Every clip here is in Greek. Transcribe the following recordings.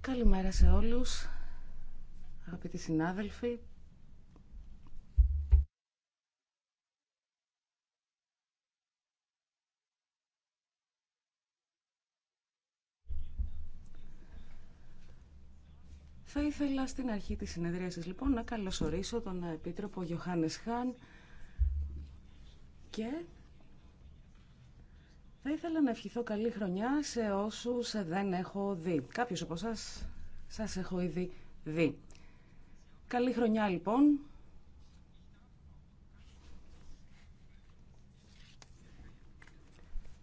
Καλημέρα σε όλους, αγαπητοί συνάδελφοι. Θα ήθελα στην αρχή της συνεδρίασης λοιπόν να καλωσορίσω τον Επίτροπο Γιωχάνες Χάν και θα ήθελα να ευχηθώ καλή χρονιά σε όσους δεν έχω δει. Κάποιους από σας, σας έχω ήδη δει. Καλή χρονιά λοιπόν.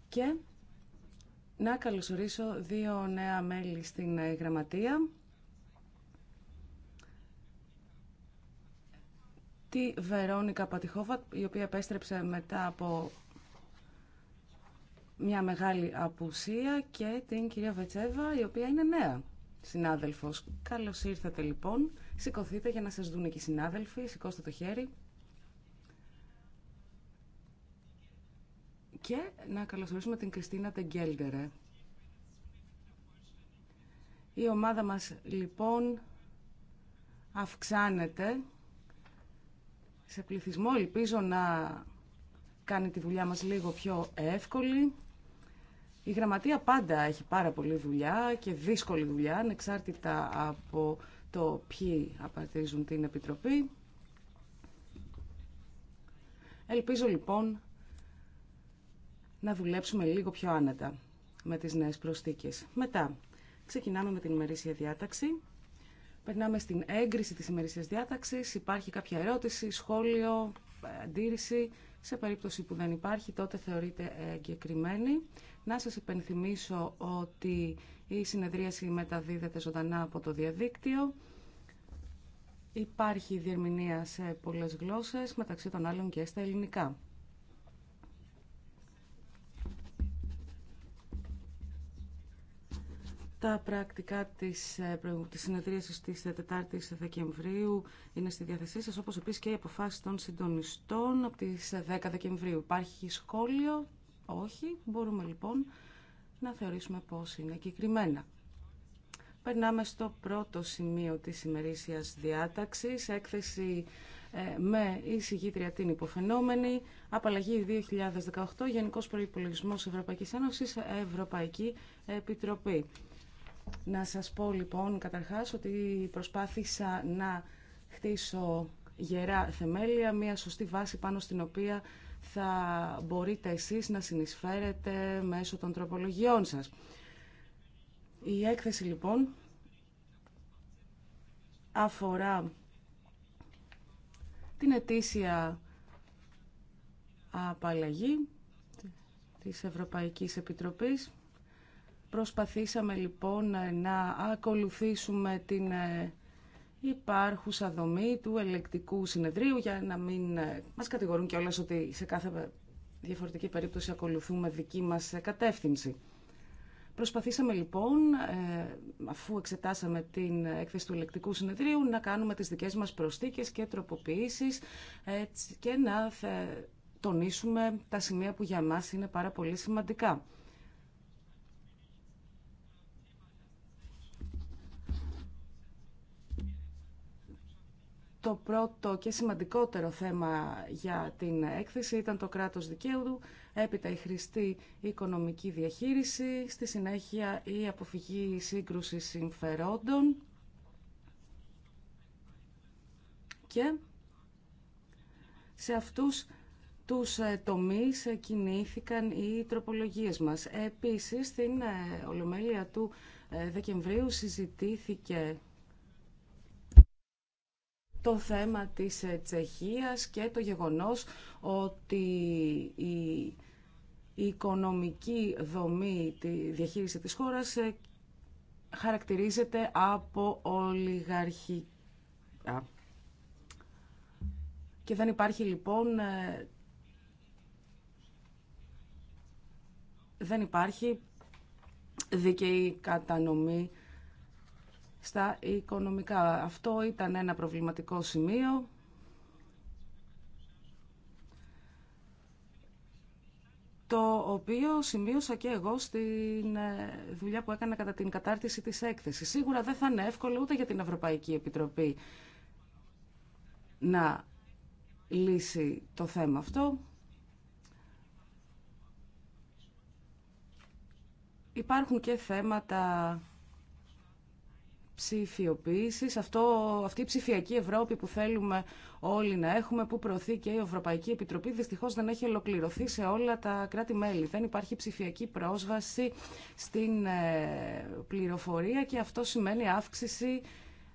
Και να καλωσορίσω δύο νέα μέλη στην γραμματεία. Τη Βερόνικα Πατιχόβα, η οποία επέστρεψε μετά από μια μεγάλη απουσία και την κυρία Βετσέβα, η οποία είναι νέα συνάδελφος. Καλώς ήρθατε λοιπόν. Σηκωθείτε για να σας δουν και οι συνάδελφοι. Σηκώστε το χέρι. Και να καλωσορίσουμε την Κριστίνα Τεγκέλντερε. Η ομάδα μας λοιπόν αυξάνεται σε πληθυσμό. Ελπίζω να κάνει τη δουλειά μας λίγο πιο εύκολη. Η γραμματεία πάντα έχει πάρα πολλή δουλειά και δύσκολη δουλειά, ανεξάρτητα από το ποιοι απαρτίζουν την Επιτροπή. Ελπίζω λοιπόν να δουλέψουμε λίγο πιο άνετα με τις νέες προστίκες. Μετά, ξεκινάμε με την ημερήσια διάταξη. Περνάμε στην έγκριση της ημερήσιας διάταξης. Υπάρχει κάποια ερώτηση, σχόλιο, ε, αντίρρηση. Σε περίπτωση που δεν υπάρχει, τότε θεωρείται εγκεκριμένη. Να σας υπενθυμίσω ότι η συνεδρίαση μεταδίδεται ζωντανά από το διαδίκτυο. Υπάρχει διερμηνία σε πολλές γλώσσες, μεταξύ των άλλων και στα ελληνικά. Τα πρακτικά της, ε, της συνεδρίασης της 4ης Δεκεμβρίου είναι στη διάθεσή σα, όπως επίσης και οι αποφάσεις των συντονιστών από τις 10 ε, Δεκεμβρίου. Υπάρχει σχόλιο? Όχι. Μπορούμε λοιπόν να θεωρήσουμε πώς είναι εγκεκριμένα. Περνάμε στο πρώτο σημείο της ημερήσιας διάταξης, έκθεση ε, με εισηγήτρια την υποφαινόμενη, απαλλαγή 2018, Γενικός Προϋπολογισμός Ευρωπαϊκής Ένωσης, Ευρωπαϊκή Επιτροπή. Να σας πω λοιπόν καταρχάς ότι προσπάθησα να χτίσω γερά θεμέλια, μια σωστή βάση πάνω στην οποία θα μπορείτε εσείς να συνεισφέρετε μέσω των τροπολογιών σας. Η έκθεση λοιπόν αφορά την ετήσια απαλλαγή της Ευρωπαϊκής Επιτροπής Προσπαθήσαμε λοιπόν να ακολουθήσουμε την ε, υπάρχουσα δομή του ελεκτικού συνεδρίου για να μην ε, μας κατηγορούν και ότι σε κάθε διαφορετική περίπτωση ακολουθούμε δική μας κατεύθυνση. Προσπαθήσαμε λοιπόν, ε, αφού εξετάσαμε την έκθεση του ελεκτικού συνεδρίου, να κάνουμε τις δικές μας προσθήκες και τροποποιήσεις και να τονίσουμε τα σημεία που για μας είναι πάρα πολύ σημαντικά. Το πρώτο και σημαντικότερο θέμα για την έκθεση ήταν το κράτος δικαίου, έπειτα η χρηστή οικονομική διαχείριση, στη συνέχεια η αποφυγή σύγκρουση συμφερόντων και σε αυτούς τους ε, τομείς κινήθηκαν οι τροπολογίες μας. Επίσης, στην ε, Ολομέλεια του ε, Δεκεμβρίου συζητήθηκε το θέμα της ε, Τσεχίας και το γεγονός ότι η, οικονομική δομή, τη διαχείριση της χώρας ε, χαρακτηρίζεται από ολιγαρχικά. Και δεν υπάρχει λοιπόν ε, δεν υπάρχει δίκαιη κατανομή στα οικονομικά. Αυτό ήταν ένα προβληματικό σημείο. το οποίο σημείωσα και εγώ στην ε, δουλειά που έκανα κατά την κατάρτιση της έκθεσης. Σίγουρα δεν θα είναι εύκολο ούτε για την Ευρωπαϊκή Επιτροπή να λύσει το θέμα αυτό. Υπάρχουν και θέματα ψηφιοποίηση αυτό, αυτή η ψηφιακή Ευρώπη που θέλουμε όλοι να έχουμε, που προωθεί και η Ευρωπαϊκή Επιτροπή, δυστυχώ δεν έχει ολοκληρωθεί σε όλα τα κράτη-μέλη. Δεν υπάρχει ψηφιακή πρόσβαση στην ε, πληροφορία και αυτό σημαίνει αύξηση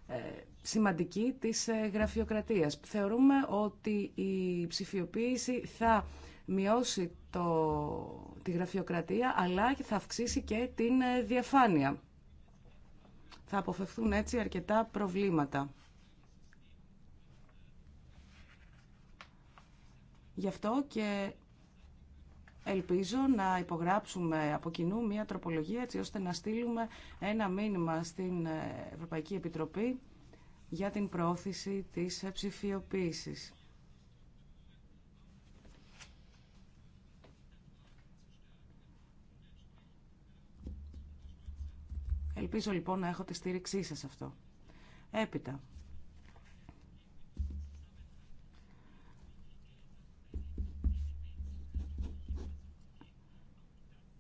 ε, σημαντική της ε, γραφειοκρατίας. Θεωρούμε ότι η ψηφιοποίηση θα μειώσει το, τη γραφειοκρατία αλλά θα αυξήσει και την διαφάνεια. Θα αποφευθούν έτσι αρκετά προβλήματα. Γι' αυτό και ελπίζω να υπογράψουμε από κοινού μια τροπολογία έτσι ώστε να στείλουμε ένα μήνυμα στην Ευρωπαϊκή Επιτροπή για την προώθηση της ψηφιοποίησης. Ελπίζω λοιπόν να έχω τη στήριξή σας αυτό. Έπειτα.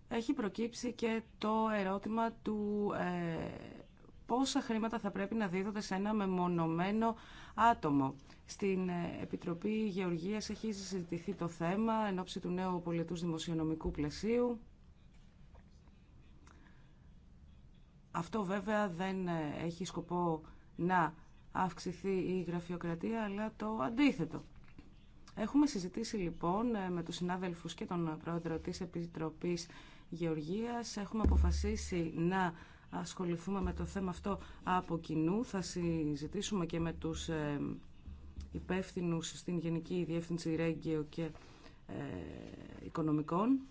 Έχει προκύψει και το ερώτημα του ε, πόσα χρήματα θα πρέπει να δίδονται σε ένα μεμονωμένο άτομο. Στην ε, Επιτροπή Γεωργίας έχει συζητηθεί το θέμα εν ώψη του νέου πολιτούς δημοσιονομικού πλαισίου. Αυτό βέβαια δεν ε, έχει σκοπό να αυξηθεί η γραφειοκρατία, αλλά το αντίθετο. Έχουμε συζητήσει λοιπόν ε, με τους συνάδελφους και τον πρόεδρο της Επιτροπής Γεωργίας. Έχουμε αποφασίσει να ασχοληθούμε με το θέμα αυτό από κοινού. Θα συζητήσουμε και με τους ε, υπεύθυνου στην Γενική Διεύθυνση Ρέγγιο και Οικονομικών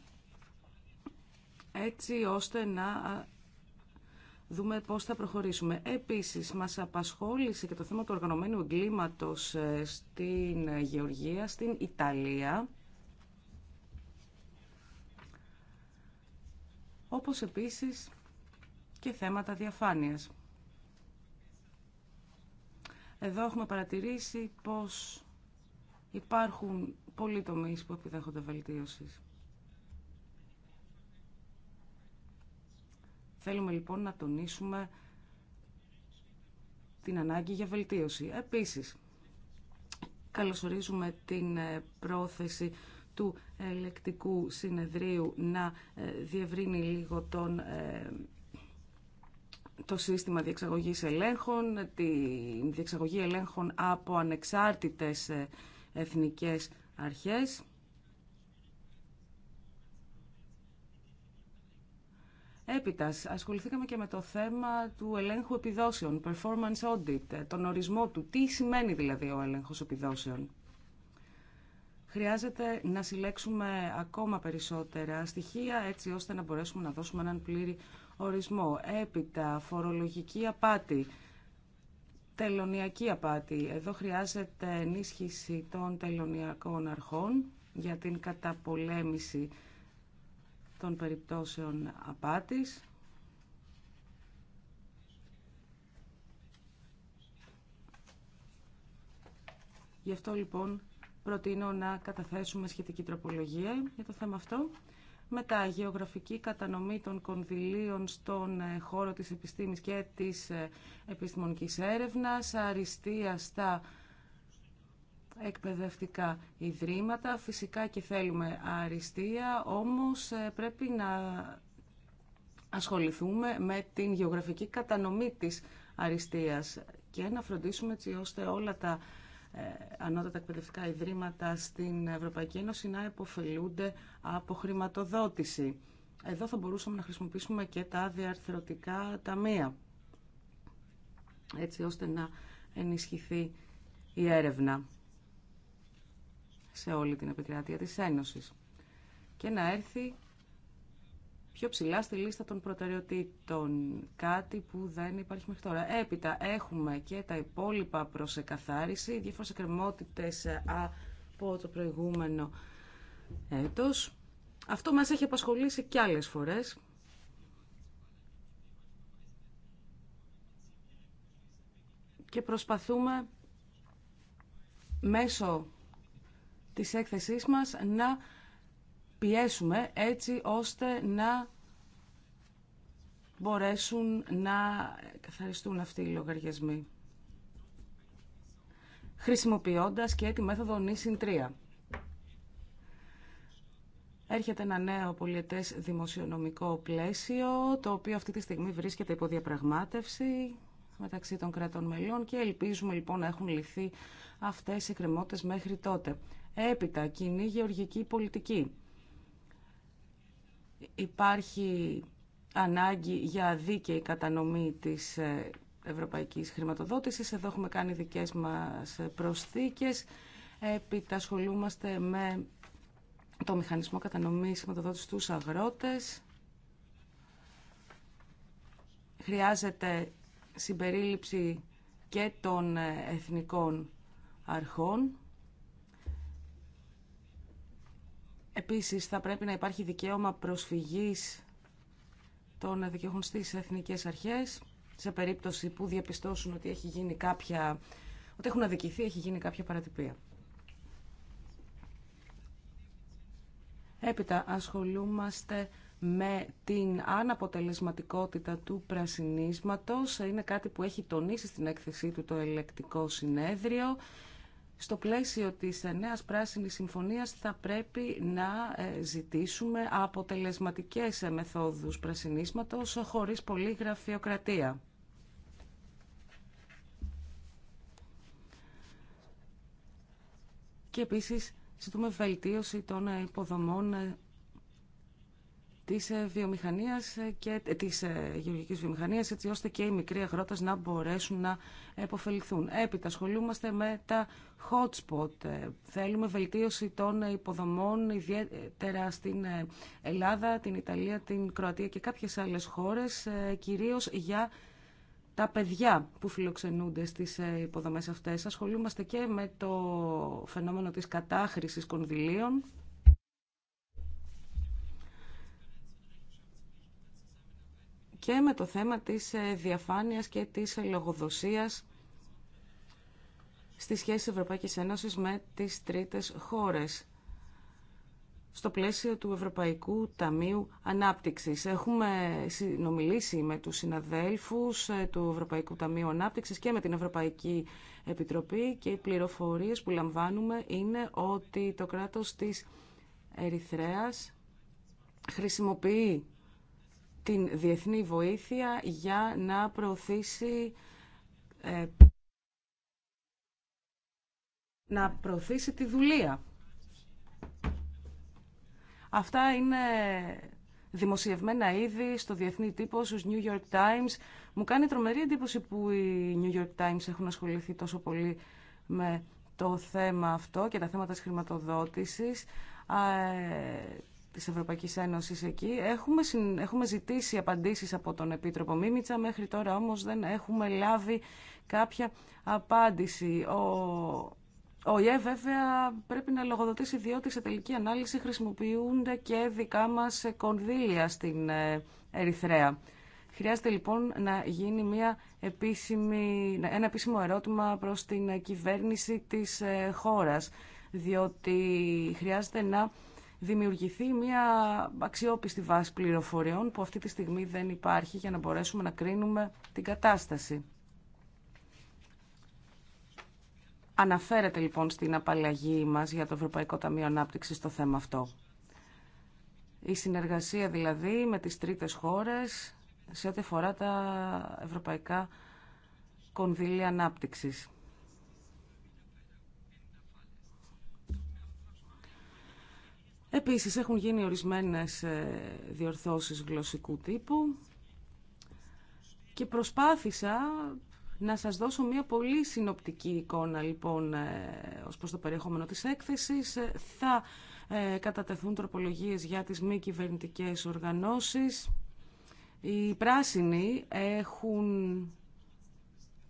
έτσι ώστε να δούμε πώς θα προχωρήσουμε. Επίσης, μας απασχόλησε και το θέμα του οργανωμένου εγκλήματος ε, στην Γεωργία, στην Ιταλία. Όπως επίσης και θέματα διαφάνειας. Εδώ έχουμε παρατηρήσει πως υπάρχουν πολλοί τομείς που επιδέχονται βελτίωσης. Θέλουμε λοιπόν να τονίσουμε την ανάγκη για βελτίωση. Επίσης, καλωσορίζουμε την ε, πρόθεση του ελεκτικού συνεδρίου να ε, διευρύνει λίγο τον, ε, το σύστημα διεξαγωγής ελέγχων, τη διεξαγωγή ελέγχων από ανεξάρτητες εθνικές αρχές. Έπειτα, ασχοληθήκαμε και με το θέμα του ελέγχου επιδόσεων, performance audit, ε, τον ορισμό του. Τι σημαίνει δηλαδή ο έλεγχος επιδόσεων. Χρειάζεται να συλλέξουμε ακόμα περισσότερα στοιχεία έτσι ώστε να μπορέσουμε να δώσουμε έναν πλήρη ορισμό. Έπειτα, φορολογική απάτη, τελωνιακή απάτη. Εδώ χρειάζεται ενίσχυση των τελωνιακών αρχών για την καταπολέμηση των περιπτώσεων απάτης. Γι' αυτό λοιπόν προτείνω να καταθέσουμε σχετική τροπολογία για το θέμα αυτό. Μετά, γεωγραφική κατανομή των κονδυλίων στον ε, χώρο της επιστήμης και της ε, επιστημονικής έρευνας, αριστεία στα εκπαιδευτικά ιδρύματα. Φυσικά και θέλουμε αριστεία, όμως ε, πρέπει να ασχοληθούμε με την γεωγραφική κατανομή της αριστείας και να φροντίσουμε έτσι ώστε όλα τα ε, ανώτατα εκπαιδευτικά ιδρύματα στην Ευρωπαϊκή Ένωση να υποφελούνται από χρηματοδότηση. Εδώ θα μπορούσαμε να χρησιμοποιήσουμε και τα διαρθρωτικά ταμεία, έτσι ώστε να ενισχυθεί η έρευνα σε όλη την επικράτεια της Ένωσης και να έρθει πιο ψηλά στη λίστα των προτεραιοτήτων, κάτι που δεν υπάρχει μέχρι τώρα. Έπειτα έχουμε και τα υπόλοιπα προς εκαθάριση, διάφορες εκκρεμότητες ε, από το προηγούμενο έτος. Αυτό μας έχει απασχολήσει και άλλες φορές. Και προσπαθούμε μέσω της έκθεσής μας να πιέσουμε έτσι ώστε να μπορέσουν να καθαριστούν αυτοί οι λογαριασμοί. Χρησιμοποιώντας και τη μέθοδο νήσιν 3. Έρχεται ένα νέο πολιετές δημοσιονομικό πλαίσιο, το οποίο αυτή τη στιγμή βρίσκεται υπό διαπραγμάτευση μεταξύ των κρατών μελών και ελπίζουμε λοιπόν να έχουν λυθεί αυτές οι κρεμότητες μέχρι τότε. Έπειτα, κοινή γεωργική πολιτική. Υπάρχει ανάγκη για δίκαιη κατανομή της ε, ευρωπαϊκής χρηματοδότησης. Εδώ έχουμε κάνει δικές μας προσθήκες. Έπειτα ασχολούμαστε με το μηχανισμό κατανομής χρηματοδότησης στους αγρότες. Χρειάζεται συμπερίληψη και των ε, εθνικών αρχών. Επίσης, θα πρέπει να υπάρχει δικαίωμα προσφυγής των δικαιωχών στις εθνικές αρχές, σε περίπτωση που διαπιστώσουν ότι, έχει γίνει κάποια, ότι έχουν αδικηθεί, έχει γίνει κάποια παρατυπία. Έπειτα ασχολούμαστε με την αναποτελεσματικότητα του πρασινίσματος. Είναι κάτι που έχει τονίσει στην έκθεσή του το ελεκτικό συνέδριο στο πλαίσιο της νέας πράσινης συμφωνίας θα πρέπει να ε, ζητήσουμε αποτελεσματικές ε, μεθόδους πρασινίσματος χωρίς πολλή γραφειοκρατία. Και επίσης ζητούμε βελτίωση των ε, υποδομών της ε, βιομηχανίας ε, και ε, της γεωργικής βιομηχανίας έτσι ώστε και οι μικροί αγρότες να μπορέσουν να επωφεληθούν. Έπειτα ασχολούμαστε με τα hot spot. Θέλουμε βελτίωση των υποδομών ιδιαίτερα στην Ελλάδα, την Ιταλία, την Κροατία και κάποιες άλλες χώρες κυρίως για τα παιδιά που φιλοξενούνται στις υποδομές αυτές. Ασχολούμαστε και με το φαινόμενο της κατάχρησης κονδυλίων και με το θέμα της ε, διαφάνειας και της λογοδοσίας στις σχέσεις Ευρωπαϊκής Ένωσης με τις τρίτες χώρες στο πλαίσιο του Ευρωπαϊκού Ταμείου Ανάπτυξης. Έχουμε συνομιλήσει με τους συναδέλφους ε, του Ευρωπαϊκού Ταμείου Ανάπτυξης και με την Ευρωπαϊκή Επιτροπή και οι πληροφορίες που λαμβάνουμε είναι ότι το κράτος της Ερυθρέας χρησιμοποιεί την διεθνή βοήθεια για να προωθήσει ε, να προωθήσει τη δουλεία. Αυτά είναι δημοσιευμένα ήδη στο διεθνή τύπο, στους New York Times. Μου κάνει τρομερή εντύπωση που οι New York Times έχουν ασχοληθεί τόσο πολύ με το θέμα αυτό και τα θέματα της χρηματοδότησης. Ε, Τη Ευρωπαϊκή Ένωση εκεί. Έχουμε, έχουμε ζητήσει απαντήσεις από τον Επίτροπο Μίμητσα, μέχρι τώρα όμως δεν έχουμε λάβει κάποια απάντηση. Ο... Ο ΙΕ βέβαια πρέπει να λογοδοτήσει διότι σε τελική ανάλυση χρησιμοποιούνται και δικά μα κονδύλια στην ε, Ερυθρέα. Χρειάζεται λοιπόν να γίνει μια επίσημη, ένα επίσημο ερώτημα προς την κυβέρνηση της ε, χώρας, διότι χρειάζεται να δημιουργηθεί μια αξιόπιστη βάση πληροφοριών που αυτή τη στιγμή δεν υπάρχει για να μπορέσουμε να κρίνουμε την κατάσταση. Αναφέρεται λοιπόν στην απαλλαγή μας για το Ευρωπαϊκό Ταμείο Ανάπτυξης το θέμα αυτό. Η συνεργασία δηλαδή με τις τρίτες χώρες σε ό,τι αφορά τα ευρωπαϊκά κονδύλια ανάπτυξης. Επίσης έχουν γίνει ορισμένες ε, διορθώσεις γλωσσικού τύπου και προσπάθησα να σας δώσω μια πολύ συνοπτική εικόνα λοιπόν ε, ως προς το περιεχόμενο της έκθεσης. Ε, θα κατατεθούν τροπολογίες για τις μη κυβερνητικέ οργανώσεις. Οι πράσινοι έχουν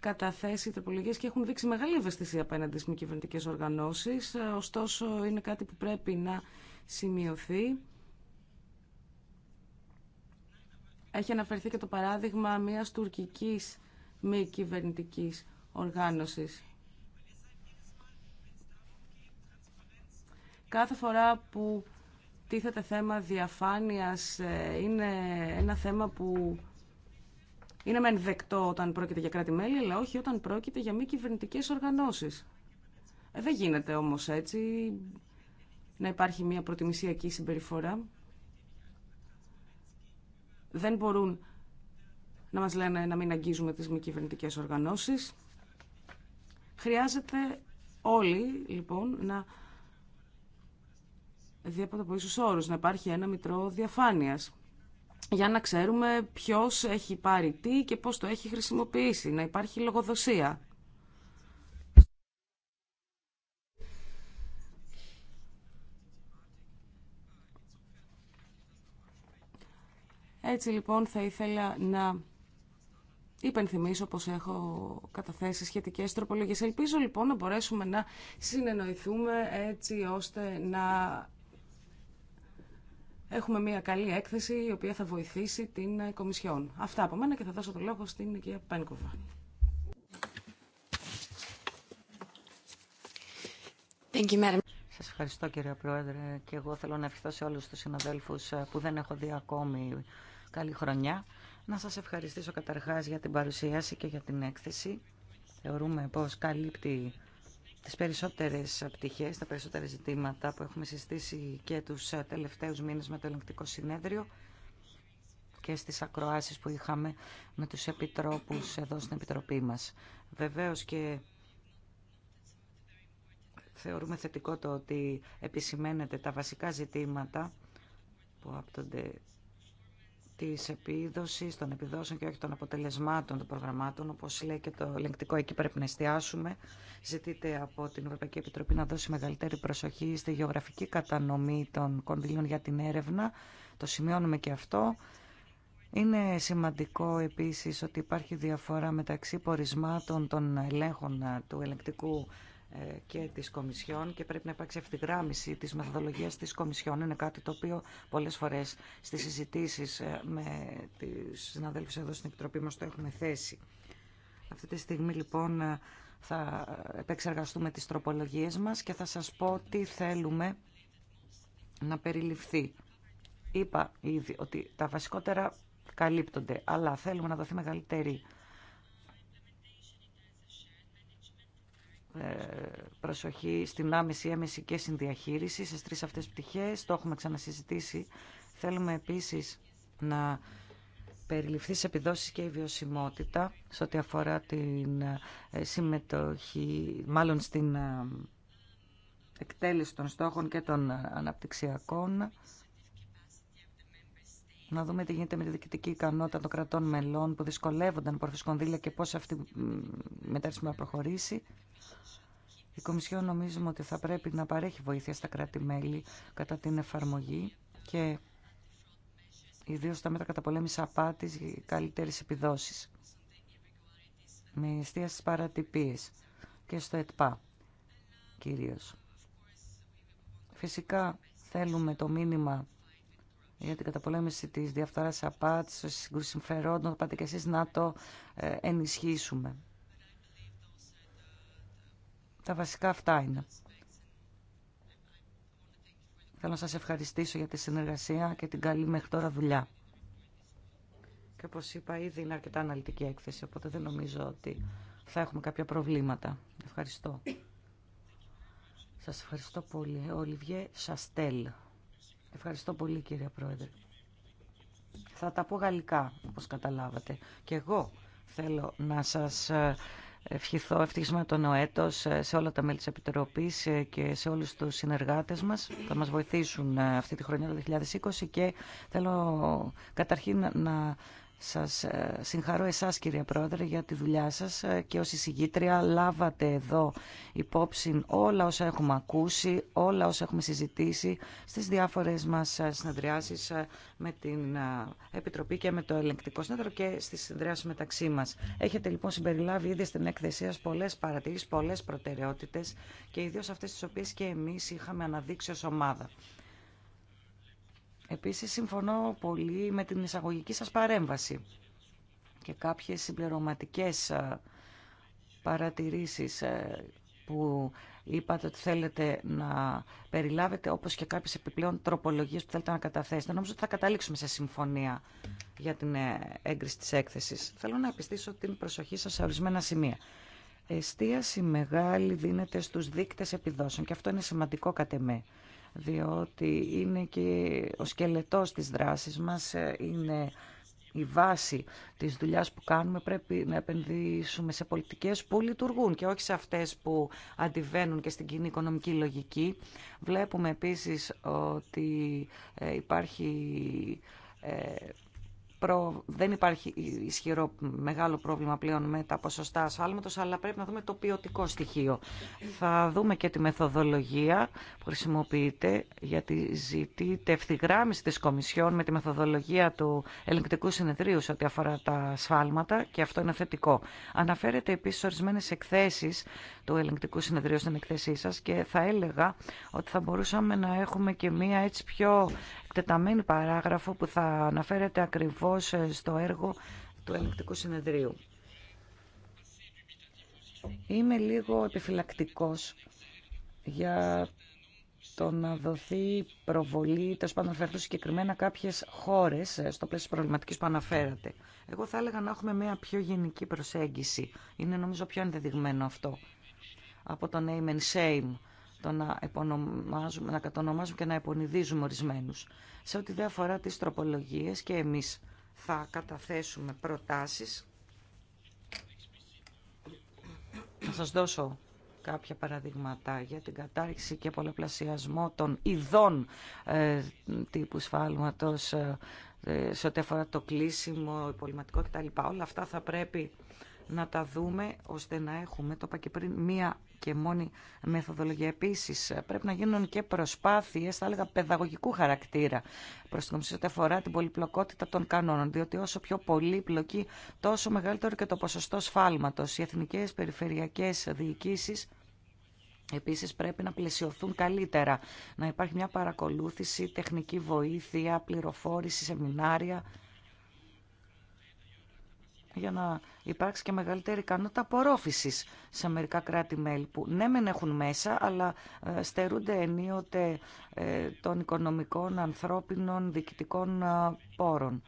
καταθέσει τροπολογίες και έχουν δείξει μεγάλη ευαισθησία απέναντι στις μη κυβερνητικέ οργανώσεις. Ωστόσο είναι κάτι που πρέπει να σημειωθεί. Έχει αναφερθεί και το παράδειγμα μιας τουρκικής μη κυβερνητικής οργάνωσης. Κάθε φορά που τίθεται θέμα διαφάνειας ε, είναι ένα θέμα που είναι μεν δεκτό όταν πρόκειται για κράτη-μέλη, αλλά όχι όταν πρόκειται για μη κυβερνητικέ οργανώσει. Ε, δεν γίνεται όμως έτσι να υπάρχει μια προτιμησιακή συμπεριφορά. Δεν μπορούν να μας λένε να μην αγγίζουμε τις μη κυβερνητικέ οργανώσεις. Χρειάζεται όλοι, λοιπόν, να διέπονται από ίσους όρους, να υπάρχει ένα μητρό διαφάνειας για να ξέρουμε ποιος έχει πάρει τι και πώς το έχει χρησιμοποιήσει, να υπάρχει λογοδοσία. Έτσι λοιπόν θα ήθελα να υπενθυμίσω πως έχω καταθέσει σχετικές τροπολογίες. Ελπίζω λοιπόν να μπορέσουμε να συνεννοηθούμε έτσι ώστε να έχουμε μια καλή έκθεση η οποία θα βοηθήσει την Κομισιόν. Αυτά από μένα και θα δώσω το λόγο στην κυρία Πένκοβα. Σα ευχαριστώ κύριε Πρόεδρε και εγώ θέλω να ευχηθώ σε όλους τους συναδέλφους που δεν έχω δει ακόμη Καλή χρονιά. Να σας ευχαριστήσω καταρχάς για την παρουσίαση και για την έκθεση. Θεωρούμε πως καλύπτει τις περισσότερες πτυχές, τα περισσότερα ζητήματα που έχουμε συστήσει και τους τελευταίους μήνες με το ελεγκτικό συνέδριο και στις ακροάσεις που είχαμε με τους επιτρόπους εδώ στην Επιτροπή μας. Βεβαίως και θεωρούμε θετικό το ότι επισημαίνεται τα βασικά ζητήματα που άπτονται τη επίδοση, των επιδόσεων και όχι των αποτελεσμάτων των προγραμμάτων. Όπως λέει και το ελεγκτικό, εκεί πρέπει να εστιάσουμε. Ζητείται από την Ευρωπαϊκή Επιτροπή να δώσει μεγαλύτερη προσοχή στη γεωγραφική κατανομή των κονδυλίων για την έρευνα. Το σημειώνουμε και αυτό. Είναι σημαντικό επίσης ότι υπάρχει διαφορά μεταξύ πορισμάτων των ελέγχων του ελεγκτικού ε, και της Κομισιόν και πρέπει να υπάρξει ευθυγράμμιση της μεθοδολογίας της Κομισιόν. Είναι κάτι το οποίο πολλές φορές στις συζητήσεις ε, με τους συναδέλφους εδώ στην Επιτροπή μας το έχουμε θέσει. Αυτή τη στιγμή λοιπόν ε, θα επεξεργαστούμε τις τροπολογίες μας και θα σας πω τι θέλουμε να περιληφθεί. Είπα ήδη ότι τα βασικότερα καλύπτονται, αλλά θέλουμε να δοθεί μεγαλύτερη Ε, προσοχή στην άμεση, έμεση και συνδιαχείριση στις τρεις αυτές πτυχές. Το έχουμε ξανασυζητήσει. Θέλουμε επίσης να περιληφθεί σε επιδόσεις και η βιωσιμότητα σε ό,τι αφορά την ε, συμμετοχή, μάλλον στην ε, εκτέλεση των στόχων και των αναπτυξιακών. Να δούμε τι γίνεται με τη διοικητική ικανότητα των κρατών μελών που δυσκολεύονταν από κονδύλια και πώς αυτή η προχωρήσει. Η Κομισιόν νομίζουμε ότι θα πρέπει να παρέχει βοήθεια στα κράτη-μέλη κατά την εφαρμογή και ιδίω στα μέτρα καταπολέμηση απάτης για καλύτερε επιδόσει. Με εστίαση στι και στο ΕΤΠΑ κυρίω. Φυσικά θέλουμε το μήνυμα για την καταπολέμηση της διαφθορά απάτης, στους συγκρούσεις συμφερόντων, πάτε και να το ε, ενισχύσουμε. Τα βασικά αυτά είναι. Θέλω να σας ευχαριστήσω για τη συνεργασία και την καλή μέχρι τώρα δουλειά. Και όπως είπα ήδη είναι αρκετά αναλυτική έκθεση, οπότε δεν νομίζω ότι θα έχουμε κάποια προβλήματα. Ευχαριστώ. Σας ευχαριστώ πολύ. Ολιβιέ Σαστέλ. Ευχαριστώ πολύ κύριε Πρόεδρε. Θα τα πω γαλλικά, όπως καταλάβατε. Και εγώ θέλω να σας ε, ευχηθώ ευτυχισμένο τον έτος ε, σε όλα τα μέλη της Επιτροπής ε, και σε όλους τους συνεργάτες μας. Θα μας βοηθήσουν ε, αυτή τη χρονιά το 2020 και θέλω καταρχήν να σας ε, συγχαρώ εσάς κύριε Πρόεδρε για τη δουλειά σας ε, και ως εισηγήτρια λάβατε εδώ υπόψη όλα όσα έχουμε ακούσει, όλα όσα έχουμε συζητήσει στις διάφορες μας ε, συνεδριάσεις με την Επιτροπή και με το Ελεγκτικό Συνέδριο και στις συνεδριάσεις μεταξύ μας. Έχετε λοιπόν συμπεριλάβει ήδη στην έκθεσή σας πολλές παρατηρήσεις, πολλές προτεραιότητες και ιδίως αυτές τις οποίες και εμείς είχαμε αναδείξει ως ομάδα. Επίσης συμφωνώ πολύ με την εισαγωγική σας παρέμβαση και κάποιες συμπληρωματικές ε, παρατηρήσεις ε, που είπατε ότι θέλετε να περιλάβετε, όπως και κάποιες επιπλέον τροπολογίες που θέλετε να καταθέσετε. Νομίζω ότι θα καταλήξουμε σε συμφωνία για την ε, έγκριση της έκθεσης. Θέλω να επιστήσω την προσοχή σας σε ορισμένα σημεία. Εστίαση μεγάλη δίνεται στους δείκτες επιδόσεων και αυτό είναι σημαντικό κατ' διότι είναι και ο σκελετός της δράσης μας, ε, είναι η βάση της δουλειάς που κάνουμε πρέπει να επενδύσουμε σε πολιτικές που λειτουργούν και όχι σε αυτές που αντιβαίνουν και στην κοινή οικονομική λογική. Βλέπουμε επίσης ότι ε, υπάρχει ε, προ... δεν υπάρχει ισχυρό μεγάλο πρόβλημα πλέον με τα ποσοστά ασφάλματος, αλλά πρέπει να δούμε το ποιοτικό στοιχείο. Θα δούμε και τη μεθοδολογία που χρησιμοποιείται, γιατί ζητείται ευθυγράμμιση της Κομισιόν με τη μεθοδολογία του ελεγκτικού συνεδρίου σε ό,τι αφορά τα ασφάλματα και αυτό είναι θετικό. Αναφέρεται επίσης ορισμένε εκθέσεις του ελεγκτικού συνεδρίου στην εκθέσή σας και θα έλεγα ότι θα μπορούσαμε να έχουμε και μία έτσι πιο τεταμένη παράγραφο που θα αναφέρεται ακριβώς ε, στο έργο του Ελεκτικού Συνεδρίου. Είμαι λίγο επιφυλακτικός για το να δοθεί προβολή, τέλο πάντων να φερθούν συγκεκριμένα κάποιε χώρε ε, στο πλαίσιο προβληματική που αναφέρατε. Εγώ θα έλεγα να έχουμε μια πιο γενική προσέγγιση. Είναι νομίζω πιο ενδεδειγμένο αυτό από το name and shame το να, επωνομάζουμε, να κατονομάζουμε και να επωνυδίζουμε ορισμένους. Σε ό,τι δεν αφορά τις τροπολογίες και εμείς θα καταθέσουμε προτάσεις. Θα σας δώσω κάποια παραδείγματα για την κατάρριξη και πολλαπλασιασμό των ειδών ε, τύπου σφάλματος ε, ε σε ό,τι αφορά το κλείσιμο, υπολοιματικό κτλ. Όλα αυτά θα πρέπει να τα δούμε ώστε να έχουμε, το είπα και πριν, μία και μόνη μεθοδολογία. Επίση, πρέπει να γίνουν και προσπάθειε, θα έλεγα, παιδαγωγικού χαρακτήρα προ την Κομισιόν ότι αφορά την πολυπλοκότητα των κανόνων. Διότι όσο πιο πολύπλοκη, τόσο μεγαλύτερο και το ποσοστό σφάλματο. Οι εθνικέ περιφερειακέ διοικήσει Επίσης πρέπει να πλαισιωθούν καλύτερα, να υπάρχει μια παρακολούθηση, τεχνική βοήθεια, πληροφόρηση, σεμινάρια για να υπάρξει και μεγαλύτερη ικανότητα απορρόφηση σε μερικά κράτη-μέλη που ναι, μεν έχουν μέσα, αλλά ε, στερούνται ενίοτε ε, των οικονομικών, ανθρώπινων, διοικητικών ε, πόρων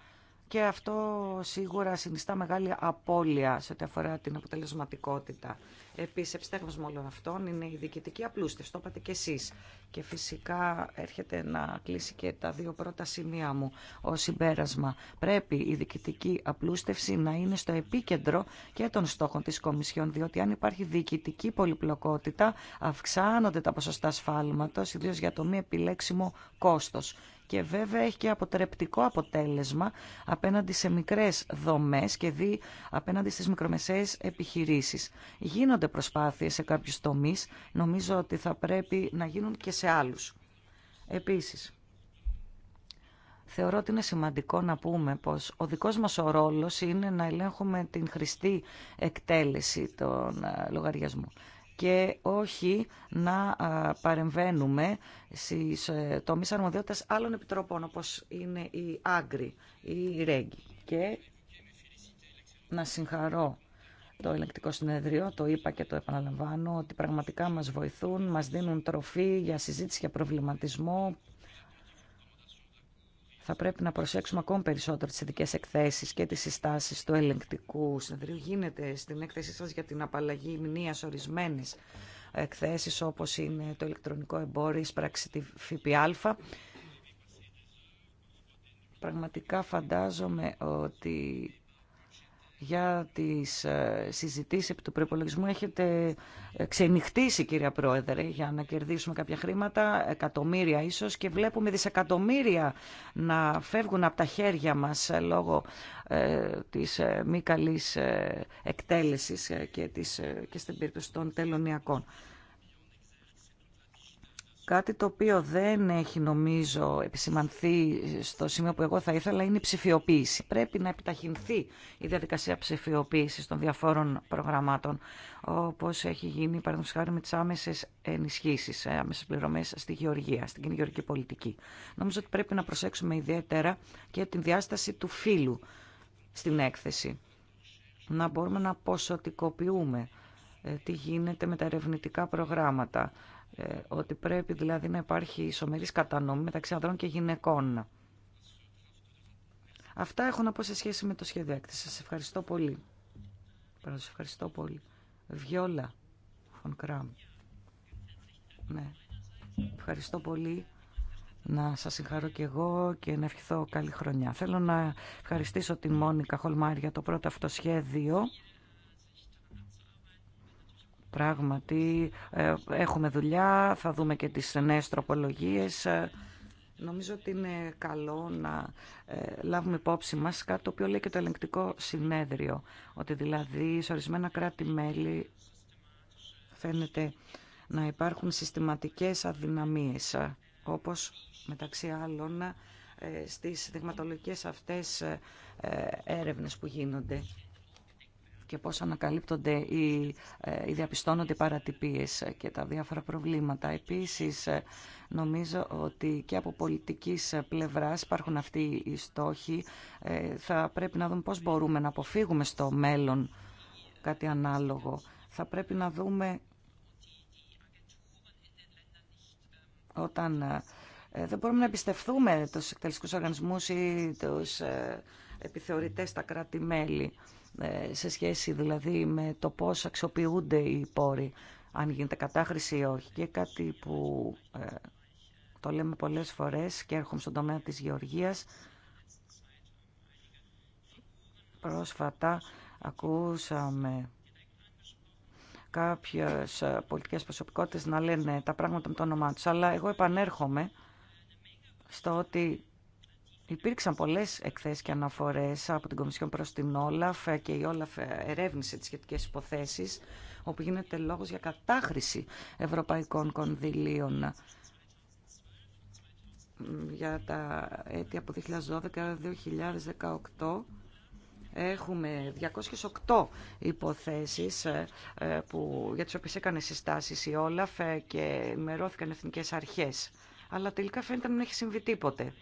και αυτό σίγουρα συνιστά μεγάλη απώλεια σε ό,τι αφορά την αποτελεσματικότητα. Επίσης, επιστέγνωσμα όλων αυτών είναι η διοικητική απλούστευση, το είπατε και εσείς. Και φυσικά έρχεται να κλείσει και τα δύο πρώτα σημεία μου ω συμπέρασμα. Πρέπει η διοικητική απλούστευση να είναι στο επίκεντρο και των στόχων της Κομισιόν, διότι αν υπάρχει διοικητική πολυπλοκότητα, αυξάνονται τα ποσοστά σφάλματος, ιδίως για το μη επιλέξιμο κόστος και βέβαια έχει και αποτρεπτικό αποτέλεσμα απέναντι σε μικρές δομές και δι απέναντι στις μικρομεσαίες επιχειρήσεις. Γίνονται προσπάθειες σε κάποιους τομείς, νομίζω ότι θα πρέπει να γίνουν και σε άλλους. Επίσης, θεωρώ ότι είναι σημαντικό να πούμε πως ο δικός μας ο ρόλος είναι να ελέγχουμε την χρηστή εκτέλεση των ε, λογαριασμών και όχι να παρεμβαίνουμε στις ε, τομείς αρμοδιότητας άλλων επιτροπών όπως είναι η Άγκρη ή η η Και να συγχαρώ το ελεκτικό συνέδριο, το είπα και το επαναλαμβάνω, ότι πραγματικά μας βοηθούν, μας δίνουν τροφή για συζήτηση για προβληματισμό θα πρέπει να προσέξουμε ακόμη περισσότερο τις ειδικέ εκθέσεις και τις συστάσεις του ελεγκτικού συνεδρίου. Γίνεται στην έκθεσή σας για την απαλλαγή μηνίας ορισμένες εκθέσεις όπως είναι το ηλεκτρονικό εμπόριο, η τη ΦΠΑ. Πραγματικά φαντάζομαι ότι για τις ε, συζητήσεις επί του προπολογισμού έχετε ε, ξενυχτήσει κυρία Πρόεδρε για να κερδίσουμε κάποια χρήματα, εκατομμύρια ίσως και βλέπουμε δισεκατομμύρια να φεύγουν από τα χέρια μας ε, λόγω της μη καλής εκτέλεσης και, της, και στην περίπτωση των τελωνιακών. Κάτι το οποίο δεν έχει νομίζω επισημανθεί στο σημείο που εγώ θα ήθελα είναι η ψηφιοποίηση. Πρέπει να επιταχυνθεί η διαδικασία ψηφιοποίησης των διαφόρων προγραμμάτων, όπως έχει γίνει παραδείγματος χάρη με τις άμεσες ενισχύσεις, ε, άμεσες πληρωμές στη γεωργία, στην κοινή γεωργική πολιτική. Νομίζω ότι πρέπει να προσέξουμε ιδιαίτερα και την διάσταση του φύλου στην έκθεση. Να μπορούμε να ποσοτικοποιούμε ε, τι γίνεται με τα ερευνητικά προγράμματα ε, ότι πρέπει δηλαδή να υπάρχει ισομερής κατανομή μεταξύ ανδρών και γυναικών. Αυτά έχω να πω σε σχέση με το σχέδιο έκτη. Σα ευχαριστώ πολύ. Σας ευχαριστώ πολύ. Βιόλα Φονκράμ. Κράμ. Ναι. Ευχαριστώ πολύ. Να σας συγχαρώ και εγώ και να ευχηθώ καλή χρονιά. Θέλω να ευχαριστήσω τη Μόνικα Χολμάρ για το πρώτο αυτό σχέδιο Πράγματι, ε, έχουμε δουλειά, θα δούμε και τις νέες τροπολογίες. Ε, νομίζω ότι είναι καλό να ε, λάβουμε υπόψη μας κάτι το οποίο λέει και το ελεγκτικό συνέδριο. Ότι δηλαδή σε ορισμένα κράτη-μέλη φαίνεται να υπάρχουν συστηματικές αδυναμίες, όπως μεταξύ άλλων στις δειγματολογικές αυτές έρευνες που γίνονται και πώς ανακαλύπτονται ε, ή διαπιστώνονται οι παρατυπίες και τα διάφορα προβλήματα. Επίσης, ε, νομίζω ότι και από πολιτικής ε, πλευράς υπάρχουν αυτοί οι στόχοι. Θα πρέπει να δούμε πώς μπορούμε να αποφύγουμε στο μέλλον κάτι ανάλογο. Θα πρέπει να δούμε όταν δεν μπορούμε να εμπιστευτούμε τους εκτελεστικούς οργανισμούς ή τους επιθεωρητές στα κράτη-μέλη. Ε, σε σχέση δηλαδή με το πώς αξιοποιούνται οι πόροι, αν γίνεται κατάχρηση ή όχι. Και κάτι που ε, το λέμε πολλές φορές και έρχομαι στον τομέα της γεωργίας, πρόσφατα ακούσαμε κάποιες ε, πολιτικές προσωπικότητες να λένε τα πράγματα με το όνομά τους. Αλλά εγώ επανέρχομαι στο ότι Υπήρξαν πολλές εκθέσεις και αναφορές από την Κομισιόν προ την Όλαφ και η Όλαφ ερεύνησε τις σχετικέ υποθέσεις όπου γίνεται λόγο για κατάχρηση ευρωπαϊκών κονδυλίων για τα έτη από 2012-2018 έχουμε 208 υποθέσεις ε, ε, που, για τις οποίες έκανε συστάσεις η Όλαφ και μερώθηκαν εθνικές αρχές. Αλλά τελικά φαίνεται να μην έχει συμβεί τίποτε.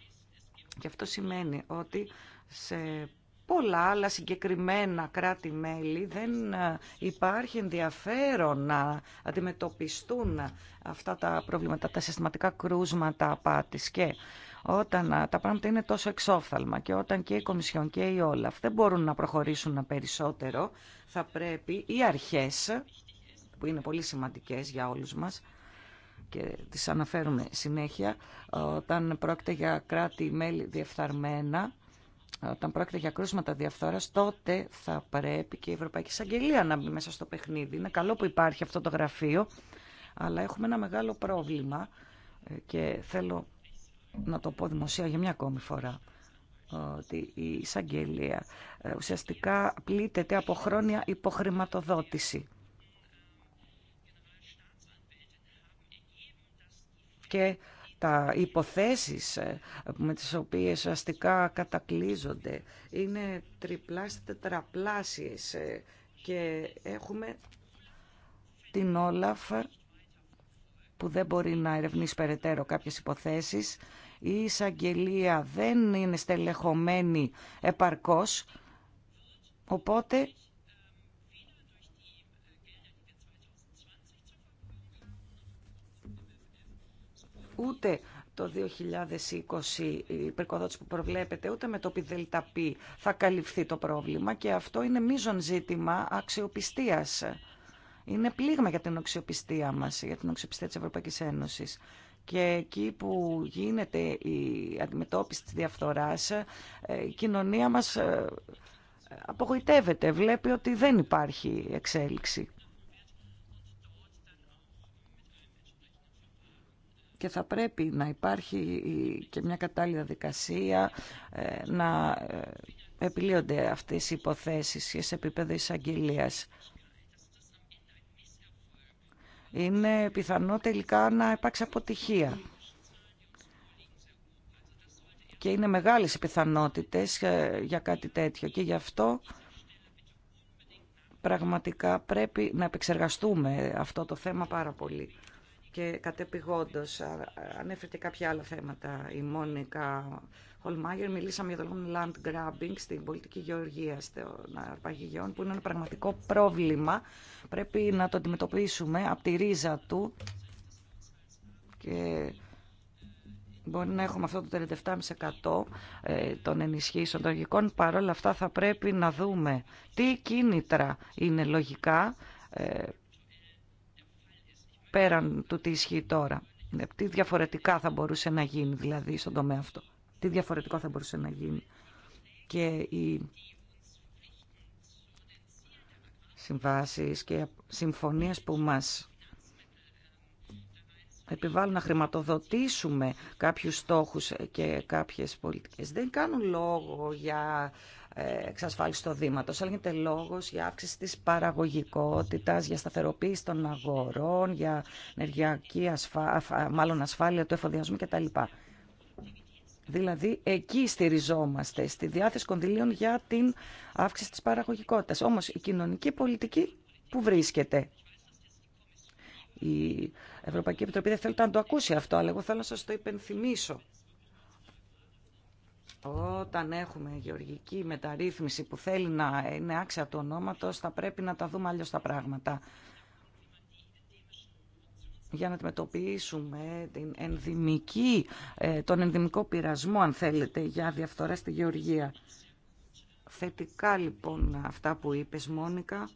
Και αυτό σημαίνει ότι σε πολλά άλλα συγκεκριμένα κράτη-μέλη δεν ε, υπάρχει ενδιαφέρον να αντιμετωπιστούν αυτά τα προβλήματα, τα συστηματικά κρούσματα απάτης και όταν ε, τα πράγματα είναι τόσο εξόφθαλμα και όταν και η Κομισιόν και η Όλαφ δεν μπορούν να προχωρήσουν περισσότερο, θα πρέπει οι αρχές, που είναι πολύ σημαντικές για όλους μας, και τις αναφέρουμε συνέχεια, όταν πρόκειται για κράτη-μέλη διεφθαρμένα, όταν πρόκειται για κρούσματα διαφθόρας, τότε θα πρέπει και η Ευρωπαϊκή Εισαγγελία να μπει μέσα στο παιχνίδι. Είναι καλό που υπάρχει αυτό το γραφείο, αλλά έχουμε ένα μεγάλο πρόβλημα ε, και θέλω να το πω δημοσία για μια ακόμη φορά ότι η εισαγγελία ε, ουσιαστικά πλήττεται από χρόνια υποχρηματοδότηση. και τα υποθέσεις ε, με τις οποίες αστικά κατακλίζονται είναι τριπλάσιες, τετραπλάσιες ε, και έχουμε την Όλαφ που δεν μπορεί να ερευνήσει περαιτέρω κάποιες υποθέσεις. Η εισαγγελία δεν είναι στελεχωμένη επαρκώς, οπότε ούτε το 2020 η υπερκοδότηση που προβλέπεται, ούτε με το πι θα καλυφθεί το πρόβλημα και αυτό είναι μείζον ζήτημα αξιοπιστίας. Είναι πλήγμα για την αξιοπιστία μας, για την αξιοπιστία της Ευρωπαϊκής Ένωσης. Και εκεί που γίνεται η αντιμετώπιση της διαφθοράς, ε, η κοινωνία μας ε, απογοητεύεται, βλέπει ότι δεν υπάρχει εξέλιξη. και θα πρέπει να υπάρχει και μια κατάλληλη δικασία ε, να ε, επιλύονται αυτές οι υποθέσεις και σε επίπεδο εισαγγελία. Είναι πιθανό τελικά να υπάρξει αποτυχία. Και είναι μεγάλες οι πιθανότητες ε, για κάτι τέτοιο. Και γι' αυτό πραγματικά πρέπει να επεξεργαστούμε αυτό το θέμα πάρα πολύ και κατεπηγόντως ανέφερε και κάποια άλλα θέματα η Μόνικα Χολμάγερ. Μιλήσαμε για το λόγο land grabbing στην πολιτική γεωργία των αρπαγηγιών που είναι ένα πραγματικό πρόβλημα. Πρέπει να το αντιμετωπίσουμε από τη ρίζα του και μπορεί να έχουμε αυτό το 37,5% ε, των ενισχύσεων των γικών. Παρ' όλα αυτά θα πρέπει να δούμε τι κίνητρα είναι λογικά ε, πέραν του τι ισχύει τώρα. Ε, τι διαφορετικά θα μπορούσε να γίνει δηλαδή στον τομέα αυτό. Τι διαφορετικό θα μπορούσε να γίνει. Και οι συμβάσεις και συμφωνίες που μας επιβάλλουν να χρηματοδοτήσουμε κάποιους στόχους και κάποιες πολιτικές. Δεν κάνουν λόγο για ε, εξασφάλιση του δήματο. Αλλά λόγο για αύξηση τη παραγωγικότητα, για σταθεροποίηση των αγορών, για ενεργειακή ασφα... μάλλον ασφάλεια του εφοδιασμού κτλ. Δηλαδή, εκεί στηριζόμαστε, στη διάθεση κονδυλίων για την αύξηση της παραγωγικότητας. Όμω η κοινωνική πολιτική που βρίσκεται. Η Ευρωπαϊκή Επιτροπή δεν θέλει να το ακούσει αυτό, αλλά εγώ θέλω να σα το υπενθυμίσω. Όταν έχουμε γεωργική μεταρρύθμιση που θέλει να είναι άξια του ονόματος, θα πρέπει να τα δούμε αλλιώς τα πράγματα. Για να αντιμετωπίσουμε την ε, τον ενδυμικό πειρασμό, αν θέλετε, για διαφθορά στη γεωργία. Θετικά λοιπόν αυτά που είπες Μόνικα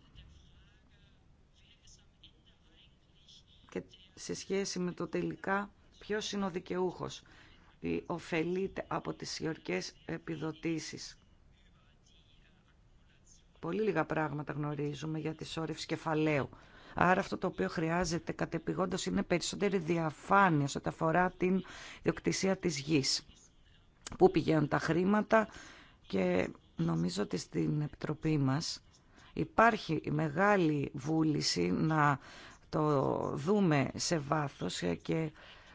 και σε σχέση με το τελικά ποιος είναι ο δικαιούχος ωφελείται από τις γιορκές επιδοτήσεις. Πολύ λίγα πράγματα γνωρίζουμε για τη σώρευση κεφαλαίου. Άρα αυτό το οποίο χρειάζεται κατεπηγόντως είναι περισσότερη διαφάνεια σε αφορά την διοκτησία της γης. Πού πηγαίνουν τα χρήματα και νομίζω ότι στην Επιτροπή μας υπάρχει η μεγάλη βούληση να το δούμε σε βάθος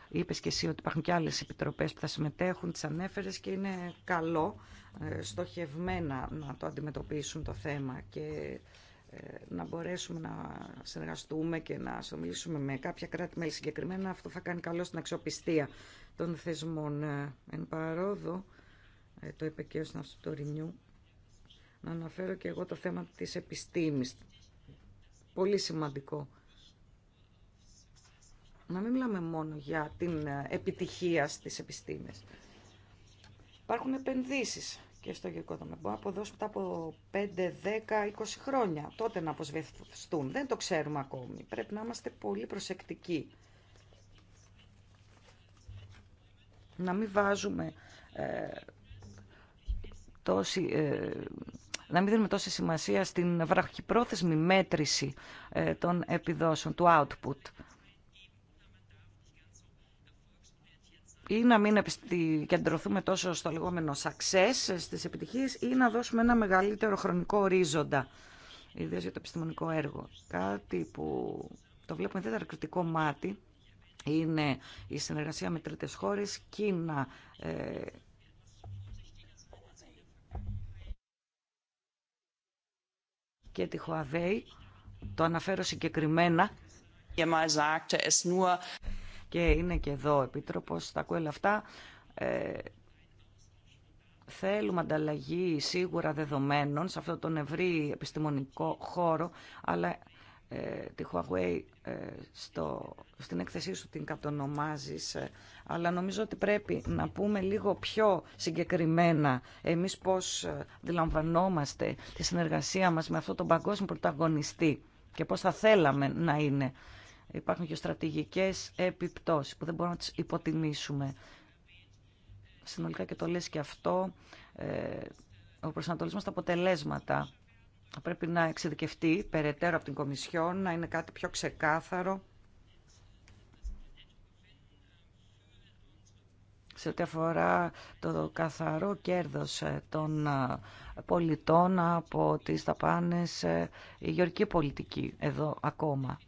Είπε και εσύ ότι υπάρχουν και άλλε επιτροπέ που θα συμμετέχουν, τι ανέφερε και είναι καλό ε, στοχευμένα να το αντιμετωπίσουν το θέμα και ε, να μπορέσουμε να συνεργαστούμε και να συνομιλήσουμε με κάποια κράτη-μέλη συγκεκριμένα. Αυτό θα κάνει καλό στην αξιοπιστία των θεσμών. Ε, εν παρόδο, το είπε και ο Σναυστορινιού, να αναφέρω και εγώ το θέμα της επιστήμης. Πολύ σημαντικό να μην μιλάμε μόνο για την ε, επιτυχία στις επιστήμες. Υπάρχουν επενδύσεις και στο γεωργικό τομέα. Μπορεί να αποδώσουν μετά από 5, 10, 20 χρόνια. Τότε να αποσβεθούν. Δεν το ξέρουμε ακόμη. Πρέπει να είμαστε πολύ προσεκτικοί. Να μην βάζουμε ε, τόση, ε, να μην δίνουμε τόση σημασία στην βραχυπρόθεσμη μέτρηση ε, των επιδόσεων, του output. ή να μην κεντρωθούμε τόσο στο λεγόμενο success στις επιτυχίες ή να δώσουμε ένα μεγαλύτερο χρονικό ορίζοντα, ιδίως για το επιστημονικό έργο. Κάτι που το βλέπουμε είναι κριτικό μάτι είναι η συνεργασία με τρίτες χώρες, Κίνα, ε, και τη Huawei. Το αναφέρω συγκεκριμένα και είναι και εδώ ο τα ακούει όλα αυτά. Ε, θέλουμε ανταλλαγή σίγουρα δεδομένων σε αυτόν τον ευρύ επιστημονικό χώρο, αλλά ε, τη Huawei ε, στο, στην έκθεσή σου την κατονομάζεις, ε, αλλά νομίζω ότι πρέπει να πούμε λίγο πιο συγκεκριμένα εμείς πώς ε, αντιλαμβανόμαστε τη συνεργασία μας με αυτόν τον παγκόσμιο πρωταγωνιστή και πώς θα θέλαμε να είναι Υπάρχουν και στρατηγικές επιπτώσεις που δεν μπορούμε να τις υποτιμήσουμε. Συνολικά και το λες και αυτό, ε, ο προσανατολισμός στα αποτελέσματα πρέπει να εξειδικευτεί περαιτέρω από την Κομισιόν, να είναι κάτι πιο ξεκάθαρο σε ό,τι αφορά το καθαρό κέρδος ε, των ε, πολιτών από τις ταπάνες η γεωργική πολιτική εδώ ακόμα.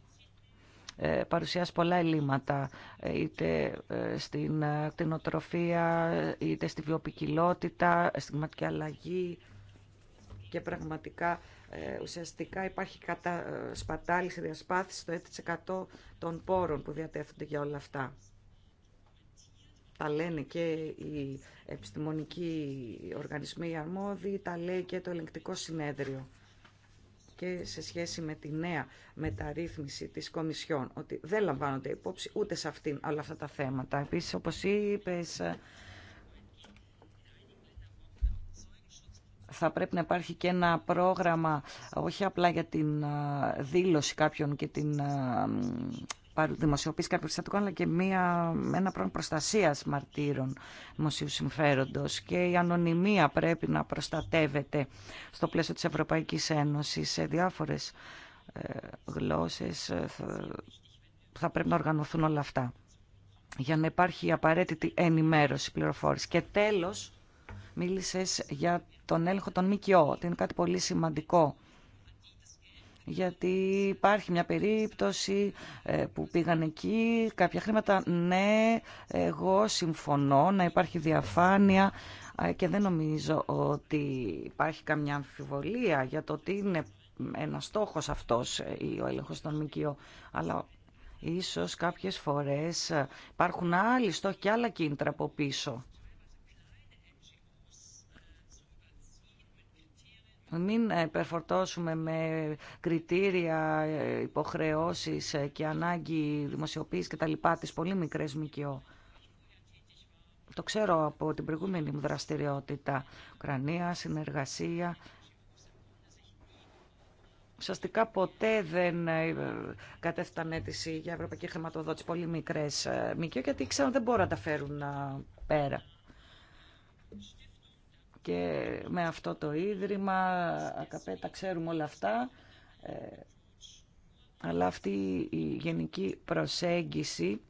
Ε, παρουσιάσει πολλά ελλείμματα, ε, είτε ε, στην κτηνοτροφία, είτε στη βιοπικιλότητα, στιγματική αλλαγή και πραγματικά ουσιαστικά υπάρχει σπατάληση διασπάθηση το 1% των πόρων που διατέθονται για όλα αυτά. Τα λένε και οι επιστημονικοί οργανισμοί αρμόδιοι, τα λέει και το ελεγκτικό συνέδριο και σε σχέση με τη νέα μεταρρύθμιση της Κομισιόν, ότι δεν λαμβάνονται υπόψη ούτε σε αυτήν όλα αυτά τα θέματα. Επίσης, όπως είπες, θα πρέπει να υπάρχει και ένα πρόγραμμα όχι απλά για την ε, δήλωση κάποιων και την ε, δημοσιοποιήσει κάποιο περιστατικό, αλλά και μία, ένα πρόγραμμα προστασία μαρτύρων δημοσίου συμφέροντο. Και η ανωνυμία πρέπει να προστατεύεται στο πλαίσιο τη Ευρωπαϊκή Ένωση σε διάφορε γλώσσε. Ε, θα πρέπει να οργανωθούν όλα αυτά για να υπάρχει η απαραίτητη ενημέρωση, πληροφόρηση. Και τέλος, μίλησες για τον έλεγχο των ΜΚΟ, ότι είναι κάτι πολύ σημαντικό γιατί υπάρχει μια περίπτωση ε, που πήγαν εκεί κάποια χρήματα. Ναι, εγώ συμφωνώ να υπάρχει διαφάνεια ε, και δεν νομίζω ότι υπάρχει καμιά αμφιβολία για το ότι είναι ένα στόχος αυτός ε, ο έλεγχος των ΜΚΟ, αλλά ίσως κάποιες φορές υπάρχουν άλλοι στόχοι και άλλα κίνητρα από πίσω. μην ε, υπερφορτώσουμε με κριτήρια, ε, υποχρεώσεις ε, και ανάγκη δημοσιοποίηση λοιπά της πολύ μικρές ΜΚΟ. Το ξέρω από την προηγούμενη μου δραστηριότητα. Ουκρανία, συνεργασία. Ουσιαστικά ποτέ δεν κατέφτανε αίτηση για ευρωπαϊκή χρηματοδότηση πολύ μικρές ΜΚΟ, γιατί ξέρω δεν μπορούν να τα φέρουν πέρα και με αυτό το Ίδρυμα, τα ξέρουμε όλα αυτά. Ε, αλλά αυτή η γενική προσέγγιση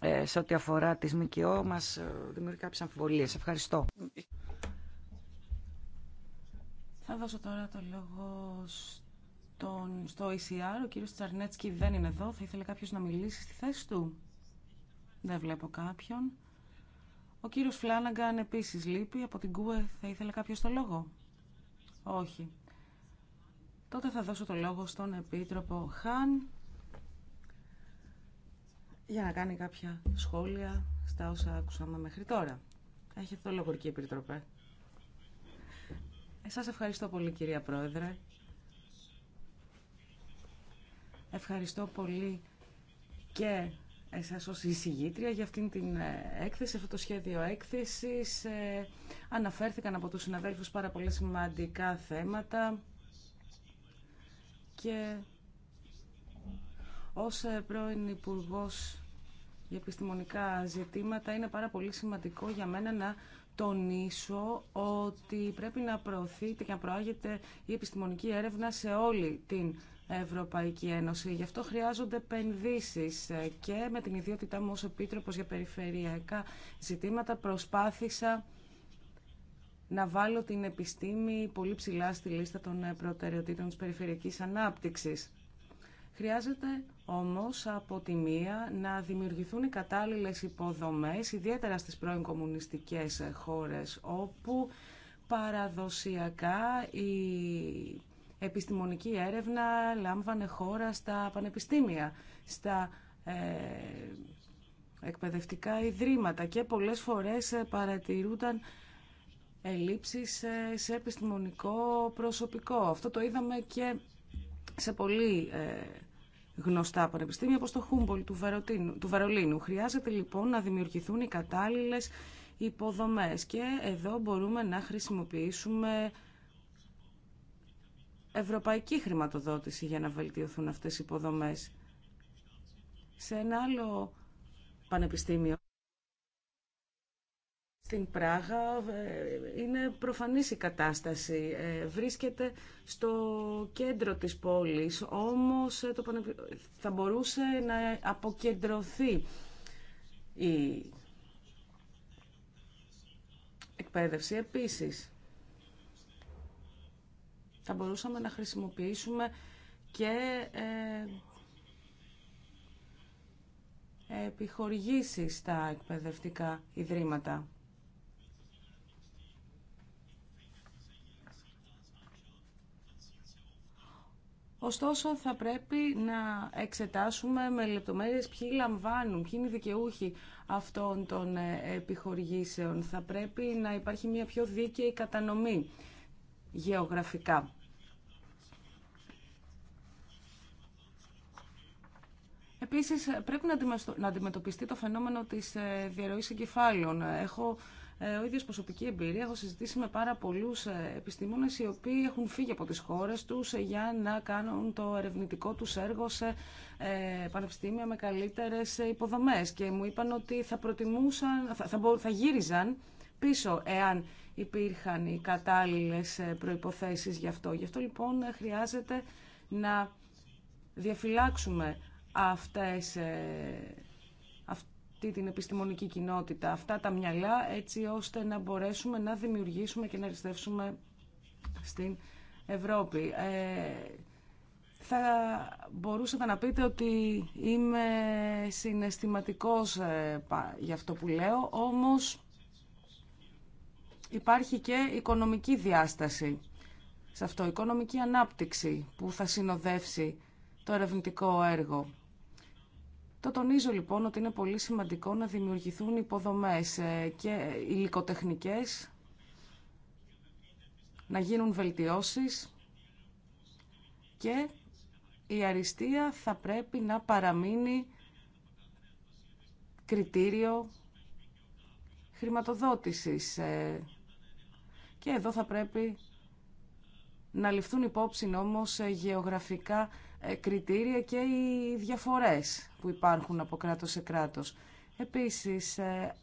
ε, σε ό,τι αφορά τις ΜΚΟ μας ε, δημιουργεί κάποιες αμφιβολίες. Ευχαριστώ. Θα δώσω τώρα το λόγο στον, στο ECR. Ο κύριος Τσαρνέτσκι δεν είναι εδώ. Θα ήθελε κάποιος να μιλήσει στη θέση του. Δεν βλέπω κάποιον. Ο κύριος Φλάναγκαν επίσης λείπει. Από την κούε θα ήθελε κάποιο το λόγο. Όχι. Τότε θα δώσω το λόγο στον Επίτροπο Χάν για να κάνει κάποια σχόλια στα όσα άκουσαμε μέχρι τώρα. Έχετε το λόγο, κύριε Επίτροπε. Ε, σας ευχαριστώ πολύ, κυρία Πρόεδρε. Ευχαριστώ πολύ και εσάς ως εισηγήτρια για αυτήν την ε, έκθεση, αυτό το σχέδιο έκθεσης. Ε, αναφέρθηκαν από τους συναδέλφους πάρα πολύ σημαντικά θέματα και ως ε, πρώην υπουργό για επιστημονικά ζητήματα είναι πάρα πολύ σημαντικό για μένα να τονίσω ότι πρέπει να προωθείται και να προάγεται η επιστημονική έρευνα σε όλη την Ευρωπαϊκή Ένωση. Γι' αυτό χρειάζονται επενδύσει ε, και με την ιδιότητά μου ως Επίτροπος για Περιφερειακά Ζητήματα προσπάθησα να βάλω την επιστήμη πολύ ψηλά στη λίστα των ε, προτεραιοτήτων της περιφερειακής ανάπτυξης. Χρειάζεται όμως από τη μία να δημιουργηθούν οι κατάλληλες υποδομές, ιδιαίτερα στις πρώην κομμουνιστικές ε, χώρες, όπου παραδοσιακά οι επιστημονική έρευνα λάμβανε χώρα στα πανεπιστήμια, στα ε, εκπαιδευτικά ιδρύματα και πολλές φορές ε, παρατηρούνταν ελλείψεις ε, σε επιστημονικό προσωπικό. Αυτό το είδαμε και σε πολύ γνωστά πανεπιστήμια όπως το Χούμπολ του, του Βερολίνου. Χρειάζεται λοιπόν να δημιουργηθούν οι κατάλληλες υποδομές και εδώ μπορούμε να χρησιμοποιήσουμε ευρωπαϊκή χρηματοδότηση για να βελτιωθούν αυτές οι υποδομές. Σε ένα άλλο πανεπιστήμιο, στην Πράγα, ε, είναι προφανής η κατάσταση. Ε, βρίσκεται στο κέντρο της πόλης, όμως ε, το θα μπορούσε να αποκεντρωθεί η εκπαίδευση επίσης. Θα μπορούσαμε να χρησιμοποιήσουμε και ε, επιχορηγήσεις στα εκπαιδευτικά ιδρύματα. Ωστόσο, θα πρέπει να εξετάσουμε με λεπτομέρειες ποιοι λαμβάνουν, ποιοι είναι οι δικαιούχοι αυτών των ε, επιχορηγήσεων. Θα πρέπει να υπάρχει μια πιο δίκαιη κατανομή γεωγραφικά. Επίσης, πρέπει να αντιμετωπιστεί το φαινόμενο της ε, διαρροή εγκεφάλων. Έχω ε, ο ίδιος προσωπική εμπειρία, έχω συζητήσει με πάρα πολλούς ε, επιστήμονες οι οποίοι έχουν φύγει από τις χώρες τους για να κάνουν το ερευνητικό τους έργο σε πανεπιστήμια με καλύτερες υποδομές και μου είπαν ότι θα προτιμούσαν, θα, θα, γύριζαν πίσω εάν υπήρχαν οι κατάλληλε προϋποθέσεις γι' αυτό. Γι' αυτό λοιπόν χρειάζεται να διαφυλάξουμε αυτές, ε, αυτή την επιστημονική κοινότητα, αυτά τα μυαλά, έτσι ώστε να μπορέσουμε να δημιουργήσουμε και να ριστέψουμε στην Ευρώπη. Ε, θα μπορούσατε να πείτε ότι είμαι συναισθηματικός ε, για αυτό που λέω, όμως υπάρχει και οικονομική διάσταση σε αυτό, οικονομική ανάπτυξη που θα συνοδεύσει το ερευνητικό έργο. Το τονίζω λοιπόν ότι είναι πολύ σημαντικό να δημιουργηθούν υποδομές ε, και υλικοτεχνικές, να γίνουν βελτιώσεις και η αριστεία θα πρέπει να παραμείνει κριτήριο χρηματοδότησης. Ε. Και εδώ θα πρέπει να ληφθούν υπόψη όμως ε, γεωγραφικά ε, κριτήρια και οι διαφορές που υπάρχουν από κράτος σε κράτος. Επίσης, ε,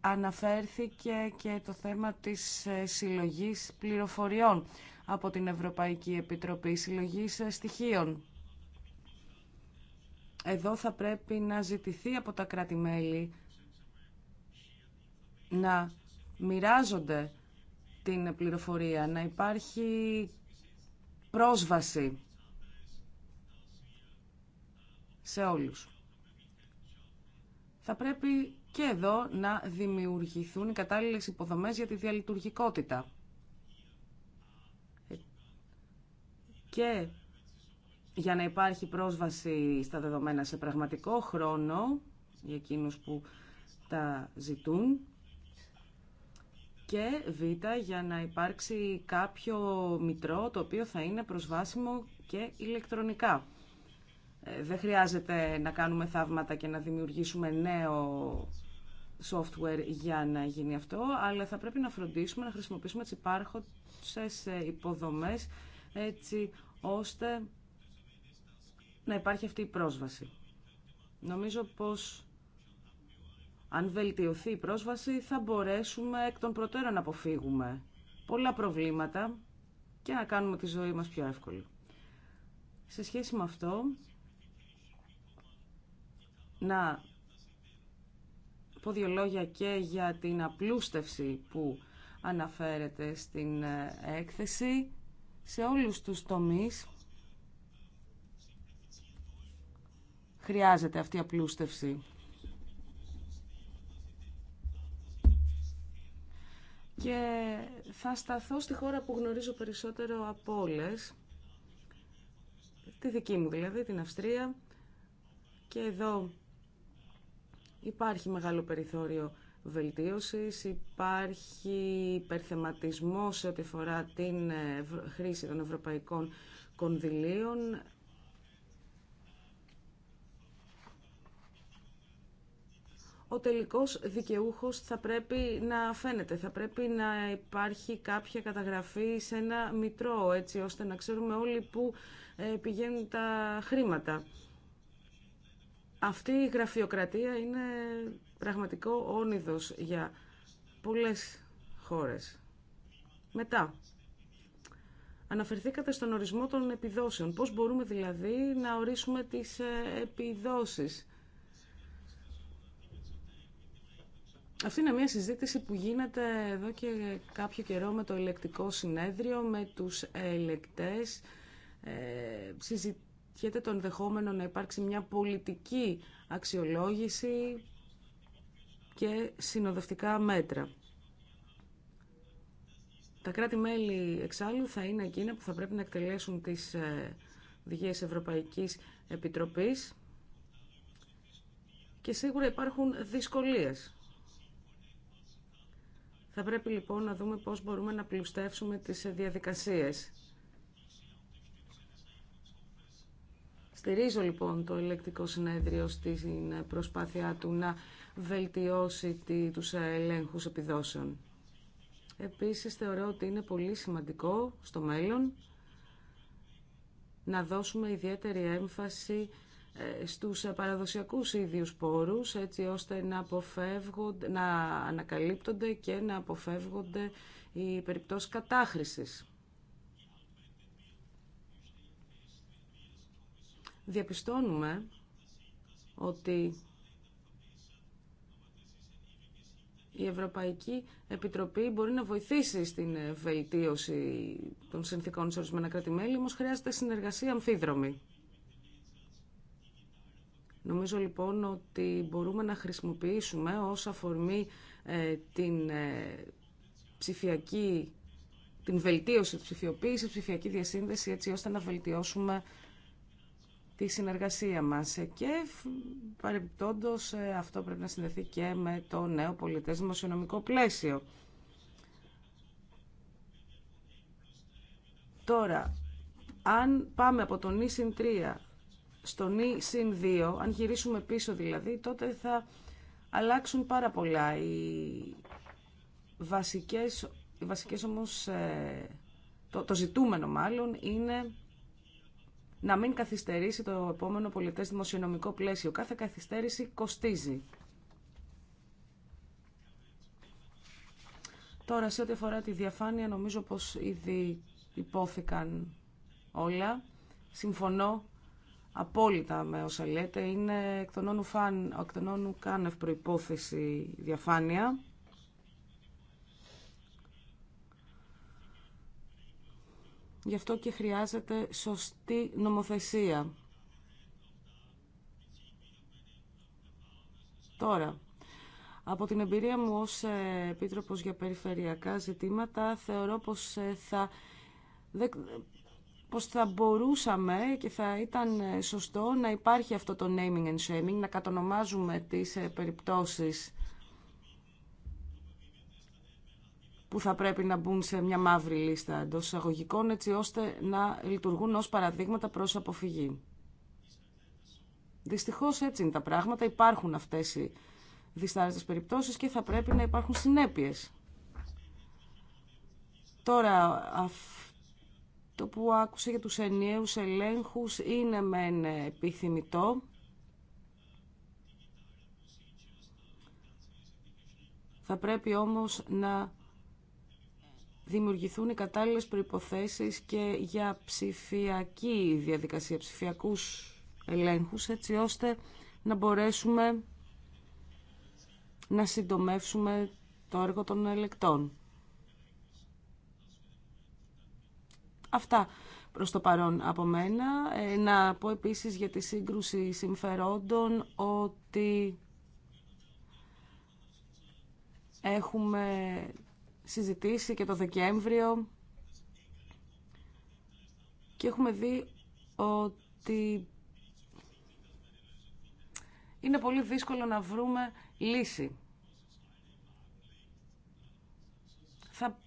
αναφέρθηκε και το θέμα της ε, συλλογής πληροφοριών από την Ευρωπαϊκή Επιτροπή Συλλογής Στοιχείων. Εδώ θα πρέπει να ζητηθεί από τα κράτη-μέλη να μοιράζονται την πληροφορία, να υπάρχει πρόσβαση σε όλους. Θα πρέπει και εδώ να δημιουργηθούν οι κατάλληλες υποδομές για τη διαλειτουργικότητα. Και για να υπάρχει πρόσβαση στα δεδομένα σε πραγματικό χρόνο για εκείνους που τα ζητούν και β για να υπάρξει κάποιο μητρό το οποίο θα είναι προσβάσιμο και ηλεκτρονικά. Ε, δεν χρειάζεται να κάνουμε θαύματα και να δημιουργήσουμε νέο software για να γίνει αυτό, αλλά θα πρέπει να φροντίσουμε να χρησιμοποιήσουμε τις υπάρχουσες ε, υποδομές έτσι ώστε να υπάρχει αυτή η πρόσβαση. Νομίζω πως αν βελτιωθεί η πρόσβαση θα μπορέσουμε εκ των προτέρων να αποφύγουμε πολλά προβλήματα και να κάνουμε τη ζωή μας πιο εύκολη. Σε σχέση με αυτό, να πω δύο λόγια και για την απλούστευση που αναφέρεται στην ε, έκθεση σε όλους τους τομείς χρειάζεται αυτή η απλούστευση. και θα σταθώ στη χώρα που γνωρίζω περισσότερο από όλες, τη δική μου δηλαδή, την Αυστρία, και εδώ υπάρχει μεγάλο περιθώριο βελτίωσης, υπάρχει υπερθεματισμό σε ό,τι αφορά την ε, χρήση των ευρωπαϊκών κονδυλίων, ο τελικός δικαιούχος θα πρέπει να φαίνεται, θα πρέπει να υπάρχει κάποια καταγραφή σε ένα μητρό, έτσι ώστε να ξέρουμε όλοι πού ε, πηγαίνουν τα χρήματα. Αυτή η γραφειοκρατία είναι πραγματικό όνειδος για πολλές χώρες. Μετά, αναφερθήκατε στον ορισμό των επιδόσεων. Πώς μπορούμε δηλαδή να ορίσουμε τις ε, επιδόσεις Αυτή είναι μια συζήτηση που γίνεται εδώ και κάποιο καιρό με το ελεκτικό συνέδριο, με τους ελεκτές. Ε, συζητιέται το ενδεχόμενο να υπάρξει μια πολιτική αξιολόγηση και συνοδευτικά μέτρα. Τα κράτη-μέλη εξάλλου θα είναι εκείνα που θα πρέπει να εκτελέσουν τις ε, οδηγίες Ευρωπαϊκής Επιτροπής και σίγουρα υπάρχουν δυσκολίες θα πρέπει λοιπόν να δούμε πώς μπορούμε να πλουστεύσουμε τις διαδικασίες. Στηρίζω λοιπόν το ελεκτικό συνέδριο στην προσπάθειά του να βελτιώσει τους ελέγχους επιδόσεων. Επίσης θεωρώ ότι είναι πολύ σημαντικό στο μέλλον να δώσουμε ιδιαίτερη έμφαση στους παραδοσιακούς ίδιους πόρους έτσι ώστε να, αποφεύγονται, να ανακαλύπτονται και να αποφεύγονται οι περιπτώσεις κατάχρησης. Διαπιστώνουμε ότι η Ευρωπαϊκή Επιτροπή μπορεί να βοηθήσει στην βελτίωση των συνθήκων σε ορισμένα κράτη-μέλη, όμως χρειάζεται συνεργασία αμφίδρομη. Νομίζω λοιπόν ότι μπορούμε να χρησιμοποιήσουμε ως αφορμή ε, την ε, ψηφιακή την βελτίωση της ψηφιοποίησης, ψηφιακή διασύνδεση, έτσι ώστε να βελτιώσουμε τη συνεργασία μας. Ε, και παρεμπιπτόντως αυτό πρέπει να συνδεθεί και με το νέο πολιτές δημοσιονομικό πλαίσιο. Τώρα, αν πάμε από τον νησιν στο νη συν 2, αν γυρίσουμε πίσω δηλαδή, τότε θα αλλάξουν πάρα πολλά. Οι βασικές, οι βασικές όμως, ε, το, το ζητούμενο μάλλον είναι να μην καθυστερήσει το επόμενο πολιτές δημοσιονομικό πλαίσιο. Κάθε καθυστέρηση κοστίζει. Τώρα, σε ό,τι αφορά τη διαφάνεια, νομίζω πως ήδη υπόθηκαν όλα. Συμφωνώ απόλυτα με όσα λέτε. Είναι εκ των όνου, φαν, εκ των προϋπόθεση διαφάνεια. Γι' αυτό και χρειάζεται σωστή νομοθεσία. Τώρα, από την εμπειρία μου ως ε, Επίτροπος για Περιφερειακά Ζητήματα, θεωρώ πως ε, θα πως θα μπορούσαμε και θα ήταν σωστό να υπάρχει αυτό το naming and shaming, να κατονομάζουμε τις ε, περιπτώσεις που θα πρέπει να μπουν σε μια μαύρη λίστα εντό εισαγωγικών, έτσι ώστε να λειτουργούν ως παραδείγματα προς αποφυγή. Δυστυχώς έτσι είναι τα πράγματα, υπάρχουν αυτές οι διστάρετες περιπτώσεις και θα πρέπει να υπάρχουν συνέπειες. Τώρα, το που άκουσα για τους ενιαίους ελέγχους είναι μεν επιθυμητό. Θα πρέπει όμως να δημιουργηθούν οι κατάλληλες προϋποθέσεις και για ψηφιακή διαδικασία, ψηφιακούς ελέγχους, έτσι ώστε να μπορέσουμε να συντομεύσουμε το έργο των ελεκτών. Αυτά προς το παρόν από μένα. Ε, να πω επίσης για τη σύγκρουση συμφερόντων ότι έχουμε συζητήσει και το Δεκέμβριο και έχουμε δει ότι είναι πολύ δύσκολο να βρούμε λύση. Θα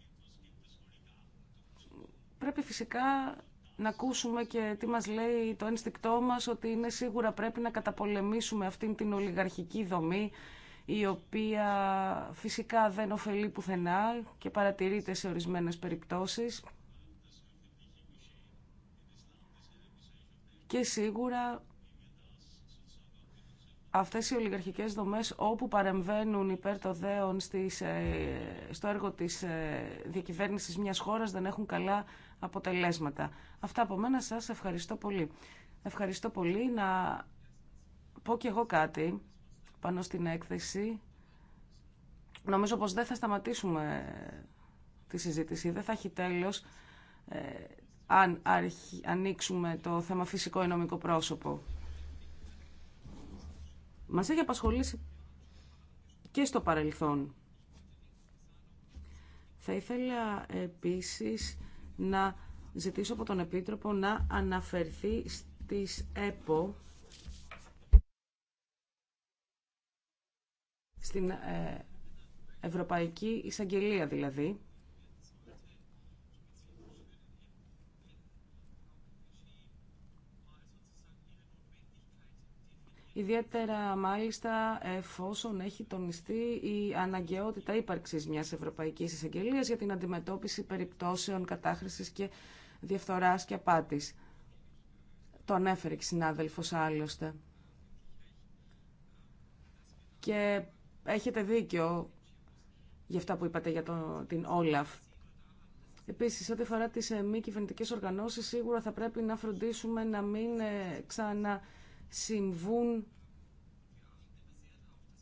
Πρέπει φυσικά να ακούσουμε και τι μας λέει το ένστικτό μας ότι είναι σίγουρα πρέπει να καταπολεμήσουμε αυτήν την ολιγαρχική δομή η οποία φυσικά δεν ωφελεί πουθενά και παρατηρείται σε ορισμένες περιπτώσεις. Και σίγουρα αυτές οι ολιγαρχικές δομές όπου παρεμβαίνουν υπέρ το δέον ε, στο έργο της ε, διακυβέρνησης μιας χώρας δεν έχουν καλά αποτελέσματα. Αυτά από μένα σας ευχαριστώ πολύ. Ευχαριστώ πολύ να πω κι εγώ κάτι πάνω στην έκθεση. Νομίζω πως δεν θα σταματήσουμε τη συζήτηση, δεν θα έχει τέλος ε, αν ανοίξουμε το θέμα φυσικό ή πρόσωπο. Μας έχει απασχολήσει και στο παρελθόν. Θα ήθελα επίσης να ζητήσω από τον Επίτροπο να αναφερθεί στις ΕΠΟ, στην ε, Ευρωπαϊκή Εισαγγελία δηλαδή, ιδιαίτερα μάλιστα εφόσον έχει τονιστεί η αναγκαιότητα ύπαρξης μιας Ευρωπαϊκής Εισαγγελίας για την αντιμετώπιση περιπτώσεων κατάχρησης και διαφθοράς και απάτης. Το ανέφερε και συνάδελφος άλλωστε. Και έχετε δίκιο για αυτά που είπατε για τον, την Όλαφ. Επίσης, ό,τι αφορά τις ε, μη κυβερνητικέ οργανώσεις, σίγουρα θα πρέπει να φροντίσουμε να μην ε, ξανα συμβούν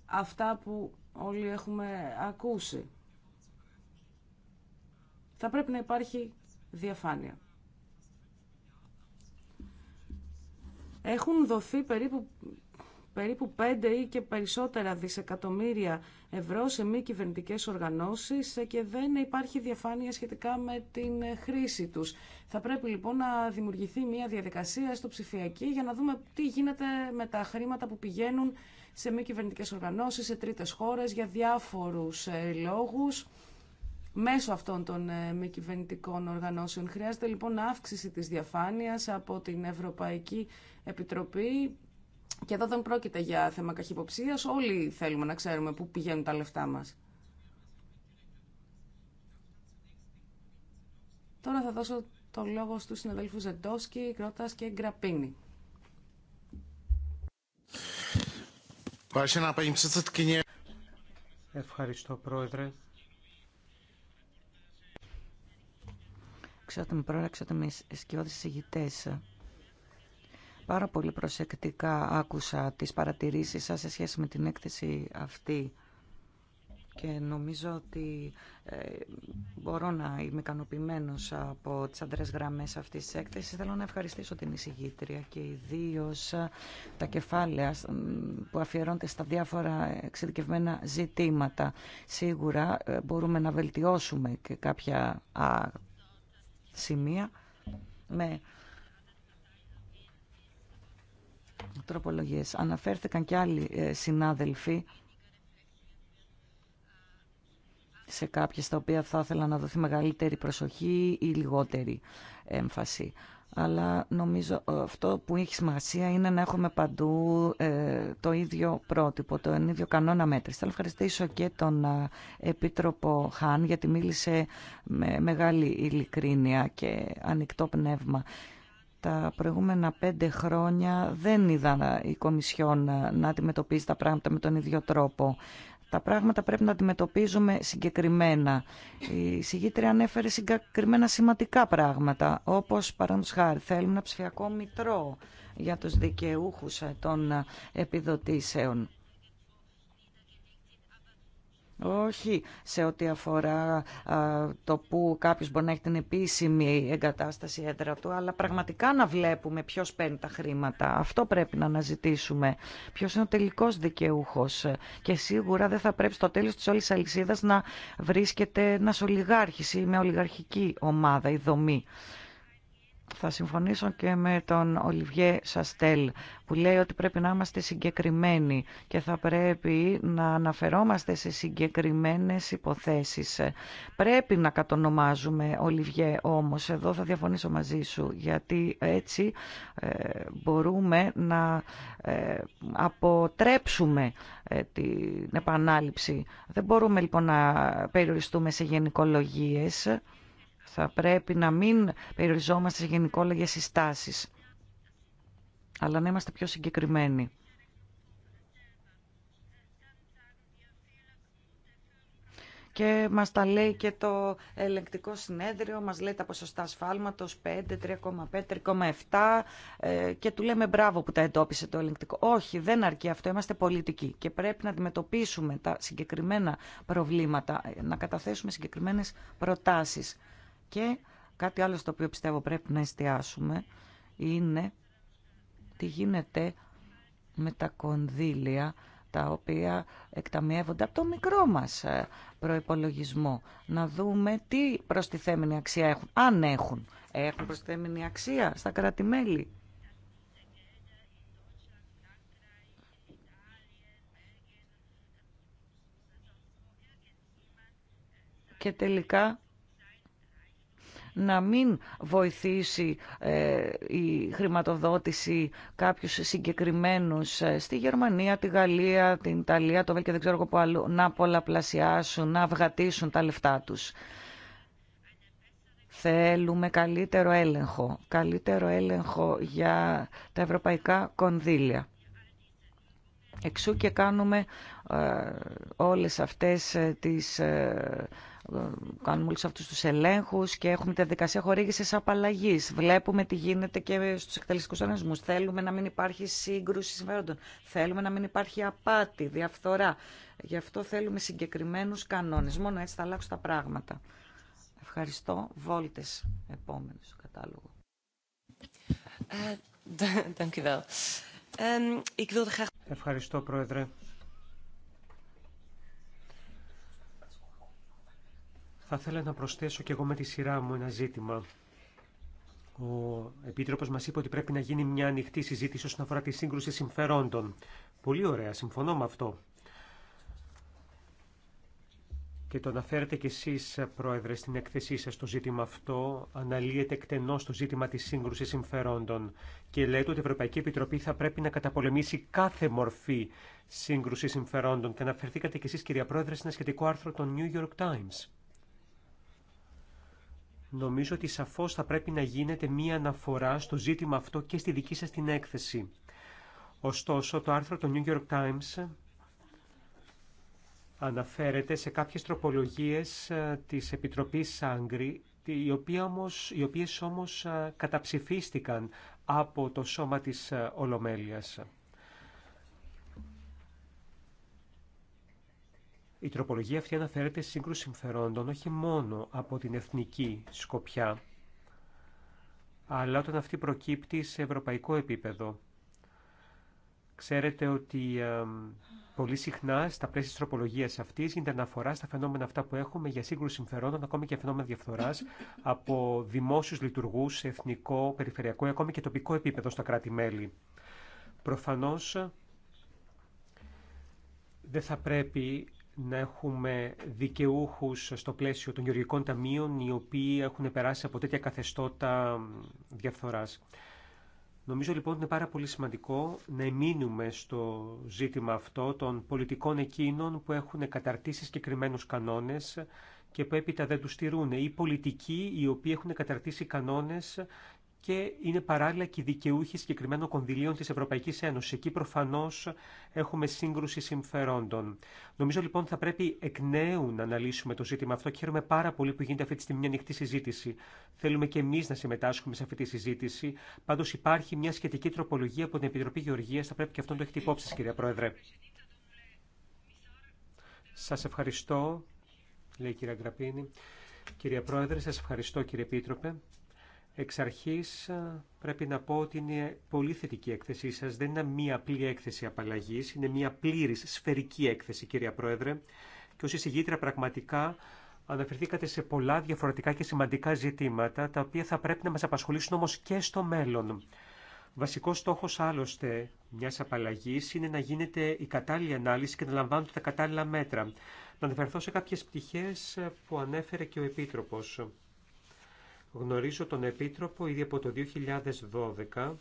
αυτά που όλοι έχουμε ακούσει. Θα πρέπει να υπάρχει διαφάνεια. Έχουν δοθεί περίπου, περίπου 5 ή και περισσότερα δισεκατομμύρια ευρώ σε μη κυβερνητικέ οργανώσει, ε, και δεν υπάρχει διαφάνεια σχετικά με την ε, χρήση τους. Θα πρέπει λοιπόν να δημιουργηθεί μια διαδικασία στο ψηφιακή για να δούμε τι γίνεται με τα χρήματα που πηγαίνουν σε μη κυβερνητικέ οργανώσει, σε τρίτες χώρες για διάφορου ε, λόγους μέσω αυτών των μη κυβερνητικών οργανώσεων. Χρειάζεται λοιπόν αύξηση της διαφάνειας από την Ευρωπαϊκή Επιτροπή και εδώ δεν πρόκειται για θέμα καχυποψία. όλοι θέλουμε να ξέρουμε πού πηγαίνουν τα λεφτά μας. Τώρα θα δώσω το λόγο στους συναδέλφους Ζεντόσκι, Κρότας και Γκραπίνη. Ευχαριστώ, Πρόεδρε. Ξέρετε με πρόεδρε, ξέρετε με σκιώδεις εισηγητές. Πάρα πολύ προσεκτικά άκουσα τις παρατηρήσεις σας σε σχέση με την έκθεση αυτή και νομίζω ότι ε, μπορώ να είμαι ικανοποιημένο από τις αντρές γραμμές αυτής της έκθεσης. Θέλω να ευχαριστήσω την εισηγήτρια και ιδίω τα κεφάλαια που αφιερώνται στα διάφορα εξειδικευμένα ζητήματα. Σίγουρα ε, μπορούμε να βελτιώσουμε και κάποια σημεία με τροπολογίες. Αναφέρθηκαν και άλλοι ε, συνάδελφοι σε κάποιες τα οποία θα ήθελα να δοθεί μεγαλύτερη προσοχή ή λιγότερη έμφαση. Αλλά νομίζω αυτό που έχει σημασία είναι να έχουμε παντού ε, το ίδιο πρότυπο, το ίδιο κανόνα μέτρηση. Θα ευχαριστήσω και τον ε, Επίτροπο Χάν γιατί μίλησε με μεγάλη ειλικρίνεια και ανοιχτό πνεύμα τα προηγούμενα πέντε χρόνια δεν είδα ε, η Κομισιόν ε, να αντιμετωπίζει τα πράγματα με τον ίδιο τρόπο. Τα πράγματα πρέπει να αντιμετωπίζουμε συγκεκριμένα. Η συγγήτρια ανέφερε συγκεκριμένα σημαντικά πράγματα, όπως παραδείγματος χάρη θέλουμε ένα ψηφιακό μητρό για τους δικαιούχους ε, των επιδοτήσεων. Όχι σε ό,τι αφορά το που κάποιος μπορεί να έχει την επίσημη εγκατάσταση έντρα του, αλλά πραγματικά να βλέπουμε ποιος παίρνει τα χρήματα. Αυτό πρέπει να αναζητήσουμε. Ποιος είναι ο τελικός δικαιούχος. Και σίγουρα δεν θα πρέπει στο τέλος της όλης αλυσίδας να βρίσκεται ένας ολιγάρχης ή με ολιγαρχική ομάδα ή δομή θα συμφωνήσω και με τον Ολιβιέ Σαστέλ που λέει ότι πρέπει να είμαστε συγκεκριμένοι και θα πρέπει να αναφερόμαστε σε συγκεκριμένες υποθέσεις. Πρέπει να κατονομάζουμε, Ολιβιέ, όμως εδώ θα διαφωνήσω μαζί σου γιατί έτσι ε, μπορούμε να ε, αποτρέψουμε ε, την επανάληψη. Δεν μπορούμε λοιπόν να περιοριστούμε σε γενικολογίες θα πρέπει να μην περιοριζόμαστε σε γενικόλογες συστάσεις, αλλά να είμαστε πιο συγκεκριμένοι. Και μας τα λέει και το ελεγκτικό συνέδριο, μας λέει τα ποσοστά ασφάλματος 5, 3,5, 3,7 και του λέμε μπράβο που τα εντόπισε το ελεγκτικό. Όχι, δεν αρκεί αυτό, είμαστε πολιτικοί και πρέπει να αντιμετωπίσουμε τα συγκεκριμένα προβλήματα, να καταθέσουμε συγκεκριμένες προτάσεις. Και κάτι άλλο στο οποίο πιστεύω πρέπει να εστιάσουμε είναι τι γίνεται με τα κονδύλια τα οποία εκταμιεύονται από το μικρό μας ε, προϋπολογισμό. Να δούμε τι προστιθέμενη αξία έχουν, αν έχουν. Έχουν προστιθέμενη αξία στα κρατη Και τελικά να μην βοηθήσει ε, η χρηματοδότηση κάποιους συγκεκριμένους ε, στη Γερμανία, τη Γαλλία, την Ιταλία, το Βέλγιο, δεν ξέρω που να πολλαπλασιάσουν, να αυγατήσουν τα λεφτά τους. Θέλουμε καλύτερο έλεγχο, καλύτερο έλεγχο για τα ευρωπαϊκά κονδύλια. Εξού και κάνουμε ε, όλες αυτές τις κάνουμε όλου αυτού του ελέγχου και έχουμε τη διαδικασία χορήγηση απαλλαγή. Βλέπουμε τι γίνεται και στου εκτελεστικού οργανισμού. Θέλουμε να μην υπάρχει σύγκρουση συμφερόντων. Θέλουμε να μην υπάρχει απάτη, διαφθορά. Γι' αυτό θέλουμε συγκεκριμένου κανόνε. Μόνο έτσι θα αλλάξουν τα πράγματα. Ευχαριστώ. Βόλτε, επόμενο στο κατάλογο. Ε, ε, Ευχαριστώ, Πρόεδρε. Θα ήθελα να προσθέσω και εγώ με τη σειρά μου ένα ζήτημα. Ο Επίτροπος μα είπε ότι πρέπει να γίνει μια ανοιχτή συζήτηση όσον αφορά τη σύγκρουση συμφερόντων. Πολύ ωραία, συμφωνώ με αυτό. Και το αναφέρετε κι εσεί, Πρόεδρε, στην εκθεσή σα το ζήτημα αυτό. Αναλύεται εκτενώς το ζήτημα τη σύγκρουση συμφερόντων. Και λέτε ότι η Ευρωπαϊκή Επιτροπή θα πρέπει να καταπολεμήσει κάθε μορφή σύγκρουση συμφερόντων. Και αναφερθήκατε κι εσεί, κυρία Πρόεδρε, σε ένα σχετικό άρθρο των New York Times νομίζω ότι σαφώς θα πρέπει να γίνεται μία αναφορά στο ζήτημα αυτό και στη δική σας την έκθεση. Ωστόσο, το άρθρο του New York Times αναφέρεται σε κάποιες τροπολογίες ε, της Επιτροπής Άγκρη, οι, οποία όμως, οι οποίες όμως ε, καταψηφίστηκαν από το σώμα της ε, Ολομέλειας. η τροπολογία αυτή αναφέρεται σε σύγκρουση συμφερόντων όχι μόνο από την εθνική σκοπιά, αλλά όταν αυτή προκύπτει σε ευρωπαϊκό επίπεδο. Ξέρετε ότι πολύ συχνά στα πλαίσια της τροπολογίας αυτής γίνεται αναφορά στα φαινόμενα αυτά που έχουμε για σύγκρουση συμφερόντων, ακόμη και φαινόμενα διαφθοράς, από δημόσιους λειτουργούς σε εθνικό, περιφερειακό ή ακόμη και τοπικό επίπεδο στα κράτη-μέλη. Προφανώς δεν θα πρέπει να έχουμε δικαιούχους στο πλαίσιο των γεωργικών ταμείων οι οποίοι έχουν περάσει από τέτοια καθεστώτα διαφθοράς. Νομίζω λοιπόν ότι είναι πάρα πολύ σημαντικό να εμείνουμε στο ζήτημα αυτό των πολιτικών εκείνων που έχουν καταρτήσει συγκεκριμένου κανόνες και που έπειτα δεν τους στηρούν ή πολιτικοί οι οποίοι έχουν καταρτήσει κανόνες και είναι παράλληλα και οι δικαιούχοι συγκεκριμένων κονδυλίων τη Ευρωπαϊκή Ένωση. Εκεί προφανώ έχουμε σύγκρουση συμφερόντων. Νομίζω λοιπόν θα πρέπει εκ νέου να αναλύσουμε το ζήτημα αυτό και χαίρομαι πάρα πολύ που γίνεται αυτή τη στιγμή μια ανοιχτή συζήτηση. Θέλουμε και εμεί να συμμετάσχουμε σε αυτή τη συζήτηση. Πάντω υπάρχει μια σχετική τροπολογία από την Επιτροπή Γεωργία. Θα πρέπει και αυτό να το έχετε υπόψη, κυρία Πρόεδρε. Σα ευχαριστώ, λέει η κυρία Γκραπίνη. Κυρία Πρόεδρε, σα ευχαριστώ κύριε Επίτροπε. Εξ αρχής ε, πρέπει να πω ότι είναι πολύ θετική η έκθεσή σας. Δεν είναι μία απλή έκθεση απαλλαγής, είναι μία πλήρης σφαιρική έκθεση, κυρία Πρόεδρε. Και ως εισηγήτρια πραγματικά αναφερθήκατε σε πολλά διαφορετικά και σημαντικά ζητήματα, τα οποία θα πρέπει να μας απασχολήσουν όμως και στο μέλλον. Βασικό στόχος άλλωστε μιας απαλλαγής είναι να γίνεται η κατάλληλη ανάλυση και να λαμβάνονται τα κατάλληλα μέτρα. Να αναφερθώ σε κάποιες πτυχές που ανέφερε και ο Επίτροπος. Γνωρίζω τον Επίτροπο ήδη από το 2012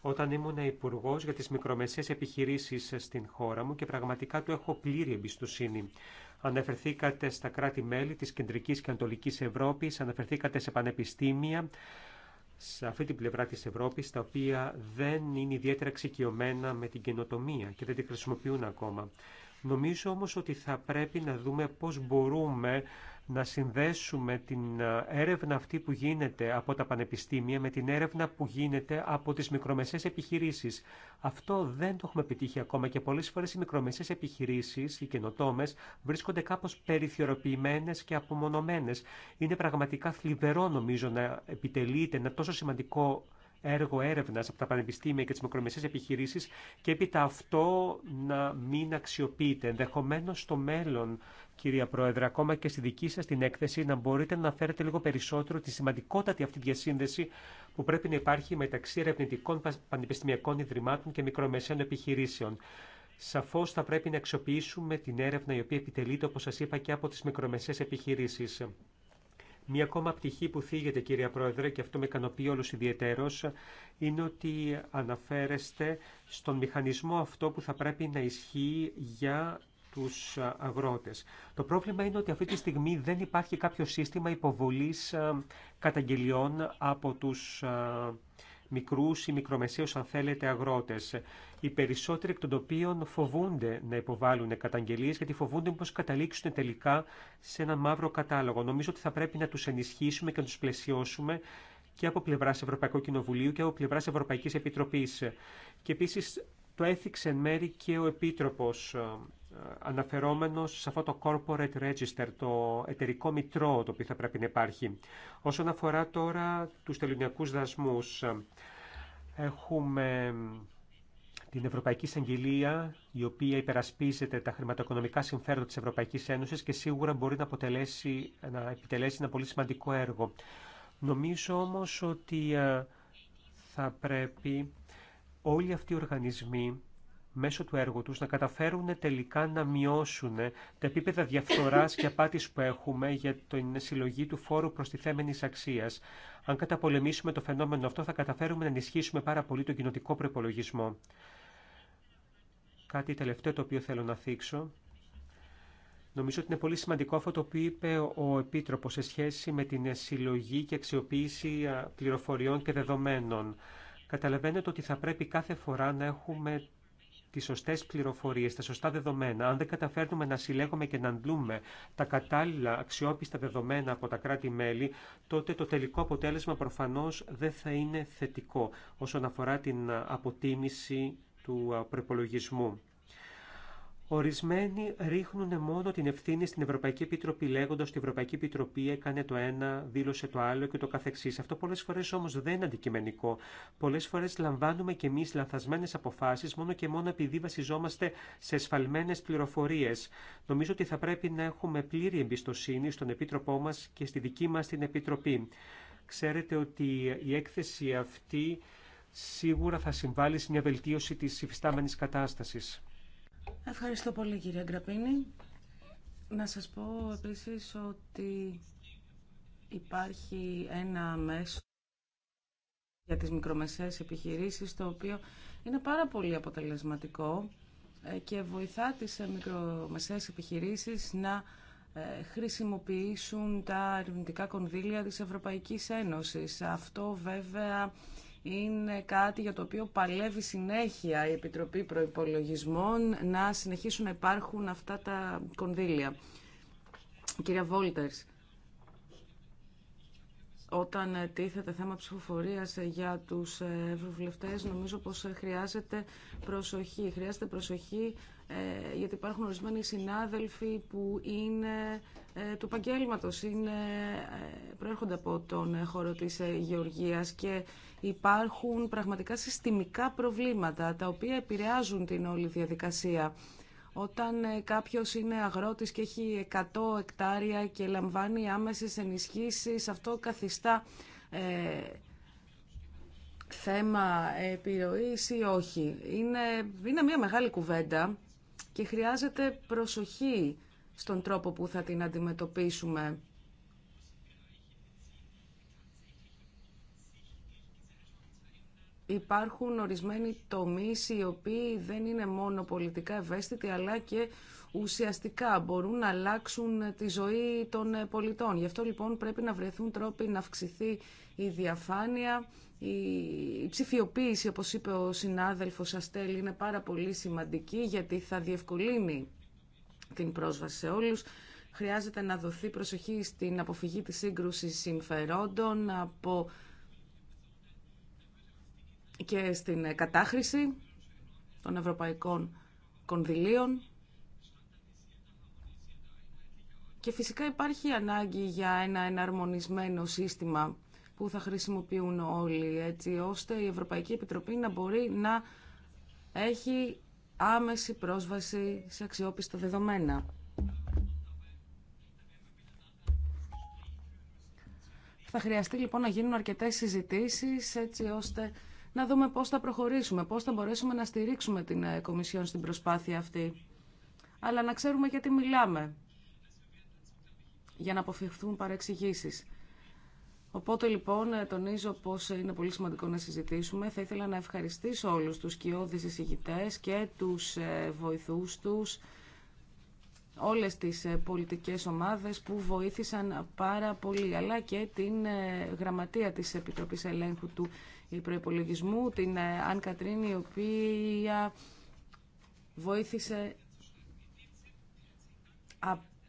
όταν ήμουν υπουργό για τις μικρομεσαίες επιχειρήσεις στην χώρα μου και πραγματικά του έχω πλήρη εμπιστοσύνη. Αναφερθήκατε στα κράτη-μέλη της Κεντρικής και Ανατολικής Ευρώπης, αναφερθήκατε σε πανεπιστήμια, σε αυτή την πλευρά της Ευρώπης, τα οποία δεν είναι ιδιαίτερα εξοικειωμένα με την καινοτομία και δεν τη χρησιμοποιούν ακόμα. Νομίζω όμως ότι θα πρέπει να δούμε πώς μπορούμε να συνδέσουμε την ε, έρευνα αυτή που γίνεται από τα πανεπιστήμια με την έρευνα που γίνεται από τις μικρομεσαίες επιχειρήσεις. Αυτό δεν το έχουμε επιτύχει ακόμα και πολλές φορές οι μικρομεσαίες επιχειρήσεις, οι καινοτόμες, βρίσκονται κάπως περιθωριοποιημένες και απομονωμένες. Είναι πραγματικά θλιβερό νομίζω να επιτελείται ένα τόσο σημαντικό έργο έρευνα από τα πανεπιστήμια και τι μικρομεσαίε επιχειρήσει και έπειτα αυτό να μην αξιοποιείται. Ενδεχομένω στο μέλλον κυρία Πρόεδρε, ακόμα και στη δική σα την έκθεση, να μπορείτε να αναφέρετε λίγο περισσότερο τη σημαντικότατη αυτή διασύνδεση που πρέπει να υπάρχει μεταξύ ερευνητικών πανεπιστημιακών ιδρυμάτων και μικρομεσαίων επιχειρήσεων. Σαφώ θα πρέπει να αξιοποιήσουμε την έρευνα η οποία επιτελείται, όπω σα είπα, και από τι μικρομεσαίε επιχειρήσει. Μία ακόμα πτυχή που θίγεται, κυρία Πρόεδρε, και αυτό με ικανοποιεί όλου ιδιαιτέρω, είναι ότι αναφέρεστε στον μηχανισμό αυτό που θα πρέπει να ισχύει για τους αγρότες. Το πρόβλημα είναι ότι αυτή τη στιγμή δεν υπάρχει κάποιο σύστημα υποβολής καταγγελιών από τους μικρούς ή μικρομεσαίους αν θέλετε αγρότες. Οι περισσότεροι εκ των οποίων φοβούνται να υποβάλουν καταγγελίες γιατί φοβούνται πως καταλήξουν τελικά σε ένα μαύρο κατάλογο. Νομίζω ότι θα πρέπει να τους ενισχύσουμε και να τους πλαισιώσουμε και από πλευρά Ευρωπαϊκού Κοινοβουλίου και από πλευρά Ευρωπαϊκή Επιτροπή. Και επίση το έθιξε εν μέρη και ο Επίτροπο αναφερόμενος σε αυτό το corporate register, το εταιρικό μητρό το οποίο θα πρέπει να υπάρχει. Όσον αφορά τώρα τους τελωνιακούς δασμούς, έχουμε την Ευρωπαϊκή Εισαγγελία, η οποία υπερασπίζεται τα χρηματοοικονομικά συμφέροντα της Ευρωπαϊκής Ένωσης και σίγουρα μπορεί να, αποτελέσει, να επιτελέσει ένα πολύ σημαντικό έργο. Νομίζω όμως ότι ε, θα πρέπει όλοι αυτοί οι οργανισμοί μέσω του έργου τους να καταφέρουν τελικά να μειώσουν τα επίπεδα διαφθοράς και απάτης που έχουμε για την συλλογή του φόρου προστιθέμενης αξίας. Αν καταπολεμήσουμε το φαινόμενο αυτό θα καταφέρουμε να ενισχύσουμε πάρα πολύ τον κοινοτικό προπολογισμό. Κάτι τελευταίο το οποίο θέλω να θίξω. Νομίζω ότι είναι πολύ σημαντικό αυτό το οποίο είπε ο Επίτροπος σε σχέση με την συλλογή και αξιοποίηση πληροφοριών και δεδομένων. Καταλαβαίνετε ότι θα πρέπει κάθε φορά να έχουμε τι σωστέ πληροφορίε, τα σωστά δεδομένα, αν δεν καταφέρνουμε να συλλέγουμε και να αντλούμε τα κατάλληλα αξιόπιστα δεδομένα από τα κράτη-μέλη, τότε το τελικό αποτέλεσμα προφανώ δεν θα είναι θετικό όσον αφορά την αποτίμηση του ε, προπολογισμού. Ορισμένοι ρίχνουν μόνο την ευθύνη στην Ευρωπαϊκή Επιτροπή λέγοντα ότι η Ευρωπαϊκή Επιτροπή έκανε το ένα, δήλωσε το άλλο και το καθεξής. Αυτό πολλέ φορέ όμω δεν είναι αντικειμενικό. Πολλέ φορέ λαμβάνουμε και εμεί λανθασμένες αποφάσεις μόνο και μόνο επειδή βασιζόμαστε σε εσφαλμένες πληροφορίε. Νομίζω ότι θα πρέπει να έχουμε πλήρη εμπιστοσύνη στον Επίτροπό μα και στη δική μα την Επιτροπή. Ξέρετε ότι η έκθεση αυτή σίγουρα θα συμβάλλει σε μια βελτίωση τη υφιστάμενη κατάσταση. Ευχαριστώ πολύ κύριε Γκραπίνη. Να σας πω επίσης ότι υπάρχει ένα μέσο για τις μικρομεσαίες επιχειρήσεις το οποίο είναι πάρα πολύ αποτελεσματικό ε, και βοηθά τις ε, μικρομεσαίες επιχειρήσεις να ε, χρησιμοποιήσουν τα ερευνητικά κονδύλια της Ευρωπαϊκής Ένωσης. Αυτό βέβαια είναι κάτι για το οποίο παλεύει συνέχεια η Επιτροπή Προϋπολογισμών να συνεχίσουν να υπάρχουν αυτά τα κονδύλια. Κυρία Βόλτερς, όταν ε, τίθεται θέμα ψηφοφορίας ε, για τους ε, ευρωβουλευτές νομίζω πως χρειάζεται προσοχή. Χρειάζεται προσοχή γιατί υπάρχουν ορισμένοι συνάδελφοι που είναι του επαγγέλματο, προέρχονται από τον χώρο της γεωργίας και υπάρχουν πραγματικά συστημικά προβλήματα τα οποία επηρεάζουν την όλη διαδικασία. Όταν ε, κάποιος είναι αγρότης και έχει 100 εκτάρια και λαμβάνει άμεσες ενισχύσεις, αυτό καθιστά ε, θέμα επιρροής ή όχι. Είναι, είναι μια μεγάλη κουβέντα και χρειάζεται προσοχή στον τρόπο που θα την αντιμετωπίσουμε. υπάρχουν ορισμένοι τομείς οι οποίοι δεν είναι μόνο πολιτικά ευαίσθητοι αλλά και ουσιαστικά μπορούν να αλλάξουν τη ζωή των πολιτών. Γι' αυτό λοιπόν πρέπει να βρεθούν τρόποι να αυξηθεί η διαφάνεια, η ψηφιοποίηση όπως είπε ο συνάδελφος Αστέλη είναι πάρα πολύ σημαντική γιατί θα διευκολύνει την πρόσβαση σε όλους. Χρειάζεται να δοθεί προσοχή στην αποφυγή της σύγκρουσης συμφερόντων από και στην ε, κατάχρηση των ευρωπαϊκών κονδυλίων. Και φυσικά υπάρχει ανάγκη για ένα εναρμονισμένο σύστημα που θα χρησιμοποιούν όλοι, έτσι ώστε η Ευρωπαϊκή Επιτροπή να μπορεί να έχει άμεση πρόσβαση σε αξιόπιστα δεδομένα. Θα χρειαστεί λοιπόν να γίνουν αρκετές συζητήσεις έτσι ώστε να δούμε πώς θα προχωρήσουμε, πώς θα μπορέσουμε να στηρίξουμε την ε, Κομισιόν στην προσπάθεια αυτή. Αλλά να ξέρουμε γιατί μιλάμε, για να αποφευχθούν παρεξηγήσεις. Οπότε λοιπόν ε, τονίζω πως ε, είναι πολύ σημαντικό να συζητήσουμε. Θα ήθελα να ευχαριστήσω όλους τους κοιόδης εισηγητές και τους βοηθούς τους, όλες τις πολιτικές ομάδες που βοήθησαν πάρα πολύ, αλλά και την γραμματεία της Επιτροπής Ελέγχου του Προϋπολογισμού, την Αν ε, Κατρίνη η οποία βοήθησε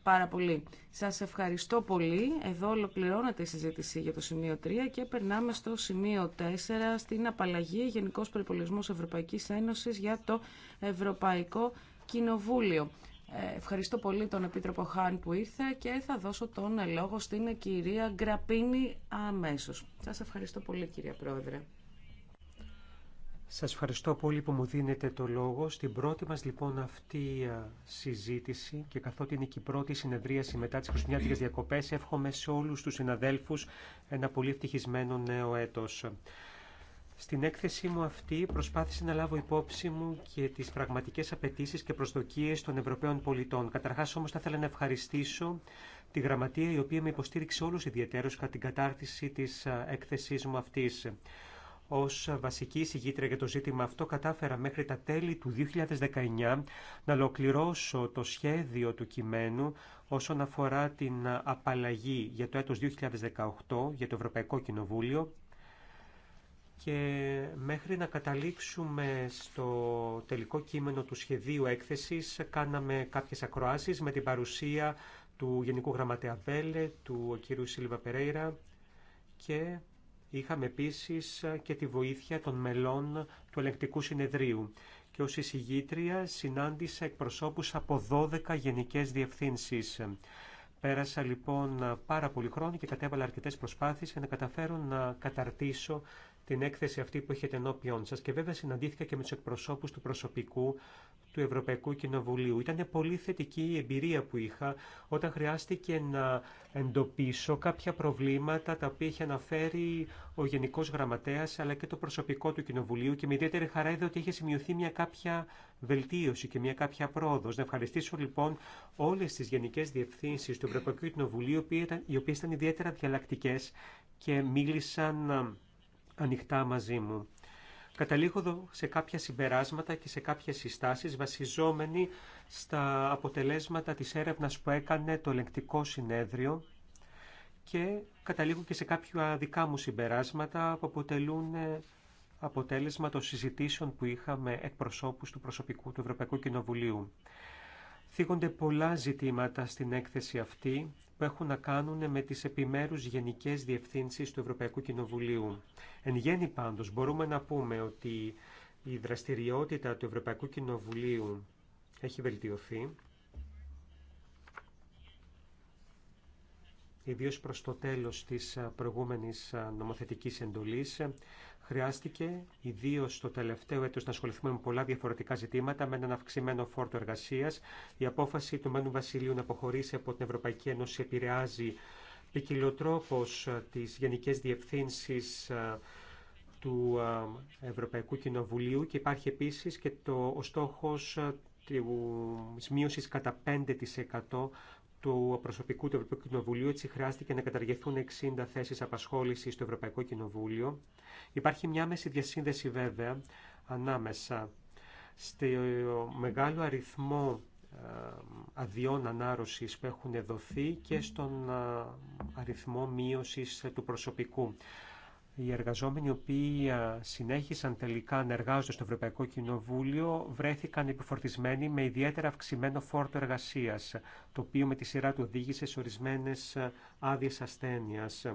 πάρα πολύ. Σας ευχαριστώ πολύ. Εδώ ολοκληρώνεται η συζήτηση για το σημείο 3 και περνάμε στο σημείο 4 στην απαλλαγή Γενικός Προϋπολογισμός Ευρωπαϊκής Ένωσης για το Ευρωπαϊκό Κοινοβούλιο. Ευχαριστώ πολύ τον Επίτροπο Χάν που ήρθε και θα δώσω τον λόγο στην κυρία Γκραπίνη αμέσως. Σας ευχαριστώ πολύ κυρία Πρόεδρε. Σας ευχαριστώ πολύ που μου δίνετε το λόγο. Στην πρώτη μας λοιπόν αυτή συζήτηση και καθότι είναι και η πρώτη συνεδρίαση μετά τις χριστουγεννιάτικες διακοπές, εύχομαι σε όλους τους συναδέλφους ένα πολύ ευτυχισμένο νέο έτος. Στην έκθεσή μου αυτή προσπάθησα να λάβω υπόψη μου και τις πραγματικές απαιτήσεις και προσδοκίες των Ευρωπαίων πολιτών. Καταρχάς όμως θα ήθελα να ευχαριστήσω τη γραμματεία η οποία με υποστήριξε όλους ιδιαίτερως κατά την κατάρτιση της έκθεσής μου αυτής. Ως βασική συγκήτρια για το ζήτημα αυτό κατάφερα μέχρι τα τέλη του 2019 να ολοκληρώσω το σχέδιο του κειμένου όσον αφορά την απαλλαγή για το έτος 2018 για το Ευρωπαϊκό Κοινοβούλιο και μέχρι να καταλήξουμε στο τελικό κείμενο του σχεδίου έκθεσης κάναμε κάποιες ακροάσεις με την παρουσία του Γενικού Γραμματέα Βέλε, του κ. Σίλβα Περέιρα και είχαμε επίσης και τη βοήθεια των μελών του Ελεκτικού Συνεδρίου και ως εισηγήτρια συνάντησα εκπροσώπους από 12 γενικές διευθύνσεις. Πέρασα λοιπόν πάρα πολύ χρόνο και κατέβαλα αρκετές προσπάθειες για να καταφέρω να καταρτήσω την έκθεση αυτή που έχετε ενώπιον σα και βέβαια συναντήθηκα και με του εκπροσώπου του προσωπικού του Ευρωπαϊκού Κοινοβουλίου. Ήταν πολύ θετική η εμπειρία που είχα όταν χρειάστηκε να εντοπίσω κάποια προβλήματα τα οποία είχε αναφέρει ο Γενικό Γραμματέα, αλλά και το προσωπικό του Κοινοβουλίου και με ιδιαίτερη χαρά είδα ότι είχε σημειωθεί μια κάποια βελτίωση και μια κάποια πρόοδο. Να ευχαριστήσω λοιπόν όλε τι γενικέ διευθύνσει του Ευρωπαϊκού Κοινοβουλίου, οι οποίε ήταν ιδιαίτερα διαλλακτικέ και μίλησαν ανοιχτά μαζί μου. Καταλήγω εδώ σε κάποια συμπεράσματα και σε κάποιες συστάσεις βασιζόμενοι στα αποτελέσματα της έρευνας που έκανε το ελεγκτικό συνέδριο και καταλήγω και σε κάποια δικά μου συμπεράσματα που αποτελούν ε, αποτέλεσμα των συζητήσεων που είχαμε εκπροσώπους του προσωπικού του Ευρωπαϊκού Κοινοβουλίου. Θίγονται πολλά ζητήματα στην έκθεση αυτή που έχουν να κάνουν με τις επιμέρους γενικές διευθύνσεις του Ευρωπαϊκού Κοινοβουλίου. Εν γέννη πάντως μπορούμε να πούμε ότι η δραστηριότητα του Ευρωπαϊκού Κοινοβουλίου έχει βελτιωθεί, ιδίως προς το τέλος της προηγούμενης νομοθετικής εντολής. Χρειάστηκε, ιδίω το τελευταίο έτος, να ασχοληθούμε με πολλά διαφορετικά ζητήματα, με έναν αυξημένο φόρτο εργασία. Η απόφαση του Μένου Βασιλείου να αποχωρήσει από την Ευρωπαϊκή Ένωση επηρεάζει ποικιλοτρόπω ε, τι γενικέ διευθύνσει ε, του ε, Ευρωπαϊκού Κοινοβουλίου και υπάρχει επίσης και το, ο στόχος της μείωσης κατά 5% του προσωπικού του Ευρωπαϊκού Κοινοβουλίου, έτσι χρειάστηκε να καταργηθούν 60 θέσεις απασχόλησης στο Ευρωπαϊκό Κοινοβούλιο. Υπάρχει μια μέση διασύνδεση βέβαια ανάμεσα στο μεγάλο αριθμό ε, αδειών ανάρρωσης που έχουν δοθεί και στον ε, αριθμό μείωσης του προσωπικού οι εργαζόμενοι οι οποίοι συνέχισαν τελικά να εργάζονται στο Ευρωπαϊκό Κοινοβούλιο βρέθηκαν επιφορτισμένοι με ιδιαίτερα αυξημένο φόρτο εργασίας, το οποίο με τη σειρά του οδήγησε σε ορισμένες άδειε ασθένειας.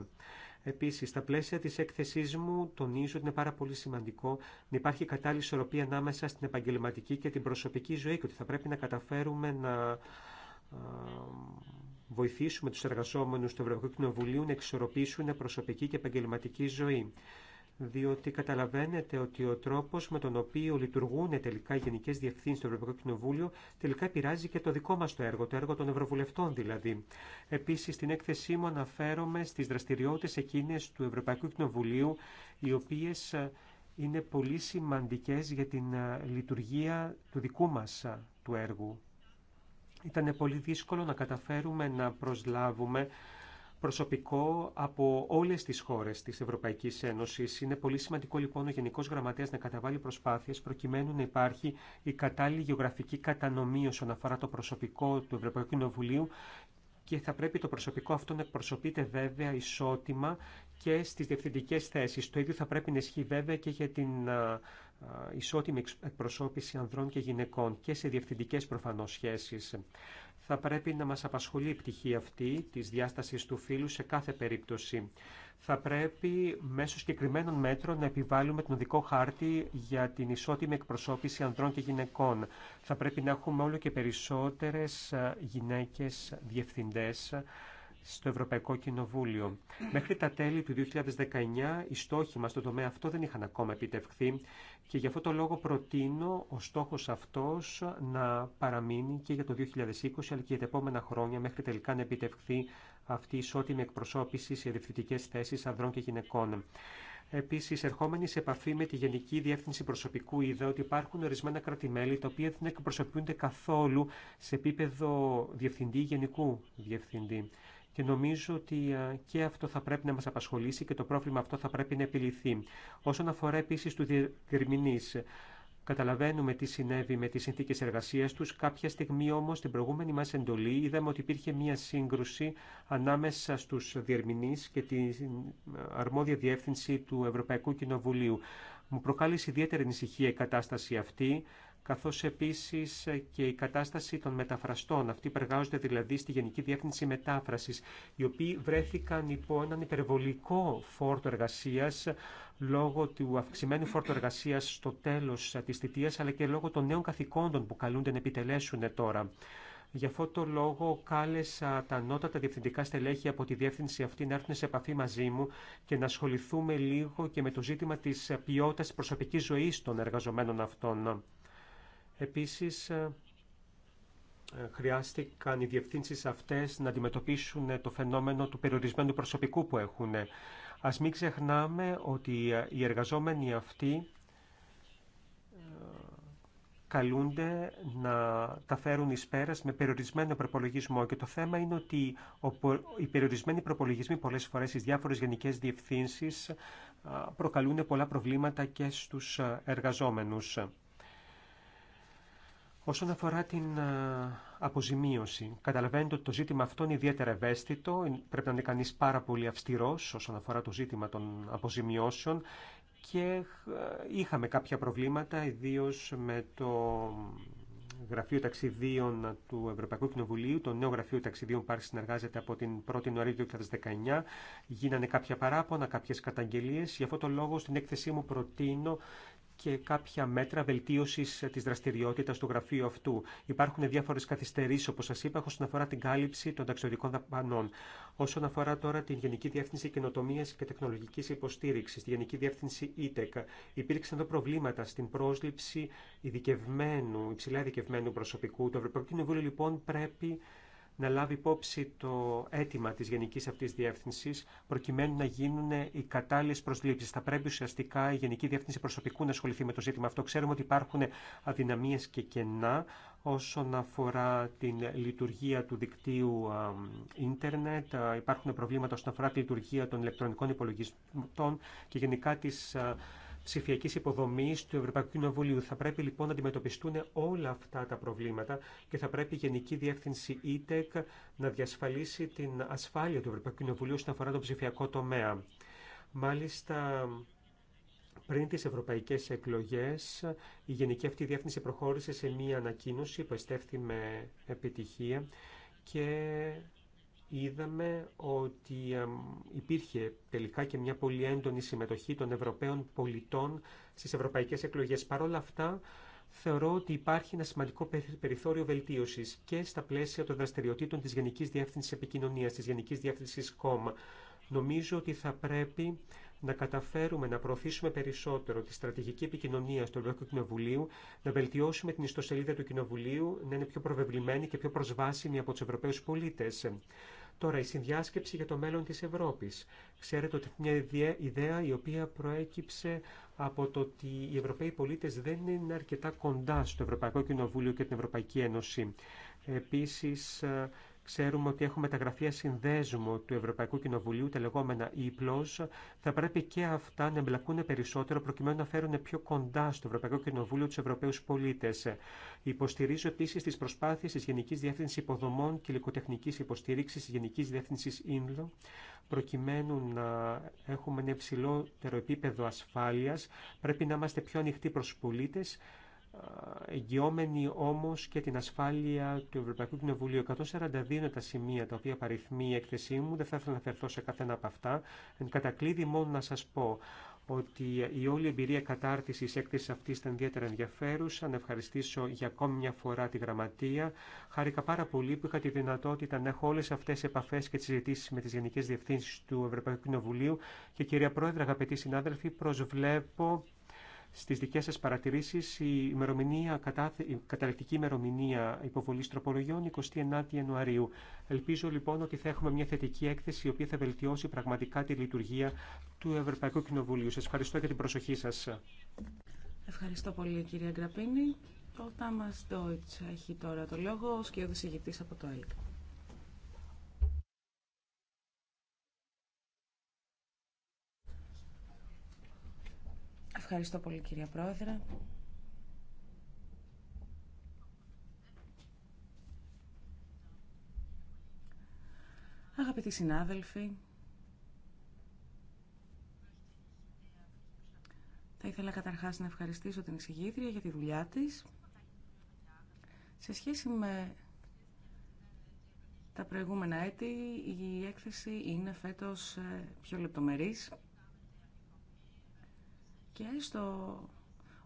Επίσης, στα πλαίσια της έκθεσής μου τονίζω ότι είναι πάρα πολύ σημαντικό να υπάρχει κατάλληλη ισορροπία ανάμεσα στην επαγγελματική και την προσωπική ζωή και ότι θα πρέπει να καταφέρουμε να βοηθήσουμε τους εργαζόμενους του Ευρωπαϊκού Κοινοβουλίου να εξορροπήσουν προσωπική και επαγγελματική ζωή. Διότι καταλαβαίνετε ότι ο τρόπο με τον οποίο λειτουργούν τελικά οι γενικές διευθύνσει του Ευρωπαϊκού Κοινοβούλιο τελικά επηρεάζει και το δικό μα το έργο, το έργο των Ευρωβουλευτών δηλαδή. Επίση, στην έκθεσή μου αναφέρομαι στι δραστηριότητε εκείνε του Ευρωπαϊκού Κοινοβουλίου, οι οποίε ε, είναι πολύ σημαντικέ για την ε, λειτουργία του δικού μα ε, του έργου, ήταν πολύ δύσκολο να καταφέρουμε να προσλάβουμε προσωπικό από όλε τι χώρε τη Ευρωπαϊκή Ένωση. Είναι πολύ σημαντικό λοιπόν ο Γενικό Γραμματέα να καταβάλει προσπάθειε προκειμένου να υπάρχει η κατάλληλη γεωγραφική κατανομή όσον αφορά το προσωπικό του Ευρωπαϊκού Κοινοβουλίου και θα πρέπει το προσωπικό αυτό να εκπροσωπείται βέβαια ισότιμα και στις διευθυντικές θέσεις. Το ίδιο θα πρέπει να ισχύει βέβαια και για την ε, ισότιμη εκπροσώπηση ανδρών και γυναικών και σε διευθυντικές προφανώς σχέσεις. Θα πρέπει να μας απασχολεί η πτυχή αυτή της διάστασης του φύλου σε κάθε περίπτωση. Θα πρέπει μέσω συγκεκριμένων μέτρων να επιβάλλουμε τον δικό χάρτη για την ισότιμη εκπροσώπηση ανδρών και γυναικών. Θα πρέπει να έχουμε όλο και περισσότερες ε, γυναίκες διευθυντές στο Ευρωπαϊκό Κοινοβούλιο. Μέχρι τα τέλη του 2019 οι στόχοι μας στον τομέα αυτό δεν είχαν ακόμα επιτευχθεί και γι' αυτό το λόγο προτείνω ο στόχος αυτός να παραμείνει και για το 2020 αλλά και για τα επόμενα χρόνια μέχρι τελικά να επιτευχθεί αυτή η ισότιμη εκπροσώπηση σε διευθυντικέ θέσεις ανδρών και γυναικών. Επίση, ερχόμενοι σε επαφή με τη Γενική Διεύθυνση Προσωπικού, είδα ότι υπάρχουν ορισμένα κρατημέλη τα οποία δεν εκπροσωπούνται καθόλου σε επίπεδο διευθυντή ή γενικού διευθυντή και νομίζω ότι ε, και αυτό θα πρέπει να μας απασχολήσει και το πρόβλημα αυτό θα πρέπει να επιληθεί. Όσον αφορά επίσης του διερμηνείς, Καταλαβαίνουμε τι συνέβη με τι συνθήκε εργασία του. Κάποια στιγμή όμω, την προηγούμενη μα εντολή, είδαμε ότι υπήρχε μία σύγκρουση ανάμεσα στου διερμηνεί και την ε, αρμόδια διεύθυνση του Ευρωπαϊκού Κοινοβουλίου. Μου προκάλεσε ιδιαίτερη ανησυχία η κατάσταση αυτή καθώς επίσης και η κατάσταση των μεταφραστών. Αυτοί υπεργάζονται δηλαδή στη Γενική Διεύθυνση Μετάφρασης, οι οποίοι βρέθηκαν υπό έναν υπερβολικό φόρτο εργασίας λόγω του αυξημένου φόρτου εργασίας στο τέλος της θητείας, αλλά και λόγω των νέων καθηκόντων που καλούνται να επιτελέσουν τώρα. Γι' αυτό το λόγο κάλεσα τα ανώτατα διευθυντικά στελέχη από τη διεύθυνση αυτή να έρθουν σε επαφή μαζί μου και να ασχοληθούμε λίγο και με το ζήτημα της ποιότητας προσωπικής ζωής των εργαζομένων αυτών. Επίσης, ε, ε, χρειάστηκαν οι διευθύνσεις αυτές να αντιμετωπίσουν ε, το φαινόμενο του περιορισμένου προσωπικού που έχουν. Ας μην ξεχνάμε ότι οι εργαζόμενοι αυτοί καλούνται να τα φέρουν εις πέρας με περιορισμένο προπολογισμό. Και το θέμα είναι ότι οι περιορισμένοι προπολογισμοί πολλές φορές στις διάφορες γενικές διευθύνσεις προκαλούν πολλά προβλήματα και στους εργαζόμενους. Όσον αφορά την ε, αποζημίωση, καταλαβαίνετε ότι το ζήτημα αυτό είναι ιδιαίτερα ευαίσθητο. Πρέπει να είναι κανεί πάρα πολύ αυστηρό όσον αφορά το ζήτημα των αποζημιώσεων και ε, είχαμε κάποια προβλήματα, ιδίω με το Γραφείο Ταξιδίων του Ευρωπαϊκού Κοινοβουλίου. Το νέο Γραφείο Ταξιδίων που συνεργάζεται από την 1η Ιανουαρίου του 2019. Γίνανε κάποια παράπονα, κάποιε καταγγελίε. Γι' αυτό το λόγο στην έκθεσή μου προτείνω και κάποια μέτρα βελτίωση τη δραστηριότητα του γραφείου αυτού. Υπάρχουν διάφορε καθυστερήσει, όπω σα είπα, όσον αφορά την κάλυψη των ταξιδιωτικών δαπανών. Όσον αφορά τώρα την Γενική Διεύθυνση Καινοτομία και Τεχνολογική Υποστήριξη, τη Γενική Διεύθυνση ΙΤΕΚ, υπήρξαν εδώ προβλήματα στην πρόσληψη ειδικευμένου, υψηλά ειδικευμένου προσωπικού. Το Ευρωπαϊκό Κοινοβούλιο λοιπόν πρέπει να λάβει υπόψη το αίτημα της Γενικής αυτής Διεύθυνσης προκειμένου να γίνουν οι κατάλληλε προσλήψεις. Θα πρέπει ουσιαστικά η Γενική Διεύθυνση Προσωπικού να ασχοληθεί με το ζήτημα αυτό. Ξέρουμε ότι υπάρχουν αδυναμίες και κενά όσον αφορά την λειτουργία του δικτύου ίντερνετ, υπάρχουν προβλήματα όσον αφορά τη λειτουργία των ηλεκτρονικών υπολογιστών και γενικά της ψηφιακή υποδομή του Ευρωπαϊκού Κοινοβουλίου. Θα πρέπει λοιπόν να αντιμετωπιστούν όλα αυτά τα προβλήματα και θα πρέπει η Γενική Διεύθυνση ETEC να διασφαλίσει την ασφάλεια του Ευρωπαϊκού Κοινοβουλίου όσον αφορά τον ψηφιακό τομέα. Μάλιστα, πριν τις ευρωπαϊκές εκλογές, η Γενική αυτή Διεύθυνση προχώρησε σε μία ανακοίνωση που εστέφθη με επιτυχία και είδαμε ότι υπήρχε τελικά και μια πολύ έντονη συμμετοχή των Ευρωπαίων πολιτών στις ευρωπαϊκές εκλογές. Παρ' όλα αυτά, θεωρώ ότι υπάρχει ένα σημαντικό περιθώριο βελτίωσης και στα πλαίσια των δραστηριοτήτων της Γενικής Διεύθυνσης Επικοινωνίας, της Γενικής Διεύθυνσης ΚΟΜ. Νομίζω ότι θα πρέπει να καταφέρουμε να προωθήσουμε περισσότερο τη στρατηγική επικοινωνία του Ευρωπαϊκού Κοινοβουλίου, να βελτιώσουμε την ιστοσελίδα του Κοινοβουλίου, να είναι πιο προβεβλημένη και πιο προσβάσιμη από του Ευρωπαίου πολίτε. Τώρα, η συνδιάσκεψη για το μέλλον της Ευρώπης. Ξέρετε ότι είναι μια ιδέα η οποία προέκυψε από το ότι οι Ευρωπαίοι πολίτες δεν είναι αρκετά κοντά στο Ευρωπαϊκό Κοινοβούλιο και την Ευρωπαϊκή Ένωση. Επίσης, Ξέρουμε ότι έχουμε τα γραφεία συνδέσμου του Ευρωπαϊκού Κοινοβουλίου, τα λεγόμενα e Θα πρέπει και αυτά να εμπλακούν περισσότερο προκειμένου να φέρουν πιο κοντά στο Ευρωπαϊκό Κοινοβούλιο του Ευρωπαίου πολίτε. Υποστηρίζω επίση τι προσπάθειε τη Γενική Διεύθυνση Υποδομών και Λικοτεχνική Υποστήριξη τη Γενική Διεύθυνση ΙΝΛΟ, προκειμένου να έχουμε ένα υψηλότερο επίπεδο ασφάλεια. Πρέπει να είμαστε πιο ανοιχτοί προ του πολίτε εγγυόμενοι όμως και την ασφάλεια του Ευρωπαϊκού Κοινοβουλίου. 142 είναι τα σημεία τα οποία παριθμεί η έκθεσή μου, δεν θα ήθελα να αφαιρθώ σε καθένα από αυτά. Εν κατακλείδη μόνο να σας πω ότι η όλη εμπειρία κατάρτισης έκθεσης αυτής ήταν ιδιαίτερα ενδιαφέρουσα. Να ευχαριστήσω για ακόμη μια φορά τη γραμματεία. Χάρηκα πάρα πολύ που είχα τη δυνατότητα να έχω όλες αυτές τις επαφές και τις συζητήσεις με τις Γενικές Διευθύνσεις του Ευρωπαϊκού Κοινοβουλίου. Και κυρία Πρόεδρε, αγαπητοί συνάδελφοι, προσβλέπω στις δικές σας παρατηρήσεις η, ημερομηνία, η καταληκτική ημερομηνία υποβολής τροπολογιών 29 Ιανουαρίου. Ελπίζω λοιπόν ότι θα έχουμε μια θετική έκθεση η οποία θα βελτιώσει πραγματικά τη λειτουργία του Ευρωπαϊκού Κοινοβουλίου. Σας ευχαριστώ για την προσοχή σας. Ευχαριστώ πολύ κυρία Γκραπίνη. Ο Τάμας Ντόιτς έχει τώρα το λόγο ως και ο από το ΕΛΚ. Ευχαριστώ πολύ κυρία Πρόεδρε. Αγαπητοί συνάδελφοι, θα ήθελα καταρχάς να ευχαριστήσω την εισηγήτρια για τη δουλειά της. Σε σχέση με τα προηγούμενα έτη, η έκθεση είναι φέτος ε, πιο λεπτομερής και στο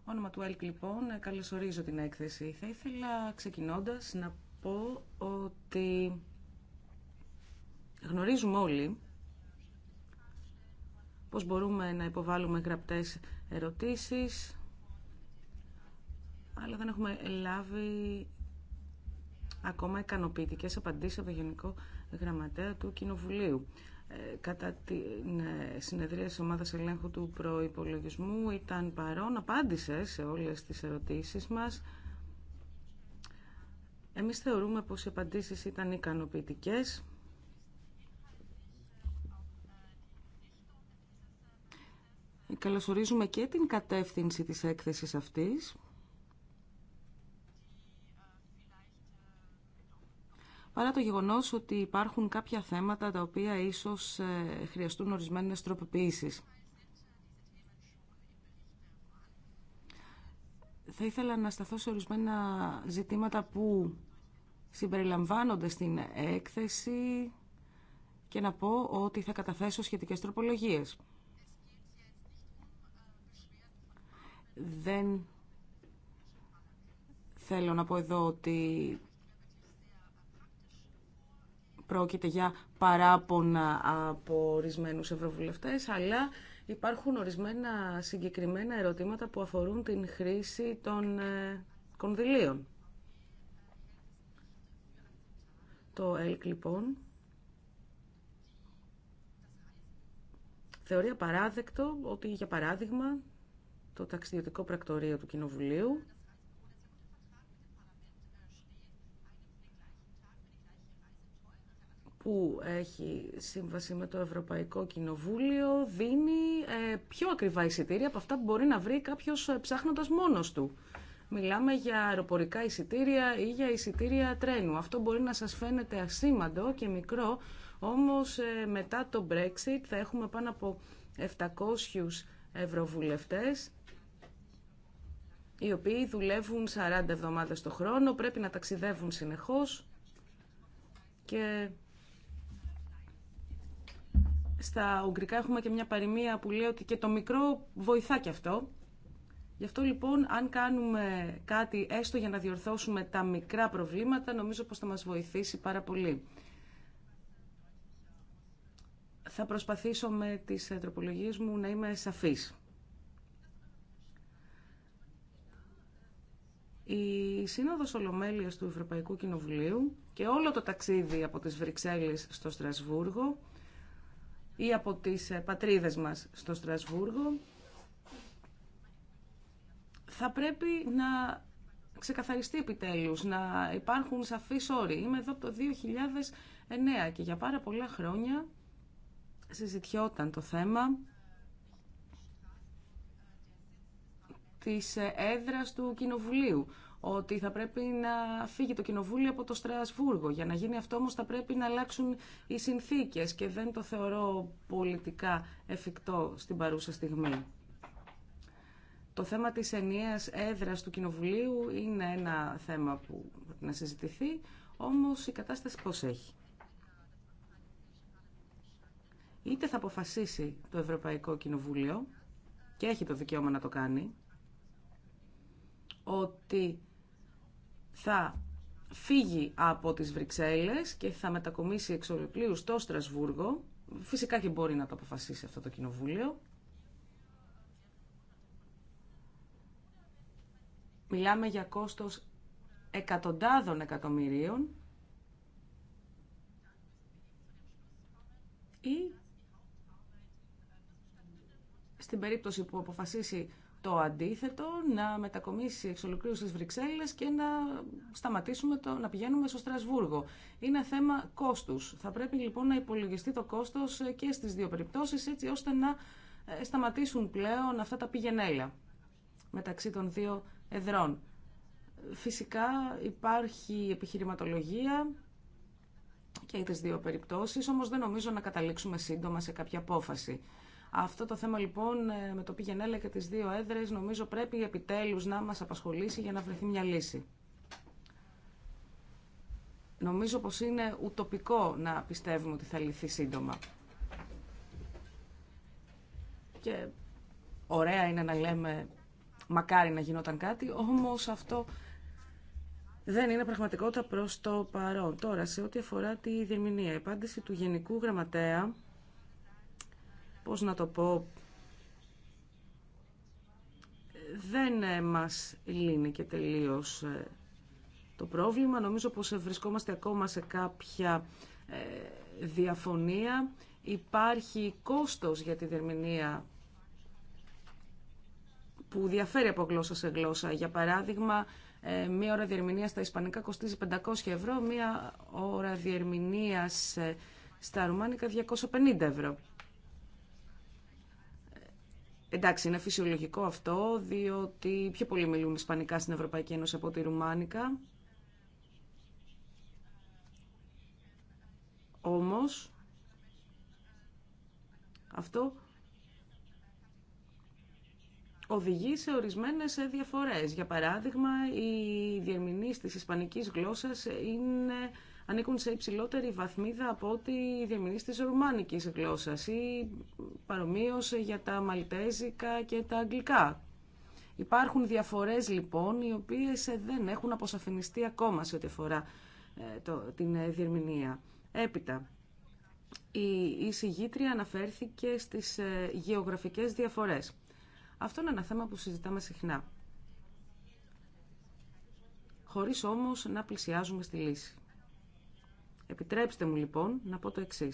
όνομα του ΕΛΚ λοιπόν καλωσορίζω την έκθεση. Θα ήθελα ξεκινώντας να πω ότι γνωρίζουμε όλοι πώς μπορούμε να υποβάλουμε γραπτές ερωτήσεις αλλά δεν έχουμε λάβει ακόμα ικανοποιητικέ απαντήσεις από Γενικό Γραμματέα του Κοινοβουλίου. Ε, κατά την ε, συνεδρία της ομάδας ελέγχου του προϋπολογισμού ήταν παρόν, απάντησε σε όλες τις ερωτήσεις μας. Εμείς θεωρούμε πως οι απαντήσεις ήταν ικανοποιητικές. Καλωσορίζουμε και την κατεύθυνση της έκθεσης αυτής. παρά το γεγονός ότι υπάρχουν κάποια θέματα τα οποία ίσως ε, χρειαστούν ορισμένες τροποποιήσεις. Θα ήθελα να σταθώ σε ορισμένα ζητήματα που συμπεριλαμβάνονται στην έκθεση και να πω ότι θα καταθέσω σχετικές τροπολογίες. Δεν θέλω να πω εδώ ότι πρόκειται για παράπονα από ορισμένους ευρωβουλευτές, αλλά υπάρχουν ορισμένα συγκεκριμένα ερωτήματα που αφορούν την χρήση των ε, κονδυλίων. Το ΕΛΚ, λοιπόν, θεωρεί απαράδεκτο ότι, για παράδειγμα, το ταξιδιωτικό πρακτορείο του Κοινοβουλίου που έχει σύμβαση με το Ευρωπαϊκό Κοινοβούλιο δίνει ε, πιο ακριβά εισιτήρια από αυτά που μπορεί να βρει κάποιος ε, ψάχνοντας μόνος του. Μιλάμε για αεροπορικά εισιτήρια ή για εισιτήρια τρένου. Αυτό μπορεί να σας φαίνεται ασήμαντο και μικρό, όμως ε, μετά το Brexit θα έχουμε πάνω από 700 ευρωβουλευτές οι οποίοι δουλεύουν 40 εβδομάδες το χρόνο, πρέπει να ταξιδεύουν συνεχώς και στα Ουγγρικά έχουμε και μια παροιμία που λέει ότι και το μικρό βοηθά και αυτό. Γι' αυτό λοιπόν, αν κάνουμε κάτι έστω για να διορθώσουμε τα μικρά προβλήματα, νομίζω πως θα μας βοηθήσει πάρα πολύ. Θα προσπαθήσω με τις τροπολογίες μου να είμαι σαφής. Η Σύνοδος Ολομέλειας του Ευρωπαϊκού Κοινοβουλίου και όλο το ταξίδι από τις Βρυξέλλες στο Στρασβούργο ή από τις ε, πατρίδες μας στο Στρασβούργο, θα πρέπει να ξεκαθαριστεί επιτέλους, να υπάρχουν σαφείς όροι. Είμαι εδώ από το 2009 και για πάρα πολλά χρόνια συζητιόταν το θέμα της ε, έδρας του Κοινοβουλίου ότι θα πρέπει να φύγει το Κοινοβούλιο από το Στρασβούργο. Για να γίνει αυτό όμως θα πρέπει να αλλάξουν οι συνθήκες και δεν το θεωρώ πολιτικά εφικτό στην παρούσα στιγμή. Το θέμα της ενιαίας έδρας του Κοινοβουλίου είναι ένα θέμα που πρέπει να συζητηθεί, όμως η κατάσταση πώς έχει. Είτε θα αποφασίσει το Ευρωπαϊκό Κοινοβούλιο, και έχει το δικαίωμα να το κάνει, ότι θα φύγει από τις Βρυξέλλες και θα μετακομίσει εξ ολοκλήρου στο Στρασβούργο. Φυσικά και μπορεί να το αποφασίσει αυτό το κοινοβούλιο. Μιλάμε για κόστος εκατοντάδων εκατομμυρίων ή στην περίπτωση που αποφασίσει το αντίθετο, να μετακομίσει εξ ολοκλήρου στις Βρυξέλλες και να σταματήσουμε το, να πηγαίνουμε στο Στρασβούργο. Είναι θέμα κόστου. Θα πρέπει λοιπόν να υπολογιστεί το κόστος και στις δύο περιπτώσεις έτσι ώστε να ε, σταματήσουν πλέον αυτά τα πηγενέλα μεταξύ των δύο εδρών. Φυσικά υπάρχει επιχειρηματολογία και για τις δύο περιπτώσεις, όμως δεν νομίζω να καταλήξουμε σύντομα σε κάποια απόφαση. Αυτό το θέμα λοιπόν ε, με το πηγενέλε και τις δύο έδρες νομίζω πρέπει επιτέλους να μας απασχολήσει για να βρεθεί μια λύση. Νομίζω πως είναι ουτοπικό να πιστεύουμε ότι θα λυθεί σύντομα. Και ωραία είναι να λέμε μακάρι να γινόταν κάτι, όμως αυτό δεν είναι πραγματικότητα προς το παρόν. Τώρα, σε ό,τι αφορά τη διερμηνία, η απάντηση του Γενικού Γραμματέα πώς να το πω, δεν ε, μας λύνει και τελείως ε, το πρόβλημα. Νομίζω πως ε, βρισκόμαστε ακόμα σε κάποια διαφωνία. Υπάρχει κόστος για τη διερμηνία που διαφέρει από γλώσσα σε γλώσσα. Για παράδειγμα, μία ώρα διερμηνία στα Ισπανικά κοστίζει 500 ευρώ, μία ώρα διερμηνία στα Ρουμάνικα 250 ευρώ. Εντάξει, είναι φυσιολογικό αυτό, διότι πιο πολύ μιλούν Ισπανικά στην Ευρωπαϊκή Ένωση από τη Ρουμάνικα. Όμως, αυτό οδηγεί σε ορισμένες διαφορές. Για παράδειγμα, οι διερμηνείς της ισπανικής γλώσσας είναι ανήκουν σε υψηλότερη βαθμίδα από ό,τι διαμηνείς τη ρουμάνικης γλώσσας ή παρομοίως για τα μαλτέζικα και τα αγγλικά. Υπάρχουν διαφορές λοιπόν οι οποίες δεν έχουν αποσαφινιστεί ακόμα σε ό,τι αφορά ε, το, την ε, διερμηνία. Έπειτα, η, η συγγήτρια αναφέρθηκε στις ε, γεωγραφικές διαφορές. Αυτό είναι ένα θέμα που συζητάμε συχνά. Χωρίς όμως να πλησιάζουμε στη λύση. Επιτρέψτε μου λοιπόν να πω το εξή.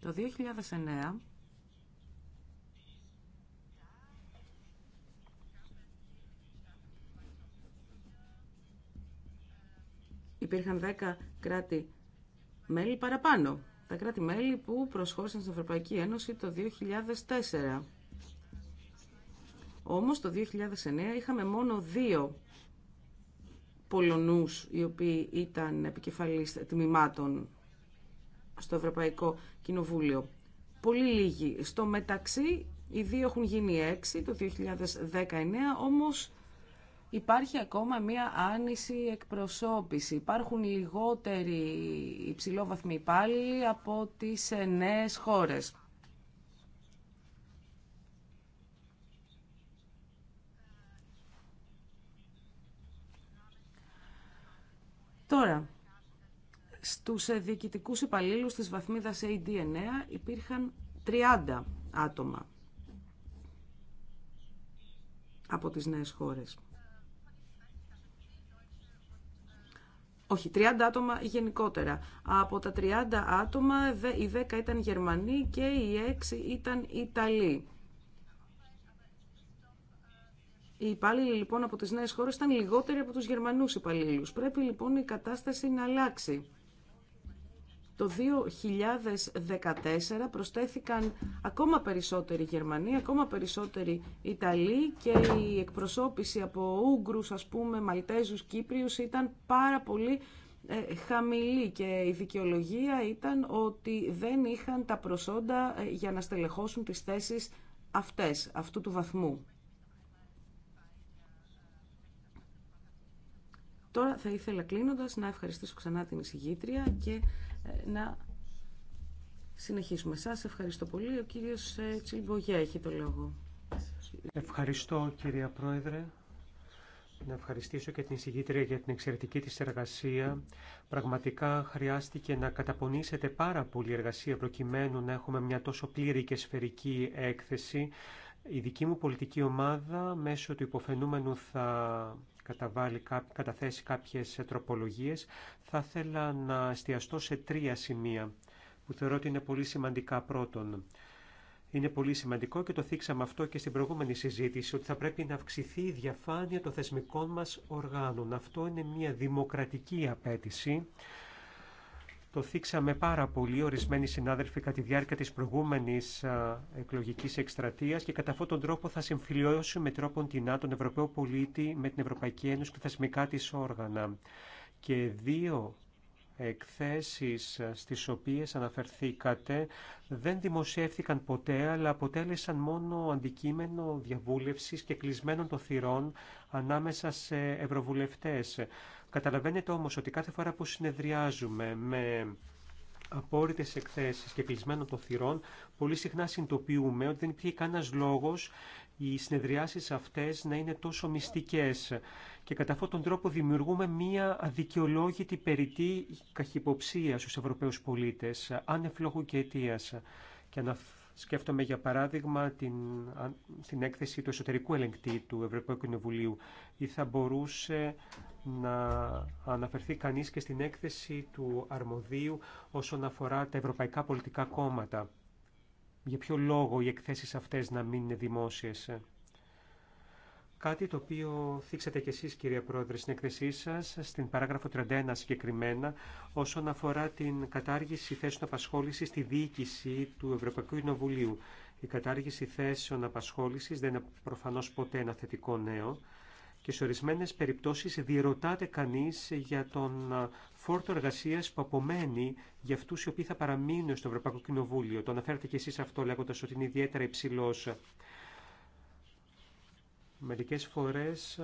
Το 2009 υπήρχαν 10 κράτη-μέλη παραπάνω. Τα κράτη-μέλη που προσχώρησαν στην Ευρωπαϊκή Ένωση το 2004. Όμως το 2009 είχαμε μόνο δύο Πολωνούς οι οποίοι ήταν επικεφαλής τμήματων στο Ευρωπαϊκό Κοινοβούλιο. Πολύ λίγοι. Στο μεταξύ οι δύο έχουν γίνει έξι το 2019 όμως υπάρχει ακόμα μία άνηση εκπροσώπηση. Υπάρχουν λιγότεροι υψηλόβαθμοι υπάλληλοι από τις νέες χώρες. Τώρα, στους ε, διοικητικούς υπαλλήλους της βαθμίδας AD9 υπήρχαν 30 άτομα από τις νέες χώρες. Όχι, 30 άτομα γενικότερα. Από τα 30 άτομα, οι 10 ήταν Γερμανοί και οι 6 ήταν Ιταλοί. Οι υπάλληλοι λοιπόν από τις νέε χώρες ήταν λιγότεροι από τους Γερμανούς υπαλλήλου. Πρέπει λοιπόν η κατάσταση να αλλάξει. Το 2014 προσθέθηκαν ακόμα περισσότεροι Γερμανοί, ακόμα περισσότεροι Ιταλοί και η εκπροσώπηση από Ούγγρους, ας πούμε, Μαλτέζους, Κύπριους ήταν πάρα πολύ ε, χαμηλή και η δικαιολογία ήταν ότι δεν είχαν τα προσόντα ε, για να στελεχώσουν τις θέσεις αυτές, αυτού του βαθμού. Τώρα θα ήθελα κλείνοντα να ευχαριστήσω ξανά την εισηγήτρια και ε, να συνεχίσουμε. Σας ευχαριστώ πολύ. Ο κύριος ε, Τσιλμπογιά έχει το λόγο. Ευχαριστώ κυρία Πρόεδρε. Να ευχαριστήσω και την εισηγήτρια για την εξαιρετική της εργασία. Πραγματικά χρειάστηκε να καταπονήσετε πάρα πολύ εργασία προκειμένου να έχουμε μια τόσο πλήρη και σφαιρική έκθεση. Η δική μου πολιτική ομάδα μέσω του υποφαινούμενου θα καταβάλει, καταθέσει κάποιες τροπολογίες, θα ήθελα να εστιαστώ σε τρία σημεία που θεωρώ ότι είναι πολύ σημαντικά πρώτον. Είναι πολύ σημαντικό και το θίξαμε αυτό και στην προηγούμενη συζήτηση ότι θα πρέπει να αυξηθεί η διαφάνεια των θεσμικών μας οργάνων. Αυτό είναι μια δημοκρατική απέτηση το θίξαμε πάρα πολύ ορισμένοι συνάδελφοι κατά τη διάρκεια της προηγούμενης εκλογικής εκστρατείας και κατά αυτόν τον τρόπο θα συμφιλιώσουμε τρόπον την τον Ευρωπαίο πολίτη με την Ευρωπαϊκή Ένωση και θεσμικά της όργανα. Και δύο εκθέσεις στις οποίες αναφερθήκατε δεν δημοσιεύθηκαν ποτέ αλλά αποτέλεσαν μόνο αντικείμενο διαβούλευσης και κλεισμένων των θυρών ανάμεσα σε ευρωβουλευτές. Καταλαβαίνετε όμως ότι κάθε φορά που συνεδριάζουμε με απόρριτες εκθέσεις και κλεισμένων των θυρών, πολύ συχνά συνειδητοποιούμε ότι δεν υπήρχε κανένας λόγος οι συνεδριάσεις αυτές να είναι τόσο μυστικές και κατά αυτόν τον τρόπο δημιουργούμε μία αδικαιολόγητη περιττή καχυποψία στους Ευρωπαίους πολίτες, ανεφλόγου και αιτίας. Και να σκέφτομαι για παράδειγμα την, την έκθεση του εσωτερικού ελεγκτή του Ευρωπαϊκού Κοινοβουλίου ή θα μπορούσε να αναφερθεί κανείς και στην έκθεση του αρμοδίου όσον αφορά τα ευρωπαϊκά πολιτικά κόμματα. Για ποιο λόγο οι εκθέσεις αυτές να μην είναι δημόσιες. Κάτι το οποίο θίξατε κι εσείς κυρία Πρόεδρε στην εκθεσή σας, στην παράγραφο 31 συγκεκριμένα, όσον αφορά την κατάργηση θέσεων απασχόλησης στη διοίκηση του Ευρωπαϊκού Κοινοβουλίου. Η κατάργηση θέσεων απασχόλησης δεν είναι προφανώς ποτέ ένα θετικό νέο και σε ορισμένες περιπτώσεις διερωτάται κανείς για τον φόρτο εργασία που απομένει για αυτούς οι οποίοι θα παραμείνουν στο Ευρωπαϊκό Κοινοβούλιο. Το αναφέρετε και εσείς αυτό λέγοντας ότι είναι ιδιαίτερα υψηλό. Μερικές φορές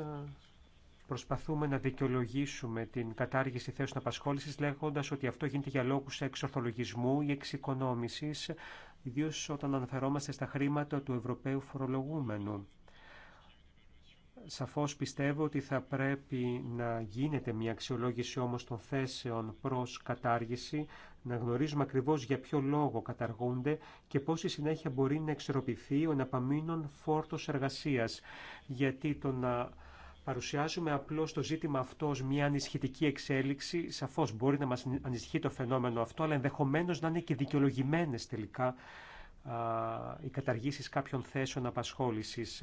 προσπαθούμε να δικαιολογήσουμε την κατάργηση θέσεων απασχόλησης λέγοντας ότι αυτό γίνεται για λόγους εξορθολογισμού ή εξοικονόμησης, ιδίως όταν αναφερόμαστε στα χρήματα του Ευρωπαίου φορολογούμενου. Σαφώς πιστεύω ότι θα πρέπει να γίνεται μια αξιολόγηση όμως των θέσεων προς κατάργηση, να γνωρίζουμε ακριβώς για ποιο λόγο καταργούνται και πώς η συνέχεια μπορεί να εξορροπηθεί ο αναπαμείνων φόρτος εργασίας. Γιατί το να παρουσιάζουμε απλώς το ζήτημα αυτό ως μια ανισχυτική εξέλιξη, σαφώς μπορεί να μας ανισχύει το φαινόμενο αυτό, αλλά ενδεχομένως να είναι και δικαιολογημένε τελικά οι καταργήσεις κάποιων θέσεων απασχόλησης.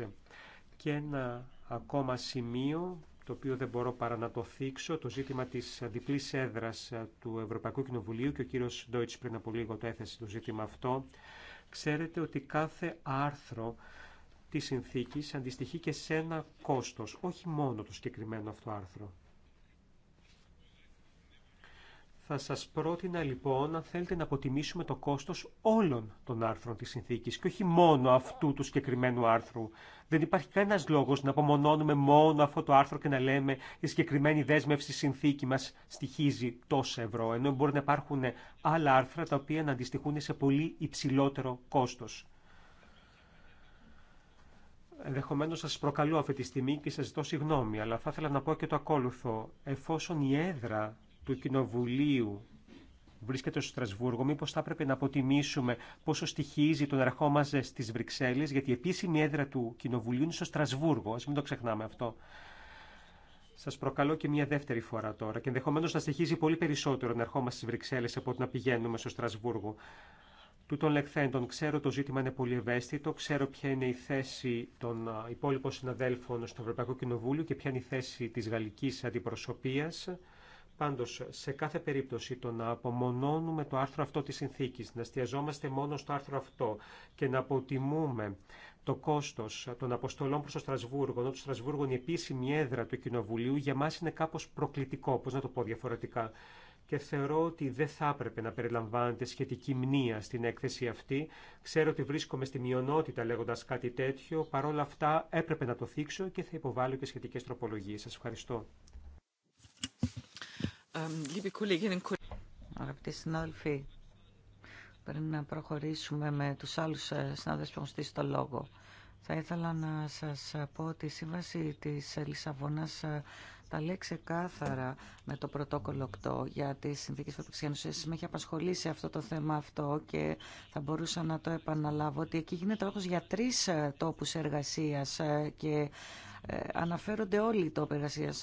Και ένα ακόμα σημείο, το οποίο δεν μπορώ παρά να το θίξω, το ζήτημα της διπλής έδρας ε, του Ευρωπαϊκού Κοινοβουλίου και ο κύριος Ντόιτς πριν από λίγο το έθεσε το ζήτημα αυτό. Ξέρετε ότι κάθε άρθρο της συνθήκης αντιστοιχεί και σε ένα κόστος, όχι μόνο το συγκεκριμένο αυτό άρθρο. Θα σας πρότεινα λοιπόν αν θέλετε να αποτιμήσουμε το κόστος όλων των άρθρων της συνθήκης και όχι μόνο αυτού του συγκεκριμένου άρθρου. Δεν υπάρχει κανένας λόγος να απομονώνουμε μόνο αυτό το άρθρο και να λέμε η συγκεκριμένη δέσμευση συνθήκη μας στοιχίζει τόσα ευρώ, ενώ μπορεί να υπάρχουν άλλα άρθρα τα οποία να αντιστοιχούν σε πολύ υψηλότερο κόστος. Ενδεχομένω σα προκαλώ αυτή τη στιγμή και σα ζητώ συγγνώμη, αλλά θα ήθελα να πω και το ακόλουθο. Εφόσον η έδρα του Κοινοβουλίου βρίσκεται στο Στρασβούργο, μήπω θα έπρεπε να αποτιμήσουμε πόσο στοιχίζει τον να ερχόμαστε στι Βρυξέλλε, γιατί η επίσημη έδρα του Κοινοβουλίου είναι στο Στρασβούργο. Α μην το ξεχνάμε αυτό. Σα προκαλώ και μια δεύτερη φορά τώρα και ενδεχομένω να στοιχίζει πολύ περισσότερο να ερχόμαστε στι Βρυξέλλε από ότι να πηγαίνουμε στο Στρασβούργο. Τούτων λεχθέντων, ξέρω το ζήτημα είναι πολύ ευαίσθητο, ξέρω ποια είναι η θέση των υπόλοιπων συναδέλφων στο Ευρωπαϊκό Κοινοβούλιο και ποια είναι η θέση τη γαλλική αντιπροσωπεία. Πάντως, σε κάθε περίπτωση το να απομονώνουμε το άρθρο αυτό της συνθήκης, να εστιαζόμαστε μόνο στο άρθρο αυτό και να αποτιμούμε το κόστος των αποστολών προς το Στρασβούργο, ενώ το Στρασβούργο είναι η επίσημη έδρα του Κοινοβουλίου, για μας είναι κάπως προκλητικό, πώ να το πω διαφορετικά. Και θεωρώ ότι δεν θα έπρεπε να περιλαμβάνεται σχετική μνήα στην έκθεση αυτή. Ξέρω ότι βρίσκομαι στη μειονότητα λέγοντα κάτι τέτοιο. Παρ' αυτά έπρεπε να το θίξω και θα υποβάλω και σχετικέ τροπολογίε. Σα ευχαριστώ. Αγαπητοί συνάδελφοι, πριν να προχωρήσουμε με τους άλλους ε, συνάδελφους που έχουν στήσει το λόγο, θα ήθελα να σας πω ότι η Σύμβαση της Λισαβόνας ε, τα λέει κάθαρα με το πρωτόκολλο 8 για τι συνθήκε πρωτοξιανουσία. Με έχει απασχολήσει αυτό το θέμα αυτό και θα μπορούσα να το επαναλάβω ότι εκεί γίνεται λόγο για τρει ε, τόπου εργασία και αναφέρονται όλοι οι τόποι εργασία.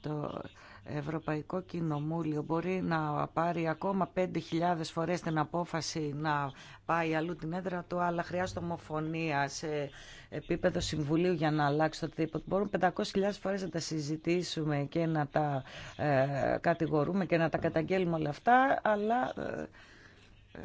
Το Ευρωπαϊκό Κοινομούλιο μπορεί να πάρει ακόμα 5.000 φορές την απόφαση να πάει αλλού την έδρα του, αλλά χρειάζεται ομοφωνία σε επίπεδο Συμβουλίου για να αλλάξει το τίποτα. Μπορούμε 500.000 φορές να τα συζητήσουμε και να τα ε, κατηγορούμε και να τα καταγγέλουμε όλα αυτά, αλλά... Ε, ε,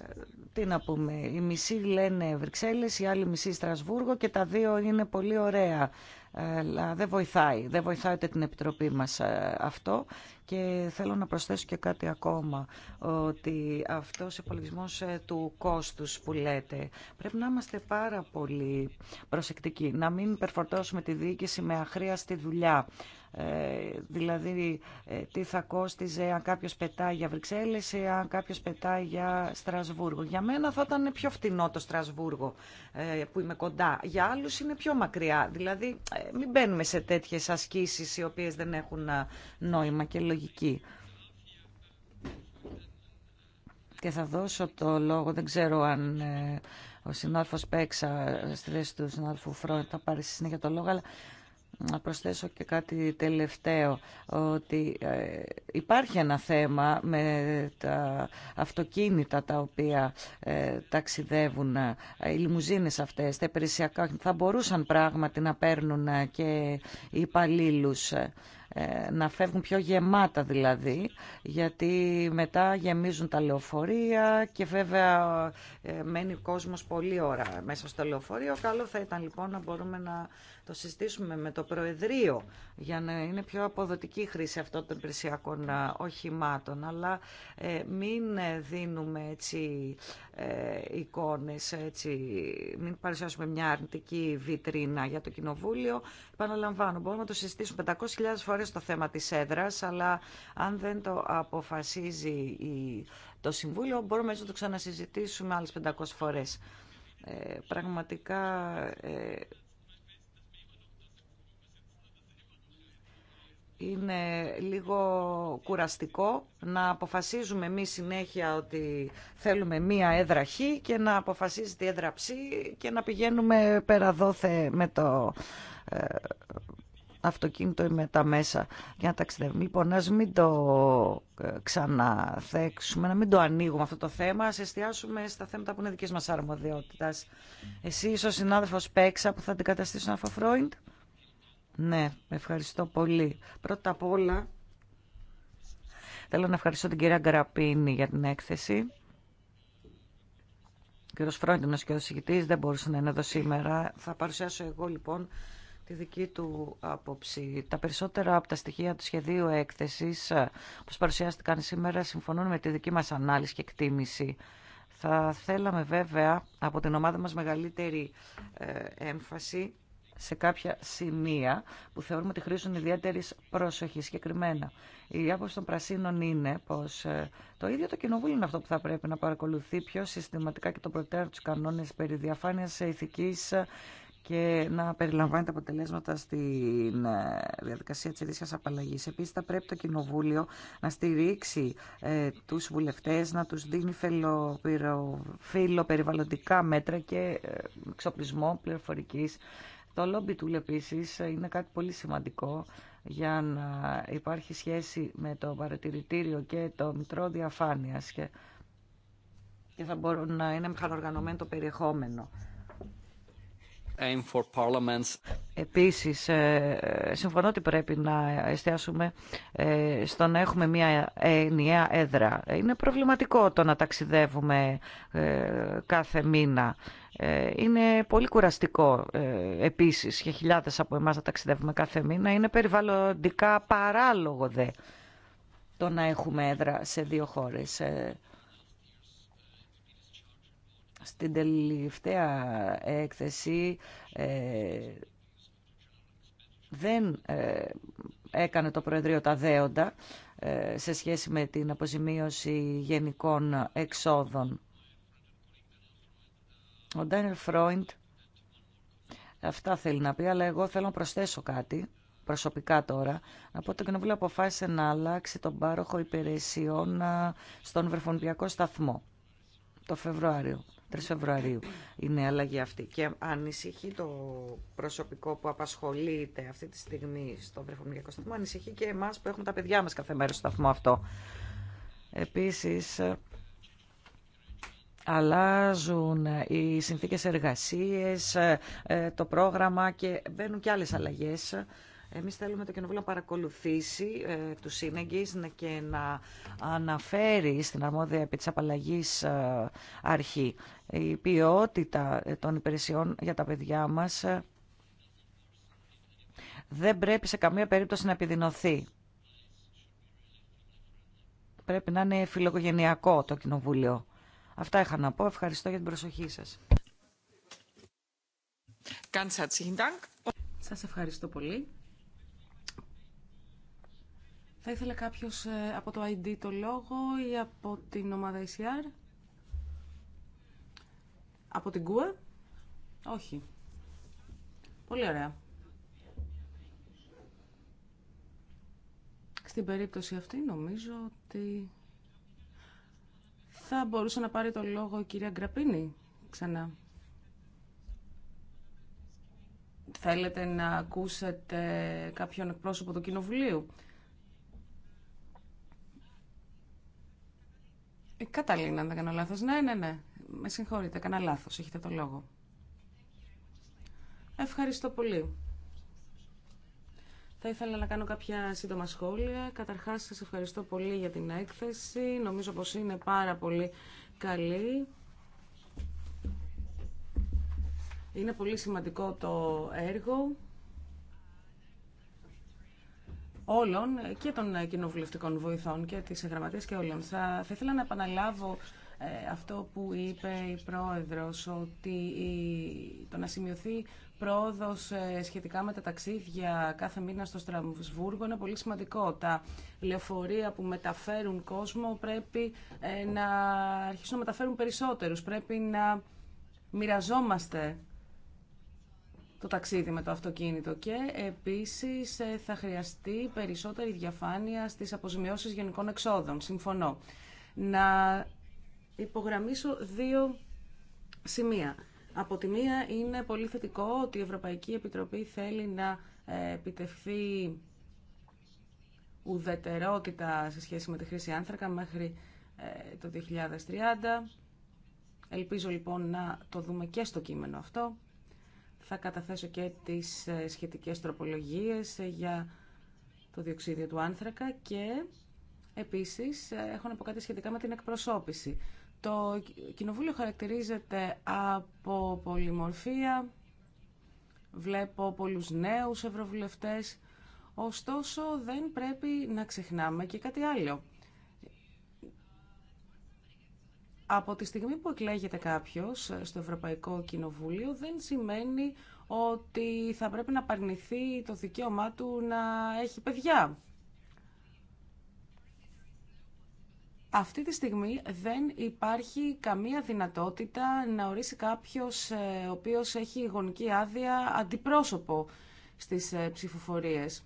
τι να πούμε, η μισή λένε Βρυξέλλες, η άλλη μισή Στρασβούργο και τα δύο είναι πολύ ωραία αλλά δεν βοηθάει. Δεν βοηθάει ούτε την Επιτροπή μας ε, αυτό. Και θέλω να προσθέσω και κάτι ακόμα, ότι αυτός ο υπολογισμός ε, του κόστους που λέτε, πρέπει να είμαστε πάρα πολύ προσεκτικοί, να μην υπερφορτώσουμε τη διοίκηση με στη δουλειά. Ε, δηλαδή ε, τι θα κόστιζε αν κάποιος πετάει για Βρυξέλλες ή αν κάποιος πετάει για Στρασβούργο. Για μένα θα ήταν πιο φτηνό το Στρασβούργο ε, που είμαι κοντά. Για άλλους είναι πιο μακριά. Δηλαδή μην μπαίνουμε σε τέτοιες ασκήσεις οι οποίες δεν έχουν νόημα και λογική. Και θα δώσω το λόγο, δεν ξέρω αν ο συνάδελφος Πέξα στη θέση του συνάδελφου Φρόντ θα πάρει συνέχεια το λόγο, αλλά να προσθέσω και κάτι τελευταίο, ότι ε, υπάρχει ένα θέμα με τα αυτοκίνητα τα οποία ε, ταξιδεύουν, ε, οι λιμουζίνες αυτές, τα θα μπορούσαν πράγματι να παίρνουν και οι υπαλλήλου να φεύγουν πιο γεμάτα δηλαδή, γιατί μετά γεμίζουν τα λεωφορεία και βέβαια μένει ο κόσμος πολλή ώρα μέσα στο λεωφορείο. Καλό θα ήταν λοιπόν να μπορούμε να το συζητήσουμε με το Προεδρείο για να είναι πιο αποδοτική η χρήση αυτών των υπηρεσιακών ε, οχημάτων. Αλλά ε, μην ε, δίνουμε έτσι εικόνες, έτσι, μην παρουσιάσουμε μια αρνητική βιτρίνα για το Κοινοβούλιο. Παναλαμβάνω. μπορούμε να το συζητήσουμε 500.000 φορές το θέμα της έδρας, αλλά αν δεν το αποφασίζει το Συμβούλιο, μπορούμε να το ξανασυζητήσουμε άλλες 500 φορές. Ε, πραγματικά ε, είναι λίγο κουραστικό να αποφασίζουμε εμεί συνέχεια ότι θέλουμε μία έδρα χ και να αποφασίζει τη έδρα και να πηγαίνουμε πέρα δόθε με το ε, αυτοκίνητο ή με τα μέσα για να ταξιδεύουμε. Λοιπόν, ας μην το ε, ξαναθέξουμε, να μην το ανοίγουμε αυτό το θέμα, ας εστιάσουμε στα θέματα που είναι δικής μας αρμοδιότητας. Εσύ, ο συνάδελφος Πέξα, που θα αντικαταστήσει αφοφρόιντ. Ναι, ευχαριστώ πολύ. Πρώτα απ' όλα, θέλω να ευχαριστώ την κυρία Γκραπίνη για την έκθεση. Ο κύριος Φρόντινος και ο συγκητής δεν μπορούσε να είναι εδώ σήμερα. Θα παρουσιάσω εγώ λοιπόν τη δική του άποψη. Τα περισσότερα από τα στοιχεία του σχεδίου έκθεσης, ε, όπως παρουσιάστηκαν σήμερα, συμφωνούν με τη δική μας ανάλυση και εκτίμηση. Θα θέλαμε βέβαια από την ομάδα μας μεγαλύτερη ε, έμφαση σε κάποια σημεία που θεωρούμε ότι χρήζουν ιδιαίτερη πρόσοχη συγκεκριμένα. Η άποψη των Πρασίνων είναι πω ε, το ίδιο το Κοινοβούλιο είναι αυτό που θα πρέπει να παρακολουθεί πιο συστηματικά και το προτέρων του κανόνε περί διαφάνεια ηθική ε, και να περιλαμβάνει τα αποτελέσματα στην ε, διαδικασία της ειδήσιας απαλλαγής. Επίσης, θα πρέπει το Κοινοβούλιο να στηρίξει ε, τους βουλευτές, να τους δίνει φιλοπεριβαλλοντικά μέτρα και εξοπλισμό πληροφορικής το lobby tool επίση είναι κάτι πολύ σημαντικό για να υπάρχει σχέση με το παρατηρητήριο και το μητρό διαφάνεια και, θα μπορούν να είναι μηχανοργανωμένο το περιεχόμενο. Επίσης, ε, ε, συμφωνώ ότι πρέπει να εστιάσουμε ε, στο να έχουμε μια ενιαία έδρα. Είναι προβληματικό το να ταξιδεύουμε κάθε μήνα. Είναι πολύ κουραστικό επίσης και χιλιάδες από εμάς να ταξιδεύουμε κάθε μήνα. Είναι περιβαλλοντικά παράλογο δε το να έχουμε έδρα σε δύο χώρες. Στην τελευταία έκθεση ε, δεν ε, έκανε το Προεδρείο τα δέοντα ε, σε σχέση με την αποζημίωση γενικών εξόδων. Ο Ντάινερ Φρόιντ αυτά θέλει να πει, αλλά εγώ θέλω να προσθέσω κάτι προσωπικά τώρα, από το Κοινοβούλιο αποφάσισε να αλλάξει τον πάροχο υπηρεσιών στον Βρεφονδιακό Σταθμό το Φεβρουάριο. 3 Φεβρουαρίου είναι η αλλαγή αυτή. Και ανησυχεί το προσωπικό που απασχολείται αυτή τη στιγμή στον βρεφομιλιακό σταθμό, ανησυχεί και εμά που έχουμε τα παιδιά μα κάθε μέρα στο σταθμό αυτό. Επίση, αλλάζουν οι συνθήκες εργασίες, ε, το πρόγραμμα και μπαίνουν και άλλες αλλαγές εμείς θέλουμε το Κοινοβούλιο να παρακολουθήσει ε, του και να αναφέρει στην αρμόδια επί της απαλλαγής ε, αρχή η ποιότητα ε, των υπηρεσιών για τα παιδιά μας ε, δεν πρέπει σε καμία περίπτωση να επιδεινωθεί. Πρέπει να είναι φιλοκογενειακό το Κοινοβούλιο. Αυτά είχα να πω. Ευχαριστώ για την προσοχή σας. Σας ευχαριστώ πολύ. Θα ήθελε κάποιος ε, από το ID το λόγο ή από την ομάδα ECR. Από την ΚΟΕ. Όχι. Πολύ ωραία. Στην περίπτωση αυτή νομίζω ότι θα μπορούσε να πάρει το λόγο η κυρία Γκραπίνη ξανά. Θέλετε να ακούσετε κάποιον εκπρόσωπο του Κοινοβουλίου. Η ε, Καταλήνα, αν δεν κάνω λάθος. Ναι, ναι, ναι. Με συγχωρείτε, έκανα λάθος. Έχετε το λόγο. Ευχαριστώ πολύ. Θα ήθελα να κάνω κάποια σύντομα σχόλια. Καταρχάς, σας ευχαριστώ πολύ για την έκθεση. Νομίζω πως είναι πάρα πολύ καλή. Είναι πολύ σημαντικό το έργο όλων και των κοινοβουλευτικών βοηθών και τη γραμματεία και όλων. Θα, ήθελα να επαναλάβω ε, αυτό που είπε η Πρόεδρος, ότι το να σημειωθεί πρόοδος ε, σχετικά με τα ταξίδια κάθε μήνα στο Στραμβούργο είναι πολύ σημαντικό. Τα λεωφορεία που μεταφέρουν κόσμο πρέπει ε, να αρχίσουν να μεταφέρουν περισσότερους, πρέπει να μοιραζόμαστε το ταξίδι με το αυτοκίνητο και επίσης ε, θα χρειαστεί περισσότερη διαφάνεια στις αποζημιώσεις γενικών εξόδων. Συμφωνώ. Να υπογραμμίσω δύο σημεία. Από τη μία είναι πολύ θετικό ότι η Ευρωπαϊκή Επιτροπή θέλει να ε, επιτευχθεί ουδετερότητα σε σχέση με τη χρήση άνθρακα μέχρι ε, το 2030. Ελπίζω λοιπόν να το δούμε και στο κείμενο αυτό. Θα καταθέσω και τις ε, σχετικές τροπολογίες ε, για το διοξίδιο του άνθρακα και επίσης ε, έχω να πω κάτι σχετικά με την εκπροσώπηση. Το κοινοβούλιο χαρακτηρίζεται από πολυμορφία, βλέπω πολλούς νέους ευρωβουλευτές, ωστόσο δεν πρέπει να ξεχνάμε και κάτι άλλο. από τη στιγμή που εκλέγεται κάποιος ε, στο Ευρωπαϊκό Κοινοβούλιο δεν σημαίνει ότι θα πρέπει να παρνηθεί το δικαίωμά του να έχει παιδιά. Αυτή τη στιγμή δεν υπάρχει καμία δυνατότητα να ορίσει κάποιος ε, ο οποίος έχει γονική άδεια αντιπρόσωπο στις ε, ψηφοφορίες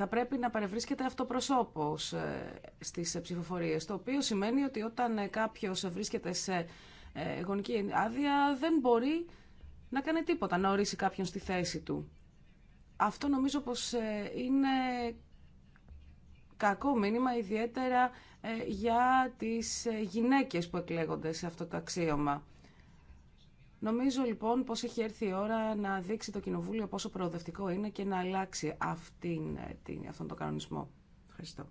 θα πρέπει να παρευρίσκεται αυτοπροσώπως ε, στις ε, ψηφοφορίες, το οποίο σημαίνει ότι όταν ε, κάποιος βρίσκεται σε γονική άδεια δεν μπορεί να κάνει τίποτα, να ορίσει κάποιον στη θέση του. Αυτό νομίζω πως είναι κακό μήνυμα, ιδιαίτερα για τις γυναίκες που εκλέγονται σε αυτό το αξίωμα. Νομίζω λοιπόν πως έχει έρθει η ώρα να δείξει το Κοινοβούλιο πόσο προοδευτικό είναι και να αλλάξει αυτήν, ε, την, αυτόν τον κανονισμό. Ευχαριστώ.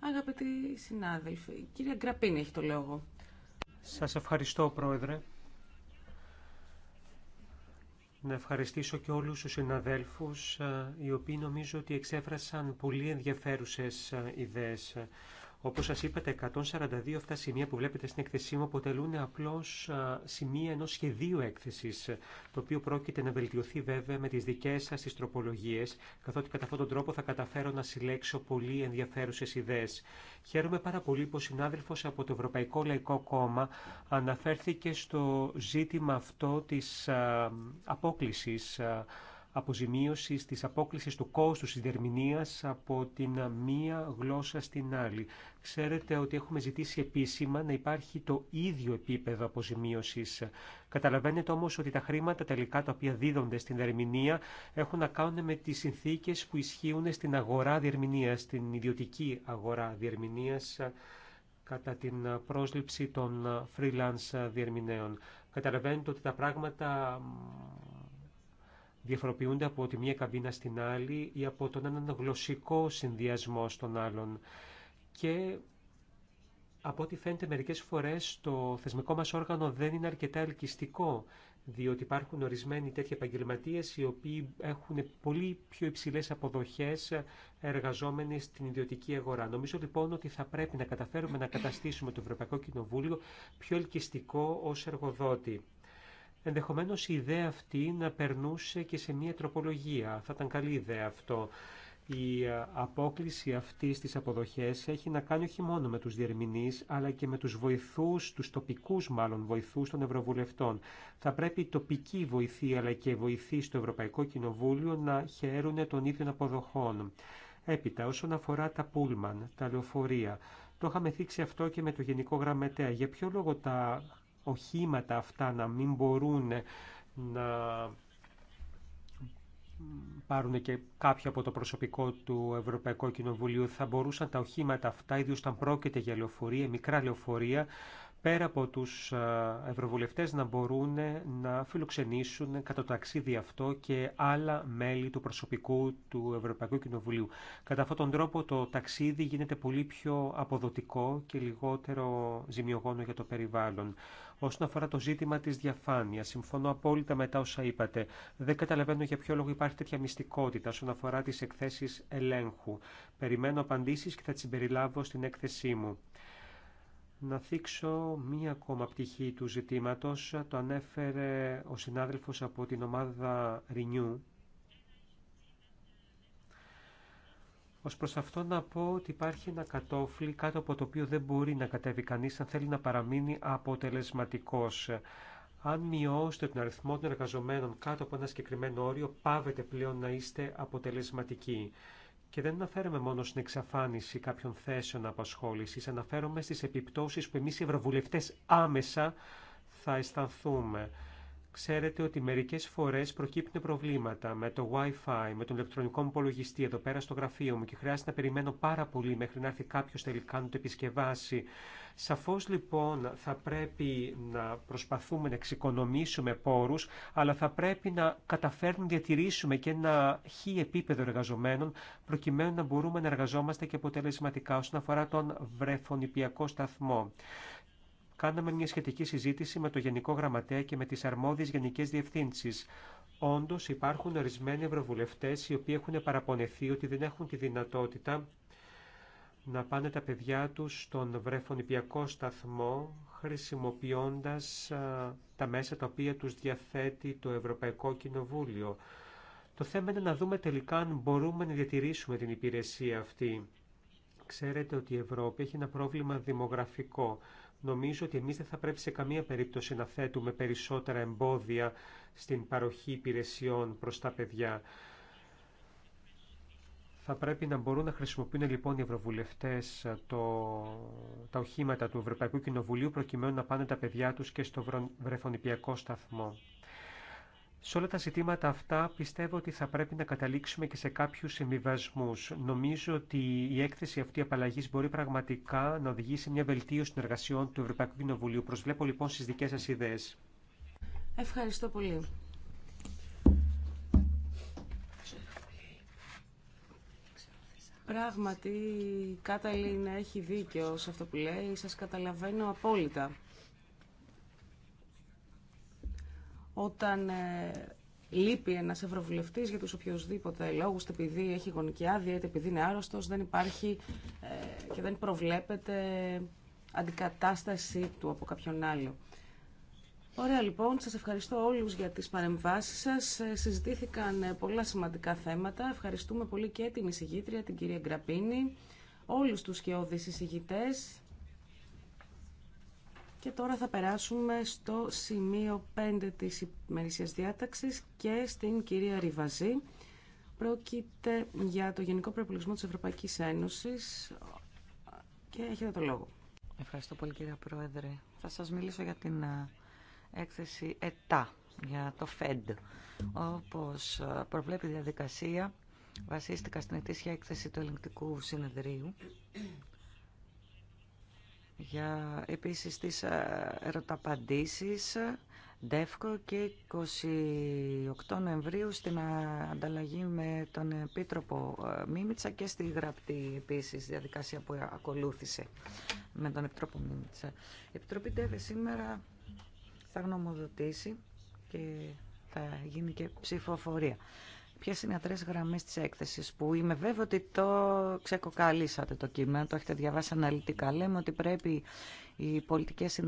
Αγαπητοί συνάδελφοι, η κυρία Γκραπίνη έχει το λόγο. Σας ευχαριστώ, Πρόεδρε. Να ευχαριστήσω και όλους τους συναδέλφους, ε, οι οποίοι νομίζω ότι εξέφρασαν πολύ ενδιαφέρουσες ε, ιδέες. Όπως σας είπα, τα 142 αυτά σημεία που βλέπετε στην εκθεσή μου αποτελούν απλώς σημεία ενός σχεδίου έκθεσης, το οποίο πρόκειται να βελτιωθεί βέβαια με τις δικές σας τις τροπολογίες, καθότι κατά αυτόν τον τρόπο θα καταφέρω να συλλέξω πολύ ενδιαφέρουσες ιδέες. Χαίρομαι πάρα πολύ που ο συνάδελφος από το Ευρωπαϊκό Λαϊκό Κόμμα αναφέρθηκε στο ζήτημα αυτό της απόκλησης Αποζημίωση τη απόκληση του κόστου τη διερμηνία από την μία γλώσσα στην άλλη. Ξέρετε ότι έχουμε ζητήσει επίσημα να υπάρχει το ίδιο επίπεδο αποζημίωση. Καταλαβαίνετε όμω ότι τα χρήματα τελικά τα οποία δίδονται στην διερμηνία έχουν να κάνουν με τι συνθήκε που ισχύουν στην αγορά διερμηνία, στην ιδιωτική αγορά διερμηνία κατά την πρόσληψη των freelance διερμηνέων. Καταλαβαίνετε ότι τα πράγματα διαφοροποιούνται από τη μία καμπίνα στην άλλη ή από τον έναν γλωσσικό συνδυασμό στον άλλον. Και από ό,τι φαίνεται μερικές φορές το θεσμικό μας όργανο δεν είναι αρκετά ελκυστικό, διότι υπάρχουν ορισμένοι τέτοιοι επαγγελματίε οι οποίοι έχουν πολύ πιο υψηλές αποδοχές εργαζόμενοι στην ιδιωτική αγορά. Νομίζω λοιπόν ότι θα πρέπει να καταφέρουμε να καταστήσουμε το Ευρωπαϊκό Κοινοβούλιο πιο ελκυστικό ως εργοδότη. Ενδεχομένως η ιδέα αυτή να περνούσε και σε μια τροπολογία. Θα ήταν καλή ιδέα αυτό. Η ε, απόκληση αυτή στις αποδοχέ έχει να κάνει όχι μόνο με τους διερμηνείς, αλλά και με τους βοηθού, τους τοπικούς μάλλον βοηθού των Ευρωβουλευτών. Θα πρέπει η τοπική βοηθή αλλά και η βοηθή στο Ευρωπαϊκό Κοινοβούλιο να χαίρουν των ίδιων αποδοχών. Έπειτα, όσον αφορά τα πούλμαν, τα λεωφορεία, το είχαμε θίξει αυτό και με το Γενικό Γραμματέα. Για ποιο λόγο τα οχήματα αυτά να μην μπορούν να πάρουν και κάποιο από το προσωπικό του Ευρωπαϊκού Κοινοβουλίου. Θα μπορούσαν τα οχήματα αυτά, ιδίως όταν πρόκειται για λεωφορεία, μικρά λεωφορεία, πέρα από τους ευρωβουλευτές να μπορούν να φιλοξενήσουν κατά το ταξίδι αυτό και άλλα μέλη του προσωπικού του Ευρωπαϊκού Κοινοβουλίου. Κατά αυτόν τον τρόπο το ταξίδι γίνεται πολύ πιο αποδοτικό και λιγότερο ζημιογόνο για το περιβάλλον. Όσον αφορά το ζήτημα τη διαφάνεια, συμφωνώ απόλυτα με τα όσα είπατε. Δεν καταλαβαίνω για ποιο λόγο υπάρχει τέτοια μυστικότητα όσον αφορά τι εκθέσει ελέγχου. Περιμένω απαντήσει και θα τι συμπεριλάβω στην έκθεσή μου. Να θίξω μία ακόμα πτυχή του ζητήματος. Το ανέφερε ο συνάδελφος από την ομάδα Renew Ως προς αυτό να πω ότι υπάρχει ένα κατόφλι κάτω από το οποίο δεν μπορεί να κατέβει κανείς αν θέλει να παραμείνει αποτελεσματικός. Αν μειώσετε τον αριθμό των εργαζομένων κάτω από ένα συγκεκριμένο όριο, πάβετε πλέον να είστε αποτελεσματικοί. Και δεν αναφέρομαι μόνο στην εξαφάνιση κάποιων θέσεων απασχόληση, αναφέρομαι στι επιπτώσει που εμεί οι ευρωβουλευτέ άμεσα θα αισθανθούμε. Ξέρετε ότι μερικές φορές προκύπτουν προβλήματα με το Wi-Fi, με τον ηλεκτρονικό μου υπολογιστή εδώ πέρα στο γραφείο μου και χρειάζεται να περιμένω πάρα πολύ μέχρι να έρθει κάποιος τελικά να το επισκευάσει. Σαφώς λοιπόν θα πρέπει να προσπαθούμε να εξοικονομήσουμε πόρους, αλλά θα πρέπει να καταφέρνουμε να διατηρήσουμε και ένα χι επίπεδο εργαζομένων, προκειμένου να μπορούμε να εργαζόμαστε και αποτελεσματικά όσον αφορά τον βρεφονιπιακό σταθμό κάναμε μια σχετική συζήτηση με το Γενικό Γραμματέα και με τις αρμόδιες γενικές διευθύνσεις. Όντως υπάρχουν ορισμένοι ευρωβουλευτές οι οποίοι έχουν παραπονεθεί ότι δεν έχουν τη δυνατότητα να πάνε τα παιδιά τους στον βρεφονιπιακό σταθμό χρησιμοποιώντας α, τα μέσα τα οποία τους διαθέτει το Ευρωπαϊκό Κοινοβούλιο. Το θέμα είναι να δούμε τελικά αν μπορούμε να διατηρήσουμε την υπηρεσία αυτή. Ξέρετε ότι η Ευρώπη έχει ένα πρόβλημα δημογραφικό. Νομίζω ότι εμείς δεν θα πρέπει σε καμία περίπτωση να θέτουμε περισσότερα εμπόδια στην παροχή υπηρεσιών προς τα παιδιά. Θα πρέπει να μπορούν να χρησιμοποιούν λοιπόν οι ευρωβουλευτέ ε, τα οχήματα του Ευρωπαϊκού Κοινοβουλίου προκειμένου να πάνε τα παιδιά τους και στο βρεφονιπιακό σταθμό. Σε όλα τα ζητήματα αυτά πιστεύω ότι θα πρέπει να καταλήξουμε και σε κάποιους συμβιβασμούς. Νομίζω ότι η έκθεση αυτή απαλλαγής μπορεί πραγματικά να οδηγήσει μια βελτίωση των εργασιών του Ευρωπαϊκού Κοινοβουλίου. Προσβλέπω λοιπόν στις δικές σας ιδέες. Ευχαριστώ πολύ. Πράγματι, η να έχει δίκιο σε αυτό που λέει. Σας καταλαβαίνω απόλυτα. όταν ε, λείπει ένας ευρωβουλευτής για τους οποιοδήποτε λόγους, επειδή έχει γονική άδεια, είτε επειδή είναι άρρωστος, δεν υπάρχει ε, και δεν προβλέπεται αντικατάστασή του από κάποιον άλλο. Ωραία λοιπόν, σας ευχαριστώ όλους για τις παρεμβάσεις σας. Ε, συζητήθηκαν πολλά σημαντικά θέματα. Ευχαριστούμε πολύ και την εισηγήτρια, την κυρία Γκραπίνη, όλους τους σκιώδεις εισηγητές και τώρα θα περάσουμε στο σημείο 5 της ημερησίας διάταξης και στην κυρία Ριβαζή. Πρόκειται για το Γενικό Προπολογισμό της Ευρωπαϊκής Ένωσης και έχετε το λόγο. Ευχαριστώ πολύ κύριε Πρόεδρε. Θα σας μιλήσω για την έκθεση ΕΤΑ, για το ΦΕΔ. Όπως προβλέπει η διαδικασία, βασίστηκα στην ετήσια έκθεση του Ελεγκτικού Συνεδρίου για επίσης τις ε, ερωταπαντήσεις ΔΕΦΚΟ και 28 Νοεμβρίου στην ανταλλαγή με τον Επίτροπο ε, Μίμητσα και στη γραπτή επίσης διαδικασία που ε, ακολούθησε με τον Επίτροπο Μίμητσα. Η Επιτροπή σήμερα θα γνωμοδοτήσει και θα γίνει και ψηφοφορία ποιες είναι οι ατρέ γραμμές της έκθεσης που είμαι βέβαιο ότι το ξεκοκαλίσατε το κείμενο, το έχετε διαβάσει αναλυτικά. Λέμε ότι πρέπει οι πολιτικές οι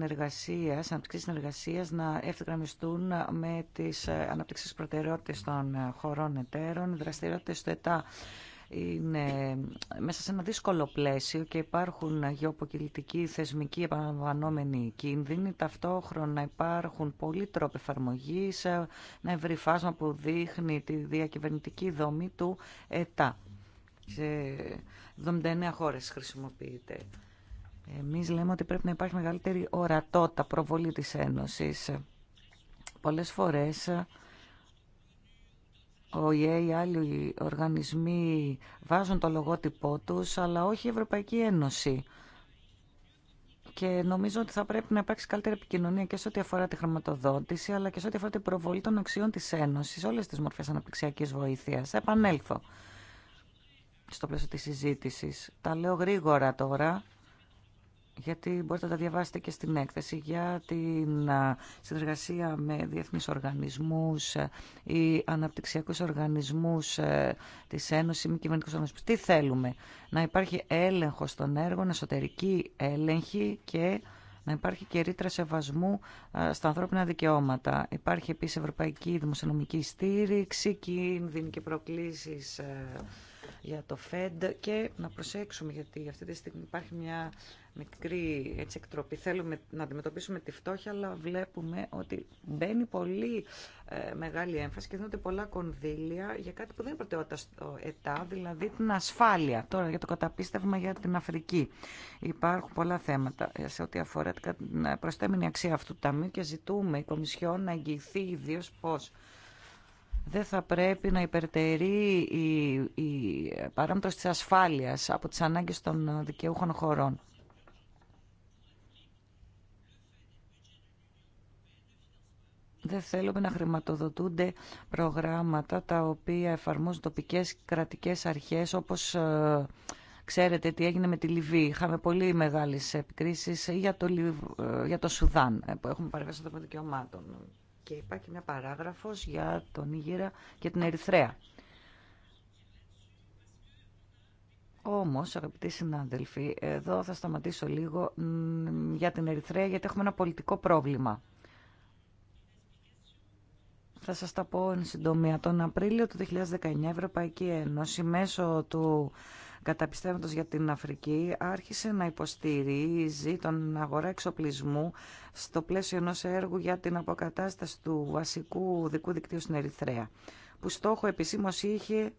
αναπτυξίε συνεργασίες να ευθυγραμμιστούν με τις αναπτυξιέ προτεραιότητε των χωρών εταίρων, δραστηριότητε του ΕΤΑ είναι μέσα σε ένα δύσκολο πλαίσιο και υπάρχουν γεωποκυλητικοί θεσμικοί επαναλαμβανόμενοι κίνδυνοι. Ταυτόχρονα υπάρχουν πολλοί τρόποι εφαρμογή, ένα ευρυφάσμα που δείχνει τη διακυβερνητική δομή του ΕΤΑ. Σε 79 χώρες χρησιμοποιείται. Εμείς λέμε ότι πρέπει να υπάρχει μεγαλύτερη ορατότητα προβολή της Ένωσης. Πολλές φορές ο ΙΕ ή άλλοι οργανισμοί βάζουν το λογότυπό τους, αλλά όχι η Ευρωπαϊκή Ένωση. Και νομίζω ότι θα πρέπει να υπάρξει καλύτερη επικοινωνία και σε ό,τι αφορά τη χρηματοδότηση, αλλά και σε ό,τι αφορά την προβολή των αξιών της Ένωσης, όλες τις μορφές αναπτυξιακής βοήθειας. Θα επανέλθω στο πλαίσιο της συζήτησης. Τα λέω γρήγορα τώρα, γιατί μπορείτε να τα διαβάσετε και στην έκθεση, για την συνεργασία με διεθνείς οργανισμούς ε, ή αναπτυξιακούς οργανισμούς ε, της Ένωσης, μη κυβερνητικούς οργανισμούς. Τι θέλουμε, να υπάρχει έλεγχο των έργων, εσωτερική έλεγχη και να υπάρχει και ρήτρα σεβασμού στα ανθρώπινα δικαιώματα. Υπάρχει επίσης ευρωπαϊκή δημοσιονομική στήριξη, κίνδυνοι και προκλήσεις ε, για το ΦΕΔ και να προσέξουμε γιατί αυτή τη στιγμή υπάρχει μια μικρή έτσι, εκτροπή. Θέλουμε να αντιμετωπίσουμε τη φτώχεια, αλλά βλέπουμε ότι μπαίνει πολύ ε, μεγάλη έμφαση και δίνονται πολλά κονδύλια για κάτι που δεν είναι προτεραιότητα στο ΕΤΑ, δηλαδή την ασφάλεια. Τώρα για το καταπίστευμα για την Αφρική. Υπάρχουν πολλά θέματα ε, σε ό,τι αφορά την προστέμενη αξία αυτού του ταμείου και ζητούμε η Κομισιόν να εγγυηθεί ιδίω πώ δεν θα πρέπει να υπερτερεί η, η παράμετρος της ασφάλειας από τις ανάγκες των δικαιούχων χωρών. Δεν θέλουμε να χρηματοδοτούνται προγράμματα τα οποία εφαρμόζουν τοπικές κρατικές αρχές όπως ε, ξέρετε τι έγινε με τη Λιβύη. Είχαμε πολύ μεγάλες επικρίσεις για το, ε, για το Σουδάν ε, που έχουμε παρεμβάσει των δικαιωμάτων. Και υπάρχει μια παράγραφος για τον Ήγηρα και την Ερυθρέα. Όμως, αγαπητοί συνάδελφοι, εδώ θα σταματήσω λίγο για την Ερυθρέα γιατί έχουμε ένα πολιτικό πρόβλημα. Θα σας τα πω εν συντομία. Τον Απρίλιο του 2019 η Ευρωπαϊκή Ένωση μέσω του καταπιστεύοντος για την Αφρική άρχισε να υποστηρίζει τον αγορά εξοπλισμού στο πλαίσιο ενός έργου για την αποκατάσταση του βασικού δικού δικτύου στην Ερυθρέα που στόχο επισήμως είχε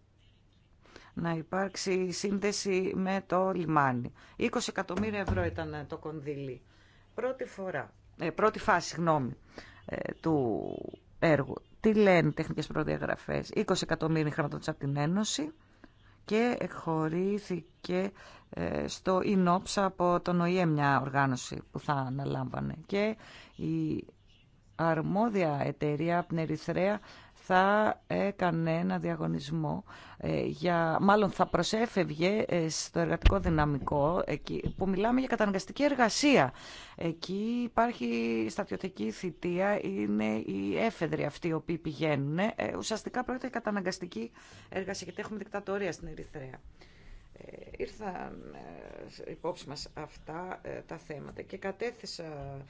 να υπάρξει σύνδεση με το λιμάνι. 20 εκατομμύρια ευρώ ήταν το κονδύλι. Πρώτη, φορά, ε, πρώτη φάση γνώμη, ε, του έργου. Τι λένε οι τεχνικές προδιαγραφές. 20 εκατομμύρια χρηματοδότηση από την Ένωση και εκχωρήθηκε ε, στο ΙΝΟΨΑ από τον ΟΗΕ μια οργάνωση που θα αναλάμβανε. Και η αρμόδια εταιρεία από την Ερυθρέα θα έκανε ένα διαγωνισμό, ε, για, μάλλον θα προσέφευγε ε, στο εργατικό δυναμικό, εκεί, που μιλάμε για καταναγκαστική εργασία. Εκεί υπάρχει στατιωτική θητεία, είναι οι έφεδροι αυτοί οι οποίοι πηγαίνουν. Ε, ουσιαστικά πρόκειται για καταναγκαστική εργασία, γιατί έχουμε δικτατορία στην Ερυθρέα. Ε, ήρθαν ε, υπόψη μας αυτά ε, τα θέματα και κατέθεσα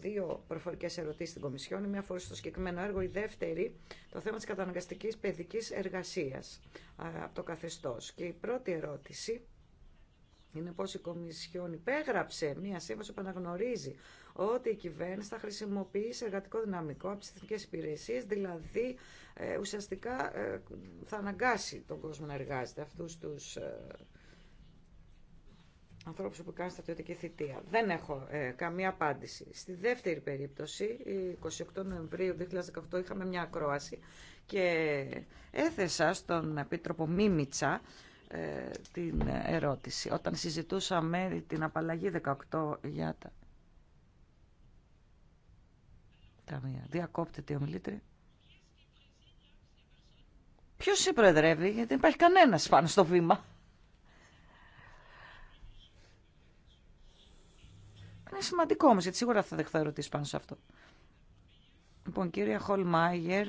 δύο προφορικές ερωτήσεις στην Κομισιόν. Η μία αφορούσε στο συγκεκριμένο έργο, η δεύτερη το θέμα της καταναγκαστικής παιδικής εργασίας από το καθεστώς. Και η πρώτη ερώτηση είναι πως η Κομισιόν υπέγραψε μία σύμβαση που αναγνωρίζει ότι η κυβέρνηση θα χρησιμοποιήσει εργατικό δυναμικό από τις εθνικές υπηρεσίες, δηλαδή ε, ουσιαστικά ε, θα αναγκάσει τον κόσμο να εργάζεται αυτούς τους ε, ανθρώπους που κάνουν στρατιωτική θητεία. Δεν έχω ε, καμία απάντηση. Στη δεύτερη περίπτωση, 28 Νοεμβρίου 2018, είχαμε μια ακρόαση και έθεσα στον Επίτροπο Μίμητσα ε, την ερώτηση. Όταν συζητούσαμε την απαλλαγή 18 για τα ταμεία. Διακόπτεται η ομιλήτρια. Ποιος σε προεδρεύει, γιατί δεν υπάρχει κανένας πάνω στο βήμα. Είναι σημαντικό όμως, γιατί σίγουρα θα δεχθώ ερωτήσεις πάνω σε αυτό. Λοιπόν, κύριε Χολμάγερ,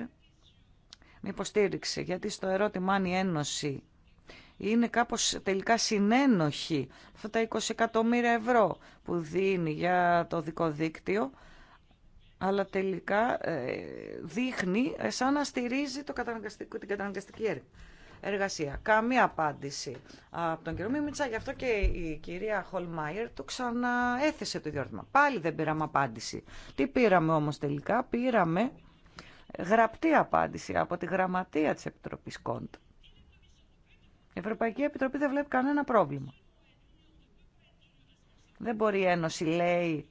με υποστήριξε, γιατί στο ερώτημα αν η Ένωση είναι κάπως τελικά συνένοχη αυτά τα 20 εκατομμύρια ευρώ που δίνει για το δικό δίκτυο αλλά τελικά ε, δείχνει ε, σαν να στηρίζει το καταναγκαστικό, την καταναγκαστική εργασία. Καμία απάντηση από τον κύριο Μίμητσα, γι' αυτό και η κυρία Χολμάιερ το ξαναέθεσε το διόρθωμα. Πάλι δεν πήραμε απάντηση. Τι πήραμε όμως τελικά, πήραμε γραπτή απάντηση από τη γραμματεία της Επιτροπής Κόντ. Η Ευρωπαϊκή Επιτροπή δεν βλέπει κανένα πρόβλημα. Δεν μπορεί η Ένωση, λέει,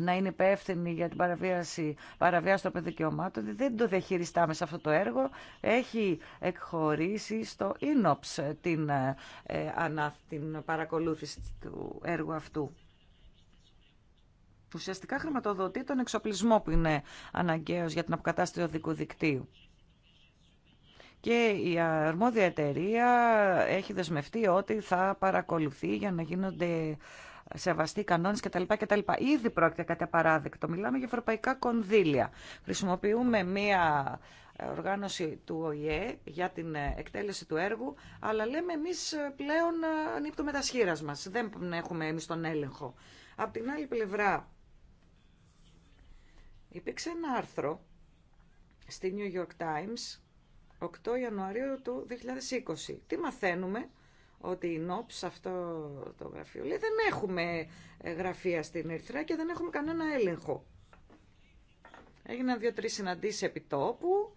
να είναι υπεύθυνη για την παραβίαση, παραβίαση των δικαιωμάτων. Δεν το διαχειριστάμε σε αυτό το έργο. Έχει εκχωρήσει στο Ίνοψ την, ε, ε, ανά, την παρακολούθηση του έργου αυτού. Ουσιαστικά χρηματοδοτεί τον εξοπλισμό που είναι αναγκαίος για την αποκατάσταση του οδικού δικτύου και η αρμόδια εταιρεία έχει δεσμευτεί ότι θα παρακολουθεί για να γίνονται σεβαστοί κανόνες κτλ. κτλ. Ήδη πρόκειται κάτι απαράδεκτο. Μιλάμε για ευρωπαϊκά κονδύλια. Χρησιμοποιούμε μία οργάνωση του ΟΗΕ για την εκτέλεση του έργου, αλλά λέμε εμείς πλέον ανήπτουμε τα μας. Δεν έχουμε εμείς τον έλεγχο. Απ' την άλλη πλευρά, υπήρξε ένα άρθρο στη New York Times 8 Ιανουαρίου του 2020. Τι μαθαίνουμε, ότι η ΝΟΠΣ αυτό το γραφείο λέει δεν έχουμε ε, γραφεία στην Ερυθρέα και δεν έχουμε κανένα έλεγχο. Έγιναν δύο-τρεις συναντήσεις επιτόπου,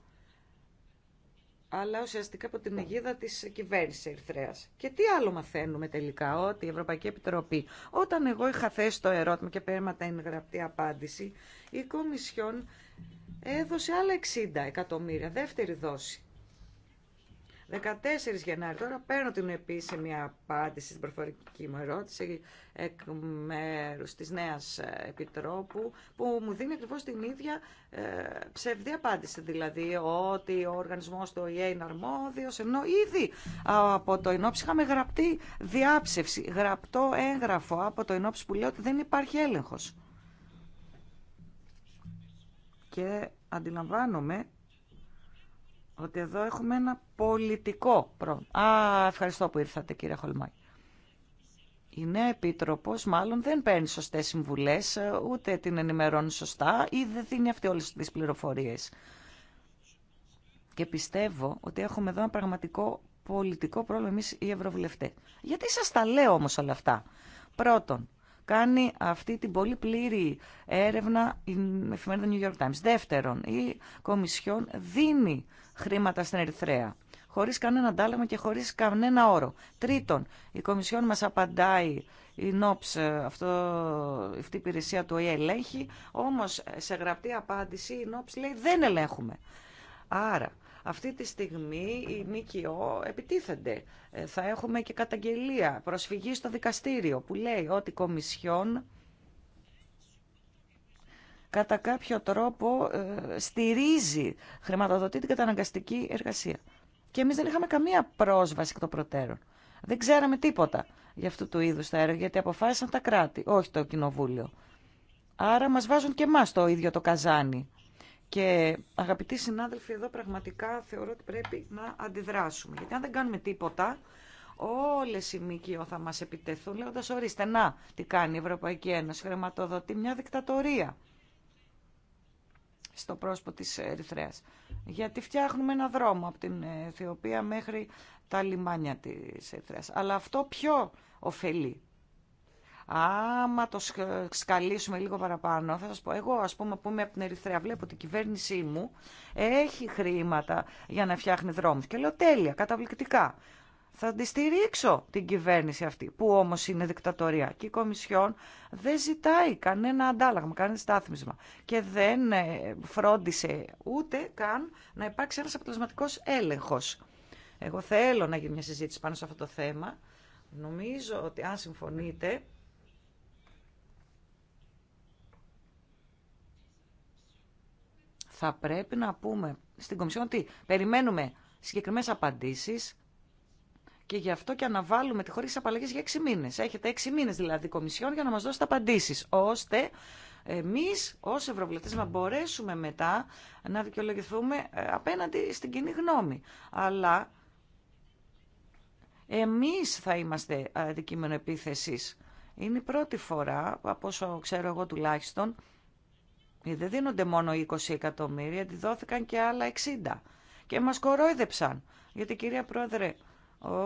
αλλά ουσιαστικά από την αιγίδα της κυβέρνησης Ερυθρέας. Και τι άλλο μαθαίνουμε τελικά, ότι η Ευρωπαϊκή Επιτροπή, όταν εγώ είχα θέσει το ερώτημα και πέρματα την γραπτή απάντηση, η Κομισιόν έδωσε άλλα 60 εκατομμύρια, δεύτερη δόση. 14 Γενάρη, τώρα παίρνω την επίσημη απάντηση στην προφορική μου ερώτηση εκ μέρους της νέας επιτρόπου που μου δίνει ακριβώ την ίδια ε, ψευδή απάντηση, δηλαδή ότι ο οργανισμός του ΟΗΕ είναι αρμόδιος, ενώ ήδη από το ενόψη είχαμε γραπτή διάψευση, γραπτό έγγραφο από το ενόψη που λέει ότι δεν υπάρχει έλεγχος. Και αντιλαμβάνομαι ότι εδώ έχουμε ένα πολιτικό πρόβλημα. Α, ευχαριστώ που ήρθατε κύριε Χολμάκη. Η νέα επίτροπος μάλλον δεν παίρνει σωστές συμβουλές, ε, ούτε την ενημερώνει σωστά ή δεν δίνει αυτή όλες τις πληροφορίες. Και πιστεύω ότι έχουμε εδώ ένα πραγματικό πολιτικό πρόβλημα εμείς οι ευρωβουλευτές. Γιατί σας τα λέω όμως όλα αυτά. Πρώτον, κάνει αυτή την πολύ πλήρη έρευνα η εφημερίδα New York Times. Δεύτερον, η Κομισιόν δίνει χρήματα στην Ερυθρέα χωρίς κανένα αντάλλαγμα και χωρίς κανένα όρο. Τρίτον, η Κομισιόν μας απαντάει η ΝΟΠΣ, ε, αυτό, αυτή η υπηρεσία του ΟΗΕ ελέγχει, όμως σε γραπτή απάντηση η ΝΟΠΣ λέει δεν ελέγχουμε. Άρα, αυτή τη στιγμή η ΜΚΟ επιτίθενται. Ε, θα έχουμε και καταγγελία, προσφυγή στο δικαστήριο που λέει ότι η Κομισιόν κατά κάποιο τρόπο ε, στηρίζει, χρηματοδοτητή την καταναγκαστική εργασία. Και εμείς δεν είχαμε καμία πρόσβαση εκ των προτέρων. Δεν ξέραμε τίποτα για αυτού του είδους τα έργα, γιατί αποφάσισαν τα κράτη, όχι το κοινοβούλιο. Άρα μας βάζουν και εμά το ίδιο το καζάνι. Και αγαπητοί συνάδελφοι, εδώ πραγματικά θεωρώ ότι πρέπει να αντιδράσουμε. Γιατί αν δεν κάνουμε τίποτα, όλες οι ΜΚΟ θα μας επιτεθούν λέγοντα: ορίστε να τι κάνει η Ευρωπαϊκή Ένωση, χρηματοδοτεί μια δικτατορία στο πρόσωπο της Ερυθρέας. Γιατί φτιάχνουμε ένα δρόμο από την Αιθιοπία μέχρι τα λιμάνια της Ερυθρέας. Αλλά αυτό πιο ωφελεί. Άμα το σκαλίσουμε λίγο παραπάνω, θα σας πω, εγώ ας πούμε που είμαι από την Ερυθρέα, βλέπω ότι η κυβέρνησή μου έχει χρήματα για να φτιάχνει δρόμους και λέω τέλεια, καταπληκτικά. Θα τη στηρίξω την κυβέρνηση αυτή, που όμως είναι δικτατορία. Και η Κομισιόν δεν ζητάει κανένα αντάλλαγμα, κανένα στάθμισμα. Και δεν ε, φρόντισε ούτε καν να υπάρξει ένας αποτελεσματικός έλεγχος. Εγώ θέλω να γίνει μια συζήτηση πάνω σε αυτό το θέμα. Νομίζω ότι αν συμφωνείτε, θα πρέπει να πούμε στην Κομισιόν ότι περιμένουμε συγκεκριμένες απαντήσεις και γι' αυτό και αναβάλουμε τη χωρίς απαλλαγή για έξι μήνες. Έχετε έξι μήνες δηλαδή Κομισιόν για να μας δώσετε απαντήσεις, ώστε εμείς ως ευρωβουλευτές να μπορέσουμε μετά να δικαιολογηθούμε ε, απέναντι στην κοινή γνώμη. Αλλά εμείς θα είμαστε αντικείμενο επίθεσης. Είναι η πρώτη φορά, από όσο ξέρω εγώ τουλάχιστον, ε, δεν δίνονται μόνο 20 εκατομμύρια, δόθηκαν και άλλα 60. Και μας κορόιδεψαν. Γιατί κυρία Πρόεδρε,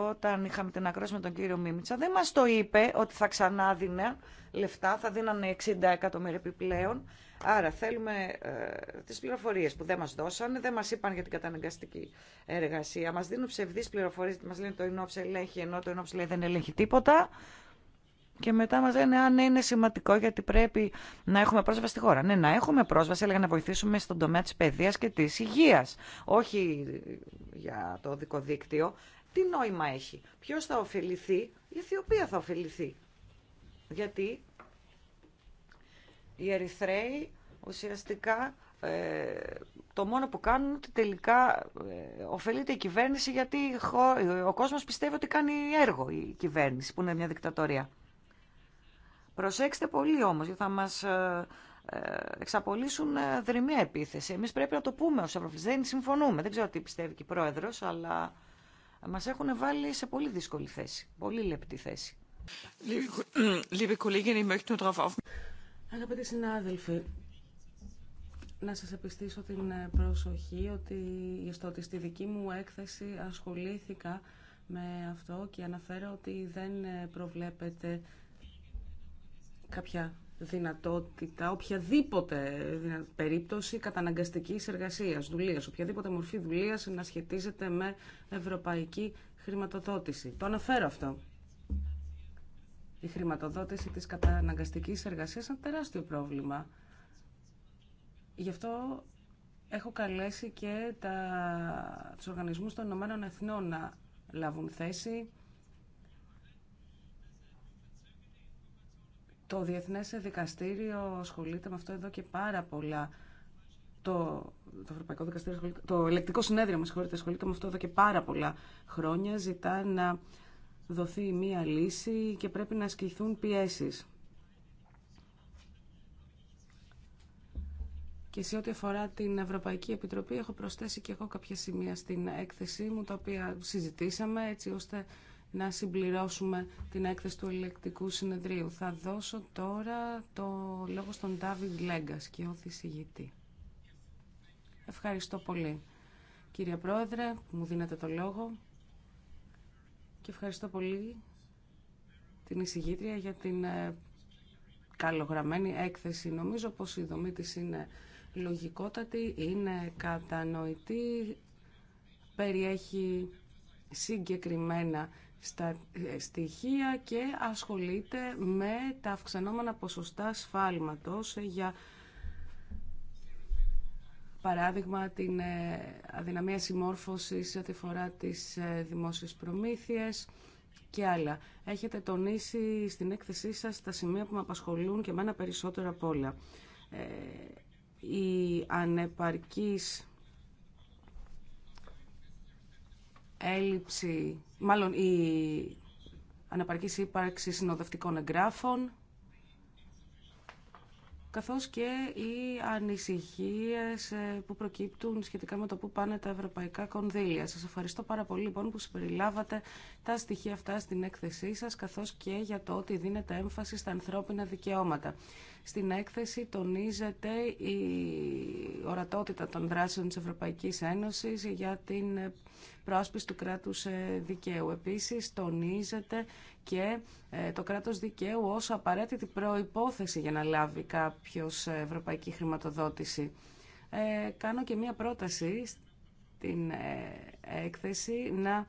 όταν είχαμε την ακρόαση με τον κύριο Μίμητσα, δεν μας το είπε ότι θα ξανά δίνουν λεφτά, θα δίνανε 60 εκατομμύρια επιπλέον. Άρα θέλουμε ε, τις πληροφορίες που δεν μας δώσανε, δεν μας είπαν για την καταναγκαστική εργασία. Μας δίνουν ψευδείς πληροφορίες, μας λένε το ΙΝΟΨ ελέγχει, ενώ το λέει δεν ελέγχει τίποτα και μετά μα λένε αν ναι, είναι σημαντικό γιατί πρέπει να έχουμε πρόσβαση στη χώρα. Ναι, να έχουμε πρόσβαση, αλλά για να βοηθήσουμε στον τομέα τη παιδεία και τη υγεία. Όχι για το δικό δίκτυο. Τι νόημα έχει. Ποιο θα ωφεληθεί, η Αιθιοπία θα ωφεληθεί. Γιατί οι Ερυθρέοι ουσιαστικά ε, το μόνο που κάνουν ότι τελικά ε, ωφελείται η κυβέρνηση γιατί ο κόσμος πιστεύει ότι κάνει έργο η κυβέρνηση που είναι μια δικτατορία. Προσέξτε πολύ όμως, γιατί θα μας ε, ε, εξαπολύσουν ε, δρυμία επίθεση. Εμείς πρέπει να το πούμε ως Ευρωβουλευτές. Δεν συμφωνούμε. Δεν ξέρω τι πιστεύει και η Πρόεδρος, αλλά μας έχουν βάλει σε πολύ δύσκολη θέση. Πολύ λεπτή θέση. Αγαπητοί συνάδελφοι, να σας επιστήσω την προσοχή ότι, στο ότι στη δική μου έκθεση ασχολήθηκα με αυτό και αναφέρω ότι δεν προβλέπεται κάποια δυνατότητα, οποιαδήποτε περίπτωση καταναγκαστικής εργασίας, δουλείας, οποιαδήποτε μορφή δουλείας να σχετίζεται με ευρωπαϊκή χρηματοδότηση. Το αναφέρω αυτό. Η χρηματοδότηση της καταναγκαστικής εργασίας είναι τεράστιο πρόβλημα. Γι' αυτό έχω καλέσει και τα, τους οργανισμούς των Ηνωμένων Εθνών να λάβουν θέση Το Διεθνές Δικαστήριο ασχολείται με αυτό εδώ και πάρα πολλά. Το, το Ευρωπαϊκό Δικαστήριο, το Ελεκτικό Συνέδριο, με συγχωρείτε, ασχολείται με αυτό εδώ και πάρα πολλά χρόνια. Ζητά να δοθεί μία λύση και πρέπει να ασκηθούν πιέσεις. Και σε ό,τι αφορά την Ευρωπαϊκή Επιτροπή, έχω προσθέσει και εγώ κάποια σημεία στην έκθεσή μου, τα οποία συζητήσαμε, έτσι ώστε να συμπληρώσουμε την έκθεση του ελεκτικού συνεδρίου. Θα δώσω τώρα το λόγο στον Ντάβιντ Λέγκα, σκιώδη συγητή. Ευχαριστώ πολύ. Κύριε Πρόεδρε, που μου δίνετε το λόγο και ευχαριστώ πολύ την εισηγήτρια για την ε, καλογραμμένη έκθεση. Νομίζω πως η δομή της είναι λογικότατη, είναι κατανοητή, περιέχει συγκεκριμένα στα ε, στοιχεία και ασχολείται με τα αυξανόμενα ποσοστά σφάλματος ε, για παράδειγμα την ε, αδυναμία συμμόρφωσης σε ό,τι φορά τις δημόσιες προμήθειες και άλλα. Έχετε τονίσει στην έκθεσή σας τα σημεία που με απασχολούν και εμένα περισσότερο από όλα. η ανεπαρκής έλλειψη μάλλον η αναπαρκής ύπαρξη συνοδευτικών εγγράφων, καθώς και οι ανησυχίες ε, που προκύπτουν σχετικά με το που πάνε τα ευρωπαϊκά κονδύλια. Σας ευχαριστώ πάρα πολύ λοιπόν που συμπεριλάβατε τα στοιχεία αυτά στην έκθεσή σας, καθώς και για το ότι δίνετε έμφαση στα ανθρώπινα δικαιώματα. Στην έκθεση τονίζεται η ορατότητα των δράσεων της Ευρωπαϊκής Ένωσης για την πρόσπιση του κράτους ε, δικαίου. Επίσης, τονίζεται και ε, το κράτος δικαίου ως απαραίτητη προϋπόθεση για να λάβει κάποιος ε, ευρωπαϊκή χρηματοδότηση. Ε, κάνω και μία πρόταση στην έκθεση να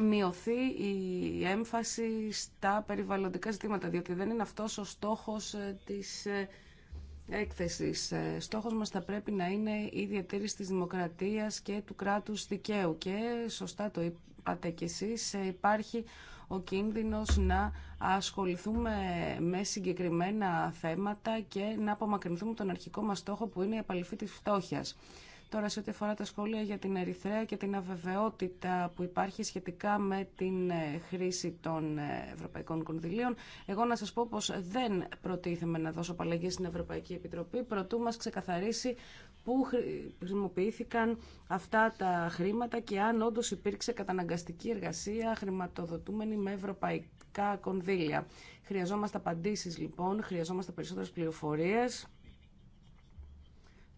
μειωθεί η έμφαση στα περιβαλλοντικά ζητήματα, διότι δεν είναι αυτός ο στόχος ε, της ε, έκθεσης. Ε, στόχος μας θα πρέπει να είναι η διατήρηση της δημοκρατίας και του κράτους δικαίου και σωστά το είπατε κι εσείς, υπάρχει ο κίνδυνος να ασχοληθούμε με συγκεκριμένα θέματα και να απομακρυνθούμε τον αρχικό μας στόχο που είναι η απαλήφη της φτώχειας. Τώρα σε ό,τι αφορά τα σχόλια για την Ερυθρέα και την αβεβαιότητα που υπάρχει σχετικά με την ε, χρήση των ε, Ευρωπαϊκών Κονδυλίων, εγώ να σας πω πως δεν προτίθεμαι να δώσω απαλλαγή στην Ευρωπαϊκή Επιτροπή, προτού μας ξεκαθαρίσει πού χρησιμοποιήθηκαν αυτά τα χρήματα και αν όντω υπήρξε καταναγκαστική εργασία χρηματοδοτούμενη με ευρωπαϊκά κονδύλια. Χρειαζόμαστε απαντήσεις λοιπόν, χρειαζόμαστε περισσότερες πληροφορίες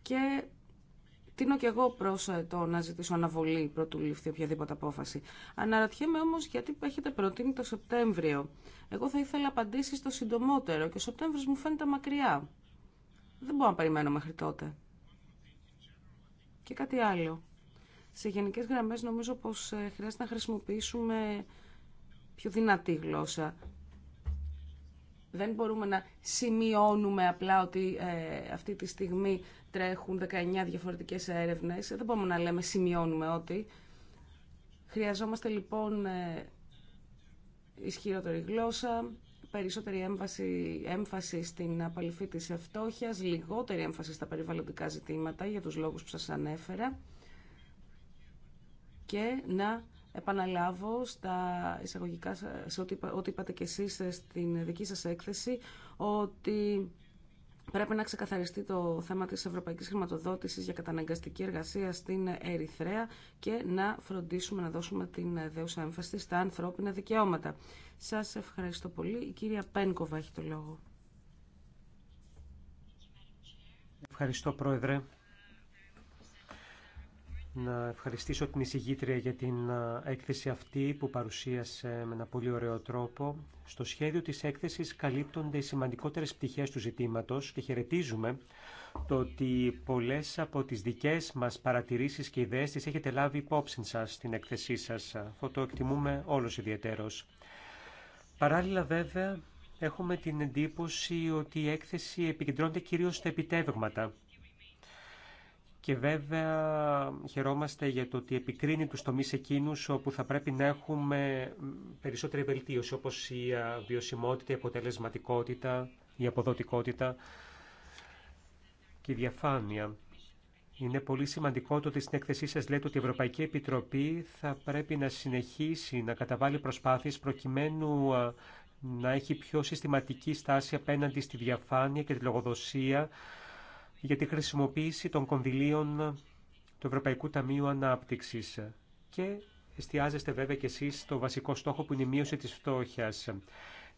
και τίνω και εγώ προ ε, το να ζητήσω αναβολή πρωτού ληφθεί οποιαδήποτε απόφαση. Αναρωτιέμαι όμω γιατί έχετε προτείνει το Σεπτέμβριο. Εγώ θα ήθελα απαντήσει στο συντομότερο και ο Σεπτέμβριο μου φαίνεται μακριά. Δεν μπορώ να περιμένω μέχρι τότε. Και κάτι άλλο. Σε γενικέ γραμμέ νομίζω πω ε, χρειάζεται να χρησιμοποιήσουμε πιο δυνατή γλώσσα. Δεν μπορούμε να σημειώνουμε απλά ότι ε, αυτή τη στιγμή τρέχουν 19 διαφορετικές έρευνες. Δεν μπορούμε να λέμε σημειώνουμε ότι. Χρειαζόμαστε λοιπόν ε, ισχυρότερη γλώσσα, περισσότερη έμφαση, έμφαση στην απαλυφή της ευτόχειας, λιγότερη έμφαση στα περιβαλλοντικά ζητήματα για τους λόγους που σας ανέφερα και να επαναλάβω στα εισαγωγικά σε ό,τι, ό,τι είπατε και εσείς ε, στην δική σας έκθεση ότι πρέπει να ξεκαθαριστεί το θέμα της ευρωπαϊκής χρηματοδότησης για καταναγκαστική εργασία στην Ερυθρέα και να φροντίσουμε να δώσουμε την δέουσα έμφαση στα ανθρώπινα δικαιώματα. Σας ευχαριστώ πολύ. Η κυρία Πένκοβα έχει το λόγο. Ευχαριστώ, Πρόεδρε να ευχαριστήσω την εισηγήτρια για την έκθεση αυτή που παρουσίασε με ένα πολύ ωραίο τρόπο. Στο σχέδιο της έκθεσης καλύπτονται οι σημαντικότερες πτυχές του ζητήματος και χαιρετίζουμε το ότι πολλές από τις δικές μας παρατηρήσεις και ιδέες τις έχετε λάβει υπόψη σας στην έκθεσή σας. Αυτό το εκτιμούμε όλος ιδιαίτερος. Παράλληλα βέβαια έχουμε την εντύπωση ότι η έκθεση επικεντρώνεται κυρίως στα επιτεύγματα και βέβαια χαιρόμαστε για το ότι επικρίνει τους τομείς εκείνους όπου θα πρέπει να έχουμε περισσότερη βελτίωση όπως η βιωσιμότητα, η αποτελεσματικότητα, η αποδοτικότητα και η διαφάνεια. Είναι πολύ σημαντικό το ότι στην έκθεσή σας λέτε ότι η Ευρωπαϊκή Επιτροπή θα πρέπει να συνεχίσει να καταβάλει προσπάθειες προκειμένου να έχει πιο συστηματική στάση απέναντι στη διαφάνεια και τη λογοδοσία για τη χρησιμοποίηση των κονδυλίων του Ευρωπαϊκού Ταμείου Ανάπτυξης και εστιάζεστε βέβαια και εσείς στο βασικό στόχο που είναι η μείωση της φτώχειας.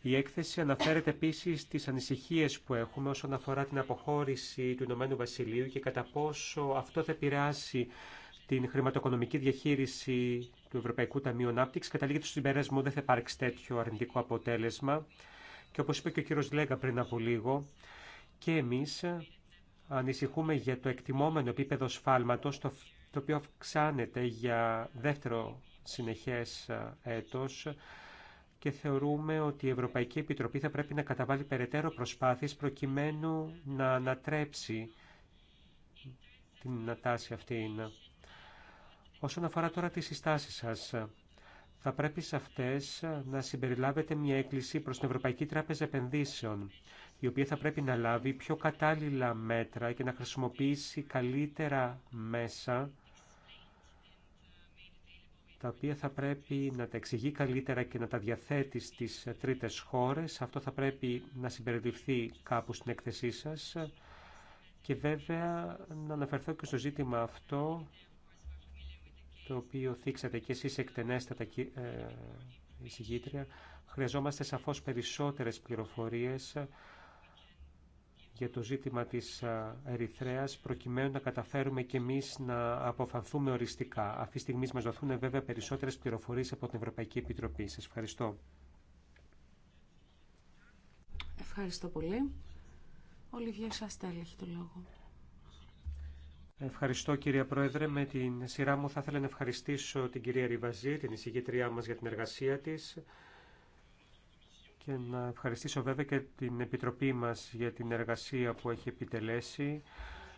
Η έκθεση αναφέρεται επίση στι ανησυχίε που έχουμε όσον αφορά την αποχώρηση του Ηνωμένου Βασιλείου και κατά πόσο αυτό θα επηρεάσει την χρηματοοικονομική διαχείριση του Ευρωπαϊκού Ταμείου Ανάπτυξη. Καταλήγεται στο συμπέρασμα δεν θα υπάρξει τέτοιο αρνητικό αποτέλεσμα. Και όπω είπε και ο κύριο Λέγκα πριν από λίγο, και εμεί ανησυχούμε για το εκτιμόμενο επίπεδο σφάλματος, το, οποίο αυξάνεται για δεύτερο συνεχές έτος και θεωρούμε ότι η Ευρωπαϊκή Επιτροπή θα πρέπει να καταβάλει περαιτέρω προσπάθειες προκειμένου να ανατρέψει την τάση αυτή. Όσον αφορά τώρα τις συστάσεις σας, θα πρέπει σε αυτές να συμπεριλάβετε μια έκκληση προς την Ευρωπαϊκή Τράπεζα Επενδύσεων η οποία θα πρέπει να λάβει πιο κατάλληλα μέτρα και να χρησιμοποιήσει καλύτερα μέσα τα οποία θα πρέπει να τα εξηγεί καλύτερα και να τα διαθέτει στις τρίτες χώρες. Αυτό θα πρέπει να συμπεριληφθεί κάπου στην έκθεσή σας. Και βέβαια να αναφερθώ και στο ζήτημα αυτό, το οποίο θίξατε και εσείς εκτενέστατα ε, εισηγήτρια. Χρειαζόμαστε σαφώς περισσότερες πληροφορίες για το ζήτημα της Ερυθρέας προκειμένου να καταφέρουμε και εμείς να αποφανθούμε οριστικά. Αυτή τη στιγμή μας δοθούν βέβαια περισσότερες πληροφορίες από την Ευρωπαϊκή Επιτροπή. Σας ευχαριστώ. Ευχαριστώ πολύ. Ολιβιέ Σαστέλ έχει το λόγο. Ευχαριστώ κυρία Πρόεδρε. Με την σειρά μου θα ήθελα να ευχαριστήσω την κυρία Ριβαζή, την εισηγήτριά μας για την εργασία της και να ευχαριστήσω βέβαια και την Επιτροπή μας για την εργασία που έχει επιτελέσει.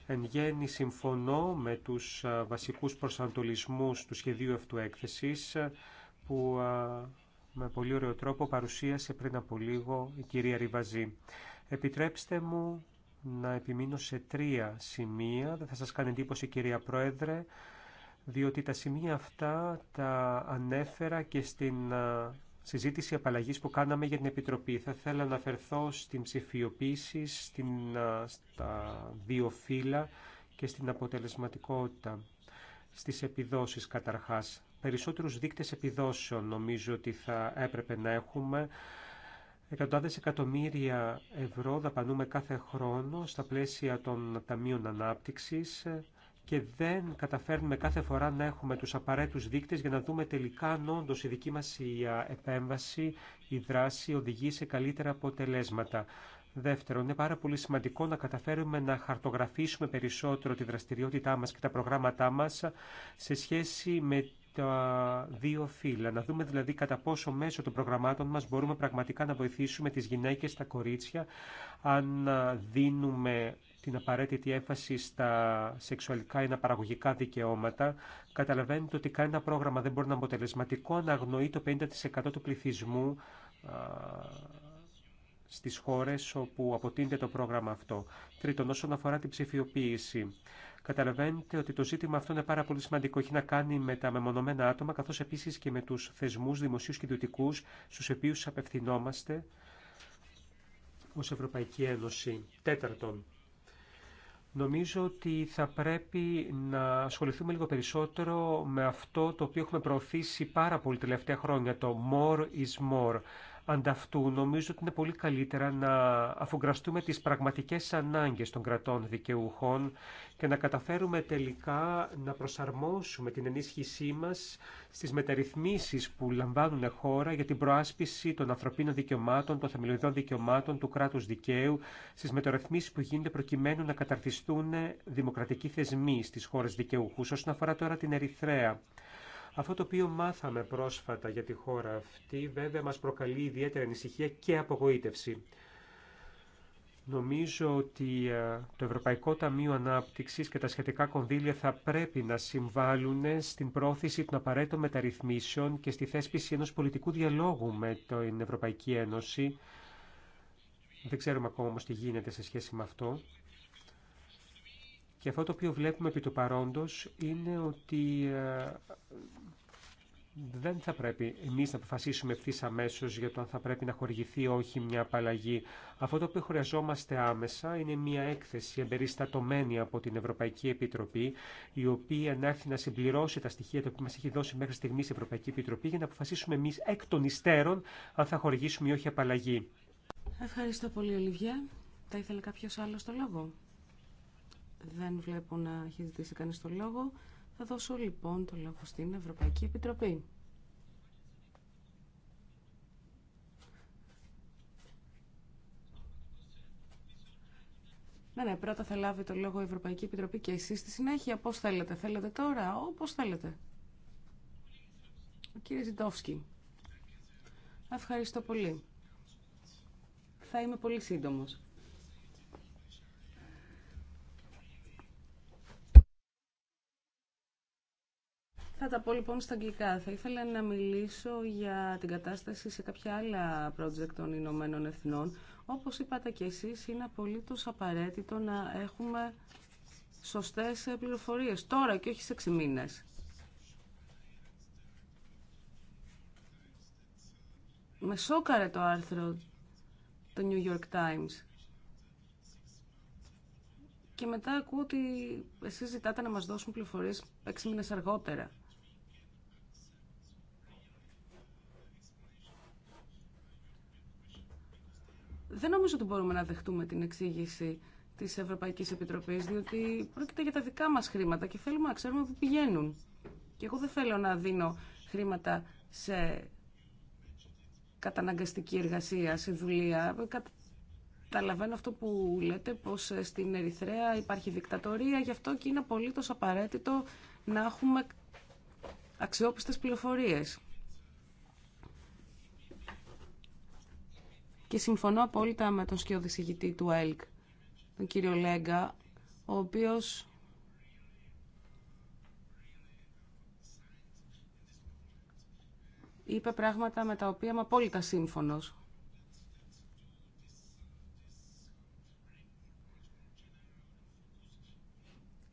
Εν γέννη συμφωνώ με τους βασικούς προσανατολισμούς του σχεδίου αυτού έκθεσης που με πολύ ωραίο τρόπο παρουσίασε πριν από λίγο η κυρία Ριβαζή. Επιτρέψτε μου να επιμείνω σε τρία σημεία. Δεν θα σας κάνει εντύπωση κυρία Πρόεδρε, διότι τα σημεία αυτά τα ανέφερα και στην συζήτηση απαλλαγής που κάναμε για την Επιτροπή. Θα ήθελα να αναφερθώ στην ψηφιοποίηση, στην, στα δύο φύλλα και στην αποτελεσματικότητα στις επιδόσεις καταρχάς. Περισσότερους δείκτες επιδόσεων νομίζω ότι θα έπρεπε να έχουμε. Εκατοντάδες εκατομμύρια ευρώ δαπανούμε κάθε χρόνο στα πλαίσια των Ταμείων Ανάπτυξης και δεν καταφέρνουμε κάθε φορά να έχουμε τους απαραίτητους δείκτες για να δούμε τελικά αν όντω η δική μας η επέμβαση, η δράση οδηγεί σε καλύτερα αποτελέσματα. Δεύτερον, είναι πάρα πολύ σημαντικό να καταφέρουμε να χαρτογραφήσουμε περισσότερο τη δραστηριότητά μας και τα προγράμματά μας σε σχέση με τα δύο φύλλα. Να δούμε δηλαδή κατά πόσο μέσω των προγραμμάτων μας μπορούμε πραγματικά να βοηθήσουμε τις γυναίκες, τα κορίτσια, αν δίνουμε την απαραίτητη έμφαση στα σεξουαλικά ή αναπαραγωγικά δικαιώματα, καταλαβαίνετε ότι κανένα πρόγραμμα δεν μπορεί να είναι αποτελεσματικό να αγνοεί το 50% του πληθυσμού στις χώρες όπου αποτείνεται το πρόγραμμα αυτό. Τρίτον, όσον αφορά την ψηφιοποίηση. Καταλαβαίνετε ότι το ζήτημα αυτό είναι πάρα πολύ σημαντικό. Έχει να κάνει με τα μεμονωμένα άτομα, καθώς επίσης και με τους θεσμούς δημοσιού και ιδιωτικούς, στους οποίους απευθυνόμαστε ως Ευρωπαϊκή Ένωση. Τέταρτον, Νομίζω ότι θα πρέπει να ασχοληθούμε λίγο περισσότερο με αυτό το οποίο έχουμε προωθήσει πάρα πολύ τελευταία χρόνια, το more is more ανταυτού νομίζω ότι είναι πολύ καλύτερα να αφουγκραστούμε τις πραγματικές ανάγκες των κρατών δικαιούχων και να καταφέρουμε τελικά να προσαρμόσουμε την ενίσχυσή μας στις μεταρρυθμίσεις που λαμβάνουν χώρα για την προάσπιση των ανθρωπίνων δικαιωμάτων, των θεμελιωδών δικαιωμάτων, του κράτους δικαίου, στις μεταρρυθμίσεις που γίνονται προκειμένου να καταρτιστούν δημοκρατικοί θεσμοί στις χώρες δικαιούχους. Όσον αφορά τώρα την Ερυθρέα, αυτό το οποίο μάθαμε πρόσφατα για τη χώρα αυτή βέβαια μας προκαλεί ιδιαίτερη ανησυχία και απογοήτευση. Νομίζω ότι ε, το Ευρωπαϊκό Ταμείο Ανάπτυξης και τα σχετικά κονδύλια θα πρέπει να συμβάλλουν στην πρόθεση των απαραίτητων μεταρρυθμίσεων και στη θέσπιση ενός πολιτικού διαλόγου με την Ευρωπαϊκή Ένωση. Δεν ξέρουμε ακόμα όμως τι γίνεται σε σχέση με αυτό. Και αυτό το οποίο βλέπουμε επί του παρόντος είναι ότι ε, δεν θα πρέπει εμεί να αποφασίσουμε ευθύ αμέσω για το αν θα πρέπει να χορηγηθεί ή όχι μια απαλλαγή. Αυτό το οποίο χρειαζόμαστε άμεσα είναι μια έκθεση εμπεριστατωμένη από την Ευρωπαϊκή Επιτροπή, οποία να έρθει να συμπληρώσει τα στοιχεία τα οποία μα έχει δώσει μέχρι στιγμή η Ευρωπαϊκή Επιτροπή για να αποφασίσουμε εμεί εκ των υστέρων αν θα χορηγήσουμε ή όχι απαλλαγή. Ευχαριστώ πολύ, Ολιβιέ. Θα ήθελε κάποιο άλλο το λόγο. Δεν βλέπω να έχει ζητήσει κανείς το λόγο. Θα δώσω λοιπόν το λόγο στην Ευρωπαϊκή Επιτροπή. Ναι, ναι, πρώτα θα λάβει το λόγο η Ευρωπαϊκή Επιτροπή και εσείς στη συνέχεια. Πώς θέλετε, θέλετε τώρα, όπως θέλετε. κύριε Ζητόφσκι. Ευχαριστώ πολύ. Θα είμαι πολύ σύντομος. Θα τα πω λοιπόν στα αγγλικά. Θα ήθελα να μιλήσω για την κατάσταση σε κάποια άλλα project των Ηνωμένων Εθνών. Όπως είπατε και εσείς, είναι απολύτως απαραίτητο να έχουμε σωστές πληροφορίες τώρα και όχι σε 6 μήνες. Με σόκαρε το άρθρο του New York Times. Και μετά ακούω ότι εσείς ζητάτε να μας δώσουν πληροφορίες έξι μήνες αργότερα. Δεν νομίζω ότι μπορούμε να δεχτούμε την εξήγηση τη Ευρωπαϊκή Επιτροπή, διότι πρόκειται για τα δικά μα χρήματα και θέλουμε να ξέρουμε πού πηγαίνουν. Και εγώ δεν θέλω να δίνω χρήματα σε καταναγκαστική εργασία, σε δουλεία. Καταλαβαίνω αυτό που λέτε, πως στην Ερυθρέα υπάρχει δικτατορία, γι' αυτό και είναι απολύτως απαραίτητο να έχουμε αξιόπιστες πληροφορίες. και συμφωνώ απόλυτα με τον σκιοδησηγητή του ΕΛΚ, τον κύριο Λέγκα, ο οποίος είπε πράγματα με τα οποία είμαι απόλυτα σύμφωνος.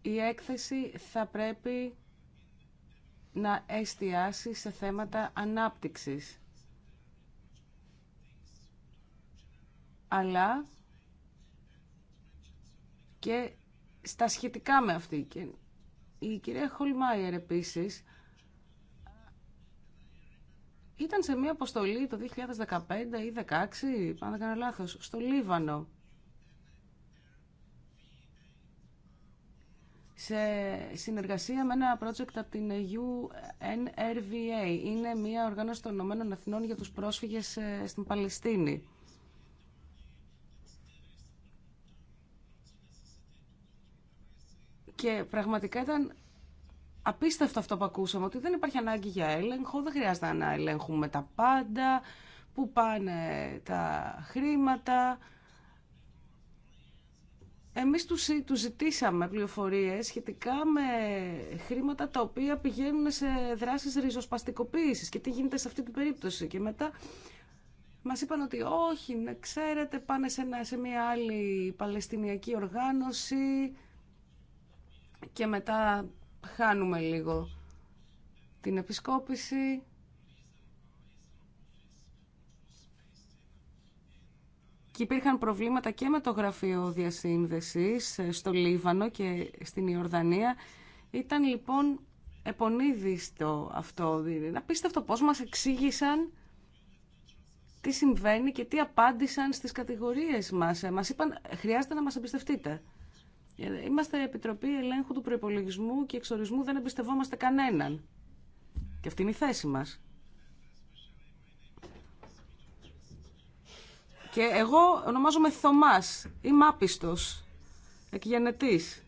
Η έκθεση θα πρέπει να εστιάσει σε θέματα ανάπτυξης. αλλά και στα σχετικά με αυτή. η κυρία Χολμάιερ επίσης ήταν σε μία αποστολή το 2015 ή 2016, αν δεν κάνω λάθος, στο Λίβανο. σε συνεργασία με ένα project από την UNRVA. Είναι μια οργάνωση των Ηνωμένων Εθνών για τους πρόσφυγες ε, στην Παλαιστίνη. Και πραγματικά ήταν απίστευτο αυτό που ακούσαμε, ότι δεν υπάρχει ανάγκη για έλεγχο, δεν χρειάζεται να ελέγχουμε τα πάντα, πού πάνε τα χρήματα. Εμείς τους, ζητήσαμε πληροφορίες σχετικά με χρήματα τα οποία πηγαίνουν σε δράσεις ριζοσπαστικοποίησης και τι γίνεται σε αυτή την περίπτωση. Και μετά μας είπαν ότι όχι, ναι, ξέρετε, πάνε σε, σε μια άλλη παλαιστινιακή οργάνωση, και μετά χάνουμε λίγο την επισκόπηση. Και υπήρχαν προβλήματα και με το γραφείο διασύνδεσης ε, στο Λίβανο και στην Ιορδανία. Ήταν λοιπόν επονίδιστο αυτό. Δηλαδή, να πείστε αυτό πώς μας εξήγησαν τι συμβαίνει και τι απάντησαν στις κατηγορίες μας. Ε, μας είπαν χρειάζεται να μας εμπιστευτείτε. Είμαστε Επιτροπή Ελέγχου του Προπολογισμού και Εξορισμού δεν εμπιστευόμαστε κανέναν. Και αυτή είναι η θέση μας. Και εγώ ονομάζομαι Θωμάς, είμαι άπιστος, εκγενετής.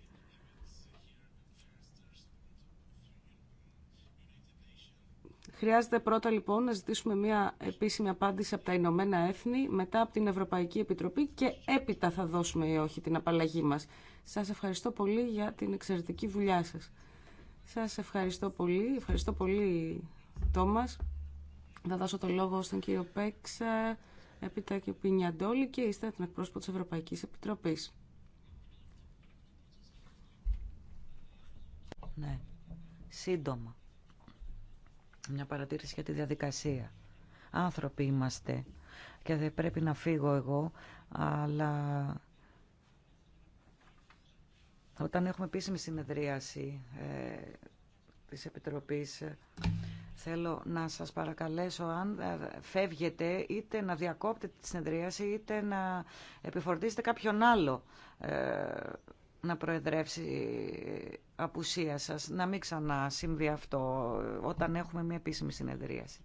Χρειάζεται πρώτα λοιπόν να ζητήσουμε μια επίσημη απάντηση από τα Ηνωμένα Έθνη, μετά από την Ευρωπαϊκή Επιτροπή και έπειτα θα δώσουμε ή όχι την απαλλαγή μας. Σας ευχαριστώ πολύ για την εξαιρετική δουλειά σας. Σας ευχαριστώ πολύ. Ευχαριστώ πολύ, Τόμας. Θα δώσω το λόγο στον κύριο Πέξα, έπειτα και Πινιαντόλη και είστε την εκπρόσωπο της Ευρωπαϊκής Επιτροπής. Ναι, σύντομα. Μια παρατήρηση για τη διαδικασία. Άνθρωποι είμαστε και δεν πρέπει να φύγω εγώ, αλλά όταν έχουμε επίσημη συνεδρίαση ε, της Επιτροπής, ε, θέλω να σας παρακαλέσω αν ε, φεύγετε είτε να διακόπτετε τη συνεδρίαση είτε να επιφορτίσετε κάποιον άλλο ε, να προεδρεύσει απουσία σας. Να μην συμβεί αυτό όταν έχουμε μια επίσημη συνεδρίαση.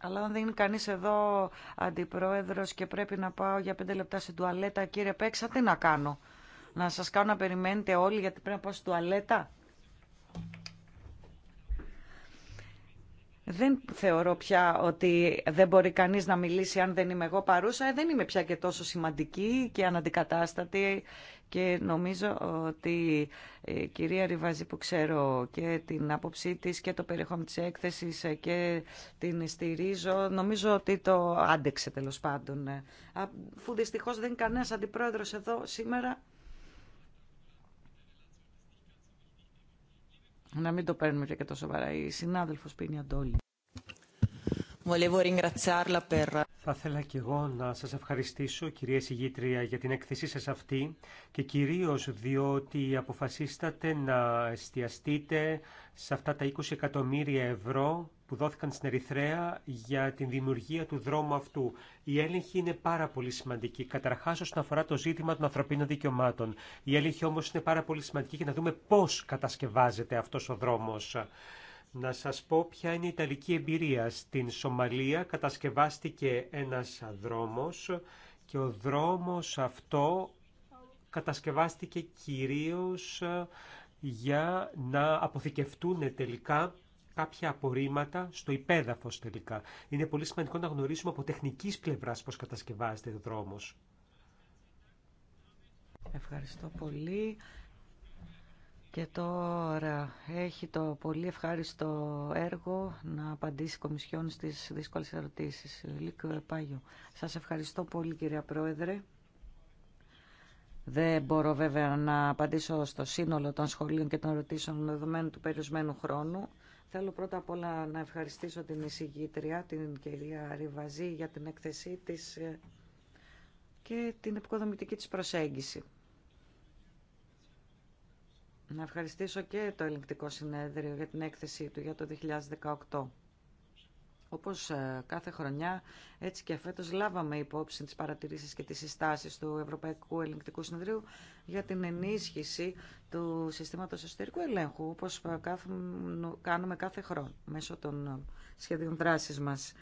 Αλλά αν δεν είναι κανείς εδώ αντιπρόεδρος και πρέπει να πάω για πέντε λεπτά στην τουαλέτα, κύριε Πέξα, τι να κάνω. Να σας κάνω να περιμένετε όλοι γιατί πρέπει να πάω στην τουαλέτα. Δεν θεωρώ πια ότι δεν μπορεί κανείς να μιλήσει αν δεν είμαι εγώ παρούσα. Ε, δεν είμαι πια και τόσο σημαντική και αναντικατάστατη και νομίζω ότι η ε, κυρία Ριβαζή που ξέρω και την άποψή της και το περιεχόμενο της έκθεσης ε, και την στηρίζω νομίζω ότι το άντεξε τέλος πάντων ε, αφού δυστυχώς δεν είναι κανένας αντιπρόεδρος εδώ σήμερα να μην το παίρνουμε και τόσο σοβαρά η συνάδελφος πίνει αντόλη θα ήθελα και εγώ να σας ευχαριστήσω, κυρία Συγήτρια, για την έκθεσή σας αυτή και κυρίως διότι αποφασίστατε να εστιαστείτε σε αυτά τα 20 εκατομμύρια ευρώ που δόθηκαν στην Ερυθρέα για την δημιουργία του δρόμου αυτού. Η έλεγχη είναι πάρα πολύ σημαντική, καταρχάς όσον αφορά το ζήτημα των ανθρωπίνων δικαιωμάτων. Η έλεγχη όμω είναι πάρα πολύ σημαντική για να δούμε πώ κατασκευάζεται αυτό ο δρόμο να σας πω ποια είναι η Ιταλική εμπειρία. Στην Σομαλία κατασκευάστηκε ένας δρόμος και ο δρόμος αυτό κατασκευάστηκε κυρίως ε, για να αποθηκευτούν τελικά κάποια απορρίμματα στο υπέδαφος τελικά. Είναι πολύ σημαντικό να γνωρίσουμε από τεχνικής πλευράς πώς κατασκευάζεται ο δρόμος. Ευχαριστώ πολύ. Και τώρα έχει το πολύ ευχάριστο έργο να απαντήσει η Κομισιόν στις δύσκολες ερωτήσεις. Λίκ Πάγιο. Σας ευχαριστώ πολύ κυρία Πρόεδρε. Δεν μπορώ βέβαια να απαντήσω στο σύνολο των σχολείων και των ερωτήσεων δεδομένου του περιορισμένου χρόνου. Θέλω πρώτα απ' όλα να ευχαριστήσω την εισηγήτρια, την κυρία Ριβαζή, για την έκθεσή της και την επικοδομητική της προσέγγιση. Να ευχαριστήσω και το Ελληνικτικό Συνέδριο για την έκθεσή του για το 2018. Όπως ε, κάθε χρονιά, έτσι και φέτος λάβαμε υπόψη τις παρατηρήσεις και τις συστάσεις του Ευρωπαϊκού Ελληνικτικού Συνεδρίου για την ενίσχυση του συστήματος εσωτερικού ελέγχου, όπως ε, κάνουμε κάθε χρόνο μέσω των ε, σχεδίων δράσης μας.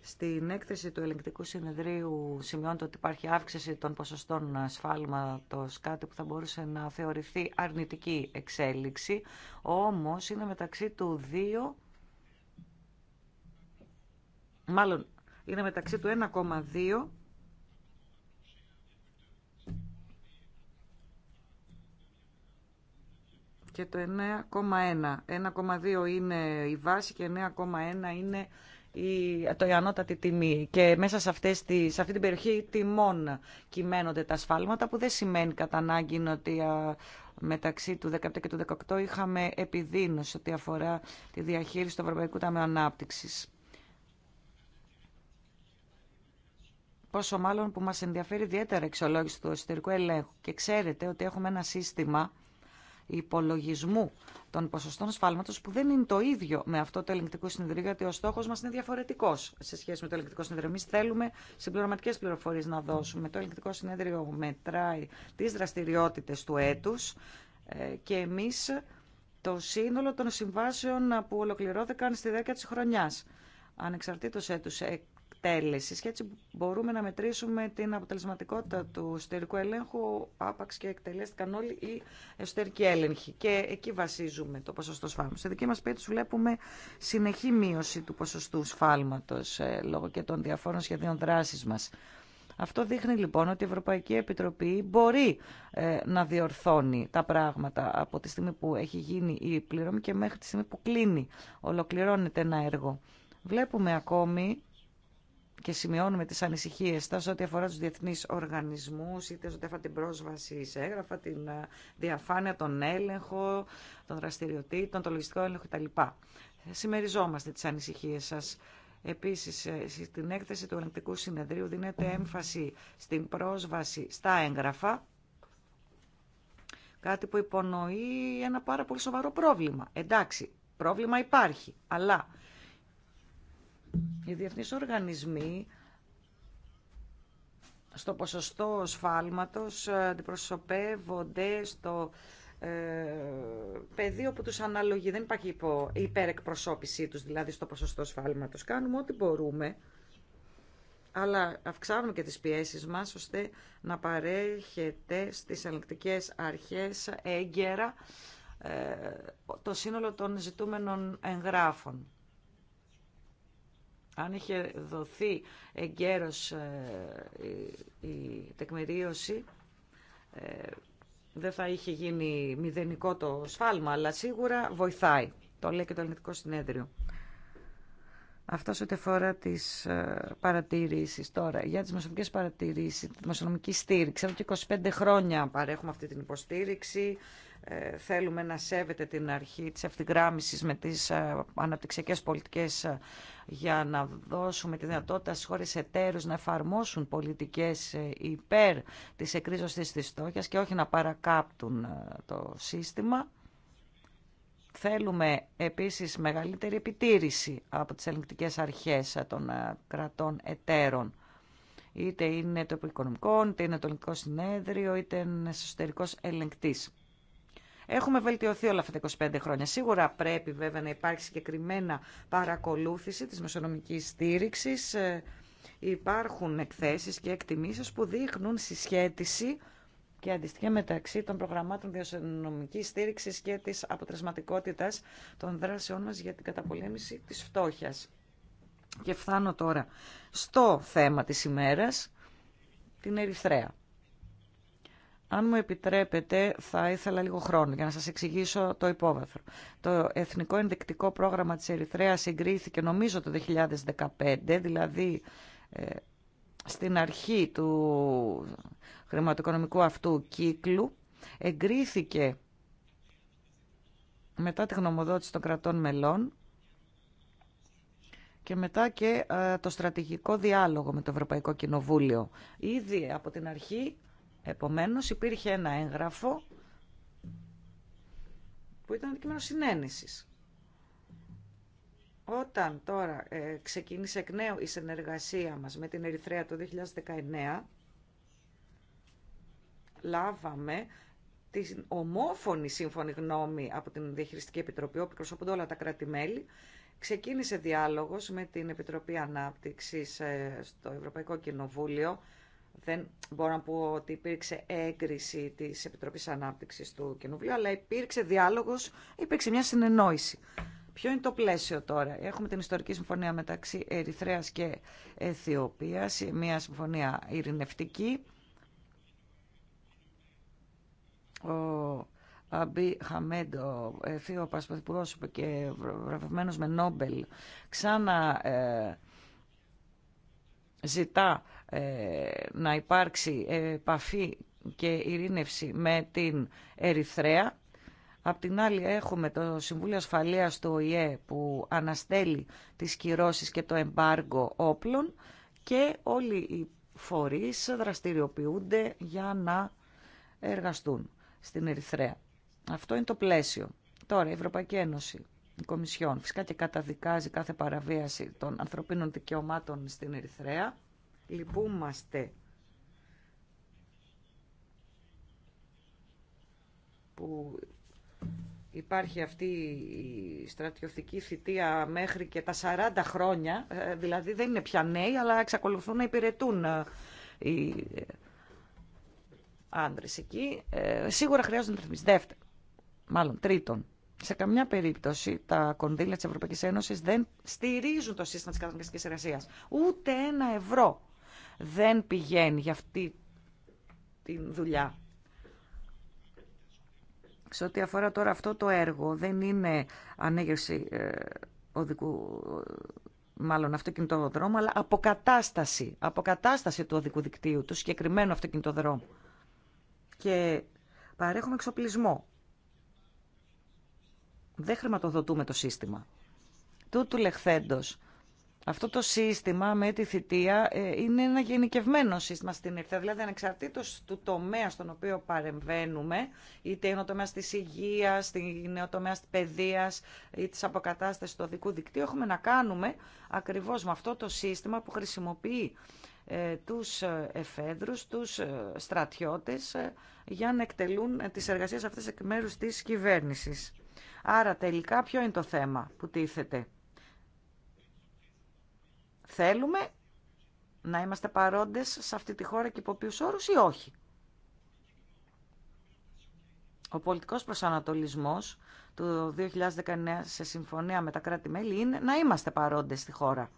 Στην έκθεση του ελεγκτικού συνεδρίου σημειώνεται ότι υπάρχει αύξηση των ποσοστών ασφάλματος, κάτι που θα μπορούσε να θεωρηθεί αρνητική εξέλιξη, όμως είναι μεταξύ του 2, μάλλον είναι μεταξύ του 1,2 και το 9,1. 1,2 είναι η βάση και 9,1 είναι το η ανώτατη τιμή και μέσα σε, αυτές τη, σε αυτή την περιοχή τιμών κυμαίνονται τα σφάλματα που δεν σημαίνει κατά ανάγκη ότι μεταξύ του 2017 και του 2018 είχαμε επιδείνωση ό,τι αφορά τη διαχείριση του Ευρωπαϊκού Ταμείου Ανάπτυξης. Πόσο μάλλον που μας ενδιαφέρει ιδιαίτερα εξολόγηση του εσωτερικού ελέγχου και ξέρετε ότι έχουμε ένα σύστημα υπολογισμού των ποσοστών σφάλματο, που δεν είναι το ίδιο με αυτό το ελεγκτικό συνεδρίο γιατί ο στόχος μας είναι διαφορετικός σε σχέση με το ελεγκτικό συνεδρίο. Εμεί θέλουμε συμπληρωματικέ πληροφορίες να δώσουμε. Το ελεγκτικό συνεδρίο μετράει τις δραστηριότητες του έτους ε, και εμείς το σύνολο των συμβάσεων που ολοκληρώθηκαν στη δέκα τη χρονιά. ανεξαρτήτως έτου και έτσι μπορούμε να μετρήσουμε την αποτελεσματικότητα του εσωτερικού ελέγχου άπαξ και εκτελέστηκαν όλοι οι εσωτερικοί έλεγχοι και εκεί βασίζουμε το ποσοστό σφάλματος. Στη δική μας περίπτωση βλέπουμε συνεχή μείωση του ποσοστού σφάλματος ε, λόγω και των διαφόρων σχεδίων δράση μα. Αυτό δείχνει λοιπόν ότι η Ευρωπαϊκή Επιτροπή μπορεί ε, να διορθώνει τα πράγματα από τη στιγμή που έχει γίνει η πληρωμή και μέχρι τη στιγμή που κλείνει, ολοκληρώνεται ένα έργο. Βλέπουμε ακόμη και σημειώνουμε τις ανησυχίες σας ό,τι αφορά τους διεθνείς οργανισμούς, είτε ό,τι αφορά την πρόσβαση σε έγγραφα, την ε, διαφάνεια, τον έλεγχο, των δραστηριοτήτων, τον λογιστικό έλεγχο κτλ. Ε, συμμεριζόμαστε τις ανησυχίες σας. Επίσης, ε, στην έκθεση του Ελληνικού Συνεδρίου δίνεται έμφαση στην πρόσβαση στα έγγραφα, κάτι που υπονοεί ένα πάρα πολύ σοβαρό πρόβλημα. Εντάξει, πρόβλημα υπάρχει, αλλά οι διεθνείς οργανισμοί στο ποσοστό σφάλματος ε, αντιπροσωπεύονται στο ε, πεδίο που τους αναλογεί. Δεν υπάρχει υπερεκπροσώπησή τους, δηλαδή στο ποσοστό σφάλματος. Κάνουμε ό,τι μπορούμε, αλλά αυξάνουμε και τις πιέσεις μας, ώστε να παρέχεται στις ελεγκτικές αρχές έγκαιρα ε, το σύνολο των ζητούμενων εγγράφων. Αν είχε δοθεί εγκαίρως ε, η τεκμηρίωση, ε, δεν θα είχε γίνει μηδενικό το σφάλμα, αλλά σίγουρα βοηθάει. Το λέει και το Ελληνικό Συνέδριο. Αυτό ό,τι αφορά τι ε, παρατηρήσει τώρα. Για τι μεσονομικέ παρατηρήσει, τη μεσονομική στήριξη. Εδώ και 25 χρόνια παρέχουμε αυτή την υποστήριξη. Ε, θέλουμε να σέβεται την αρχή της ευθυγράμμισης με τις ε, αναπτυξιακές πολιτικές ε, για να δώσουμε τη δυνατότητα στις χώρες εταίρους να εφαρμόσουν πολιτικές υπέρ της εκρίζωσης της στόχιας και όχι να παρακάπτουν το σύστημα. Θέλουμε επίσης μεγαλύτερη επιτήρηση από τις ελληνικές αρχές των κρατών εταίρων είτε είναι το οικονομικό, είτε είναι το ελληνικό συνέδριο, είτε είναι εσωτερικό ελεγκτής. Έχουμε βελτιωθεί όλα αυτά τα 25 χρόνια. Σίγουρα πρέπει βέβαια να υπάρχει συγκεκριμένα παρακολούθηση της μεσονομικής στήριξης. Ε, υπάρχουν εκθέσεις και εκτιμήσεις που δείχνουν συσχέτιση και αντιστοιχεία μεταξύ των προγραμμάτων διασυνομικής στήριξης και της αποτρεσματικότητας των δράσεών μας για την καταπολέμηση της φτώχειας. Και φτάνω τώρα στο θέμα της ημέρας, την Ερυθρέα. Αν μου επιτρέπετε, θα ήθελα λίγο χρόνο για να σας εξηγήσω το υπόβαθρο. Το Εθνικό Ενδεικτικό Πρόγραμμα της Ερυθρέας εγκρίθηκε νομίζω το 2015, δηλαδή ε, στην αρχή του χρηματοοικονομικού αυτού κύκλου. Εγκρίθηκε μετά τη γνωμοδότηση των κρατών μελών και μετά και ε, το στρατηγικό διάλογο με το Ευρωπαϊκό Κοινοβούλιο. Ήδη από την αρχή Επομένως υπήρχε ένα έγγραφο που ήταν αντικείμενο συνένεσης. Όταν τώρα ε, ξεκίνησε εκ νέου η συνεργασία μας με την Ερυθρέα το 2019, λάβαμε την ομόφωνη σύμφωνη γνώμη από την Διαχειριστική Επιτροπή, όπου προσωπούνται όλα τα κράτη-μέλη, ξεκίνησε διάλογος με την Επιτροπή Ανάπτυξης ε, στο Ευρωπαϊκό Κοινοβούλιο δεν μπορώ να πω ότι υπήρξε έγκριση της Επιτροπής Ανάπτυξης του Κοινοβουλίου, αλλά υπήρξε διάλογος, υπήρξε μια συνεννόηση. Ποιο είναι το πλαίσιο τώρα. Έχουμε την ιστορική συμφωνία μεταξύ Ερυθρέας και Αιθιοπίας, μια συμφωνία ειρηνευτική. Ο Αμπί Χαμέντο, ο και βραβευμένος με Νόμπελ, ξανά ε, ζητά ε, να υπάρξει επαφή και ειρήνευση με την Ερυθρέα. Απ' την άλλη έχουμε το Συμβούλιο Ασφαλείας του ΟΗΕ που αναστέλει τις κυρώσεις και το εμπάργκο όπλων και όλοι οι φορείς δραστηριοποιούνται για να εργαστούν στην Ερυθρέα. Αυτό είναι το πλαίσιο. Τώρα η Ευρωπαϊκή Ένωση, η Κομισιόν φυσικά και καταδικάζει κάθε παραβίαση των ανθρωπίνων δικαιωμάτων στην Ερυθρέα Λυπούμαστε που υπάρχει αυτή η στρατιωτική θητεία μέχρι και τα 40 χρόνια, ε, δηλαδή δεν είναι πια νέοι, αλλά εξακολουθούν να υπηρετούν ε, οι ε, άντρες εκεί. Σίγουρα χρειάζονται ρυθμίσει. Δεύτερον, μάλλον τρίτον, σε καμιά περίπτωση τα κονδύλια της Ευρωπαϊκής Ένωσης δεν στηρίζουν το σύστημα της καταναγκαστικής εργασίας. Ούτε ένα ευρώ δεν πηγαίνει για αυτή τη δουλειά. Σε ό,τι αφορά τώρα αυτό το έργο, δεν είναι ανέγερση ε, οδικού, μάλλον αυτοκινητόδρομου αλλά αποκατάσταση, αποκατάσταση του οδικού δικτύου, του συγκεκριμένου αυτοκινητοδρόμου. Και παρέχουμε εξοπλισμό. Δεν χρηματοδοτούμε το σύστημα. Τούτου λεχθέντος αυτό το σύστημα με τη θητεία ε, είναι ένα γενικευμένο σύστημα στην ΕΦΤΑ, δηλαδή ανεξαρτήτως του τομέα στον οποίο παρεμβαίνουμε, είτε είναι ο τομέα της υγεία, είναι ο τομέα ή τη αποκατάσταση του οδικού δικτύου, έχουμε να κάνουμε ακριβώ με αυτό το σύστημα που χρησιμοποιεί ε, τους ε, εφέδρους, τους στρατιώτες για να εκτελούν τι εργασίε αυτές εκ μέρου της κυβέρνηση. Άρα τελικά ποιο είναι το θέμα που τίθεται. Θέλουμε να είμαστε παρόντες σε αυτή τη χώρα και υπό ποιους όρους ή όχι. Ο πολιτικός προσανατολισμός του 2019 σε συμφωνία με τα κράτη-μέλη είναι να είμαστε παρόντες στη χώρα.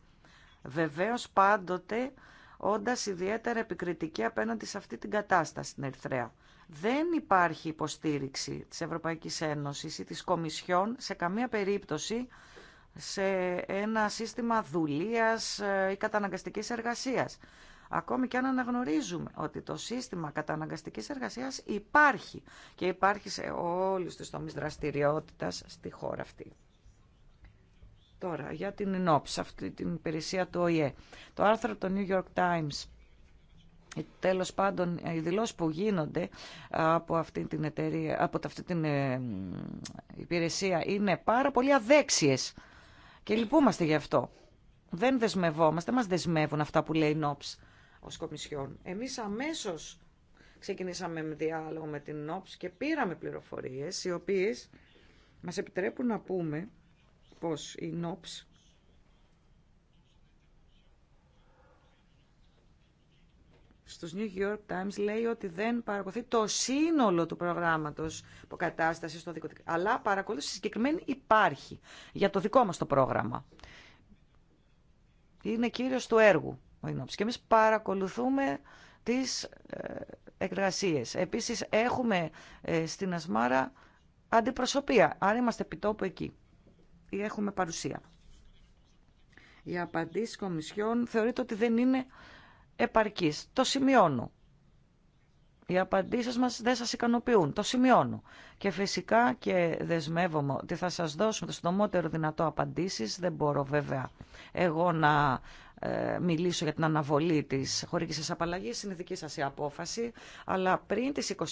Βεβαίως πάντοτε όντας ιδιαίτερα επικριτική απέναντι σε αυτή την κατάσταση στην Ερυθρέα. Δεν υπάρχει υποστήριξη της Ευρωπαϊκής Ένωσης ή της Κομισιόν σε καμία περίπτωση σε ένα σύστημα δουλείας ε, ή καταναγκαστικής εργασίας. Ακόμη και αν αναγνωρίζουμε ότι το σύστημα καταναγκαστικής εργασίας υπάρχει και υπάρχει σε όλους τους τομείς δραστηριότητας στη χώρα αυτή. Τώρα, για την ΕΝΟΠΣ, αυτή την υπηρεσία του ΟΗΕ. Το άρθρο του New York Times ε, τέλος πάντων ε, οι δηλώσεις που γίνονται από αυτή την, από αυτή την υπηρεσία είναι πάρα πολύ αδέξιες και λυπούμαστε γι' αυτό. Δεν δεσμευόμαστε, μας δεσμεύουν αυτά που λέει η ΝΟΠΣ ως Κομισιόν. Εμείς αμέσως ξεκινήσαμε με διάλογο με την ΝΟΠΣ και πήραμε πληροφορίες οι οποίες μας επιτρέπουν να πούμε πως η ΝΟΠΣ στους New York Times λέει ότι δεν παρακολουθεί το σύνολο του προγράμματος υποκατάσταση στο δικό αλλά παρακολούθηση συγκεκριμένη υπάρχει για το δικό μας το πρόγραμμα. Είναι κύριος του έργου ο και εμείς παρακολουθούμε τις εργασίες. Επίσης έχουμε ε, στην Ασμάρα αντιπροσωπεία, άρα είμαστε επιτόπου εκεί ή έχουμε παρουσία. Η απαντήση Κομισιόν κομισιων θεωρειται ότι δεν είναι επαρκής. Το σημειώνω. Οι απαντήσεις μας δεν σας ικανοποιούν. Το σημειώνω. Και φυσικά και δεσμεύομαι ότι θα σας δώσουμε το συντομότερο δυνατό απαντήσεις. Δεν μπορώ βέβαια εγώ να ε, μιλήσω για την αναβολή της χορήγησης απαλλαγής. Είναι δική σας η απόφαση. Αλλά πριν τις 29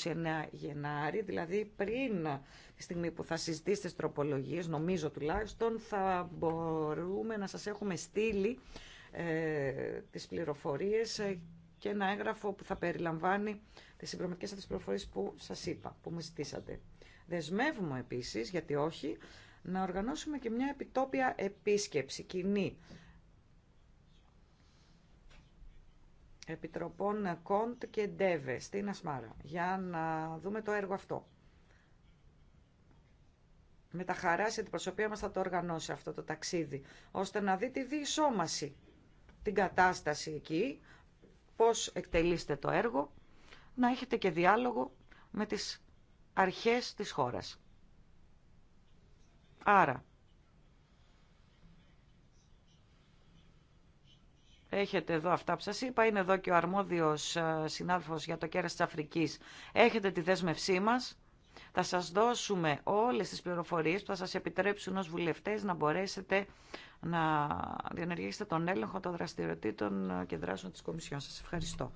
Γενάρη, δηλαδή πριν τη στιγμή που θα συζητήσετε τις τροπολογίες, νομίζω τουλάχιστον, θα μπορούμε να σας έχουμε στείλει ε, τις πληροφορίες ε, και ένα έγγραφο που θα περιλαμβάνει τις συμπροματικές αυτές πληροφορίες που σας είπα, που μου ζητήσατε. Δεσμεύουμε επίσης, γιατί όχι, να οργανώσουμε και μια επιτόπια επίσκεψη κοινή Επιτροπών Κοντ και Ντέβε στην Ασμάρα για να δούμε το έργο αυτό. Με τα χαρά σε την προσωπία μας θα το οργανώσει αυτό το ταξίδι, ώστε να δει τη διεισόμαση την κατάσταση εκεί, πώς εκτελείστε το έργο, να έχετε και διάλογο με τις αρχές της χώρας. Άρα, Έχετε εδώ αυτά που σας είπα, είναι εδώ και ο αρμόδιος ε, συνάδελφος για το κέρας της Αφρικής. Έχετε τη δέσμευσή μας, θα σας δώσουμε όλες τις πληροφορίες που θα σας επιτρέψουν ως βουλευτές να μπορέσετε να διενεργήσετε τον έλεγχο των δραστηριοτήτων και δράσεων της Κομισιόν. Σας ευχαριστώ.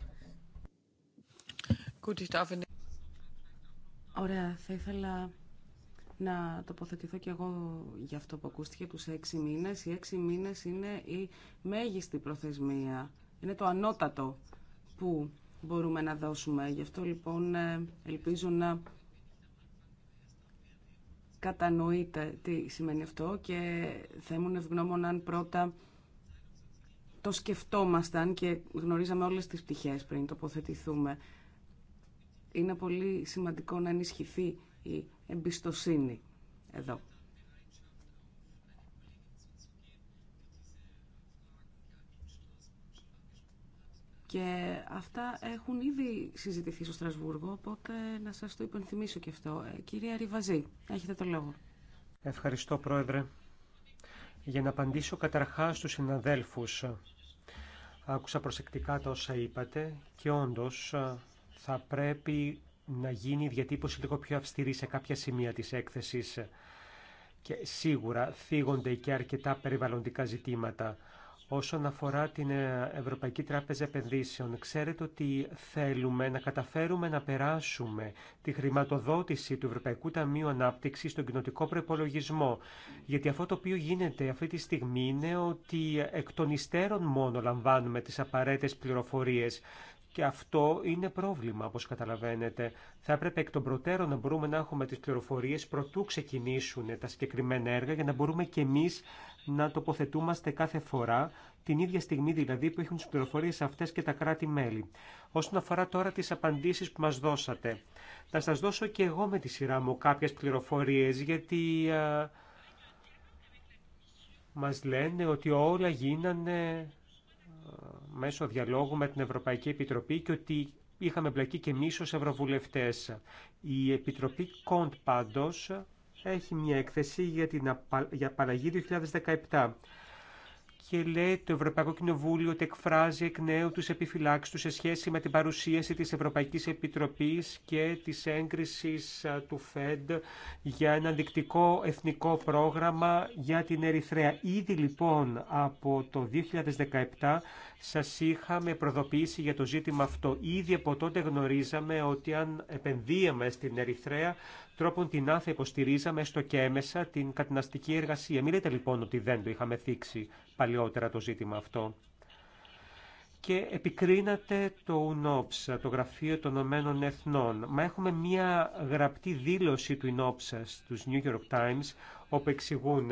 Ωραία, θα ήθελα να τοποθετηθώ και εγώ για αυτό που ακούστηκε, τους έξι μήνες. Οι έξι μήνες είναι η μέγιστη προθεσμία, είναι το ανώτατο που μπορούμε να δώσουμε. Γι' αυτό λοιπόν ε, ελπίζω να κατανοείτε τι σημαίνει αυτό και θα ήμουν ευγνώμων αν πρώτα το σκεφτόμασταν και γνωρίζαμε όλες τις πτυχές πριν τοποθετηθούμε. Είναι πολύ σημαντικό να ενισχυθεί η εμπιστοσύνη εδώ. Και αυτά έχουν ήδη συζητηθεί στο Στρασβούργο, οπότε να σας το υπενθυμίσω και αυτό. Ε, κυρία Ριβαζή, έχετε το λόγο. Ευχαριστώ, Πρόεδρε. Για να απαντήσω καταρχάς στους συναδέλφους. Άκουσα προσεκτικά τα όσα είπατε και όντως θα πρέπει να γίνει η διατύπωση λίγο πιο αυστηρή σε κάποια σημεία της έκθεσης. Και σίγουρα θίγονται και αρκετά περιβαλλοντικά ζητήματα όσον αφορά την ε, Ευρωπαϊκή Τράπεζα Επενδύσεων. Ξέρετε ότι θέλουμε να καταφέρουμε να περάσουμε τη χρηματοδότηση του Ευρωπαϊκού Ταμείου Ανάπτυξη στον κοινοτικό προπολογισμό. Γιατί αυτό το οποίο γίνεται αυτή τη στιγμή είναι ότι εκ των υστέρων μόνο λαμβάνουμε τι απαραίτητε πληροφορίε. Και αυτό είναι πρόβλημα, όπως καταλαβαίνετε. Θα έπρεπε εκ των προτέρων να μπορούμε να έχουμε τις πληροφορίες προτού ξεκινήσουν τα συγκεκριμένα έργα για να μπορούμε και εμείς να τοποθετούμαστε κάθε φορά, την ίδια στιγμή δηλαδή που έχουν τις πληροφορίες αυτές και τα κράτη-μέλη. Όσον αφορά τώρα τις απαντήσεις που μας δώσατε, θα σας δώσω και εγώ με τη σειρά μου κάποιες πληροφορίες, γιατί α, μας λένε ότι όλα γίνανε μέσω διαλόγου με την Ευρωπαϊκή Επιτροπή και ότι είχαμε μπλακεί και εμεί ω ευρωβουλευτέ. Η Επιτροπή Κοντ πάντω έχει μια έκθεση για την απαλλαγή 2017 και λέει το Ευρωπαϊκό Κοινοβούλιο ότι εκφράζει εκ νέου τους επιφυλάξεις του σε σχέση με την παρουσίαση της Ευρωπαϊκής Επιτροπής και της έγκρισης του ΦΕΔ για ένα δεικτικό εθνικό πρόγραμμα για την Ερυθρέα. Ήδη λοιπόν από το 2017 σας είχαμε προδοποιήσει για το ζήτημα αυτό. Ήδη από τότε γνωρίζαμε ότι αν επενδύαμε στην Ερυθρέα τρόπον την άθε υποστηρίζαμε στο και έμεσα την καταναστική εργασία. Μην λέτε λοιπόν ότι δεν το είχαμε θίξει παλιότερα το ζήτημα αυτό. Και επικρίνατε το Νόψα το Γραφείο των Ηνωμένων Εθνών. Μα έχουμε μία γραπτή δήλωση του UNOPSA στους New York Times, όπου εξηγούν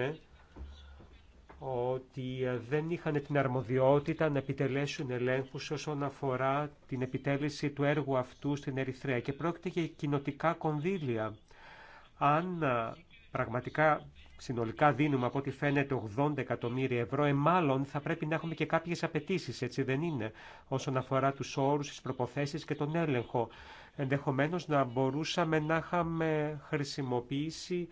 ότι δεν είχαν την αρμοδιότητα να επιτελέσουν ελέγχους όσον αφορά την επιτέλεση του έργου αυτού στην Ερυθρέα και πρόκειται για κοινοτικά κονδύλια. Αν πραγματικά συνολικά δίνουμε από ό,τι φαίνεται 80 εκατομμύρια ευρώ, ε, μάλλον θα πρέπει να έχουμε και κάποιε απαιτήσει, έτσι δεν είναι, όσον αφορά του όρου, τι προποθέσει και τον έλεγχο. Ενδεχομένω να μπορούσαμε να είχαμε χρησιμοποιήσει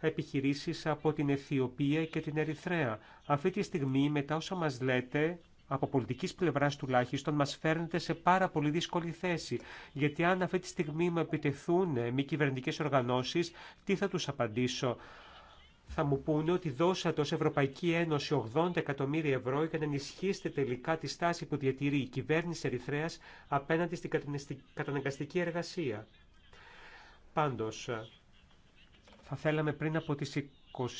επιχειρήσει από την Αιθιοπία και την Ερυθρέα. Αυτή τη στιγμή, μετά όσα μα λέτε, από πολιτική πλευρά τουλάχιστον, μα φέρνετε σε πάρα πολύ δύσκολη θέση. Γιατί αν αυτή τη στιγμή μου επιτεθούν μη κυβερνητικέ οργανώσει, τι θα του απαντήσω θα μου πούνε ότι δώσατε ως Ευρωπαϊκή Ένωση 80 εκατομμύρια ευρώ για να ενισχύσετε τελικά τη στάση που διατηρεί η κυβέρνηση Ερυθρέας απέναντι στην καταναγκαστική εργασία. Πάντως, ε, θα θέλαμε πριν από τις 29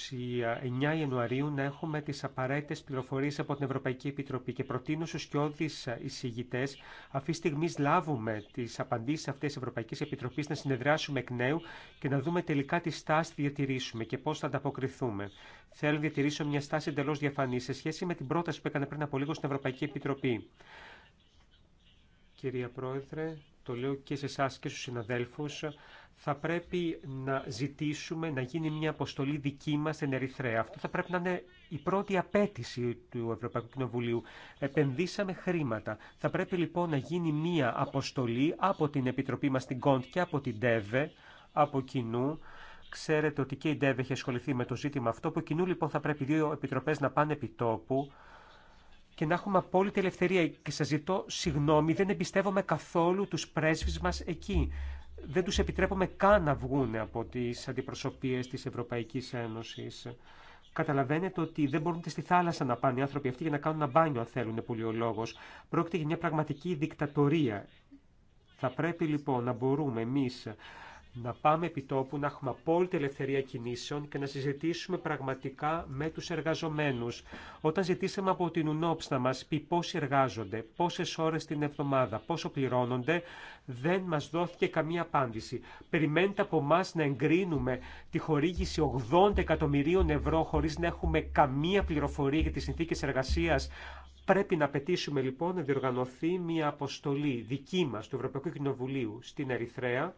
Ιανουαρίου να έχουμε τις απαραίτητες πληροφορίες από την Ευρωπαϊκή Επιτροπή και προτείνω στους σκιώδεις εισηγητές αυτή τη στιγμή λάβουμε τις απαντήσεις αυτές της Ευρωπαϊκής Επιτροπής να συνεδράσουμε εκ νέου και να δούμε τελικά τι στάση διατηρήσουμε και πώς θα ανταποκριθούμε. Θέλω να διατηρήσω μια στάση εντελώ διαφανή σε σχέση με την πρόταση που έκανε πριν από λίγο στην Ευρωπαϊκή Επιτροπή. Κυρία Πρόεδρε, το λέω και σε εσά και στου συναδέλφου θα πρέπει να ζητήσουμε να γίνει μια αποστολή δική μας στην Ερυθρέα. Αυτό θα πρέπει να είναι η πρώτη απέτηση του Ευρωπαϊκού Κοινοβουλίου. Επενδύσαμε χρήματα. Θα πρέπει λοιπόν να γίνει μια αποστολή από την Επιτροπή μας στην ΚΟΝΤ και από την ΤΕΒΕ, από κοινού. Ξέρετε ότι και η ΤΕΒΕ έχει ασχοληθεί με το ζήτημα αυτό. Από κοινού λοιπόν θα πρέπει δύο επιτροπές να πάνε επί τόπου και να έχουμε απόλυτη ελευθερία. Και σας ζητώ συγγνώμη, δεν εμπιστεύομαι καθόλου τους πρέσβεις μας εκεί δεν τους επιτρέπουμε καν να βγουν από τις αντιπροσωπείες της Ευρωπαϊκής Ένωσης. Καταλαβαίνετε ότι δεν μπορούν στη θάλασσα να πάνε οι άνθρωποι αυτοί για να κάνουν ένα μπάνιο αν θέλουν πολύ ο λόγος. Πρόκειται για μια πραγματική δικτατορία. Θα πρέπει λοιπόν να μπορούμε εμείς να πάμε επί τόπου, να έχουμε απόλυτη ελευθερία κινήσεων και να συζητήσουμε πραγματικά με του εργαζομένου. Όταν ζητήσαμε από την UNOPS να μας πει πόσοι εργάζονται, πόσε ώρε την εβδομάδα, πόσο πληρώνονται, δεν μα δόθηκε καμία απάντηση. Περιμένετε από εμά να εγκρίνουμε τη χορήγηση 80 εκατομμυρίων ευρώ χωρί να έχουμε καμία πληροφορία για τι συνθήκε εργασία. Πρέπει να πετήσουμε λοιπόν να διοργανωθεί μια αποστολή δική μας του Ευρωπαϊκού Κοινοβουλίου στην Ερυθρέα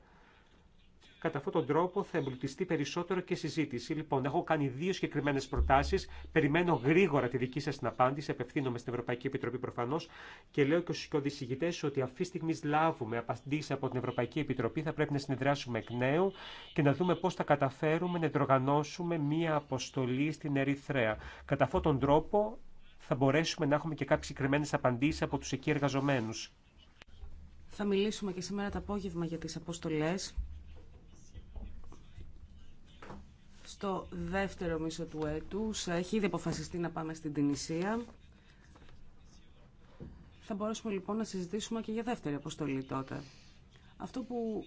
Κατά αυτόν τον τρόπο θα εμπλουτιστεί περισσότερο και συζήτηση. Λοιπόν, έχω κάνει δύο συγκεκριμένε προτάσει. Περιμένω γρήγορα τη δική σα απάντηση. Απευθύνομαι στην Ευρωπαϊκή Επιτροπή προφανώ και λέω και στου οικοδησηγητέ ότι αυτή τη στιγμή λάβουμε απαντήσει από την Ευρωπαϊκή Επιτροπή. Θα πρέπει να συνεδράσουμε εκ νέου και να δούμε πώ θα καταφέρουμε να εντρογανώσουμε μία αποστολή στην Ερυθρέα. Κατά αυτόν τον τρόπο θα μπορέσουμε να έχουμε και κάποιε συγκεκριμένε απαντήσει από του εκεί εργαζομένου. Θα μιλήσουμε και σήμερα το απόγευμα για τις αποστολές Το δεύτερο μισό του έτους. Έχει ήδη αποφασιστεί να πάμε στην Τινησία. Θα μπορέσουμε λοιπόν να συζητήσουμε και για δεύτερη αποστολή τότε. Αυτό που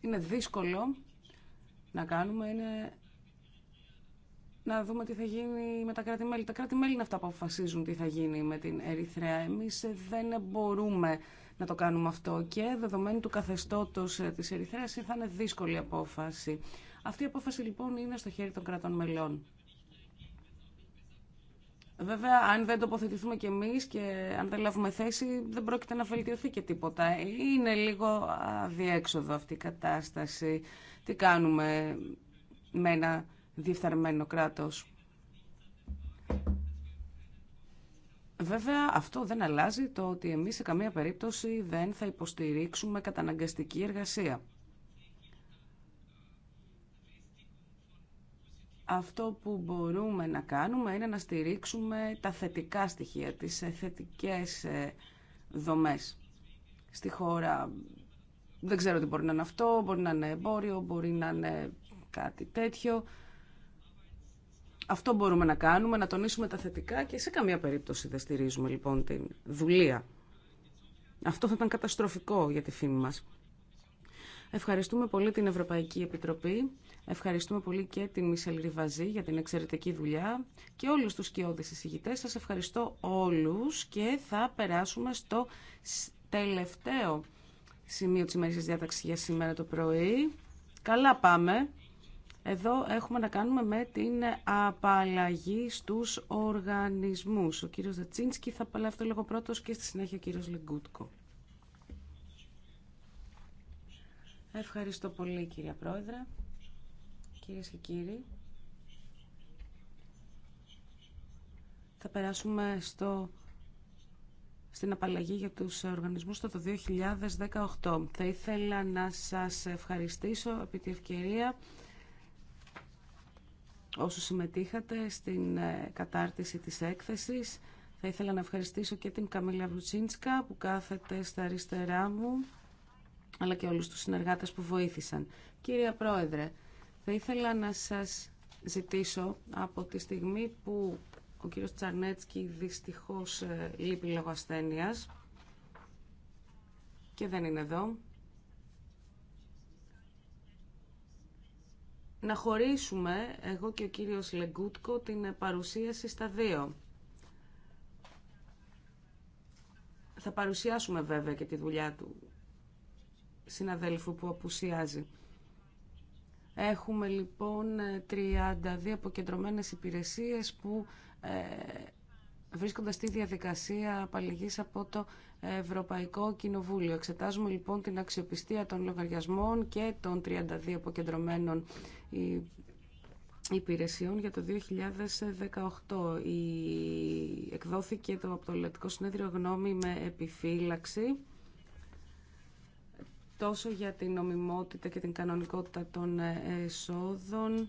είναι δύσκολο να κάνουμε είναι να δούμε τι θα γίνει με τα κράτη-μέλη. Τα κράτη-μέλη είναι αυτά που αποφασίζουν τι θα γίνει με την Ερυθρέα. Εμείς δεν μπορούμε να το κάνουμε αυτό και δεδομένου του καθεστώτος της Ερυθρέας θα είναι δύσκολη απόφαση. Αυτή η απόφαση λοιπόν είναι στο χέρι των κρατών μελών. Βέβαια, αν δεν τοποθετηθούμε κι εμείς και αν δεν λάβουμε θέση, δεν πρόκειται να βελτιωθεί και τίποτα. Είναι λίγο αδιέξοδο αυτή η κατάσταση. Τι κάνουμε με ένα διεφθαρμένο κράτος. Βέβαια, αυτό δεν αλλάζει το ότι εμείς σε καμία περίπτωση δεν θα υποστηρίξουμε καταναγκαστική εργασία. αυτό που μπορούμε να κάνουμε είναι να στηρίξουμε τα θετικά στοιχεία, τις ε, θετικές ε, δομές στη χώρα. Δεν ξέρω τι μπορεί να είναι αυτό, μπορεί να είναι εμπόριο, μπορεί να είναι κάτι τέτοιο. Αυτό μπορούμε να κάνουμε, να τονίσουμε τα θετικά και σε καμία περίπτωση δεν στηρίζουμε λοιπόν την δουλεία. Αυτό θα ήταν καταστροφικό για τη φήμη μας. Ευχαριστούμε πολύ την Ευρωπαϊκή Επιτροπή, ευχαριστούμε πολύ και την Μισελ Ριβαζή για την εξαιρετική δουλειά και όλους τους κοιόδης εισηγητές. Σας ευχαριστώ όλους και θα περάσουμε στο τελευταίο σημείο της ημερήσιας διάταξης για σήμερα το πρωί. Καλά πάμε. Εδώ έχουμε να κάνουμε με την απαλλαγή στους οργανισμούς. Ο κύριος Δατσίνσκι θα απαλλαγεί αυτό λίγο πρώτος και στη συνέχεια ο κύριος Λιγκούτκο. Ευχαριστώ πολύ κυρία Πρόεδρε, κυρίες και κύριοι. Θα περάσουμε στο, στην απαλλαγή για τους οργανισμούς το 2018. Θα ήθελα να σας ευχαριστήσω επί τη ευκαιρία όσους συμμετείχατε στην ε, κατάρτιση της έκθεσης. Θα ήθελα να ευχαριστήσω και την Καμίλα Βλουτσίνσκα που κάθεται στα αριστερά μου αλλά και όλους τους συνεργάτες που βοήθησαν. Κύριε Πρόεδρε, θα ήθελα να σας ζητήσω από τη στιγμή που ο κύριος Τσαρνέτσκι δυστυχώς ε, λείπει λόγω ασθένειας και δεν είναι εδώ, να χωρίσουμε εγώ και ο κύριος Λεγκούτκο την παρουσίαση στα δύο. Θα παρουσιάσουμε βέβαια και τη δουλειά του συναδέλφου που απουσιάζει. Έχουμε λοιπόν 32 αποκεντρωμένες υπηρεσίες που ε, βρίσκονται στη διαδικασία απαλληγής από το Ευρωπαϊκό Κοινοβούλιο. Εξετάζουμε λοιπόν την αξιοπιστία των λογαριασμών και των 32 αποκεντρωμένων υπηρεσιών για το 2018. Η... Εκδόθηκε το από Συνέδριο γνώμη με επιφύλαξη τόσο για την νομιμότητα και την κανονικότητα των ε, εσόδων,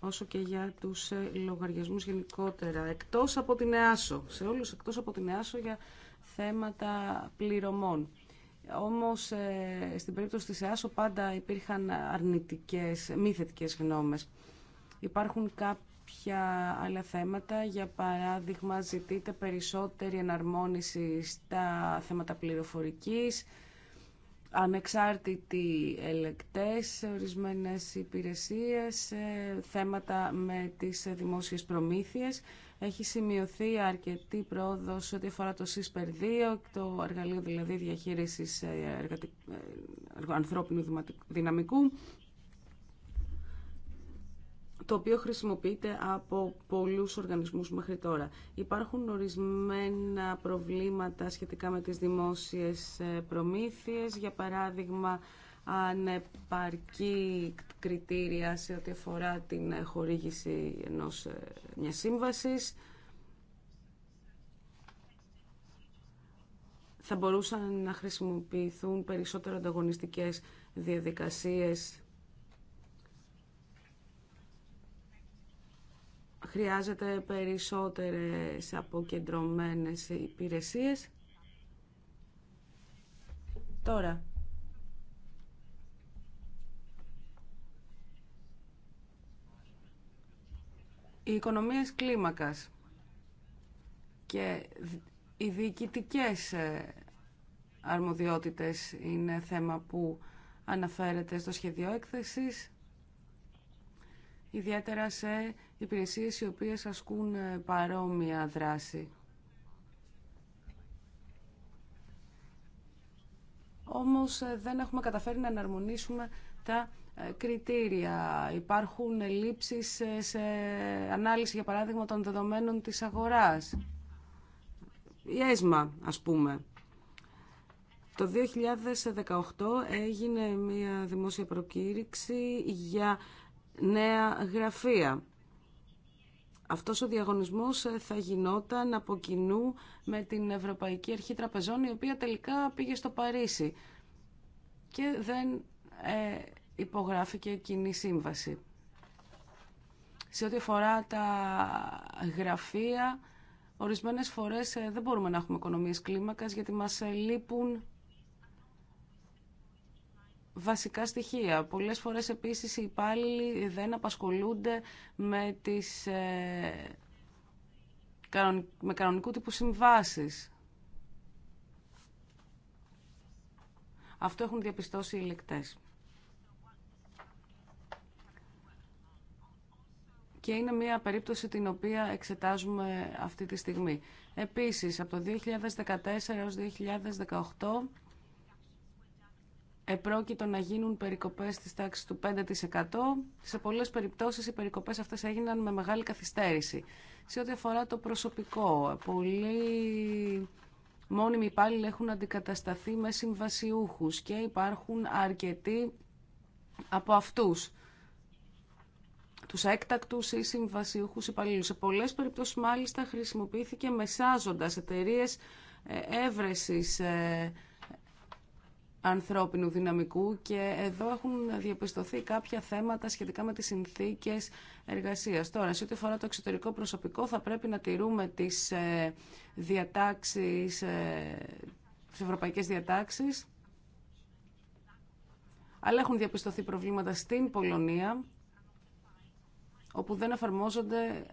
όσο και για τους ε, λογαριασμούς γενικότερα, εκτός από την ΕΑΣΟ, σε όλους εκτός από την ΕΑΣΟ για θέματα πληρωμών. Όμως ε, στην περίπτωση της ΕΑΣΟ πάντα υπήρχαν αρνητικές, μη θετικές γνώμες. Υπάρχουν κάποια άλλα θέματα, για παράδειγμα ζητείται περισσότερη εναρμόνιση στα θέματα πληροφορικής, ανεξάρτητοι ελεκτές σε ορισμένες υπηρεσίες, θέματα με τις δημόσιες προμήθειες. Έχει σημειωθεί αρκετή πρόοδος ό,τι αφορά το ΣΥΣΠΕΡ 2, το εργαλείο δηλαδή διαχείρισης ε, ε, ανθρώπινου δυναμικού το οποίο χρησιμοποιείται από πολλούς οργανισμούς μέχρι τώρα. Υπάρχουν ορισμένα προβλήματα σχετικά με τις δημόσιες ε, προμήθειες, για παράδειγμα ανεπαρκή κριτήρια σε ό,τι αφορά την ε, χορήγηση ενός, ε, μιας σύμβασης. Θα μπορούσαν να χρησιμοποιηθούν περισσότερο ανταγωνιστικές διαδικασίες Χρειάζεται περισσότερες αποκεντρωμένες υπηρεσίες. Τώρα, οι οικονομίες κλίμακας και οι διοικητικές ε, αρμοδιότητες είναι θέμα που αναφέρεται στο σχέδιο έκθεσης ιδιαίτερα σε υπηρεσίες οι οποίες ασκούν ε, παρόμοια δράση. Όμως ε, δεν έχουμε καταφέρει να αναρμονίσουμε τα ε, κριτήρια. Υπάρχουν λήψεις σε ανάλυση, για παράδειγμα, των δεδομένων της αγοράς. Η ΕΣΜΑ, ας πούμε. Το 2018 έγινε μια δημόσια προκήρυξη για νέα γραφεία. Αυτός ο διαγωνισμός ε, θα γινόταν από κοινού με την Ευρωπαϊκή Αρχή Τραπεζών, η οποία τελικά πήγε στο Παρίσι και δεν ε, υπογράφηκε κοινή σύμβαση. Σε ό,τι αφορά τα γραφεία, ορισμένες φορές ε, δεν μπορούμε να έχουμε οικονομίες κλίμακας γιατί μας ε, λείπουν βασικά στοιχεία. Πολλές φορές επίσης οι υπάλληλοι δεν απασχολούνται με, τις, ε, με κανονικού τύπου συμβάσεις. Αυτό έχουν διαπιστώσει οι λεκτές. και είναι μια περίπτωση την οποία εξετάζουμε αυτή τη στιγμή. Επίσης, από το 2014 έως 2018 επρόκειτο να γίνουν περικοπές στις τάξης του 5%. Σε πολλές περιπτώσεις οι περικοπές αυτές έγιναν με μεγάλη καθυστέρηση. Σε ό,τι αφορά το προσωπικό, πολλοί μόνιμοι υπάλληλοι έχουν αντικατασταθεί με συμβασιούχους και υπάρχουν αρκετοί από αυτούς τους έκτακτους ή συμβασιούχους υπαλλήλους. Σε πολλές περιπτώσεις μάλιστα χρησιμοποιήθηκε μεσάζοντα εταιρείε ε, έβρεσης ε, ανθρώπινου δυναμικού και εδώ έχουν διαπιστωθεί κάποια θέματα σχετικά με τις συνθήκες εργασίας. Τώρα, σε ό,τι αφορά το εξωτερικό προσωπικό θα πρέπει να τηρούμε τις ε, διατάξεις, ε, τις ευρωπαϊκές διατάξεις, αλλά έχουν διαπιστωθεί προβλήματα στην Πολωνία, όπου δεν εφαρμόζονται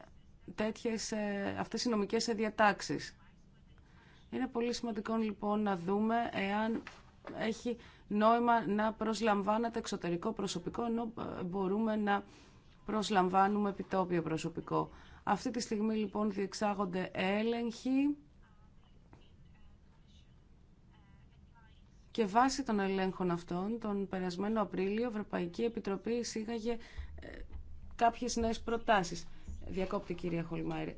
τέτοιες, ε, αυτές οι νομικές διατάξεις. Είναι πολύ σημαντικό λοιπόν να δούμε εάν έχει νόημα να προσλαμβάνεται εξωτερικό προσωπικό, ενώ ε, μπορούμε να προσλαμβάνουμε επιτόπιο προσωπικό. Αυτή τη στιγμή λοιπόν διεξάγονται έλεγχοι και βάσει των ελέγχων αυτών, τον περασμένο Απρίλιο, η Ευρωπαϊκή Επιτροπή εισήγαγε ε, κάποιες νέες προτάσεις. Διακόπτη κυρία Χολμάρη.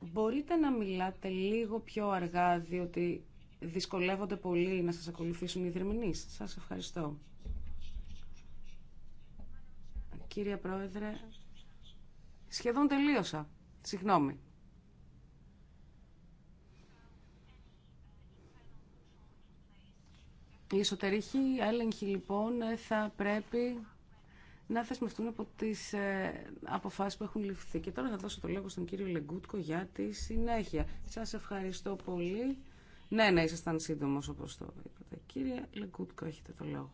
Μπορείτε να μιλάτε λίγο πιο αργά, διότι δυσκολεύονται πολύ να σας ακολουθήσουν οι δερμηνείς. Σας ευχαριστώ. Κύριε Πρόεδρε, σχεδόν τελείωσα. Συγγνώμη. Οι εσωτερικοί έλεγχοι λοιπόν θα πρέπει να θεσμευτούν από τις ε, αποφάσεις που έχουν ληφθεί. Και τώρα θα δώσω το λόγο στον κύριο Λεγκούτκο για τη συνέχεια. Σας ευχαριστώ πολύ. Ναι, ναι, ήσασταν σύντομο όπω το είπατε. Κύριε Λεγκούτκο, έχετε το λόγο.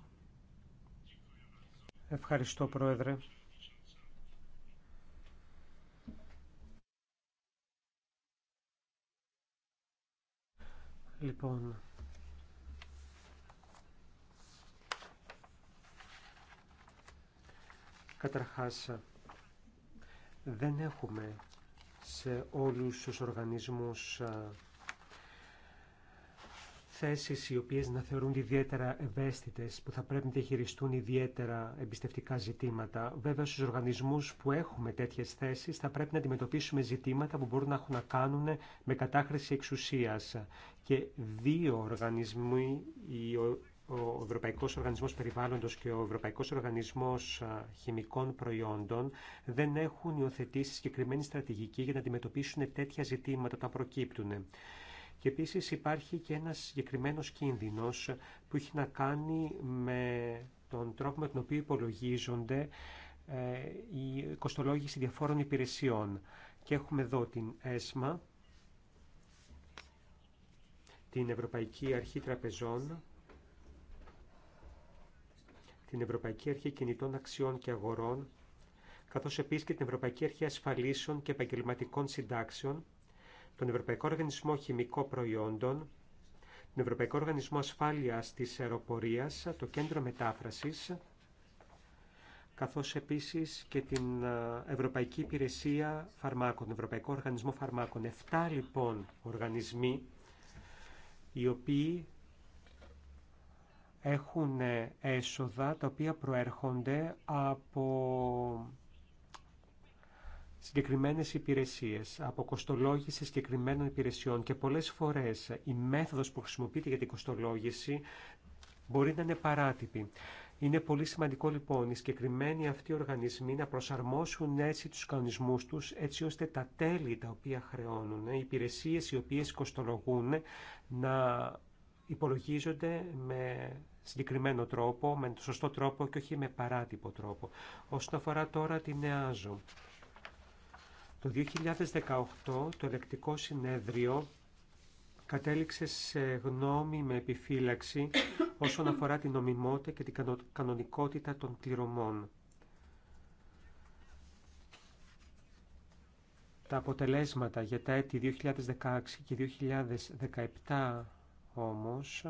Ευχαριστώ, Πρόεδρε. Λοιπόν, καταρχάς δεν έχουμε σε όλους τους οργανισμούς θέσει οι οποίε να θεωρούνται ιδιαίτερα ευαίσθητε, που θα πρέπει να διαχειριστούν ιδιαίτερα εμπιστευτικά ζητήματα. Βέβαια, στου οργανισμού που έχουμε τέτοιε θέσει, θα πρέπει να αντιμετωπίσουμε ζητήματα που μπορούν να έχουν να κάνουν με κατάχρηση εξουσία. Και δύο οργανισμοί, ο Ευρωπαϊκό Οργανισμό Περιβάλλοντο και ο Ευρωπαϊκό Οργανισμό Χημικών Προϊόντων δεν έχουν υιοθετήσει συγκεκριμένη στρατηγική για να αντιμετωπίσουν τέτοια ζητήματα που προκύπτουν. Και επίσης υπάρχει και ένας συγκεκριμένος κίνδυνος που έχει να κάνει με τον τρόπο με τον οποίο υπολογίζονται ε, η κοστολόγηση διαφόρων υπηρεσιών. Και έχουμε εδώ την ΕΣΜΑ, την Ευρωπαϊκή Αρχή Τραπεζών, την Ευρωπαϊκή Αρχή Κινητών Αξιών και Αγορών, καθώς επίσης και την Ευρωπαϊκή Αρχή Ασφαλίσεων και Επαγγελματικών Συντάξεων, τον Ευρωπαϊκό Οργανισμό Χημικών Προϊόντων, τον Ευρωπαϊκό Οργανισμό Ασφάλειας της Αεροπορίας, το Κέντρο Μετάφρασης, καθώς επίσης και την ε, Ευρωπαϊκή Υπηρεσία Φαρμάκων, τον Ευρωπαϊκό Οργανισμό Φαρμάκων. Εφτά λοιπόν οργανισμοί, οι οποίοι έχουν ε, έσοδα τα οποία προέρχονται από συγκεκριμένες υπηρεσίες, από κοστολόγηση συγκεκριμένων υπηρεσιών και πολλές φορές η μέθοδος που χρησιμοποιείται για την κοστολόγηση μπορεί να είναι παράτυπη. Είναι πολύ σημαντικό λοιπόν οι συγκεκριμένοι αυτοί οι οργανισμοί να προσαρμόσουν έτσι τους κανονισμούς τους έτσι ώστε τα τέλη τα οποία χρεώνουν, οι υπηρεσίες οι οποίες κοστολογούν να υπολογίζονται με συγκεκριμένο τρόπο, με τον σωστό τρόπο και όχι με παράτυπο τρόπο. Όσον αφορά τώρα την ΕΑΖΟ, το 2018 το ελεκτικό συνέδριο κατέληξε σε γνώμη με επιφύλαξη όσον αφορά την νομιμότητα και την κανονικότητα των πληρωμών. Τα αποτελέσματα για τα έτη 2016 και 2017 όμως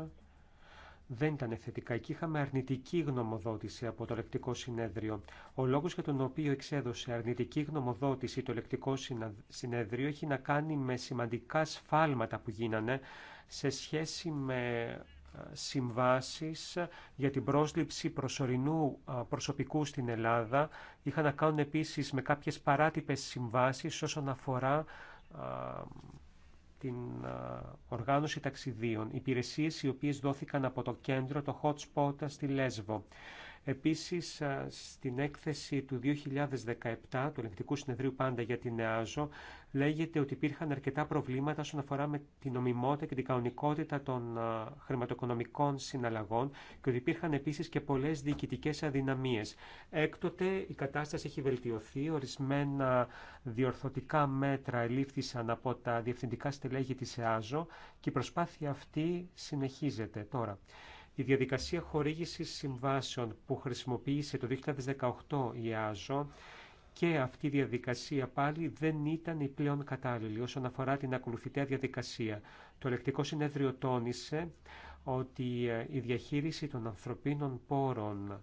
δεν ήταν θετικά και είχαμε αρνητική γνωμοδότηση από το λεκτικό συνέδριο. Ο λόγος για τον οποίο εξέδωσε αρνητική γνωμοδότηση το λεκτικό συνέδριο έχει να κάνει με σημαντικά σφάλματα που γίνανε σε σχέση με ε, συμβάσεις για την πρόσληψη προσωρινού ε, προσωπικού στην Ελλάδα. Είχαν να κάνουν επίσης με κάποιες παράτυπες συμβάσεις όσον αφορά ε, την ε, οργάνωση ταξιδίων, υπηρεσίες οι οποίες δόθηκαν από το κέντρο, το hotspot στη Λέσβο. Επίσης, στην έκθεση του 2017, του Ελεκτικού Συνεδρίου πάντα για την ΕΑΖΟ, λέγεται ότι υπήρχαν αρκετά προβλήματα όσον αφορά με την νομιμότητα και την κανονικότητα των χρηματοοικονομικών συναλλαγών και ότι υπήρχαν επίσης και πολλές διοικητικές αδυναμίες. Έκτοτε η κατάσταση έχει βελτιωθεί, ορισμένα διορθωτικά μέτρα ελήφθησαν από τα διευθυντικά στελέχη της ΕΑΖΟ και η προσπάθεια αυτή συνεχίζεται τώρα. Η διαδικασία χορήγησης συμβάσεων που χρησιμοποίησε το 2018 η ΑΖΟ και αυτή η διαδικασία πάλι δεν ήταν η πλέον κατάλληλη όσον αφορά την ακολουθητέα διαδικασία. Το ελεκτικό συνέδριο τόνισε ότι ε, η διαχείριση των ανθρωπίνων πόρων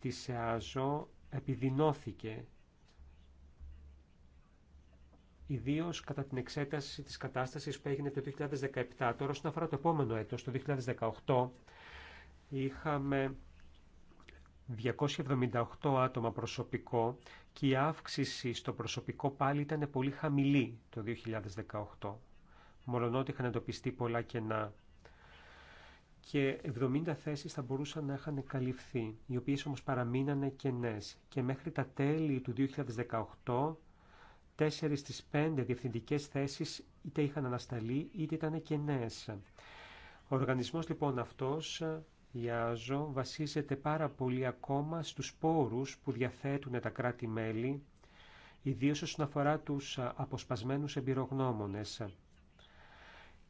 της ΕΑΖΟ επιδεινώθηκε ιδίω κατά την εξέταση της κατάστασης που έγινε το 2017. Τώρα, όσον αφορά το επόμενο έτος, το 2018, είχαμε 278 άτομα προσωπικό και η αύξηση στο προσωπικό πάλι ήταν πολύ χαμηλή το 2018, μολονότι είχαν εντοπιστεί πολλά κενά και 70 θέσεις θα μπορούσαν να είχαν καλυφθεί, οι οποίες όμως παραμείνανε κενές. Και μέχρι τα τέλη του 2018, 4 στις 5 διευθυντικές θέσεις είτε είχαν ανασταλεί είτε ήταν κενές. Ο οργανισμός λοιπόν αυτός βασίζεται πάρα πολύ ακόμα στους πόρους που διαθέτουν τα κράτη-μέλη, ιδίως όσον αφορά τους αποσπασμένους εμπειρογνώμονες.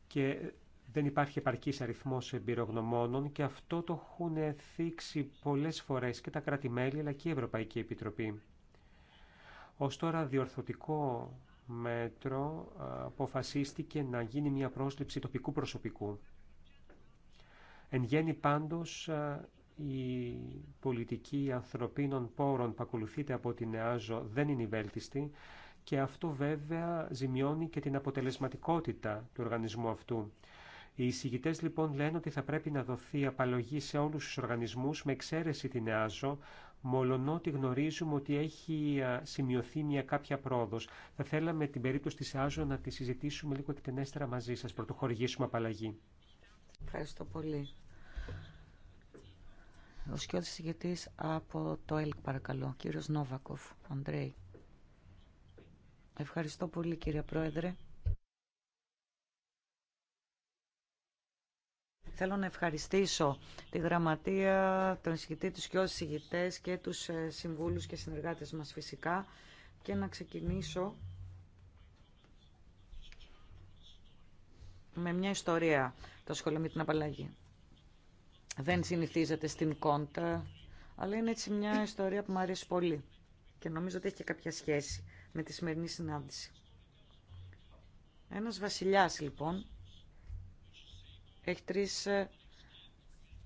Και δεν υπάρχει επαρκής αριθμός εμπειρογνωμόνων και αυτό το έχουν θίξει πολλές φορές και τα κράτη-μέλη αλλά και η Ευρωπαϊκή Επιτροπή. Ως τώρα διορθωτικό μέτρο αποφασίστηκε να γίνει μια πρόσληψη τοπικού προσωπικού. Εν γέννη πάντως ε, η πολιτική ανθρωπίνων πόρων που ακολουθείται από την ΕΑΖΟ δεν είναι βέλτιστη και αυτό βέβαια ζημιώνει και την αποτελεσματικότητα του οργανισμού αυτού. Οι εισηγητέ λοιπόν λένε ότι θα πρέπει να δοθεί απαλλογή σε όλου του οργανισμού με εξαίρεση την ΕΑΖΟ, μολονότι γνωρίζουμε ότι έχει ε, σημειωθεί μια κάποια πρόοδο. Θα θέλαμε την περίπτωση τη ΕΑΖΟ να τη συζητήσουμε λίγο εκτενέστερα μαζί σα, πρωτοχωρηγήσουμε απαλλαγή. Ευχαριστώ πολύ. Ο σκιώτης συγκεκριτής από το ΕΛΚ παρακαλώ, κύριος Νόβακοφ, Αντρέη. Ευχαριστώ πολύ κύριε Πρόεδρε. Θέλω να ευχαριστήσω τη Γραμματεία, τον τους και όσους και τους ε, συμβούλους και συνεργάτες μας φυσικά και να ξεκινήσω με μια ιστορία το σχολείο με την απαλλαγή. Δεν συνηθίζεται στην κόντα, αλλά είναι έτσι μια ιστορία που μου αρέσει πολύ και νομίζω ότι έχει και κάποια σχέση με τη σημερινή συνάντηση. Ένας βασιλιάς λοιπόν έχει τρεις ε,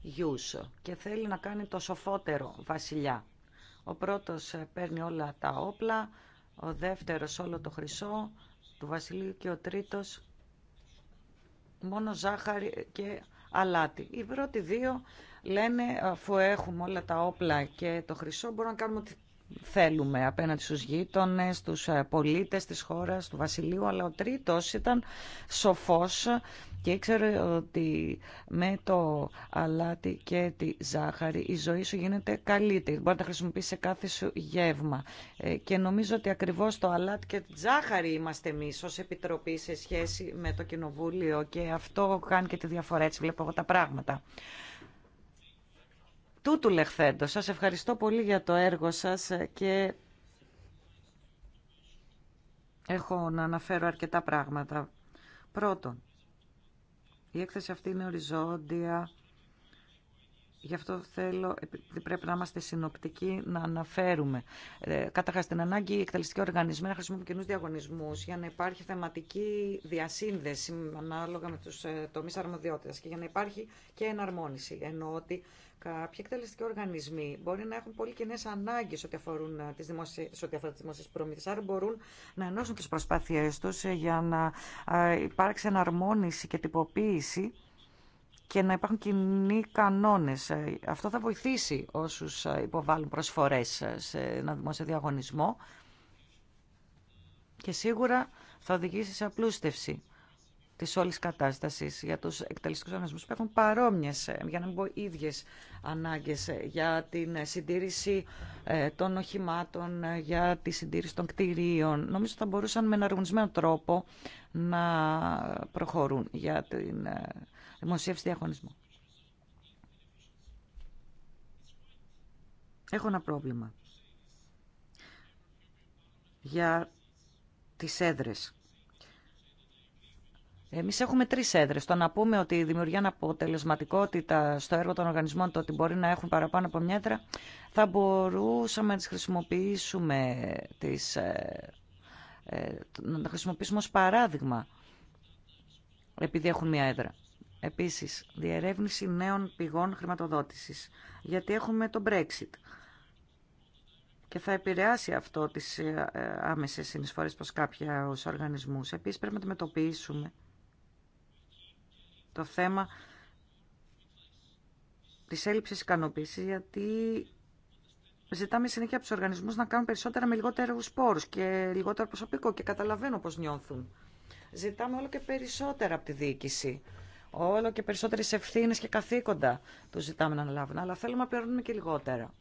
γιους και θέλει να κάνει το σοφότερο βασιλιά. Ο πρώτος ε, παίρνει όλα τα όπλα, ο δεύτερος όλο το χρυσό του βασιλείου και ο τρίτος μόνο ζάχαρη και αλάτι. Οι πρώτοι δύο λένε αφού έχουμε όλα τα όπλα και το χρυσό μπορούμε να κάνουμε ό,τι θέλουμε απέναντι στους γείτονες, στους ε, πολίτες της χώρας, του βασιλείου, αλλά ο τρίτος ήταν σοφός και ήξερε ότι με το αλάτι και τη ζάχαρη η ζωή σου γίνεται καλύτερη. Μπορεί να τα χρησιμοποιήσει κάθε σου γεύμα. Ε, και νομίζω ότι ακριβώς το αλάτι και τη ζάχαρη είμαστε εμεί ω Επιτροπή σε σχέση με το Κοινοβούλιο και αυτό κάνει και τη διαφορά. Έτσι βλέπω εγώ τα πράγματα. Τούτου λεχθέντος, σας ευχαριστώ πολύ για το έργο σας και έχω να αναφέρω αρκετά πράγματα. Πρώτον, η έκθεση αυτή είναι οριζόντια Γι' αυτό θέλω, επειδή πρέπει να είμαστε συνοπτικοί, να αναφέρουμε. Ε, Καταρχά, την ανάγκη οι εκτελεστικοί οργανισμοί να χρησιμοποιούν καινού διαγωνισμού για να υπάρχει θεματική διασύνδεση ανάλογα με του ε, τομεί αρμοδιότητα και για να υπάρχει και εναρμόνιση. Ενώ ότι κάποιοι εκτελεστικοί οργανισμοί μπορεί να έχουν πολύ κοινέ ανάγκε ό,τι αφορούν ε, τι δημόσιε προμήθειε. Άρα μπορούν να ενώσουν τι προσπάθειέ του ε, για να ε, υπάρξει εναρμόνιση και τυποποίηση και να υπάρχουν κοινοί κανόνε. Ε, αυτό θα βοηθήσει όσους ε, υποβάλλουν προσφορές ε, σε ένα δημόσιο διαγωνισμό και σίγουρα θα οδηγήσει σε απλούστευση τη όλη κατάσταση για του εκτελεστικού οργανισμού που έχουν παρόμοιε, για να μην πω ίδιε ανάγκε, για την συντήρηση ε, των οχημάτων, για τη συντήρηση των κτηρίων. Νομίζω θα μπορούσαν με εναρμονισμένο τρόπο να προχωρούν για την ε, δημοσίευση διαγωνισμού. Έχω ένα πρόβλημα για τις έδρες. Εμεί έχουμε τρει έδρε. Το να πούμε ότι δημιουργεί δημιουργία αποτελεσματικότητα στο έργο των οργανισμών, το ότι μπορεί να έχουν παραπάνω από μια έδρα, θα μπορούσαμε να τι χρησιμοποιήσουμε, τις, ε, ε, να τα χρησιμοποιήσουμε ως παράδειγμα, επειδή έχουν μια έδρα. Επίση, διερεύνηση νέων πηγών χρηματοδότηση. γιατί έχουμε το Brexit. Και θα επηρεάσει αυτό τις ε, άμεσες συνεισφορές προς κάποιους οργανισμούς. Επίσης, πρέπει να αντιμετωπίσουμε το θέμα της έλλειψης ικανοποίησης, γιατί ζητάμε συνέχεια από του οργανισμούς να κάνουν περισσότερα με λιγότερους σπόρους και λιγότερο προσωπικό και καταλαβαίνω πώς νιώθουν. Ζητάμε όλο και περισσότερα από τη διοίκηση. Όλο και περισσότερες ευθύνες και καθήκοντα τους ζητάμε να αναλάβουν, αλλά θέλουμε να παίρνουμε και λιγότερα.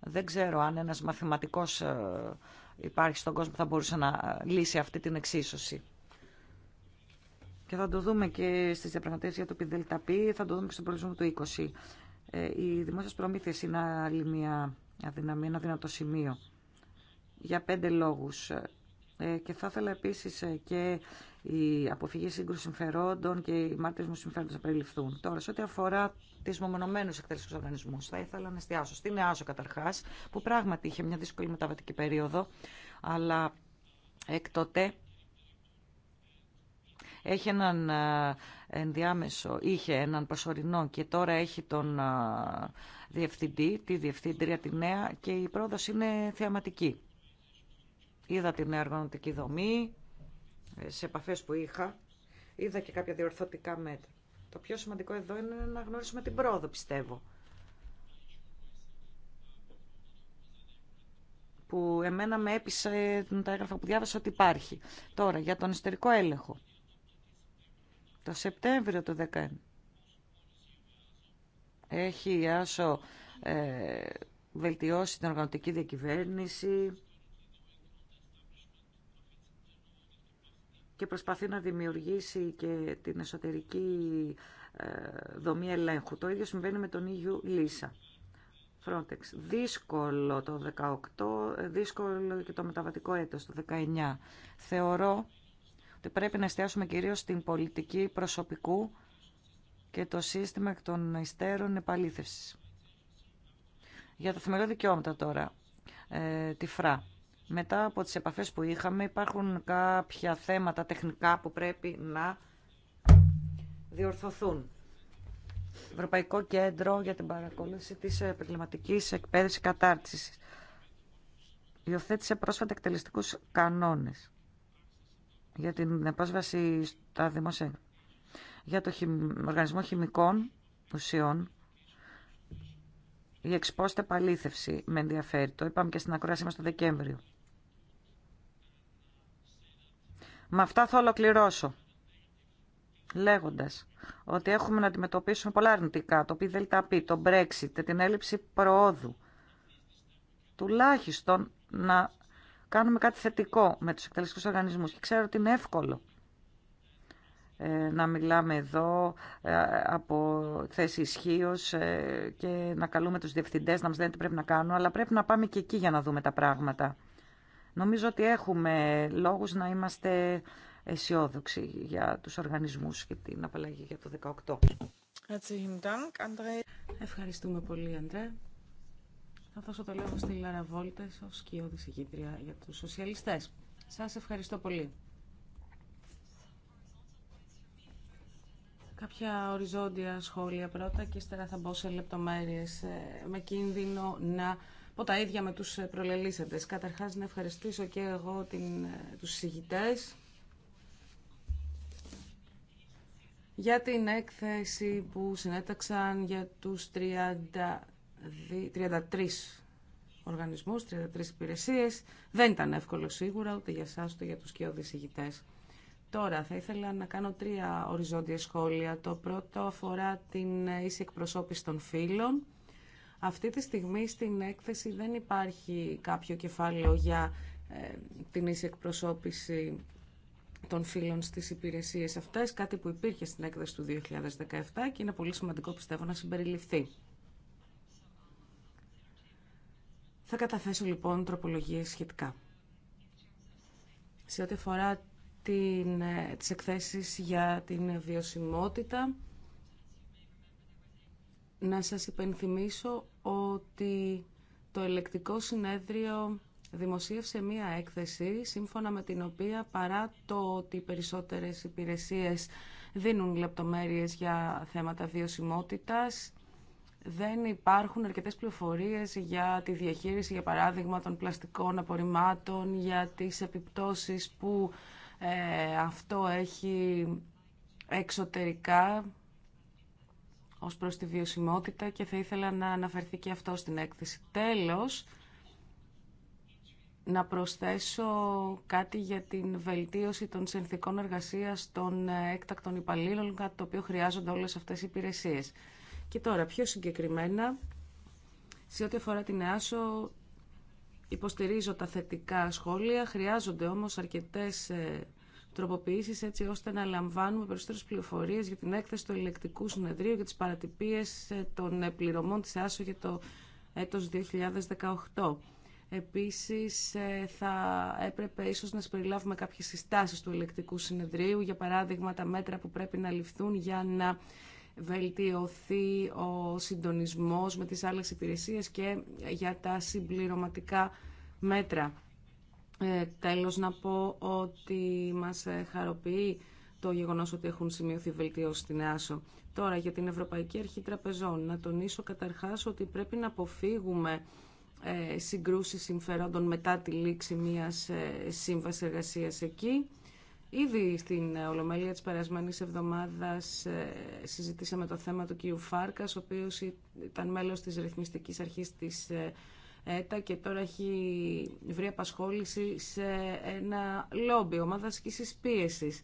Δεν ξέρω αν ένας μαθηματικός ε, υπάρχει στον κόσμο που θα μπορούσε να λύσει αυτή την εξίσωση. Και θα το δούμε και στι διαπραγματεύσει για το ΠΔΕΛΤΑΠΗ, θα το δούμε και στον προορισμό του 20. Ε, οι δημόσιε προμήθειε είναι άλλη μια αδυναμία, ένα δυνατό σημείο. Για πέντε λόγου. Ε, και θα ήθελα επίση ε, και η αποφυγή σύγκρουση συμφερόντων και οι μάρτυρε μου συμφέροντο να περιληφθούν. Τώρα, σε ό,τι αφορά τι μεμονωμένου εκτελεστικού οργανισμού, θα ήθελα να εστιάσω στην ΕΑΣΟ καταρχά, που πράγματι είχε μια δύσκολη μεταβατική περίοδο, αλλά έκτοτε έχει έναν ε, ενδιάμεσο, είχε έναν προσωρινό και τώρα έχει τον ε, διευθυντή, τη διευθύντρια τη νέα και η πρόοδος είναι θεαματική. Είδα την νέα οργανωτική δομή, ε, σε επαφές που είχα, είδα και κάποια διορθωτικά μέτρα. Το πιο σημαντικό εδώ είναι να γνωρίσουμε την πρόοδο, πιστεύω. που εμένα με έπεισε τα έγραφα που διάβασα ότι υπάρχει. Τώρα, για τον εσωτερικό έλεγχο. Το Σεπτέμβριο του 2019. έχει η Άσο ε, βελτιώσει την οργανωτική διακυβέρνηση και προσπαθεί να δημιουργήσει και την εσωτερική ε, δομή ελέγχου. Το ίδιο συμβαίνει με τον ίδιο Λίσα Frontex. Δύσκολο το 18, ε, δύσκολο και το μεταβατικό έτος το 19. Θεωρώ ότι πρέπει να εστιάσουμε κυρίως στην πολιτική προσωπικού και το σύστημα εκ των υστέρων επαλήθευσης. Για τα θεμελιώδη δικαιώματα τώρα, ε, τη ΦΡΑ. Μετά από τις επαφές που είχαμε υπάρχουν κάποια θέματα τεχνικά που πρέπει να διορθωθούν. Ευρωπαϊκό Κέντρο για την Παρακολούθηση της Επαγγελματικής Εκπαίδευσης Κατάρτισης. Υιοθέτησε πρόσφατα εκτελεστικούς κανόνες για την πρόσβαση στα δημόσια για το Οργανισμό Χημικών Ουσιών η εξπόστα παλήθευση με ενδιαφέρει. Το είπαμε και στην ακρόασή μας το Δεκέμβριο. Με αυτά θα ολοκληρώσω λέγοντας ότι έχουμε να αντιμετωπίσουμε πολλά αρνητικά, το πει το Brexit, την έλλειψη προόδου, τουλάχιστον να κάνουμε κάτι θετικό με τους εκτελεστικούς οργανισμούς. Και ξέρω ότι είναι εύκολο ε, να μιλάμε εδώ ε, από θέση ισχύω ε, και να καλούμε τους διευθυντές να μας λένε τι πρέπει να κάνουμε, αλλά πρέπει να πάμε και εκεί για να δούμε τα πράγματα. Νομίζω ότι έχουμε λόγους να είμαστε αισιόδοξοι για τους οργανισμούς και την απαλλαγή για το 2018. Ευχαριστούμε πολύ, Αντρέα. Θα δώσω το λόγο στη Λάρα Βόλτες ω σκιώδη συγκήτρια για τους σοσιαλιστές. Σας ευχαριστώ πολύ. Κάποια οριζόντια σχόλια πρώτα και ύστερα θα μπω σε λεπτομέρειες ε, με κίνδυνο να πω τα ίδια με τους ε, προλελήσαντε. Καταρχάς να ευχαριστήσω και εγώ του ε, τους για την έκθεση που συνέταξαν για τους 30 33 οργανισμούς, 33 υπηρεσίες. Δεν ήταν εύκολο σίγουρα ούτε για εσάς ούτε για τους και οδησηγητές. Τώρα θα ήθελα να κάνω τρία οριζόντια σχόλια. Το πρώτο αφορά την ίση εκπροσώπηση των φύλων. Αυτή τη στιγμή στην έκθεση δεν υπάρχει κάποιο κεφάλαιο για ε, την ίση εκπροσώπηση των φύλων στις υπηρεσίες αυτές, κάτι που υπήρχε στην έκθεση του 2017 και είναι πολύ σημαντικό πιστεύω να συμπεριληφθεί. Θα καταθέσω λοιπόν τροπολογίες σχετικά. Σε ό,τι αφορά την, ε, τις εκθέσεις για την βιωσιμότητα, να σας υπενθυμίσω ότι το ελεκτικό συνέδριο δημοσίευσε μία έκθεση σύμφωνα με την οποία παρά το ότι οι περισσότερες υπηρεσίες δίνουν λεπτομέρειες για θέματα βιωσιμότητας, δεν υπάρχουν αρκετές πληροφορίες για τη διαχείριση, για παράδειγμα, των πλαστικών απορριμμάτων, για τις επιπτώσεις που ε, αυτό έχει εξωτερικά ως προς τη βιωσιμότητα και θα ήθελα να αναφερθεί και αυτό στην έκθεση. Τέλος, να προσθέσω κάτι για την βελτίωση των συνθήκων εργασίας των ε, έκτακτων υπαλλήλων, κάτι το οποίο χρειάζονται όλες αυτές οι υπηρεσίες. Και τώρα, πιο συγκεκριμένα, σε ό,τι αφορά την ΕΑΣΟ, υποστηρίζω τα θετικά σχόλια, χρειάζονται όμως αρκετές ε, τροποποιήσεις έτσι ώστε να λαμβάνουμε περισσότερες πληροφορίες για την έκθεση του ελεκτικού συνεδρίου και τις παρατυπίες ε, των ε, πληρωμών της ΕΑΣΟ για το έτος 2018. Επίσης, θα έπρεπε ίσως να συμπεριλάβουμε κάποιες συστάσεις του ελεκτικού συνεδρίου, για παράδειγμα τα μέτρα που πρέπει να ληφθούν για να βελτιωθεί ο συντονισμός με τις άλλες υπηρεσίες και για τα συμπληρωματικά μέτρα. Ε, τέλος να πω ότι μας χαροποιεί το γεγονός ότι έχουν σημειωθεί βελτιώσεις στην ΕΑΣΟ. Τώρα για την Ευρωπαϊκή Αρχή Τραπεζών. Να τονίσω καταρχάς ότι πρέπει να αποφύγουμε ε, συγκρούσεις συμφερόντων μετά τη λήξη μιας ε, σύμβασης εργασίας εκεί. Ήδη στην Ολομέλεια της περασμένης εβδομάδας ε, συζητήσαμε το θέμα του κύριου Φάρκας, ο οποίος ήταν μέλος της ρυθμιστικής αρχής της ε, ΕΤΑ και τώρα έχει βρει απασχόληση σε ένα λόμπι, ομάδα ασκήσης πίεσης.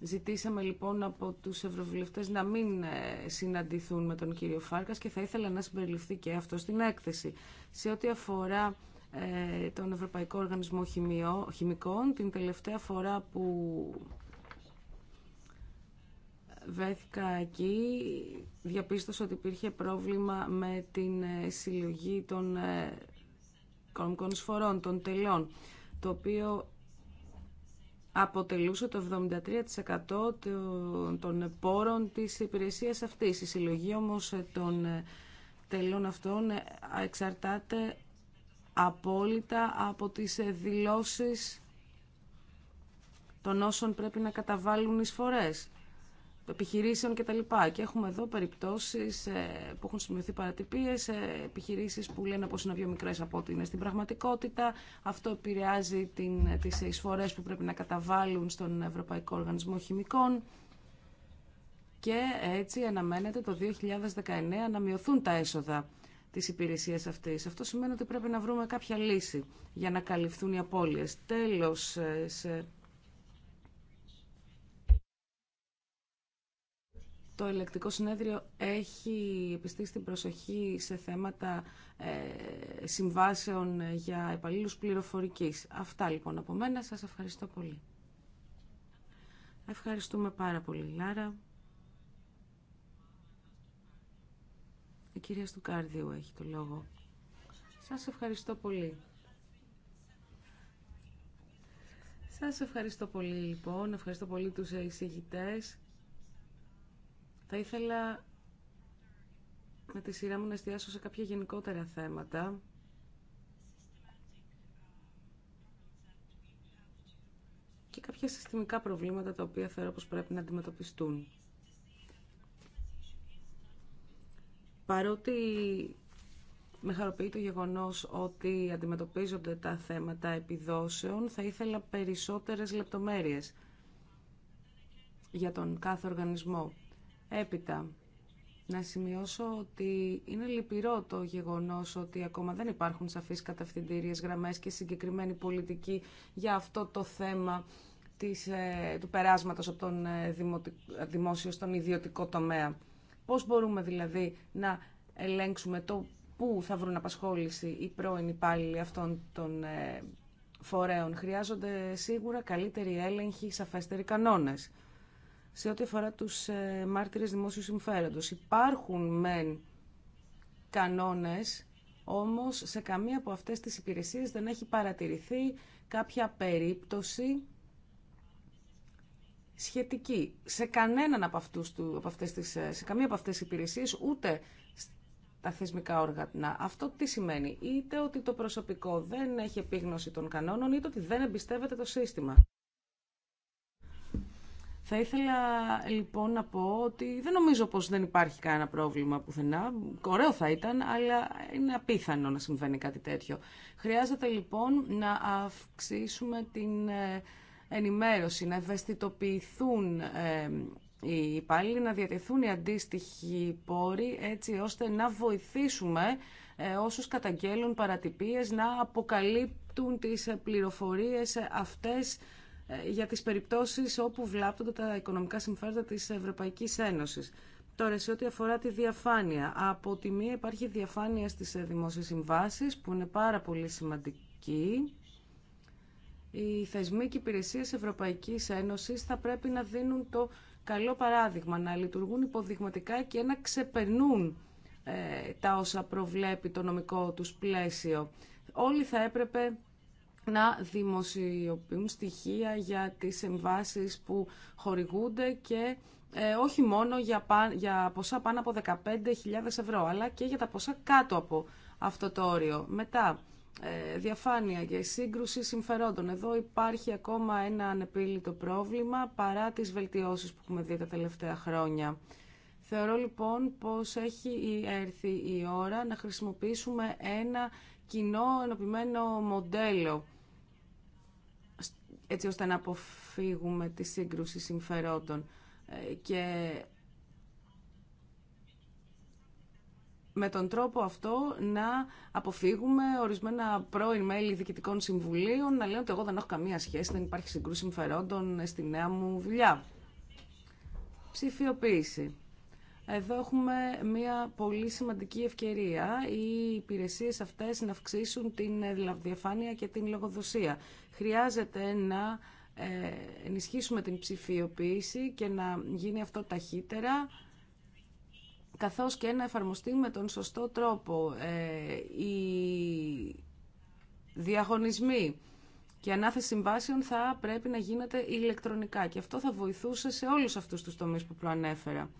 Ζητήσαμε λοιπόν από τους ευρωβουλευτές να μην ε, συναντηθούν με τον κύριο Φάρκας και θα ήθελα να συμπεριληφθεί και αυτό στην έκθεση. Σε ό,τι αφορά ε, τον Ευρωπαϊκό Οργανισμό Χημικών. Την τελευταία φορά που βρέθηκα εκεί διαπίστωσα ότι υπήρχε πρόβλημα με την ε, συλλογή των ε, οικονομικών εισφορών, των τελών, το οποίο αποτελούσε το 73% των πόρων της υπηρεσίας αυτής. Η συλλογή όμως των τελών αυτών εξαρτάται απόλυτα από τις ε, δηλώσεις των όσων πρέπει να καταβάλουν εισφορές, επιχειρήσεων κτλ. Και έχουμε εδώ περιπτώσεις ε, που έχουν σημειωθεί παρατυπίες, ε, επιχειρήσεις που λένε πως είναι πιο μικρές από ό,τι είναι στην πραγματικότητα. Αυτό επηρεάζει την, τις εισφορές που πρέπει να καταβάλουν στον Ευρωπαϊκό Οργανισμό Χημικών. Και έτσι αναμένεται το 2019 να μειωθούν τα έσοδα τις υπηρεσίες αυτές. Αυτό σημαίνει ότι πρέπει να βρούμε κάποια λύση για να καλυφθούν οι απώλειες. Τέλος, ε, σε... Το ελεκτικό συνέδριο έχει επιστήσει την προσοχή σε θέματα ε, συμβάσεων για υπαλλήλους πληροφορικής. Αυτά λοιπόν από μένα. Σας ευχαριστώ πολύ. Ευχαριστούμε πάρα πολύ, Λάρα. Η κυρία Στουκάρδιου έχει το λόγο. Σας ευχαριστώ πολύ. Σας ευχαριστώ πολύ λοιπόν, ευχαριστώ πολύ τους εισηγητές. Θα ήθελα με τη σειρά μου να εστιάσω σε κάποια γενικότερα θέματα. και κάποια συστημικά προβλήματα τα οποία θεωρώ πως πρέπει να αντιμετωπιστούν. Παρότι με χαροποιεί το γεγονός ότι αντιμετωπίζονται τα θέματα επιδόσεων, θα ήθελα περισσότερες λεπτομέρειες για τον κάθε οργανισμό. Έπειτα, να σημειώσω ότι είναι λυπηρό το γεγονός ότι ακόμα δεν υπάρχουν σαφείς κατευθυντήριες γραμμές και συγκεκριμένη πολιτική για αυτό το θέμα της, ε, του περάσματος από τον ε, δημόσιο στον ιδιωτικό τομέα. Πώς μπορούμε δηλαδή να ελέγξουμε το πού θα βρουν απασχόληση οι πρώην υπάλληλοι αυτών των ε, φορέων. Χρειάζονται σίγουρα καλύτερη έλεγχη, σαφέστεροι κανόνες. Σε ό,τι αφορά τους ε, μάρτυρες δημόσιου συμφέροντος, υπάρχουν μεν κανόνες, όμως σε καμία από αυτές τις υπηρεσίες δεν έχει παρατηρηθεί κάποια περίπτωση σχετική σε κανέναν από, αυτούς, του, από αυτές τις, ε, σε καμία από αυτές τις υπηρεσίες, ούτε τα θεσμικά όργανα. Αυτό τι σημαίνει, είτε ότι το προσωπικό δεν έχει επίγνωση των κανόνων, είτε ότι δεν εμπιστεύεται το σύστημα. Θα ήθελα λοιπόν να πω ότι δεν νομίζω πως δεν υπάρχει κανένα πρόβλημα πουθενά. Ωραίο θα ήταν, αλλά είναι απίθανο να συμβαίνει κάτι τέτοιο. Χρειάζεται λοιπόν να αυξήσουμε την ε, ενημέρωση, να ευαισθητοποιηθούν οι υπάλληλοι, να διατεθούν οι αντίστοιχοι πόροι έτσι ώστε να βοηθήσουμε ε, όσους καταγγέλουν παρατυπίες να αποκαλύπτουν τις ε, πληροφορίες ε, αυτές για τις περιπτώσεις όπου βλάπτονται τα οικονομικά συμφέροντα της Ευρωπαϊκής Ένωσης. Τώρα, σε ό,τι αφορά τη διαφάνεια, από τη μία υπάρχει διαφάνεια στις δημόσιες συμβάσεις, που είναι πάρα πολύ σημαντική, οι θεσμοί και οι υπηρεσίες Ευρωπαϊκής Ένωσης θα πρέπει να δίνουν το καλό παράδειγμα, να λειτουργούν υποδειγματικά και να ξεπερνούν ε, τα όσα προβλέπει το νομικό τους πλαίσιο. Όλοι θα έπρεπε να δημοσιοποιούν στοιχεία για τις εμβάσεις που χορηγούνται και ε, όχι μόνο για, για ποσά πάνω από 15.000 ευρώ, αλλά και για τα ποσά κάτω από αυτό το όριο. Μετά, ε, διαφάνεια για σύγκρουση συμφερόντων. Εδώ υπάρχει ακόμα ένα ανεπίλητο πρόβλημα παρά τις βελτιώσεις που έχουμε δει τα τελευταία χρόνια. Θεωρώ λοιπόν πως έχει έρθει η ώρα να χρησιμοποιήσουμε ένα κοινό ενωπημένο μοντέλο έτσι ώστε να αποφύγουμε τη σύγκρουση συμφερόντων ε, και με τον τρόπο αυτό να αποφύγουμε ορισμένα πρώην μέλη διοικητικών συμβουλίων να λένε ότι εγώ δεν έχω καμία σχέση, δεν υπάρχει συγκρούση συμφερόντων στη νέα μου δουλειά. Ψηφιοποίηση. Εδώ έχουμε μια πολύ σημαντική ευκαιρία οι υπηρεσίες αυτές να αυξήσουν την ε, διαφάνεια και την λογοδοσία. Χρειάζεται να ε, ενισχύσουμε την ψηφιοποίηση και να γίνει αυτό ταχύτερα καθώς και να εφαρμοστεί με τον σωστό τρόπο ε, οι διαγωνισμοί και η ανάθεση συμβάσεων θα πρέπει να γίνεται ηλεκτρονικά και αυτό θα βοηθούσε σε όλους αυτούς τους τομείς που προανέφερα.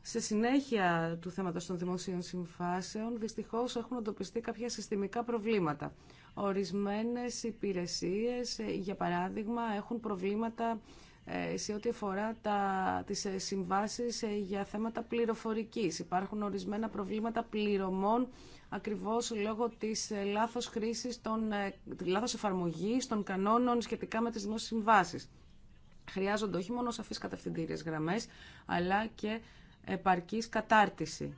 Σε συνέχεια του θέματος των δημοσίων συμβάσεων, δυστυχώς έχουν εντοπιστεί κάποια συστημικά προβλήματα. Ορισμένες υπηρεσίες, ε, για παράδειγμα, έχουν προβλήματα ε, σε ό,τι αφορά τα, τις ε, συμβάσεις ε, για θέματα πληροφορικής. Υπάρχουν ορισμένα προβλήματα πληρωμών ακριβώς λόγω της λάθος χρήσης, των, λάθος εφαρμογής των κανόνων σχετικά με τις δημόσιες συμβάσεις. Χρειάζονται όχι μόνο σαφείς κατευθυντήριες γραμμές, αλλά και επαρκής κατάρτιση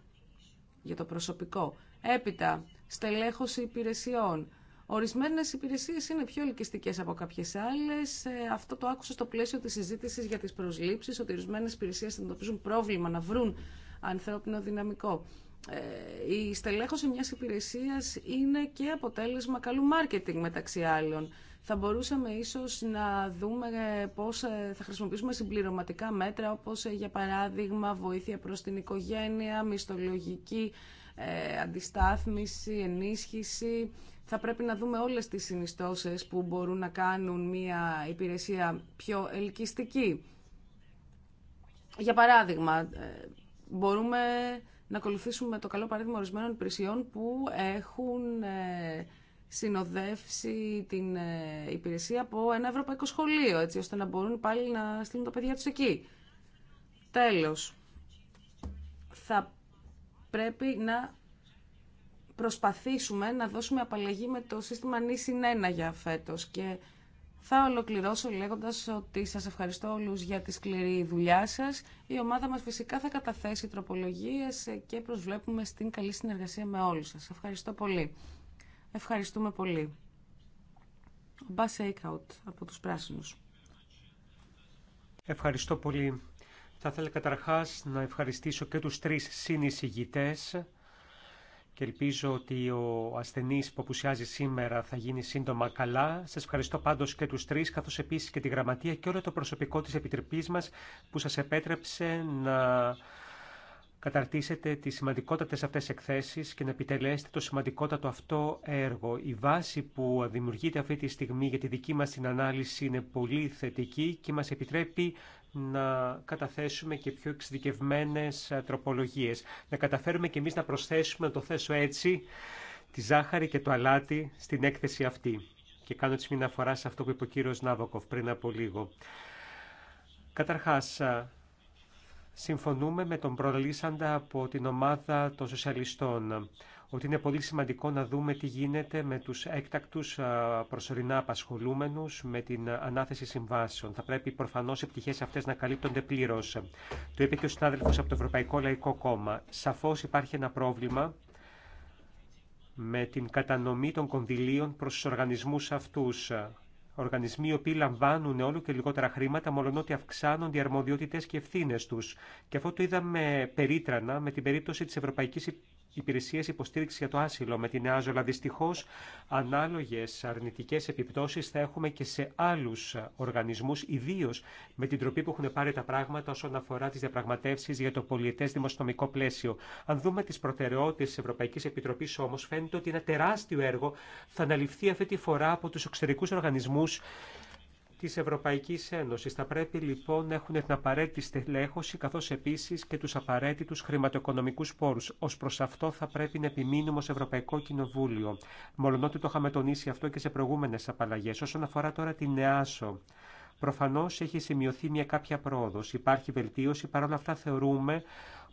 για το προσωπικό. Έπειτα, στελέχωση υπηρεσιών, Ορισμένε υπηρεσίε είναι πιο ελκυστικέ από κάποιες άλλες. Ε, αυτό το άκουσα στο πλαίσιο τη συζήτηση για τι προσλήψει, ότι ορισμένε υπηρεσίε αντιμετωπίζουν πρόβλημα να βρουν ανθρώπινο δυναμικό. Ε, η στελέχωση μια υπηρεσία είναι και αποτέλεσμα καλού μάρκετινγκ μεταξύ άλλων. Θα μπορούσαμε ίσω να δούμε ε, πώ θα χρησιμοποιήσουμε συμπληρωματικά μέτρα, όπω για παράδειγμα βοήθεια προ την οικογένεια, μισθολογική αντιστάθμιση, ενίσχυση, θα πρέπει να δούμε όλες τις συνιστώσεις που μπορούν να κάνουν μια υπηρεσία πιο ελκυστική. Για παράδειγμα, ε, μπορούμε να ακολουθήσουμε το καλό παράδειγμα ορισμένων υπηρεσιών που έχουν ε, συνοδεύσει την ε, υπηρεσία από ένα ευρωπαϊκό σχολείο, έτσι ώστε να μπορούν πάλι να στείλουν τα παιδιά τους εκεί. Τέλος, θα πρέπει να προσπαθήσουμε να δώσουμε απαλλαγή με το σύστημα νη συνένα για φέτο. και θα ολοκληρώσω λέγοντα ότι σα ευχαριστώ όλου για τη σκληρή δουλειά σα. Η ομάδα μα φυσικά θα καταθέσει τροπολογίε και προσβλέπουμε στην καλή συνεργασία με όλου σα. Ευχαριστώ πολύ. Ευχαριστούμε πολύ. base out από τους Πράσινους. Ευχαριστώ πολύ. Θα ήθελα καταρχάς να ευχαριστήσω και τους τρεις συνεισηγητές και ελπίζω ότι ο ασθενής που απουσιάζει σήμερα θα γίνει σύντομα καλά. Σας ευχαριστώ πάντω και τους τρεις, καθώς επίσης και τη Γραμματεία και όλο το προσωπικό της Επιτροπής μας που σας επέτρεψε να καταρτήσετε τις σημαντικότατες αυτές εκθέσεις και να επιτελέσετε το σημαντικότατο αυτό έργο. Η βάση που δημιουργείται αυτή τη στιγμή για τη δική μας την ανάλυση είναι πολύ θετική και μας επιτρέπει να καταθέσουμε και πιο εξειδικευμένες ε, τροπολογίε. Να καταφέρουμε και εμεί να προσθέσουμε, να το θέσω έτσι, τη ζάχαρη και το αλάτι στην έκθεση αυτή. Και κάνω τη μια αφορά σε αυτό που είπε ο κύριο Νάβοκοφ πριν από λίγο. Καταρχάς, ε, συμφωνούμε με τον προλύσαντα από την ομάδα των σοσιαλιστών ότι είναι πολύ σημαντικό να δούμε τι γίνεται με τους έκτακτους προσωρινά απασχολούμενους με την ανάθεση συμβάσεων. Θα πρέπει προφανώς οι πτυχές αυτές να καλύπτονται πλήρως. Το είπε και ο συνάδελφος από το Ευρωπαϊκό Λαϊκό Κόμμα. Σαφώς υπάρχει ένα πρόβλημα με την κατανομή των κονδυλίων προς τους οργανισμούς αυτούς. Οργανισμοί οι οποίοι λαμβάνουν όλο και λιγότερα χρήματα, μόλον ότι αυξάνονται οι αρμοδιότητε και ευθύνε του. Και αυτό το είδαμε περίτρανα με την περίπτωση τη Ευρωπαϊκή υπηρεσίες υποστήριξη για το άσυλο με την ΑΖΟ, αλλά δυστυχώς ανάλογες αρνητικές επιπτώσεις θα έχουμε και σε άλλους οργανισμούς, ιδίως με την τροπή που έχουν πάρει τα πράγματα όσον αφορά τις διαπραγματεύσει για το πολιτές δημοσιονομικό πλαίσιο. Αν δούμε τις προτεραιότητες της Ευρωπαϊκής Επιτροπής όμως, φαίνεται ότι ένα τεράστιο έργο θα αναλυφθεί αυτή τη φορά από τους εξωτερικούς οργανισμούς Τη Ευρωπαϊκής Ένωσης. Θα πρέπει λοιπόν να έχουν την απαραίτητη στελέχωση καθώς επίσης και τους απαραίτητους χρηματοοικονομικούς πόρους. Ως προς αυτό θα πρέπει να επιμείνουμε ως Ευρωπαϊκό Κοινοβούλιο. Μολονότι το είχαμε τονίσει αυτό και σε προηγούμενες απαλλαγές. Όσον αφορά τώρα την ΕΑΣΟ. Προφανώ έχει σημειωθεί μια κάποια πρόοδο. υπάρχει βελτίωση, παρόλα αυτά θεωρούμε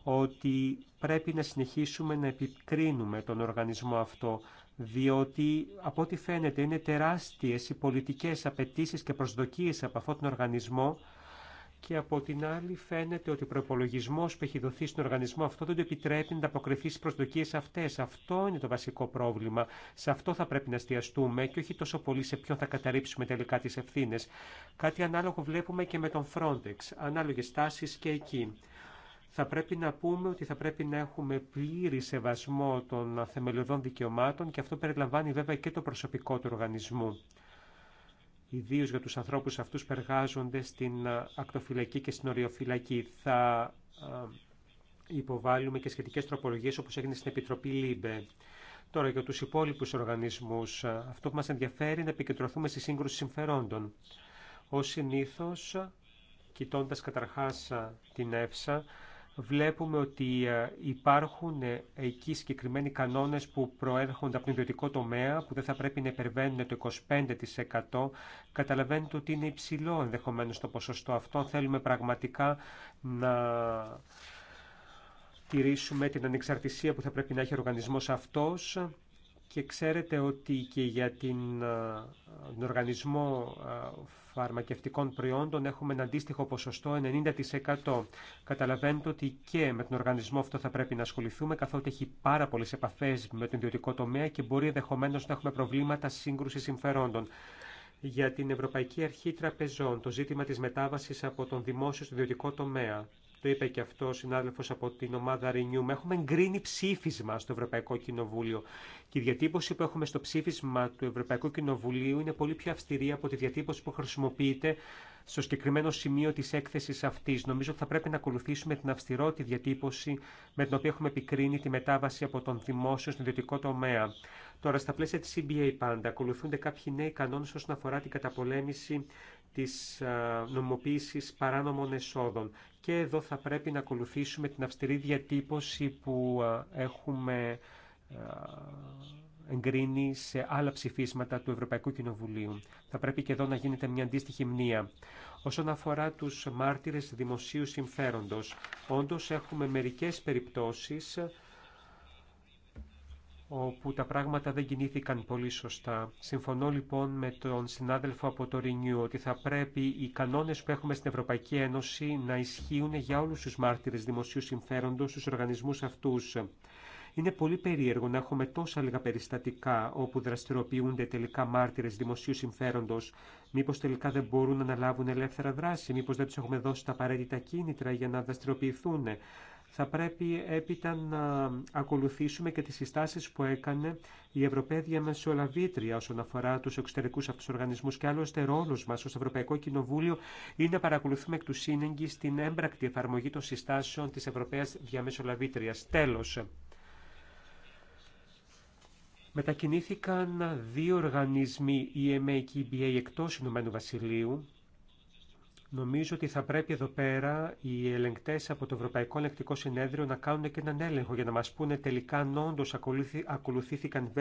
ότι πρέπει να συνεχίσουμε να επικρίνουμε τον οργανισμό αυτό διότι από ό,τι φαίνεται είναι τεράστιες οι πολιτικές απαιτήσεις και προσδοκίες από αυτόν τον οργανισμό και από την άλλη φαίνεται ότι ο προπολογισμό που έχει δοθεί στον οργανισμό αυτό δεν το επιτρέπει να αποκριθεί στι προσδοκίε αυτέ. Αυτό είναι το βασικό πρόβλημα. Σε αυτό θα πρέπει να εστιαστούμε και όχι τόσο πολύ σε ποιον θα καταρρύψουμε τελικά τι ευθύνε. Κάτι ανάλογο βλέπουμε και με τον Frontex. Ανάλογε τάσει και εκεί θα πρέπει να πούμε ότι θα πρέπει να έχουμε πλήρη σεβασμό των θεμελιωδών δικαιωμάτων και αυτό περιλαμβάνει βέβαια και το προσωπικό του οργανισμού. Ιδίω για τους ανθρώπους αυτούς που εργάζονται στην ακτοφυλακή και στην οριοφυλακή. Θα υποβάλουμε και σχετικές τροπολογίες όπως έγινε στην Επιτροπή ΛΥΜΠΕ. Τώρα για τους υπόλοιπους οργανισμούς, αυτό που μας ενδιαφέρει είναι να επικεντρωθούμε στη σύγκρουση συμφερόντων. Ως συνήθως, κοιτώντα καταρχάς την ΕΦΣΑ, βλέπουμε ότι ε, υπάρχουν ε, εκεί συγκεκριμένοι κανόνες που προέρχονται από τον ιδιωτικό τομέα, που δεν θα πρέπει να υπερβαίνουν το 25%. Καταλαβαίνετε ότι είναι υψηλό ενδεχομένω το ποσοστό αυτό. Θέλουμε πραγματικά να τηρήσουμε την ανεξαρτησία που θα πρέπει να έχει ο οργανισμός αυτός και ξέρετε ότι και για την, τον οργανισμό φαρμακευτικών προϊόντων έχουμε ένα αντίστοιχο ποσοστό 90%. Καταλαβαίνετε ότι και με τον οργανισμό αυτό θα πρέπει να ασχοληθούμε, καθότι έχει πάρα πολλέ επαφές με τον ιδιωτικό τομέα και μπορεί ενδεχομένω να έχουμε προβλήματα σύγκρουσης συμφερόντων. Για την Ευρωπαϊκή Αρχή Τραπεζών, το ζήτημα της μετάβασης από τον δημόσιο στο ιδιωτικό τομέα το είπε και αυτό ο συνάδελφο από την ομάδα Renew, έχουμε εγκρίνει ψήφισμα στο Ευρωπαϊκό Κοινοβούλιο. Και η διατύπωση που έχουμε στο ψήφισμα του Ευρωπαϊκού Κοινοβουλίου είναι πολύ πιο αυστηρή από τη διατύπωση που χρησιμοποιείται στο συγκεκριμένο σημείο τη έκθεση αυτή. Νομίζω ότι θα πρέπει να ακολουθήσουμε την αυστηρότη διατύπωση με την οποία έχουμε επικρίνει τη μετάβαση από τον δημόσιο στον ιδιωτικό τομέα. Τώρα, στα πλαίσια τη CBA πάντα, ακολουθούνται κάποιοι νέοι κανόνε όσον αφορά την καταπολέμηση τη νομοποίηση παράνομων εσόδων και εδώ θα πρέπει να ακολουθήσουμε την αυστηρή διατύπωση που έχουμε εγκρίνει σε άλλα ψηφίσματα του Ευρωπαϊκού Κοινοβουλίου. Θα πρέπει και εδώ να γίνεται μια αντίστοιχη μνήα. Όσον αφορά τους μάρτυρες δημοσίου συμφέροντος, όντως έχουμε μερικές περιπτώσεις όπου τα πράγματα δεν κινήθηκαν πολύ σωστά. Συμφωνώ λοιπόν με τον συνάδελφο από το Renew ότι θα πρέπει οι κανόνες που έχουμε στην Ευρωπαϊκή Ένωση να ισχύουν για όλους τους μάρτυρες δημοσίου συμφέροντος στους οργανισμούς αυτούς. Είναι πολύ περίεργο να έχουμε τόσα λίγα περιστατικά όπου δραστηριοποιούνται τελικά μάρτυρες δημοσίου συμφέροντος. Μήπως τελικά δεν μπορούν να αναλάβουν ελεύθερα δράση, μήπως δεν του έχουμε δώσει τα απαραίτητα κίνητρα για να δραστηριοποιηθούν θα πρέπει έπειτα να ακολουθήσουμε και τις συστάσεις που έκανε η Ευρωπαία Διαμεσολαβήτρια όσον αφορά τους εξωτερικούς αυτούς οργανισμούς και άλλωστε ρόλος μας ως Ευρωπαϊκό Κοινοβούλιο είναι να παρακολουθούμε εκ του σύνεγγυ στην έμπρακτη εφαρμογή των συστάσεων της Ευρωπαίας Διαμεσολαβήτριας. Τέλος. Μετακινήθηκαν δύο οργανισμοί, η EMA και η EBA, εκτός Ηνωμένου Βασιλείου, Νομίζω ότι θα πρέπει εδώ πέρα οι ελεγκτέ από το Ευρωπαϊκό Ελεκτικό Συνέδριο να κάνουν και έναν έλεγχο για να μα πούνε τελικά αν όντω ακολουθήθηκαν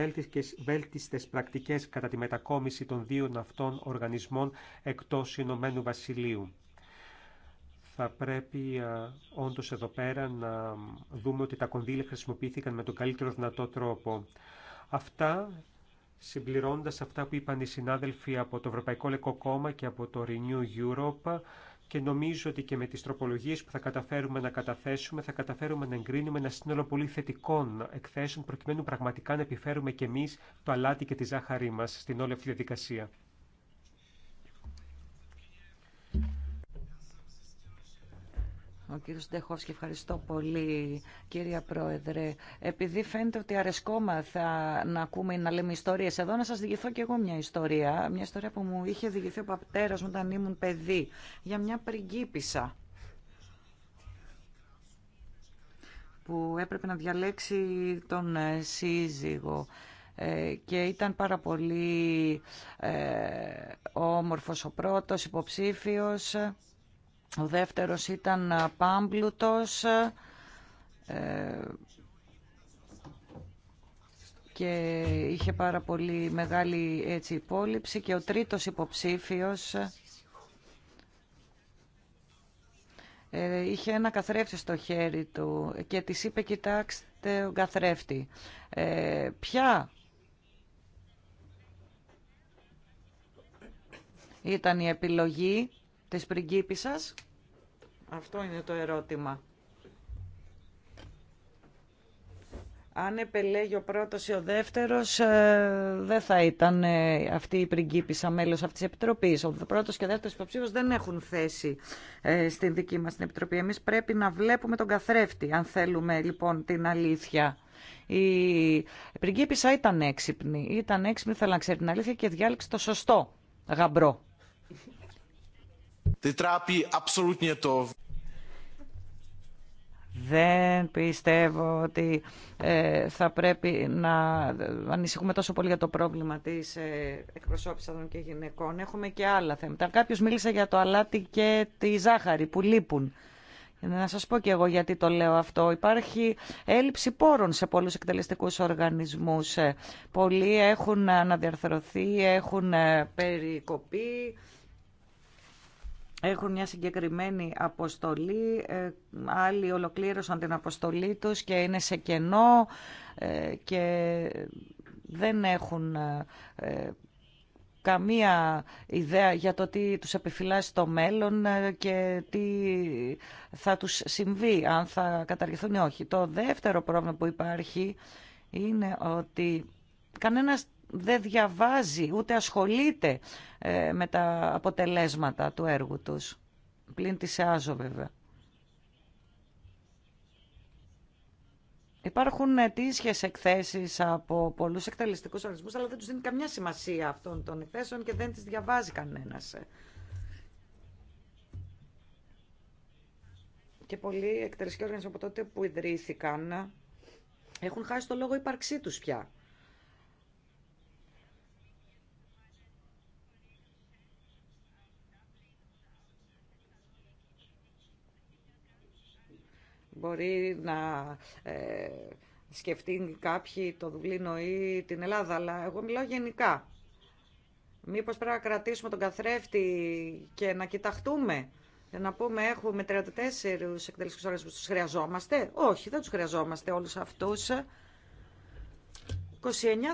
βέλτιστε πρακτικέ κατά τη μετακόμιση των δύο αυτών οργανισμών εκτό Ηνωμένου Βασιλείου. Θα πρέπει όντω εδώ πέρα να δούμε ότι τα κονδύλια χρησιμοποιήθηκαν με τον καλύτερο δυνατό τρόπο. Αυτά συμπληρώνοντας αυτά που είπαν οι συνάδελφοι από το Ευρωπαϊκό Λεκό Κόμμα και από το Renew Europe και νομίζω ότι και με τις τροπολογίες που θα καταφέρουμε να καταθέσουμε θα καταφέρουμε να εγκρίνουμε ένα σύνολο πολύ θετικών εκθέσεων προκειμένου πραγματικά να επιφέρουμε και εμείς το αλάτι και τη ζάχαρή μας στην όλη αυτή τη διαδικασία. Ο κύριο Ντεχόφσκι, ευχαριστώ πολύ κύριε Πρόεδρε. Επειδή φαίνεται ότι αρεσκόμαθα να ακούμε ή να λέμε ιστορίε, εδώ να σα διηγηθώ κι εγώ μια ιστορία. Μια ιστορία που μου είχε διηγηθεί ο πατέρα μου όταν ήμουν παιδί για μια πριγκίπισσα που έπρεπε να διαλέξει τον ε, σύζυγο ε, και ήταν πάρα πολύ ε, όμορφος ο πρώτος υποψήφιος ο δεύτερος ήταν πάμπλουτος ε, και είχε πάρα πολύ μεγάλη έτσι, υπόλοιψη. Και ο τρίτος υποψήφιος ε, είχε ένα καθρέφτη στο χέρι του και της είπε «Κοιτάξτε ο καθρέφτη». Ε, ποια ήταν η επιλογή της πριγκίπισσας. Αυτό είναι το ερώτημα. Αν επελέγει ο πρώτος ή ο δεύτερος, ε, δεν θα ήταν ε, αυτή η πριγκίπισσα μέλος αυτής της Επιτροπής. Ο πρώτος και ο δεύτερος υποψήφιος δεν έχουν θέση ε, στην δική μας την Επιτροπή. Εμείς πρέπει να βλέπουμε τον καθρέφτη, αν θέλουμε λοιπόν την αλήθεια. Η πριγκίπισσα ήταν έξυπνη. Ήταν έξυπνη, θέλω να ξέρει την αλήθεια και διάλεξε το σωστό γαμπρό τραπεί το Δεν πιστεύω ότι ε, θα πρέπει να ανησυχούμε τόσο πολύ για το πρόβλημα της ε, εκπροσώπησης των και γυναικών. Έχουμε και άλλα θέματα. Κάποιος μίλησε για το αλάτι και τη ζάχαρη που λείπουν. Να σας πω και εγώ γιατί το λέω αυτό. Υπάρχει έλλειψη πόρων σε πολλούς εκτελεστικούς οργανισμούς. Ε, πολλοί έχουν αναδιαρθρωθεί, έχουν περικοπεί έχουν μια συγκεκριμένη αποστολή, ε, άλλοι ολοκλήρωσαν την αποστολή τους και είναι σε κενό ε, και δεν έχουν ε, καμία ιδέα για το τι τους επιφυλάσσει το μέλλον και τι θα τους συμβεί, αν θα καταργηθούν ή όχι. Το δεύτερο πρόβλημα που υπάρχει είναι ότι κανένας δεν διαβάζει ούτε ασχολείται ε, με τα αποτελέσματα του έργου τους. Πλην τη ΕΑΖΟ βέβαια. Υπάρχουν αιτήσιε εκθέσει από πολλού εκτελεστικού οργανισμού, αλλά δεν του δίνει καμιά σημασία αυτών των εκθέσεων και δεν τι διαβάζει κανένα. Και πολλοί εκτελεστικοί οργανισμοί από τότε που ιδρύθηκαν έχουν χάσει το λόγο ύπαρξή του πια. Μπορεί να ε, σκεφτεί κάποιοι το Δουβλίνο ή την Ελλάδα, αλλά εγώ μιλάω γενικά. Μήπως πρέπει να κρατήσουμε τον καθρέφτη και να κοιταχτούμε να πούμε έχουμε 34 εκτελεστικούς που τους χρειαζόμαστε. Όχι, δεν τους χρειαζόμαστε όλους αυτούς. 29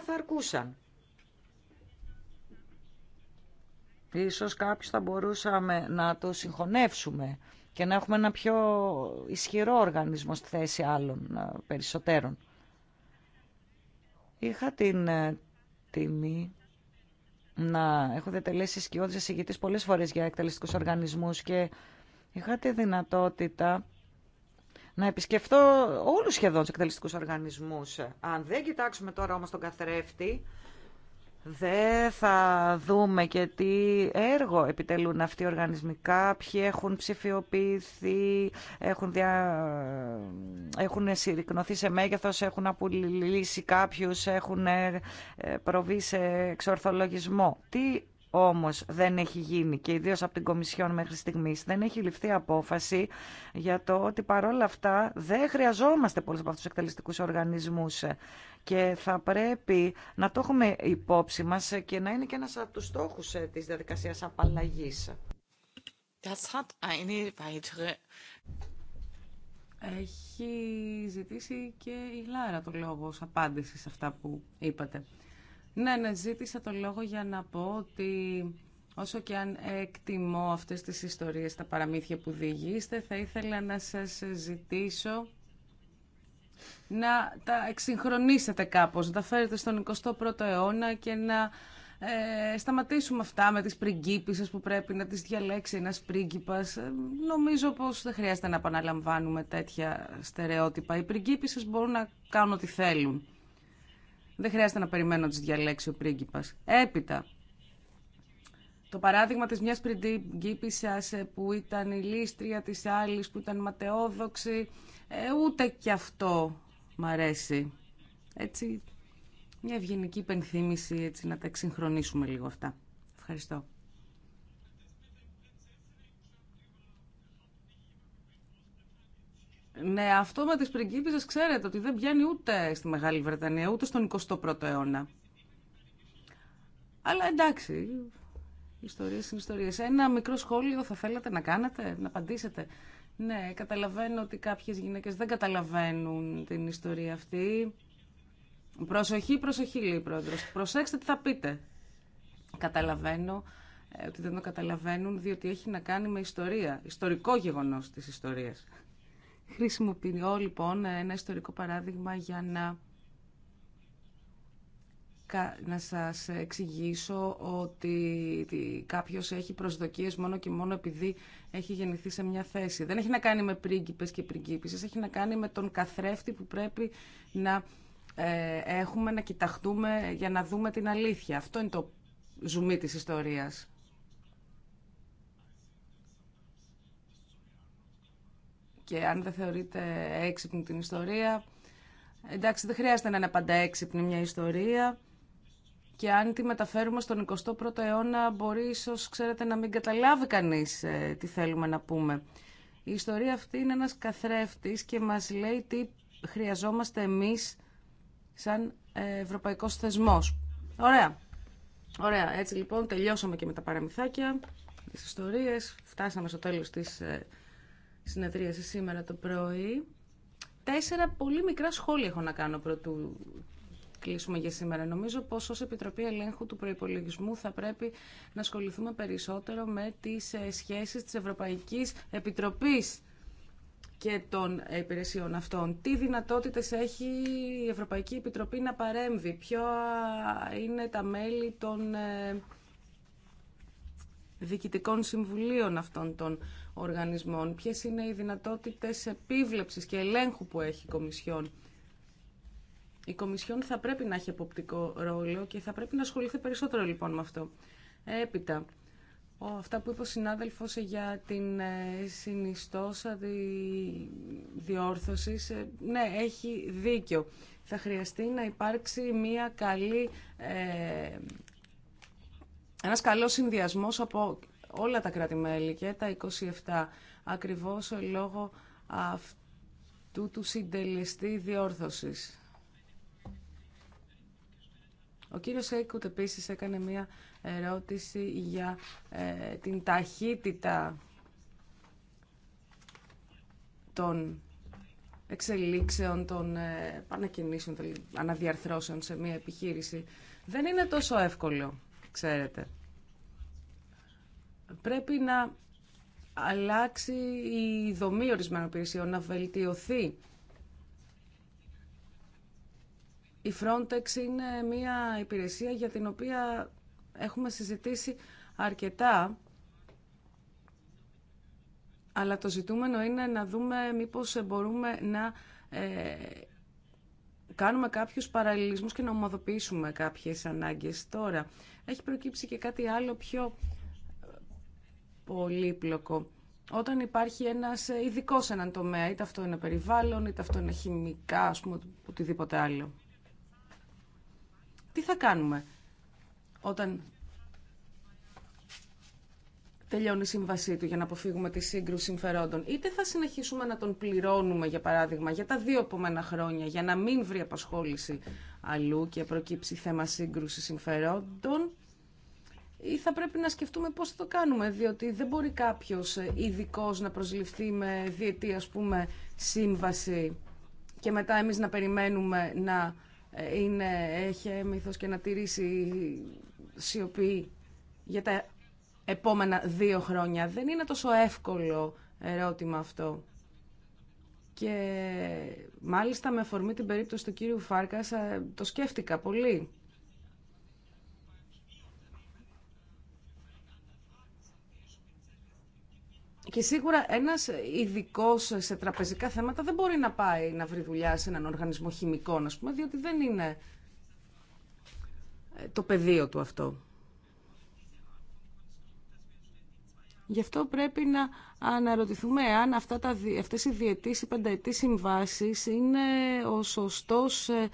θα αρκούσαν. Ίσως κάποιους θα μπορούσαμε να το συγχωνεύσουμε και να έχουμε ένα πιο ισχυρό οργανισμό στη θέση άλλων ε, περισσότερων. Είχα την ε, τιμή να έχω διατελέσει σκιώδης εισηγητής πολλές φορές για εκτελεστικούς οργανισμούς και είχα τη δυνατότητα να επισκεφτώ όλους σχεδόν τους εκτελεστικούς οργανισμούς. Αν δεν κοιτάξουμε τώρα όμως τον καθρέφτη, δεν θα δούμε και τι έργο επιτελούν αυτοί οι οργανισμικά, ποιοι έχουν ψηφιοποιηθεί, έχουν, δια... έχουν συρρυκνωθεί σε μέγεθος, έχουν απολύσει κάποιους, έχουν ε, προβεί σε εξορθολογισμό. Τι όμως δεν έχει γίνει και ιδίως από την Κομισιόν μέχρι στιγμής δεν έχει ληφθεί απόφαση για το ότι παρόλα αυτά δεν χρειαζόμαστε πολλούς από αυτούς τους εκτελεστικούς οργανισμούς και θα πρέπει να το έχουμε υπόψη μας και να είναι και ένας από τους στόχους της διαδικασίας απαλλαγής. Έχει ζητήσει και η Λάρα το λόγο ως απάντηση σε αυτά που είπατε. Ναι, ναι, ζήτησα το λόγο για να πω ότι όσο και αν εκτιμώ αυτές τις ιστορίες, τα παραμύθια που διηγείστε, θα ήθελα να σας ζητήσω να τα εξυγχρονίσετε κάπως, να τα φέρετε στον 21ο αιώνα και να ε, σταματήσουμε αυτά με τις πριγκίπισσες που πρέπει να τις διαλέξει ένας πρίγκιπας. Ε, νομίζω πως δεν χρειάζεται να επαναλαμβάνουμε τέτοια στερεότυπα. Οι πριγκίπισσες μπορούν να κάνουν ό,τι θέλουν. Δεν χρειάζεται να περιμένω τις διαλέξει ο πρίγκιπας. Έπειτα, το παράδειγμα της μιας πριγκίπισσας ε, που ήταν η λίστρια, της άλλης που ήταν ματαιόδοξη, ε, ούτε κι αυτό μ' αρέσει. Έτσι, μια ευγενική υπενθύμηση, έτσι, να τα εξυγχρονίσουμε λίγο αυτά. Ευχαριστώ. Ναι, αυτό με τις πριγκίπιζες ξέρετε ότι δεν πιάνει ούτε στη Μεγάλη Βρετανία, ούτε στον 21ο αιώνα. Αλλά εντάξει, ιστορίες είναι ιστορίες. Ένα μικρό σχόλιο θα θέλατε να κάνετε, να απαντήσετε. Ναι, καταλαβαίνω ότι κάποιες γυναίκες δεν καταλαβαίνουν την ιστορία αυτή. Προσοχή, προσοχή, λέει η πρόεδρος. Προσέξτε τι θα πείτε. Καταλαβαίνω ε, ότι δεν το καταλαβαίνουν, διότι έχει να κάνει με ιστορία, ιστορικό γεγονός της ιστορίας. Χρησιμοποιώ λοιπόν ένα ιστορικό παράδειγμα για να, να σας εξηγήσω ότι κάποιος έχει προσδοκίες μόνο και μόνο επειδή έχει γεννηθεί σε μια θέση. Δεν έχει να κάνει με πρίγκιπες και πριγκίπισες, έχει να κάνει με τον καθρέφτη που πρέπει να ε, έχουμε, να κοιταχτούμε για να δούμε την αλήθεια. Αυτό είναι το ζουμί της ιστορίας. και αν δεν θεωρείτε έξυπνη την ιστορία, εντάξει δεν χρειάζεται να είναι πάντα έξυπνη μια ιστορία και αν τη μεταφέρουμε στον 21ο αιώνα μπορεί ίσω ξέρετε, να μην καταλάβει κανείς ε, τι θέλουμε να πούμε. Η ιστορία αυτή είναι ένας καθρέφτης και μας λέει τι χρειαζόμαστε εμείς σαν ε, ευρωπαϊκός θεσμός. Ωραία. Ωραία. Έτσι λοιπόν τελειώσαμε και με τα παραμυθάκια, τις ιστορίες. Φτάσαμε στο τέλος της ε, συνεδρίαση σήμερα το πρωί. Τέσσερα πολύ μικρά σχόλια έχω να κάνω πρωτού κλείσουμε για σήμερα. Νομίζω πως ως Επιτροπή Ελέγχου του Προϋπολογισμού θα πρέπει να ασχοληθούμε περισσότερο με τις ε, σχέσεις της Ευρωπαϊκής Επιτροπής και των ε, υπηρεσιών αυτών. Τι δυνατότητες έχει η Ευρωπαϊκή Επιτροπή να παρέμβει, ποιο είναι τα μέλη των ε, διοικητικών συμβουλίων αυτών των οργανισμών, ποιες είναι οι δυνατότητες επίβλεψης και ελέγχου που έχει η Κομισιόν. Η Κομισιόν θα πρέπει να έχει εποπτικό ρόλο και θα πρέπει να ασχοληθεί περισσότερο λοιπόν με αυτό. Έπειτα, αυτά που είπε ο συνάδελφος για την ε, συνιστόσα διόρθωσης, ε, ναι, έχει δίκιο. Θα χρειαστεί να υπάρξει μια καλή, ε, ένας καλός συνδυασμός από όλα τα κράτη-μέλη και τα 27 ακριβώς λόγω αυτού του συντελεστή διόρθωσης. Ο κύριος Έικουτ επίσης έκανε μία ερώτηση για ε, την ταχύτητα των εξελίξεων, των ε, ανακοινήσεων, των αναδιαρθρώσεων σε μία επιχείρηση. Δεν είναι τόσο εύκολο, ξέρετε πρέπει να αλλάξει η δομή ορισμένων υπηρεσιών, να βελτιωθεί. Η Frontex είναι μια υπηρεσία για την οποία έχουμε συζητήσει αρκετά, αλλά το ζητούμενο είναι να δούμε μήπως μπορούμε να ε, κάνουμε κάποιους παραλληλισμούς και να ομοδοποιήσουμε κάποιες ανάγκες. Τώρα, έχει προκύψει και κάτι άλλο πιο πολύπλοκο. Όταν υπάρχει ένας ε, ειδικό σε έναν τομέα, είτε αυτό είναι περιβάλλον, είτε αυτό είναι χημικά, α πούμε, οτιδήποτε άλλο. Τι θα κάνουμε όταν τελειώνει η σύμβασή του για να αποφύγουμε τη σύγκρουση συμφερόντων. Είτε θα συνεχίσουμε να τον πληρώνουμε, για παράδειγμα, για τα δύο επόμενα χρόνια, για να μην βρει απασχόληση αλλού και προκύψει θέμα σύγκρουση συμφερόντων, ή θα πρέπει να σκεφτούμε πώς θα το κάνουμε, διότι δεν μπορεί κάποιος ε, ειδικό να προσληφθεί με διετή, ας πούμε, σύμβαση και μετά εμείς να περιμένουμε να ε, είναι, έχει έμυθος και να τηρήσει σιωπή για τα επόμενα δύο χρόνια. Δεν είναι τόσο εύκολο ερώτημα αυτό. Και μάλιστα με αφορμή την περίπτωση του κύριου Φάρκα ε, το σκέφτηκα πολύ. Και σίγουρα ένας ειδικό σε τραπεζικά θέματα δεν μπορεί να πάει να βρει δουλειά σε έναν οργανισμό χημικών, α πούμε, διότι δεν είναι ε, το πεδίο του αυτό. Γι' αυτό πρέπει να αναρωτηθούμε αν αυτά τα, αυτές οι διετής ή πενταετής συμβάσεις είναι ο σωστός ε,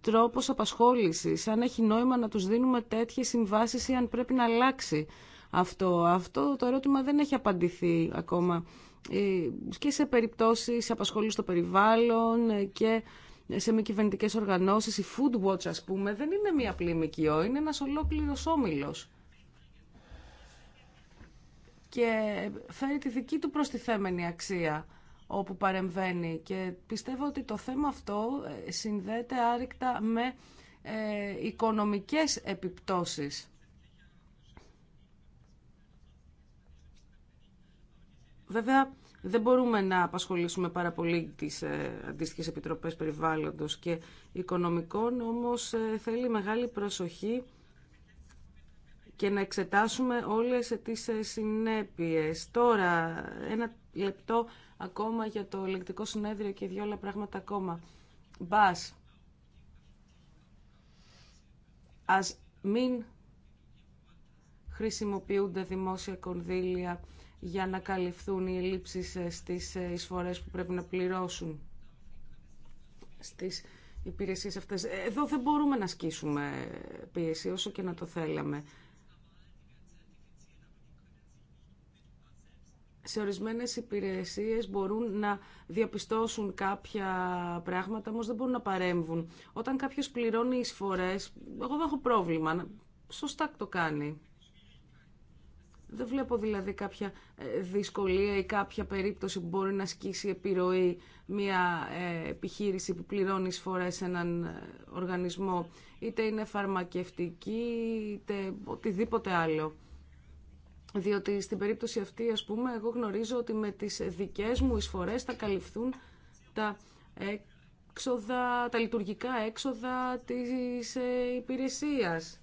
τρόπος απασχόλησης, αν έχει νόημα να τους δίνουμε τέτοιες συμβάσεις ή αν πρέπει να αλλάξει αυτό. Αυτό το ερώτημα δεν έχει απαντηθεί ακόμα ε, και σε περιπτώσεις απασχόλησης στο περιβάλλον ε, και σε μη κυβερνητικέ οργανώσεις. Η Food Watch, ας πούμε, δεν είναι μία απλή ΜΚΟ, είναι ένας ολόκληρος όμιλος. Και φέρει τη δική του προστιθέμενη αξία όπου παρεμβαίνει. Και πιστεύω ότι το θέμα αυτό ε, συνδέεται άρρηκτα με ε, οικονομικές επιπτώσεις. Βέβαια, δεν μπορούμε να απασχολήσουμε πάρα πολύ τις ε, αντίστοιχες επιτροπές περιβάλλοντος και οικονομικών, όμως ε, θέλει μεγάλη προσοχή και να εξετάσουμε όλες τις ε, συνέπειες. Τώρα, ένα λεπτό ακόμα για το ελεκτικό συνέδριο και δύο άλλα πράγματα ακόμα. Μπας, ας μην χρησιμοποιούνται δημόσια κονδύλια για να καλυφθούν οι ελλείψεις ε, στις ε, εισφορές που πρέπει να πληρώσουν στις υπηρεσίες αυτές. Ε, εδώ δεν μπορούμε να σκίσουμε πίεση όσο και να το θέλαμε. σε ορισμένες υπηρεσίες μπορούν να διαπιστώσουν κάποια πράγματα, όμως δεν μπορούν να παρέμβουν. Όταν κάποιος πληρώνει εισφορές, εγώ δεν έχω πρόβλημα, σωστά το κάνει. Δεν βλέπω δηλαδή κάποια ε, δυσκολία ή κάποια περίπτωση που μπορεί να ασκήσει επιρροή μια ε, επιχείρηση που πληρώνει εισφορές σε έναν ε, οργανισμό, είτε είναι φαρμακευτική, είτε οτιδήποτε άλλο. Διότι στην περίπτωση αυτή, ας πούμε, εγώ γνωρίζω ότι με τις δικές μου εισφορές θα καλυφθούν τα έξοδα, τα λειτουργικά έξοδα της υπηρεσίας.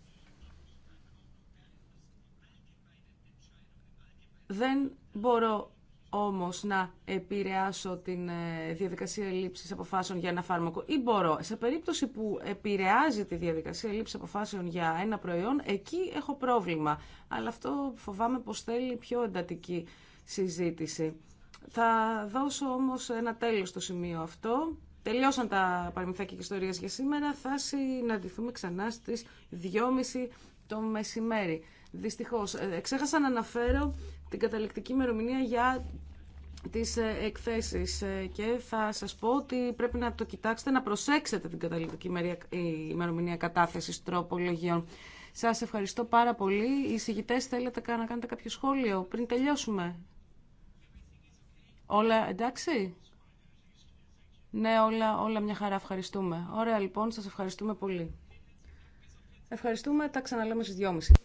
Δεν μπορώ όμως να επηρεάσω την ε, διαδικασία λήψης αποφάσεων για ένα φάρμακο ή μπορώ. Σε περίπτωση που επηρεάζει τη διαδικασία λήψης αποφάσεων για ένα προϊόν, εκεί έχω πρόβλημα. Αλλά αυτό φοβάμαι πως θέλει πιο εντατική συζήτηση. Θα δώσω όμως ένα τέλος στο σημείο αυτό. Τελειώσαν τα παραμυθάκια και ιστορίες για σήμερα. Θα συναντηθούμε ξανά στις 2.30 το μεσημέρι. Δυστυχώς, ε, ξέχασα να αναφέρω την καταληκτική ημερομηνία για τις ε, εκθέσεις ε, και θα σας πω ότι πρέπει να το κοιτάξετε, να προσέξετε την καταληκτική ημερομηνία κατάθεσης λογιών. Σας ευχαριστώ πάρα πολύ. Οι εισηγητές θέλετε να κάνετε κάποιο σχόλιο πριν τελειώσουμε. Όλα εντάξει. Ναι, όλα, όλα μια χαρά. Ευχαριστούμε. Ωραία, λοιπόν, σας ευχαριστούμε πολύ. Ευχαριστούμε. Τα ξαναλέμε στις 2.30.